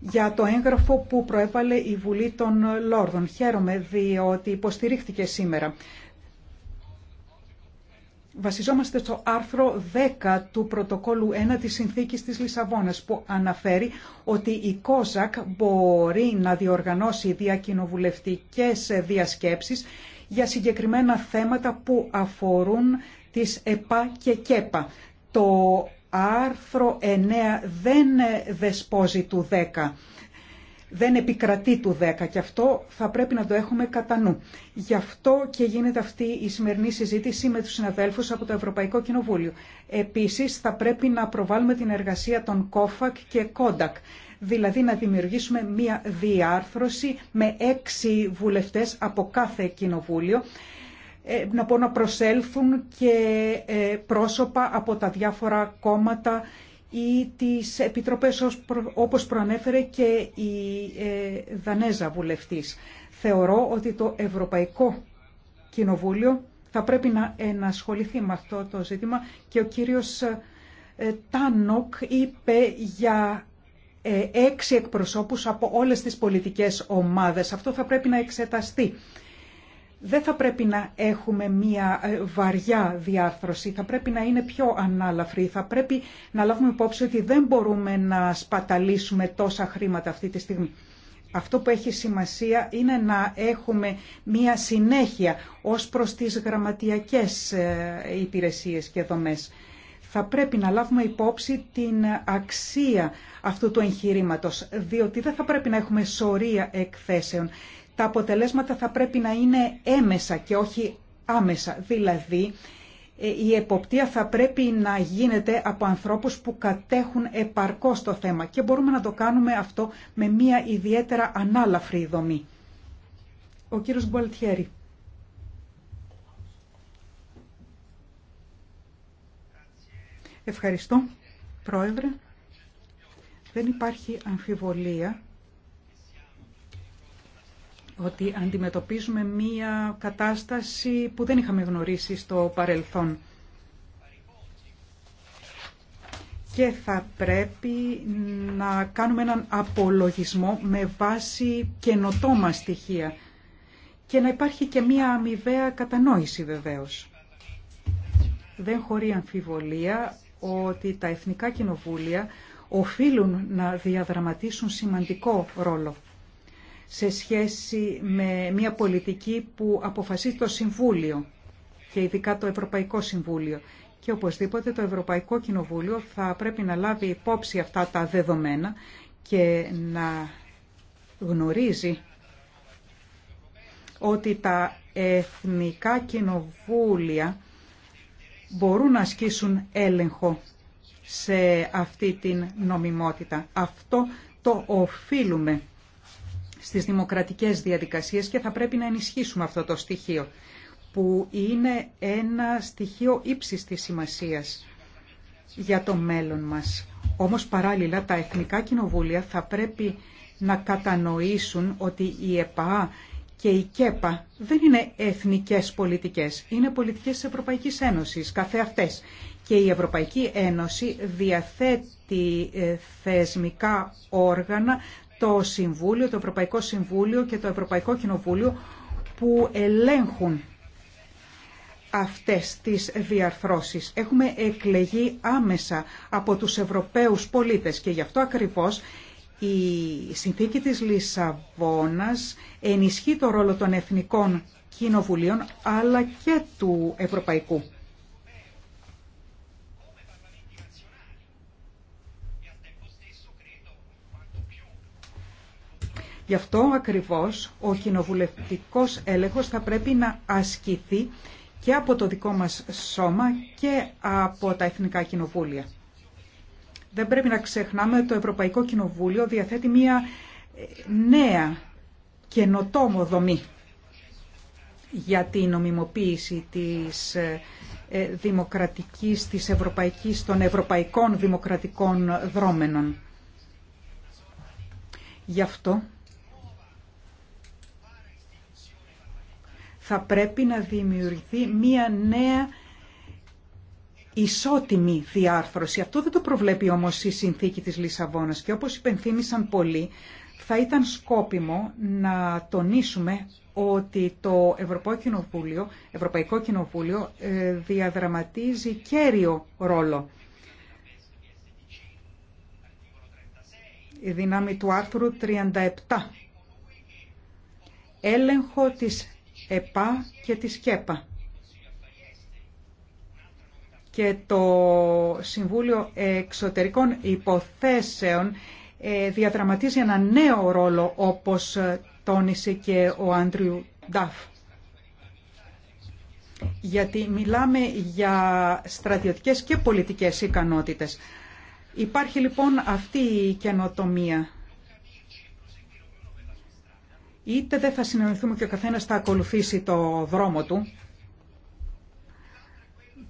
S3: για το έγγραφο που προέβαλε η Βουλή των Λόρδων. Χαίρομαι διότι υποστηρίχθηκε σήμερα. Βασιζόμαστε στο άρθρο 10 του πρωτοκόλου 1 της Συνθήκης της Λισαβόνας που αναφέρει ότι η ΚΟΖΑΚ μπορεί να διοργανώσει διακοινοβουλευτικές διασκέψεις για συγκεκριμένα θέματα που αφορούν τις ΕΠΑ και ΚΕΠΑ. Το άρθρο 9 δεν δεσπόζει του 10 δεν επικρατεί του 10 και αυτό θα πρέπει να το έχουμε κατά νου. Γι' αυτό και γίνεται αυτή η σημερινή συζήτηση με τους συναδέλφους από το Ευρωπαϊκό Κοινοβούλιο. Επίσης θα πρέπει να προβάλλουμε την εργασία των ΚΟΦΑΚ και ΚΟΝΤΑΚ δηλαδή να δημιουργήσουμε μία διάρθρωση με έξι βουλευτές από κάθε κοινοβούλιο, ε, να πω να προσέλθουν και ε, πρόσωπα από τα διάφορα κόμματα ή τις επιτροπές όπως προανέφερε και η ε, Δανέζα βουλευτής. Θεωρώ ότι το Ευρωπαϊκό Κοινοβούλιο θα πρέπει να ενασχοληθεί με αυτό το ζήτημα και ο κύριος Τάνοκ είπε για ε, έξι εκπροσώπους από όλες τις πολιτικές ομάδες. Αυτό θα πρέπει να εξεταστεί. Δεν θα πρέπει να έχουμε μία ε, βαριά διάρθρωση, θα πρέπει να είναι πιο ανάλαφρη, θα πρέπει να λάβουμε υπόψη ότι δεν μπορούμε να σπαταλήσουμε τόσα χρήματα αυτή τη στιγμή. Αυτό που έχει σημασία είναι να έχουμε μία συνέχεια ως προς τις γραμματιακές ε, υπηρεσίες και δομές θα πρέπει να λάβουμε υπόψη την αξία αυτού του εγχειρήματος, διότι δεν θα πρέπει να έχουμε σωρία εκθέσεων. Τα αποτελέσματα θα πρέπει να είναι έμεσα και όχι άμεσα, δηλαδή ε, η εποπτεία θα πρέπει να γίνεται από ανθρώπους που κατέχουν επαρκώς το θέμα και μπορούμε να το κάνουμε αυτό με μια ιδιαίτερα ανάλαφρη δομή. Ο κύριος Μπολτιέρη. Ευχαριστώ, Πρόεδρε. Δεν υπάρχει αμφιβολία ότι αντιμετωπίζουμε μία κατάσταση που δεν είχαμε γνωρίσει στο παρελθόν. Και θα πρέπει να κάνουμε έναν απολογισμό με βάση καινοτόμα στοιχεία και να υπάρχει και μία αμοιβαία κατανόηση βεβαίως. Δεν χωρεί αμφιβολία ότι τα εθνικά κοινοβούλια οφείλουν να διαδραματίσουν σημαντικό ρόλο σε σχέση με μια πολιτική που αποφασίζει το Συμβούλιο και ειδικά το Ευρωπαϊκό Συμβούλιο. Και οπωσδήποτε το Ευρωπαϊκό Κοινοβούλιο θα πρέπει να λάβει υπόψη αυτά τα δεδομένα και να γνωρίζει ότι τα εθνικά κοινοβούλια μπορούν να ασκήσουν έλεγχο σε αυτή την νομιμότητα. Αυτό το οφείλουμε στις δημοκρατικές διαδικασίες και θα πρέπει να ενισχύσουμε αυτό το στοιχείο, που είναι ένα στοιχείο ύψης της σημασίας για το μέλλον μας. Όμως παράλληλα τα εθνικά κοινοβούλια θα πρέπει να κατανοήσουν ότι η ΕΠΑ και η ΚΕΠΑ δεν είναι εθνικές πολιτικές, είναι πολιτικές της Ευρωπαϊκής Ένωσης, αυτές. Και η Ευρωπαϊκή Ένωση διαθέτει ε, θεσμικά όργανα, το Συμβούλιο, το Ευρωπαϊκό Συμβούλιο και το Ευρωπαϊκό Κοινοβούλιο που ελέγχουν αυτές τις διαρθρώσεις. Έχουμε εκλεγεί άμεσα από τους Ευρωπαίους πολίτες και γι' αυτό ακριβώς η συνθήκη της Λισαβόνας ενισχύει το ρόλο των εθνικών κοινοβουλίων αλλά και του Ευρωπαϊκού. Γι' αυτό ακριβώς ο κοινοβουλευτικός έλεγχος θα πρέπει να ασκηθεί και από το δικό μας σώμα και από τα εθνικά κοινοβούλια. Δεν πρέπει να ξεχνάμε ότι το Ευρωπαϊκό Κοινοβούλιο διαθέτει μια ε, νέα καινοτόμο δομή για την νομιμοποίηση της ε, ε, δημοκρατικής, της ευρωπαϊκής, των ευρωπαϊκών δημοκρατικών δρόμενων. Γι' αυτό θα πρέπει να δημιουργηθεί μία νέα ισότιμη διάρθρωση. Αυτό δεν το προβλέπει όμως η συνθήκη της Λισαβόνας και όπως υπενθύμησαν πολλοί, θα ήταν σκόπιμο να τονίσουμε ότι το Ευρωπαϊκό Κοινοβούλιο, Ευρωπαϊκό ε, διαδραματίζει κέριο ρόλο. Η δυνάμη του άρθρου 37. Έλεγχο της ΕΠΑ και της ΚΕΠΑ και το Συμβούλιο Εξωτερικών Υποθέσεων ε, διαδραματίζει ένα νέο ρόλο όπως ε, τόνισε και ο Άντριου Νταφ. Γιατί μιλάμε για στρατιωτικές και πολιτικές ικανότητες. Υπάρχει λοιπόν αυτή η καινοτομία. Είτε δεν θα συνεννοηθούμε και ο καθένας θα ακολουθήσει το δρόμο του,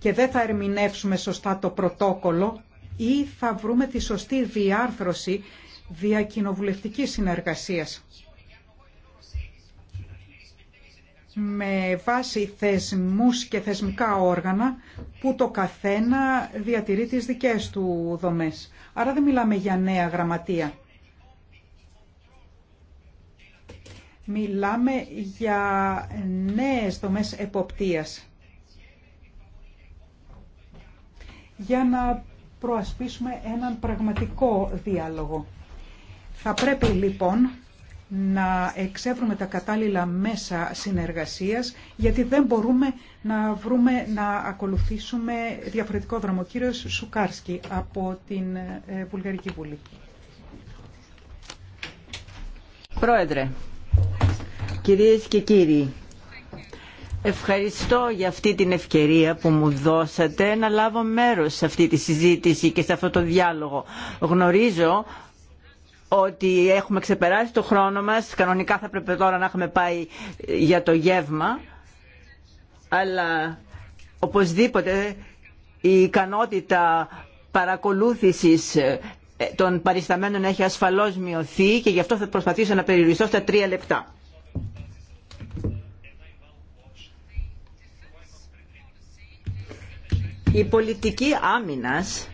S3: και δεν θα ερμηνεύσουμε σωστά το πρωτόκολλο ή θα βρούμε τη σωστή διάρθρωση διακοινοβουλευτικής συνεργασίας. με βάση θεσμούς και θεσμικά όργανα που το καθένα διατηρεί τις δικές του δομές. Άρα δεν μιλάμε για νέα γραμματεία. Μιλάμε για νέες δομές εποπτείας. για να προασπίσουμε έναν πραγματικό διάλογο. Θα πρέπει λοιπόν να εξεύρουμε τα κατάλληλα μέσα συνεργασίας, γιατί δεν μπορούμε να βρούμε, να ακολουθήσουμε διαφορετικό δρόμο. Κύριος Σουκάρσκι από την ε, Βουλγαρική Βουλή.
S2: Πρόεδρε, κυρίες και κύριοι, Ευχαριστώ για αυτή την ευκαιρία που μου δώσατε να λάβω μέρος σε αυτή τη συζήτηση και σε αυτό το διάλογο. Γνωρίζω ότι έχουμε ξεπεράσει το χρόνο μας, κανονικά θα πρέπει τώρα να έχουμε πάει για το γεύμα, αλλά οπωσδήποτε η ικανότητα παρακολούθησης ε, των παρισταμένων έχει ασφαλώς μειωθεί και γι' αυτό θα προσπαθήσω να περιοριστώ στα τρία λεπτά. Η πολιτική άμυνας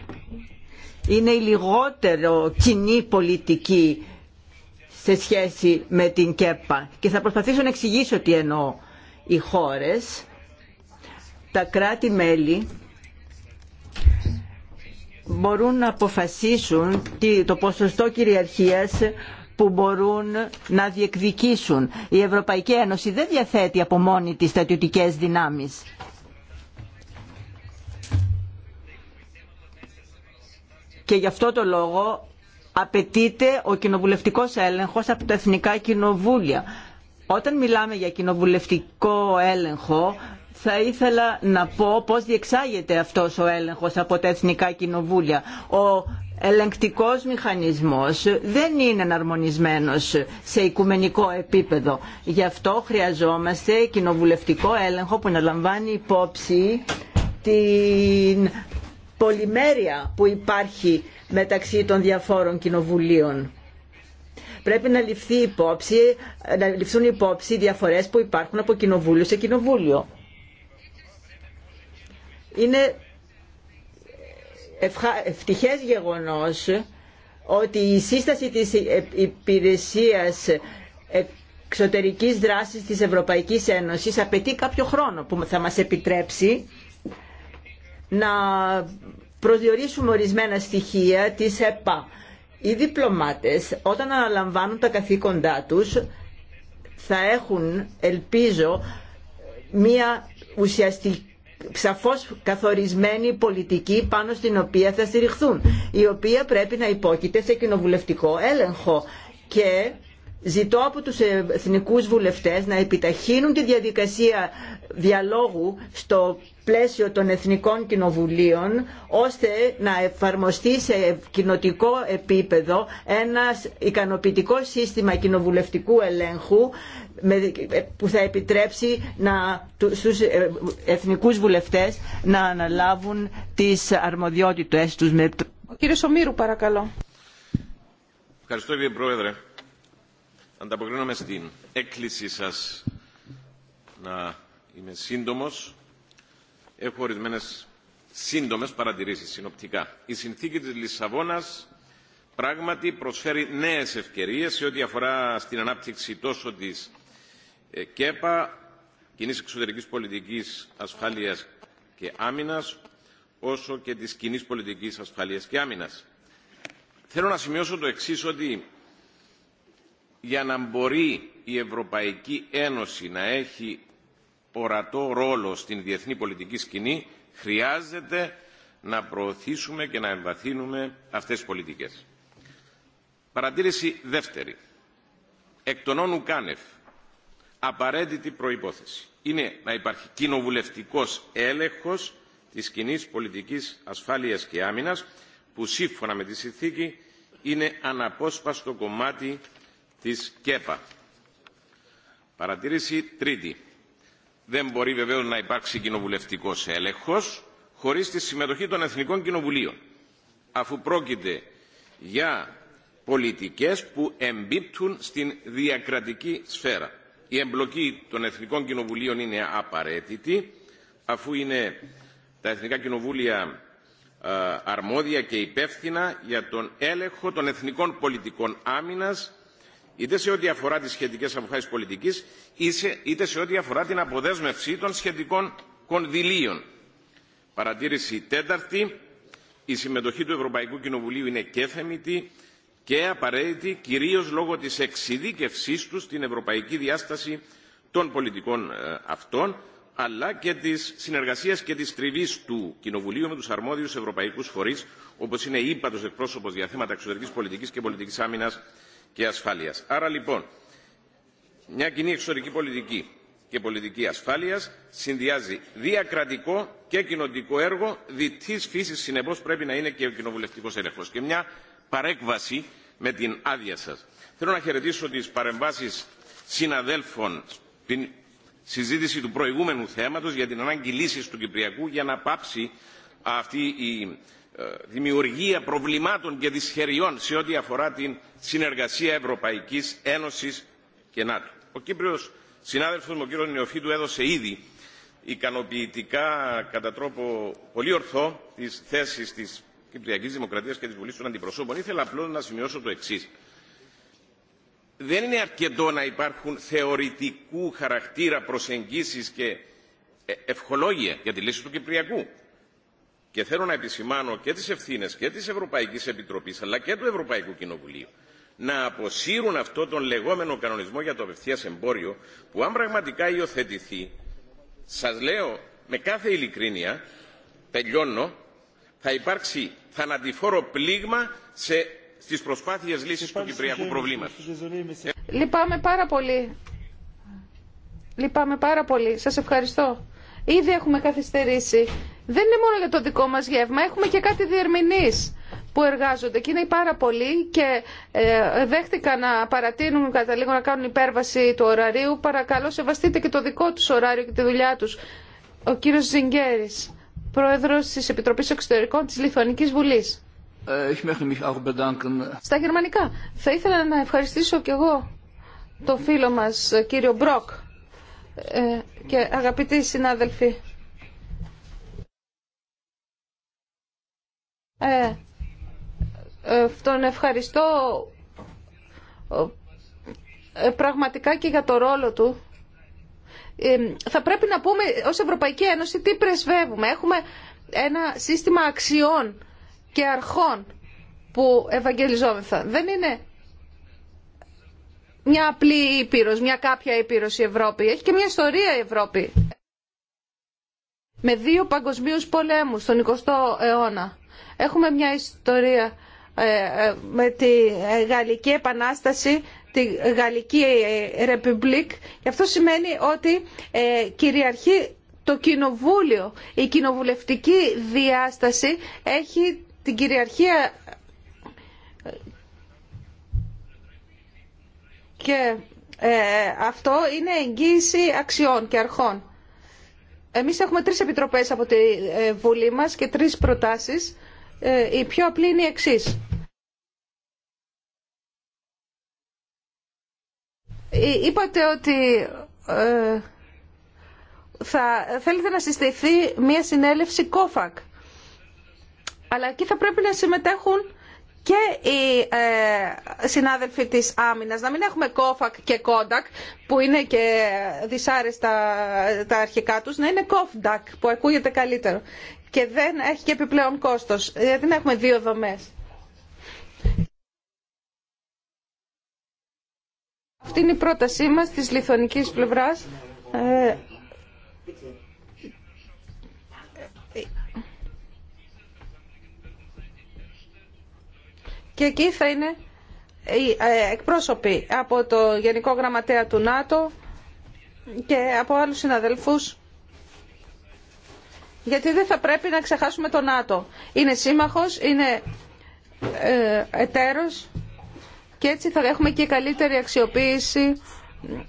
S2: είναι η λιγότερο κοινή πολιτική σε σχέση με την ΚΕΠΑ και θα προσπαθήσω να εξηγήσω τι εννοώ. Οι χώρες, τα κράτη-μέλη μπορούν να αποφασίσουν το ποσοστό κυριαρχίας που μπορούν να διεκδικήσουν. Η Ευρωπαϊκή Ένωση δεν διαθέτει από μόνη της στατιωτικές δυνάμεις. και γι' αυτό το λόγο απαιτείται ο κοινοβουλευτικός έλεγχος από τα εθνικά κοινοβούλια. Όταν μιλάμε για κοινοβουλευτικό έλεγχο, θα ήθελα να πω πώς διεξάγεται αυτός ο έλεγχος από τα εθνικά κοινοβούλια. Ο ελεγκτικός μηχανισμός δεν είναι εναρμονισμένος σε οικουμενικό επίπεδο. Γι' αυτό χρειαζόμαστε κοινοβουλευτικό έλεγχο που να λαμβάνει υπόψη την πολυμέρεια που υπάρχει μεταξύ των διαφόρων κοινοβουλίων. Πρέπει να, ληφθεί υπόψη, να ληφθούν υπόψη οι διαφορές που υπάρχουν από κοινοβούλιο σε κοινοβούλιο. Είναι ευτυχές γεγονός ότι η σύσταση της υπηρεσίας εξωτερικής δράσης της Ευρωπαϊκής Ένωσης απαιτεί κάποιο χρόνο που θα μας επιτρέψει να προσδιορίσουμε ορισμένα στοιχεία της ΕΠΑ. Οι διπλωμάτες όταν αναλαμβάνουν τα καθήκοντά τους θα έχουν, ελπίζω, μία ουσιαστική σαφώς καθορισμένη πολιτική πάνω στην οποία θα στηριχθούν, η οποία πρέπει να υπόκειται σε κοινοβουλευτικό έλεγχο και Ζητώ από τους εθνικούς βουλευτές να επιταχύνουν τη διαδικασία διαλόγου στο πλαίσιο των εθνικών κοινοβουλίων ώστε να εφαρμοστεί σε κοινοτικό επίπεδο ένα ικανοποιητικό σύστημα κοινοβουλευτικού ελέγχου που θα επιτρέψει να, στους ε, εθνικούς βουλευτές να αναλάβουν τις αρμοδιότητες τους. Ο κύριος Ομήρου παρακαλώ.
S7: Ευχαριστώ κύριε Πρόεδρε Ανταποκρίνομαι στην έκκλησή σας να είμαι σύντομος. Έχω ορισμένε σύντομες παρατηρήσεις συνοπτικά. Η συνθήκη της Λισαβόνας πράγματι προσφέρει νέες ευκαιρίες σε ό,τι αφορά στην ανάπτυξη τόσο της ε, ΚΕΠΑ, κοινή εξωτερικής πολιτικής ασφάλειας και άμυνας, όσο και της κοινή πολιτικής ασφάλειας και άμυνας. Θέλω να σημειώσω το εξή ότι για να μπορεί η Ευρωπαϊκή Ένωση να έχει ορατό ρόλο στην διεθνή πολιτική σκηνή, χρειάζεται να προωθήσουμε και να εμβαθύνουμε αυτές τις πολιτικές. Παρατήρηση δεύτερη. Εκ των όνου κάνευ, απαραίτητη προϋπόθεση είναι να υπάρχει κοινοβουλευτικός έλεγχος της κοινή πολιτικής ασφάλειας και άμυνας που σύμφωνα με τη συνθήκη είναι αναπόσπαστο κομμάτι της ΚΕΠΑ. Παρατήρηση τρίτη. Δεν μπορεί βεβαίως να υπάρξει κοινοβουλευτικός έλεγχος χωρίς τη συμμετοχή των Εθνικών Κοινοβουλίων, αφού πρόκειται για πολιτικές που εμπίπτουν στην διακρατική σφαίρα. Η εμπλοκή των Εθνικών Κοινοβουλίων είναι απαραίτητη, αφού είναι τα Εθνικά Κοινοβούλια ε, αρμόδια και υπεύθυνα για τον έλεγχο των εθνικών πολιτικών άμυνας είτε σε ό,τι αφορά τις σχετικές αποφάσεις πολιτικής, είτε σε ό,τι αφορά την αποδέσμευση των σχετικών κονδυλίων. Παρατήρηση τέταρτη, η συμμετοχή του Ευρωπαϊκού Κοινοβουλίου είναι και θεμητή και απαραίτητη, κυρίως λόγω της εξειδίκευσής του στην ευρωπαϊκή διάσταση των πολιτικών ε, αυτών, αλλά και της συνεργασίας και της τριβής του Κοινοβουλίου με τους αρμόδιους ευρωπαϊκούς φορείς, όπως είναι η ύπατος εκπρόσωπος για θέματα εξωτερική πολιτικής και πολιτικής άμυνας και ασφάλειας. Άρα λοιπόν, μια κοινή εξωτερική πολιτική και πολιτική ασφάλειας συνδυάζει διακρατικό και κοινοτικό έργο, διτής φύσης συνεπώς πρέπει να είναι και ο κοινοβουλευτικός έλεγχος. Και μια παρέκβαση με την άδεια σας. Θέλω να χαιρετήσω τις παρεμβάσεις συναδέλφων στην συζήτηση του προηγούμενου θέματος για την ανάγκη λύσης του Κυπριακού για να πάψει αυτή η ε, δημιουργία προβλημάτων και δυσχεριών σε ό,τι αφορά την συνεργασία Ευρωπαϊκής Ένωσης και ΝΑΤΟ. Ο Κύπριος συνάδελφος μου, ο κύριος Νεοφίτου, έδωσε ήδη ικανοποιητικά, κατά τρόπο πολύ ορθό, τις θέσεις της Κυπριακής Δημοκρατίας και της Βουλής των Αντιπροσώπων. Ήθελα απλώς να σημειώσω το εξής. Δεν είναι αρκετό να υπάρχουν θεωρητικού χαρακτήρα προσεγγίσεις και ε, ευχολόγια για τη λύση του Κυπριακού και θέλω να επισημάνω και τις ευθύνες και της Ευρωπαϊκής Επιτροπής αλλά και του Ευρωπαϊκού Κοινοβουλίου να αποσύρουν αυτό τον λεγόμενο κανονισμό για το απευθείας εμπόριο που αν πραγματικά υιοθετηθεί σας λέω με κάθε ειλικρίνεια τελειώνω θα υπάρξει θανατηφόρο πλήγμα σε, στις προσπάθειες λύσης του κυπριακού προβλήματος.
S1: Λυπάμαι πάρα πολύ. Λυπάμαι πάρα πολύ. Σας ευχαριστώ. Ήδη έχουμε καθυστερήσει δεν είναι μόνο για το δικό μας γεύμα, έχουμε και κάτι διερμηνείς που εργάζονται και είναι πάρα πολλοί και ε, δέχτηκαν να παρατείνουν κατά λίγο να κάνουν υπέρβαση του ωραρίου. Παρακαλώ σεβαστείτε και το δικό τους ωράριο και τη δουλειά τους. Ο κύριος Ζιγκέρης, πρόεδρος της Επιτροπής Εξωτερικών της Λιθουανικής Βουλής. Ε, Στα γερμανικά. Θα ήθελα να ευχαριστήσω και εγώ τον φίλο μας ε, κύριο Μπροκ και αγαπητοί συνάδελφοι Ε, ε, τον ευχαριστώ ε, πραγματικά και για το ρόλο του. Ε, θα πρέπει να πούμε ως Ευρωπαϊκή Ένωση τι πρεσβεύουμε. Έχουμε ένα σύστημα αξιών και αρχών που ευαγγελιζόμεθα. Δεν είναι μια απλή ήπειρος, μια κάποια ήπειρος η Ευρώπη. Έχει και μια ιστορία η Ευρώπη. Με δύο παγκοσμίους πολέμους στον 20ο αιώνα. Έχουμε μια ιστορία ε, ε, με τη Γαλλική Επανάσταση, τη Γαλλική ε, Ρεπιμπλίκ και αυτό σημαίνει ότι κυριαρχεί το κοινοβούλιο. Η κοινοβουλευτική διάσταση έχει την κυριαρχία και αυτό είναι εγγύηση αξιών και αρχών. Εμείς έχουμε τρεις επιτροπές από τη Βουλή μας και τρεις προτάσεις ε, η πιο απλή είναι η εξή. Ε, είπατε ότι ε, θα θέλετε να συστηθεί μια συνέλευση κόφακ. Αλλά εκεί θα πρέπει να συμμετέχουν και οι ε, συνάδελφοι της άμυνας. Να μην έχουμε κόφακ και κόντακ που είναι και δυσάρεστα τα αρχικά τους, να είναι κόφντακ που ακούγεται καλύτερο και δεν έχει και επιπλέον κόστος. γιατί δεν έχουμε δύο δομές. Αυτή είναι η πρότασή μας της λιθωνικής πλευράς. Ε, και εκεί θα είναι οι ε, εκπρόσωποι από το Γενικό Γραμματέα του ΝΑΤΟ και από άλλους συναδελφούς γιατί δεν θα πρέπει να ξεχάσουμε τον Άτο. Είναι σύμμαχος, είναι ε, εταίρος και έτσι θα έχουμε και καλύτερη αξιοποίηση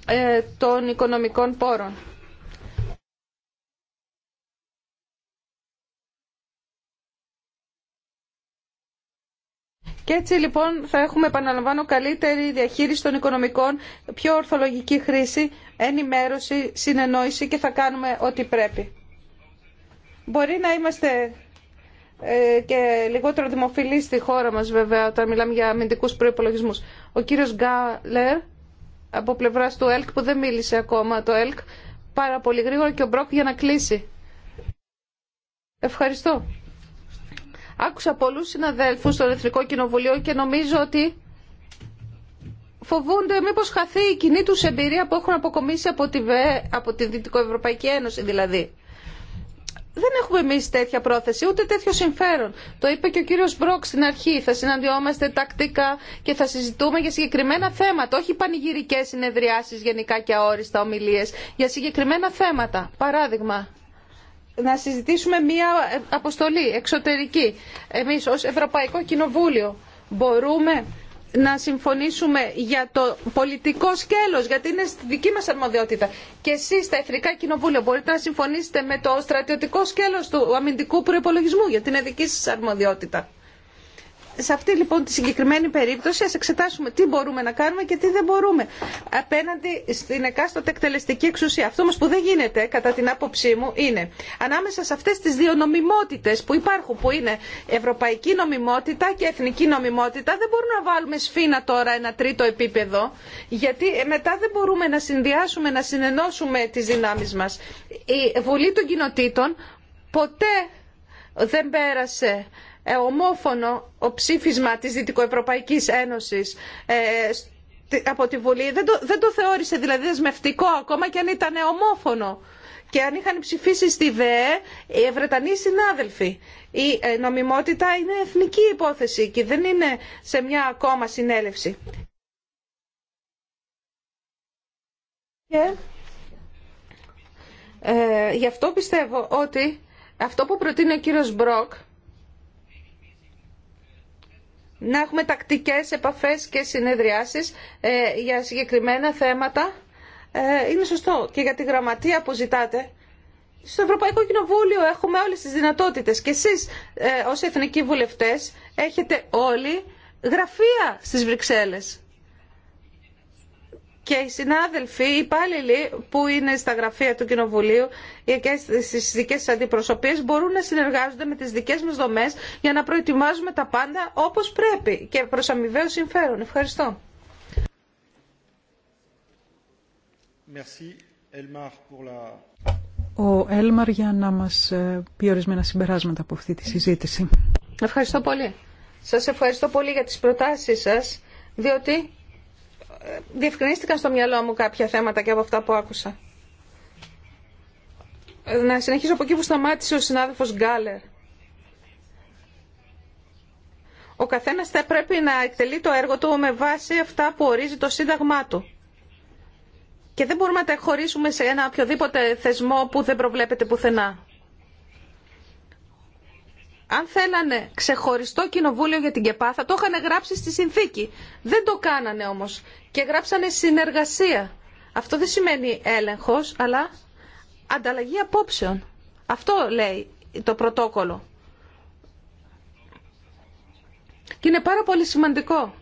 S1: ε, των οικονομικών πόρων. Και έτσι λοιπόν θα έχουμε, επαναλαμβάνω, καλύτερη διαχείριση των οικονομικών, πιο ορθολογική χρήση, ενημέρωση, συνεννόηση και θα κάνουμε ό,τι πρέπει. Μπορεί να είμαστε ε, και λιγότερο δημοφιλείς στη χώρα μας βέβαια όταν μιλάμε για αμυντικούς προϋπολογισμούς. Ο κύριος Γκάλερ από πλευράς του ΕΛΚ που δεν μίλησε ακόμα το ΕΛΚ πάρα πολύ γρήγορα και ο Μπρόκ για να κλείσει. Ευχαριστώ. Άκουσα πολλούς συναδέλφους στο Εθνικό Κοινοβουλίο και νομίζω ότι φοβούνται μήπως χαθεί η κοινή τους εμπειρία που έχουν αποκομίσει από τη, ΒΕ, από τη Δυτικοευρωπαϊκή Ένωση δηλαδή δεν έχουμε εμεί τέτοια πρόθεση, ούτε τέτοιο συμφέρον. Το είπε και ο κύριο Μπρόκ στην αρχή. Θα συναντιόμαστε τακτικά και θα συζητούμε για συγκεκριμένα θέματα, όχι πανηγυρικέ συνεδριάσει γενικά και αόριστα ομιλίε, για συγκεκριμένα θέματα. Παράδειγμα, να συζητήσουμε μία ε, αποστολή εξωτερική. Εμεί ω Ευρωπαϊκό Κοινοβούλιο μπορούμε να συμφωνήσουμε για το πολιτικό σκέλος, γιατί είναι στη δική μας αρμοδιότητα. Και εσείς, στα Εθνικά Κοινοβούλια, μπορείτε να συμφωνήσετε με το στρατιωτικό σκέλος του αμυντικού προϋπολογισμού, γιατί είναι δική σας αρμοδιότητα σε αυτή λοιπόν τη συγκεκριμένη περίπτωση ας εξετάσουμε τι μπορούμε να κάνουμε και τι δεν μπορούμε απέναντι στην εκάστοτε εκτελεστική εξουσία. Αυτό όμως που δεν γίνεται κατά την άποψή μου είναι ανάμεσα σε αυτές τις δύο νομιμότητες που υπάρχουν που είναι ευρωπαϊκή νομιμότητα και εθνική νομιμότητα δεν μπορούμε να βάλουμε σφήνα τώρα ένα τρίτο επίπεδο γιατί ε, μετά δεν μπορούμε να συνδυάσουμε, να συνενώσουμε τις δυνάμεις μας. Η Βουλή των Κοινοτήτων ποτέ δεν πέρασε ε, ομόφωνο ο ψήφισμα της Δυτικοευρωπαϊκής Ένωσης ε, από τη Βουλή. Δεν το, δεν το θεώρησε δηλαδή δεσμευτικό ακόμα και αν ήταν ομόφωνο. Και αν είχαν ψηφίσει στη ΔΕΕ οι Βρετανοί συνάδελφοι. Η ε, νομιμότητα είναι εθνική υπόθεση και δεν είναι σε μια ακόμα συνέλευση. ε, γι' αυτό πιστεύω ότι αυτό που προτείνει ο κύριος Μπροκ να έχουμε τακτικές επαφές και συνεδριάσεις ε, για συγκεκριμένα θέματα. Ε, είναι σωστό. Και για τη γραμματεία που ζητάτε. Στο Ευρωπαϊκό Κοινοβούλιο έχουμε όλες τις δυνατότητες. Και εσείς ε, ως εθνικοί βουλευτές έχετε όλοι γραφεία στις Βρυξέλλες και οι συνάδελφοι, οι υπάλληλοι που είναι στα γραφεία του Κοινοβουλίου και στις δικές τους αντιπροσωπείες μπορούν να συνεργάζονται με τις δικές μας δομές για να προετοιμάζουμε τα πάντα όπως πρέπει και προς
S3: αμοιβαίο συμφέρον. Ευχαριστώ. Ο Έλμαρ για να μας ε, πει ορισμένα συμπεράσματα από αυτή τη συζήτηση.
S1: Ευχαριστώ πολύ. Σας ευχαριστώ πολύ για τις προτάσεις σας, διότι διευκρινίστηκαν στο μυαλό μου κάποια θέματα και από αυτά που άκουσα. Να συνεχίσω από εκεί που σταμάτησε ο συνάδελφος Γκάλερ. Ο καθένας θα πρέπει να εκτελεί το έργο του με βάση αυτά που ορίζει το σύνταγμά του. Και δεν μπορούμε να τα χωρίσουμε σε ένα οποιοδήποτε θεσμό που δεν προβλέπεται πουθενά. Αν θέλανε ξεχωριστό κοινοβούλιο για την ΚΕΠΑ θα το είχαν γράψει στη συνθήκη. Δεν το κάνανε όμως και γράψανε συνεργασία. Αυτό δεν σημαίνει έλεγχος αλλά ανταλλαγή απόψεων. Αυτό λέει το πρωτόκολλο. Και είναι πάρα πολύ σημαντικό.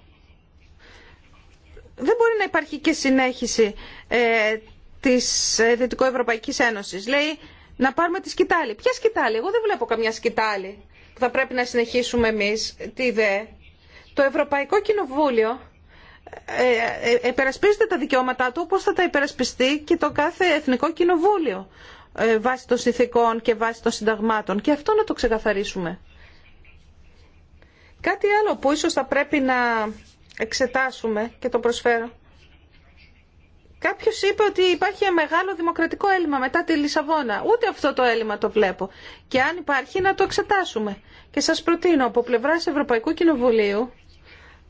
S1: Δεν μπορεί να υπάρχει και συνέχιση ε, της Δυτικοευρωπαϊκής Ένωσης. Λέει να πάρουμε τη σκητάλη. Ποια σκητάλη, εγώ δεν βλέπω καμιά σκητάλη που θα πρέπει να συνεχίσουμε εμείς, τη ΔΕ, το Ευρωπαϊκό Κοινοβούλιο ε, ε, ε, υπερασπίζεται τα δικαιώματά του όπως θα τα υπερασπιστεί και το κάθε Εθνικό Κοινοβούλιο βάσει των συνθήκων και βάσει των συνταγμάτων. Και αυτό να το ξεκαθαρίσουμε. Κάτι άλλο που ίσως θα πρέπει να εξετάσουμε και το προσφέρω Κάποιο είπε ότι υπάρχει ένα μεγάλο δημοκρατικό έλλειμμα μετά τη Λισαβόνα. Ούτε αυτό το έλλειμμα το βλέπω. Και αν υπάρχει, να το εξετάσουμε. Και σα προτείνω από πλευρά Ευρωπαϊκού Κοινοβουλίου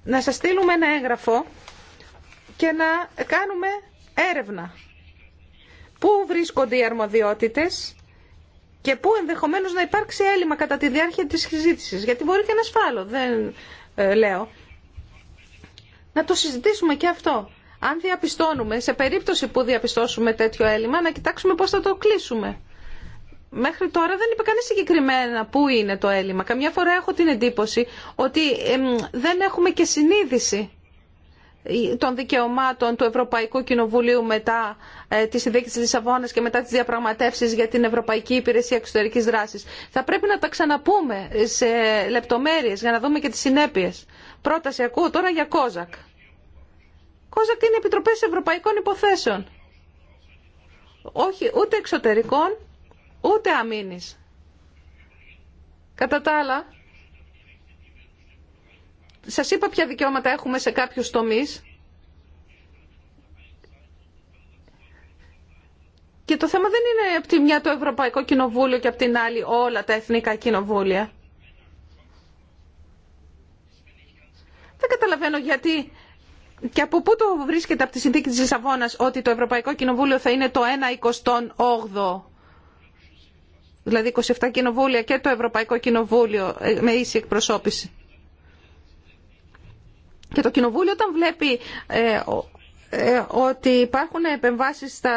S1: να σα στείλουμε ένα έγγραφο και να κάνουμε έρευνα. Πού βρίσκονται οι αρμοδιότητες και πού ενδεχομένως να υπάρξει έλλειμμα κατά τη διάρκεια της συζήτησης. Γιατί μπορεί και να σφάλω, δεν ε, λέω. Να το συζητήσουμε και αυτό αν διαπιστώνουμε, σε περίπτωση που διαπιστώσουμε τέτοιο έλλειμμα, να κοιτάξουμε πώς θα το κλείσουμε. Μέχρι τώρα δεν είπε κανείς συγκεκριμένα πού είναι το έλλειμμα. Καμιά φορά έχω την εντύπωση ότι δεν έχουμε και συνείδηση των δικαιωμάτων του Ευρωπαϊκού Κοινοβουλίου μετά ε, τη συνδίκη της Λισαβόνα και μετά τις διαπραγματεύσεις για την Ευρωπαϊκή Υπηρεσία Εξωτερικής Δράσης. Θα πρέπει να τα ξαναπούμε σε λεπτομέρειες για να δούμε και τις συνέπειες. Πρόταση ακούω τώρα για Κόζακ θα είναι επιτροπές ευρωπαϊκών υποθέσεων. Όχι ούτε εξωτερικών, ούτε αμήνης. Κατά τα άλλα, σας είπα ποια δικαιώματα έχουμε σε κάποιους τομείς. Και το θέμα δεν είναι από τη μια το Ευρωπαϊκό Κοινοβούλιο και από την άλλη όλα τα εθνικά κοινοβούλια. Δεν καταλαβαίνω γιατί και από πού το βρίσκεται από τη συνθήκη της Λισαβόνα ότι το Ευρωπαϊκό Κοινοβούλιο θα είναι το 1,28 δηλαδή 27 κοινοβούλια και το Ευρωπαϊκό Κοινοβούλιο ε, με ίση εκπροσώπηση. Και το Κοινοβούλιο όταν βλέπει ε, ε ότι υπάρχουν επεμβάσεις στα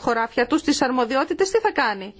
S1: χωράφια του, στις αρμοδιότητες, τι θα κάνει.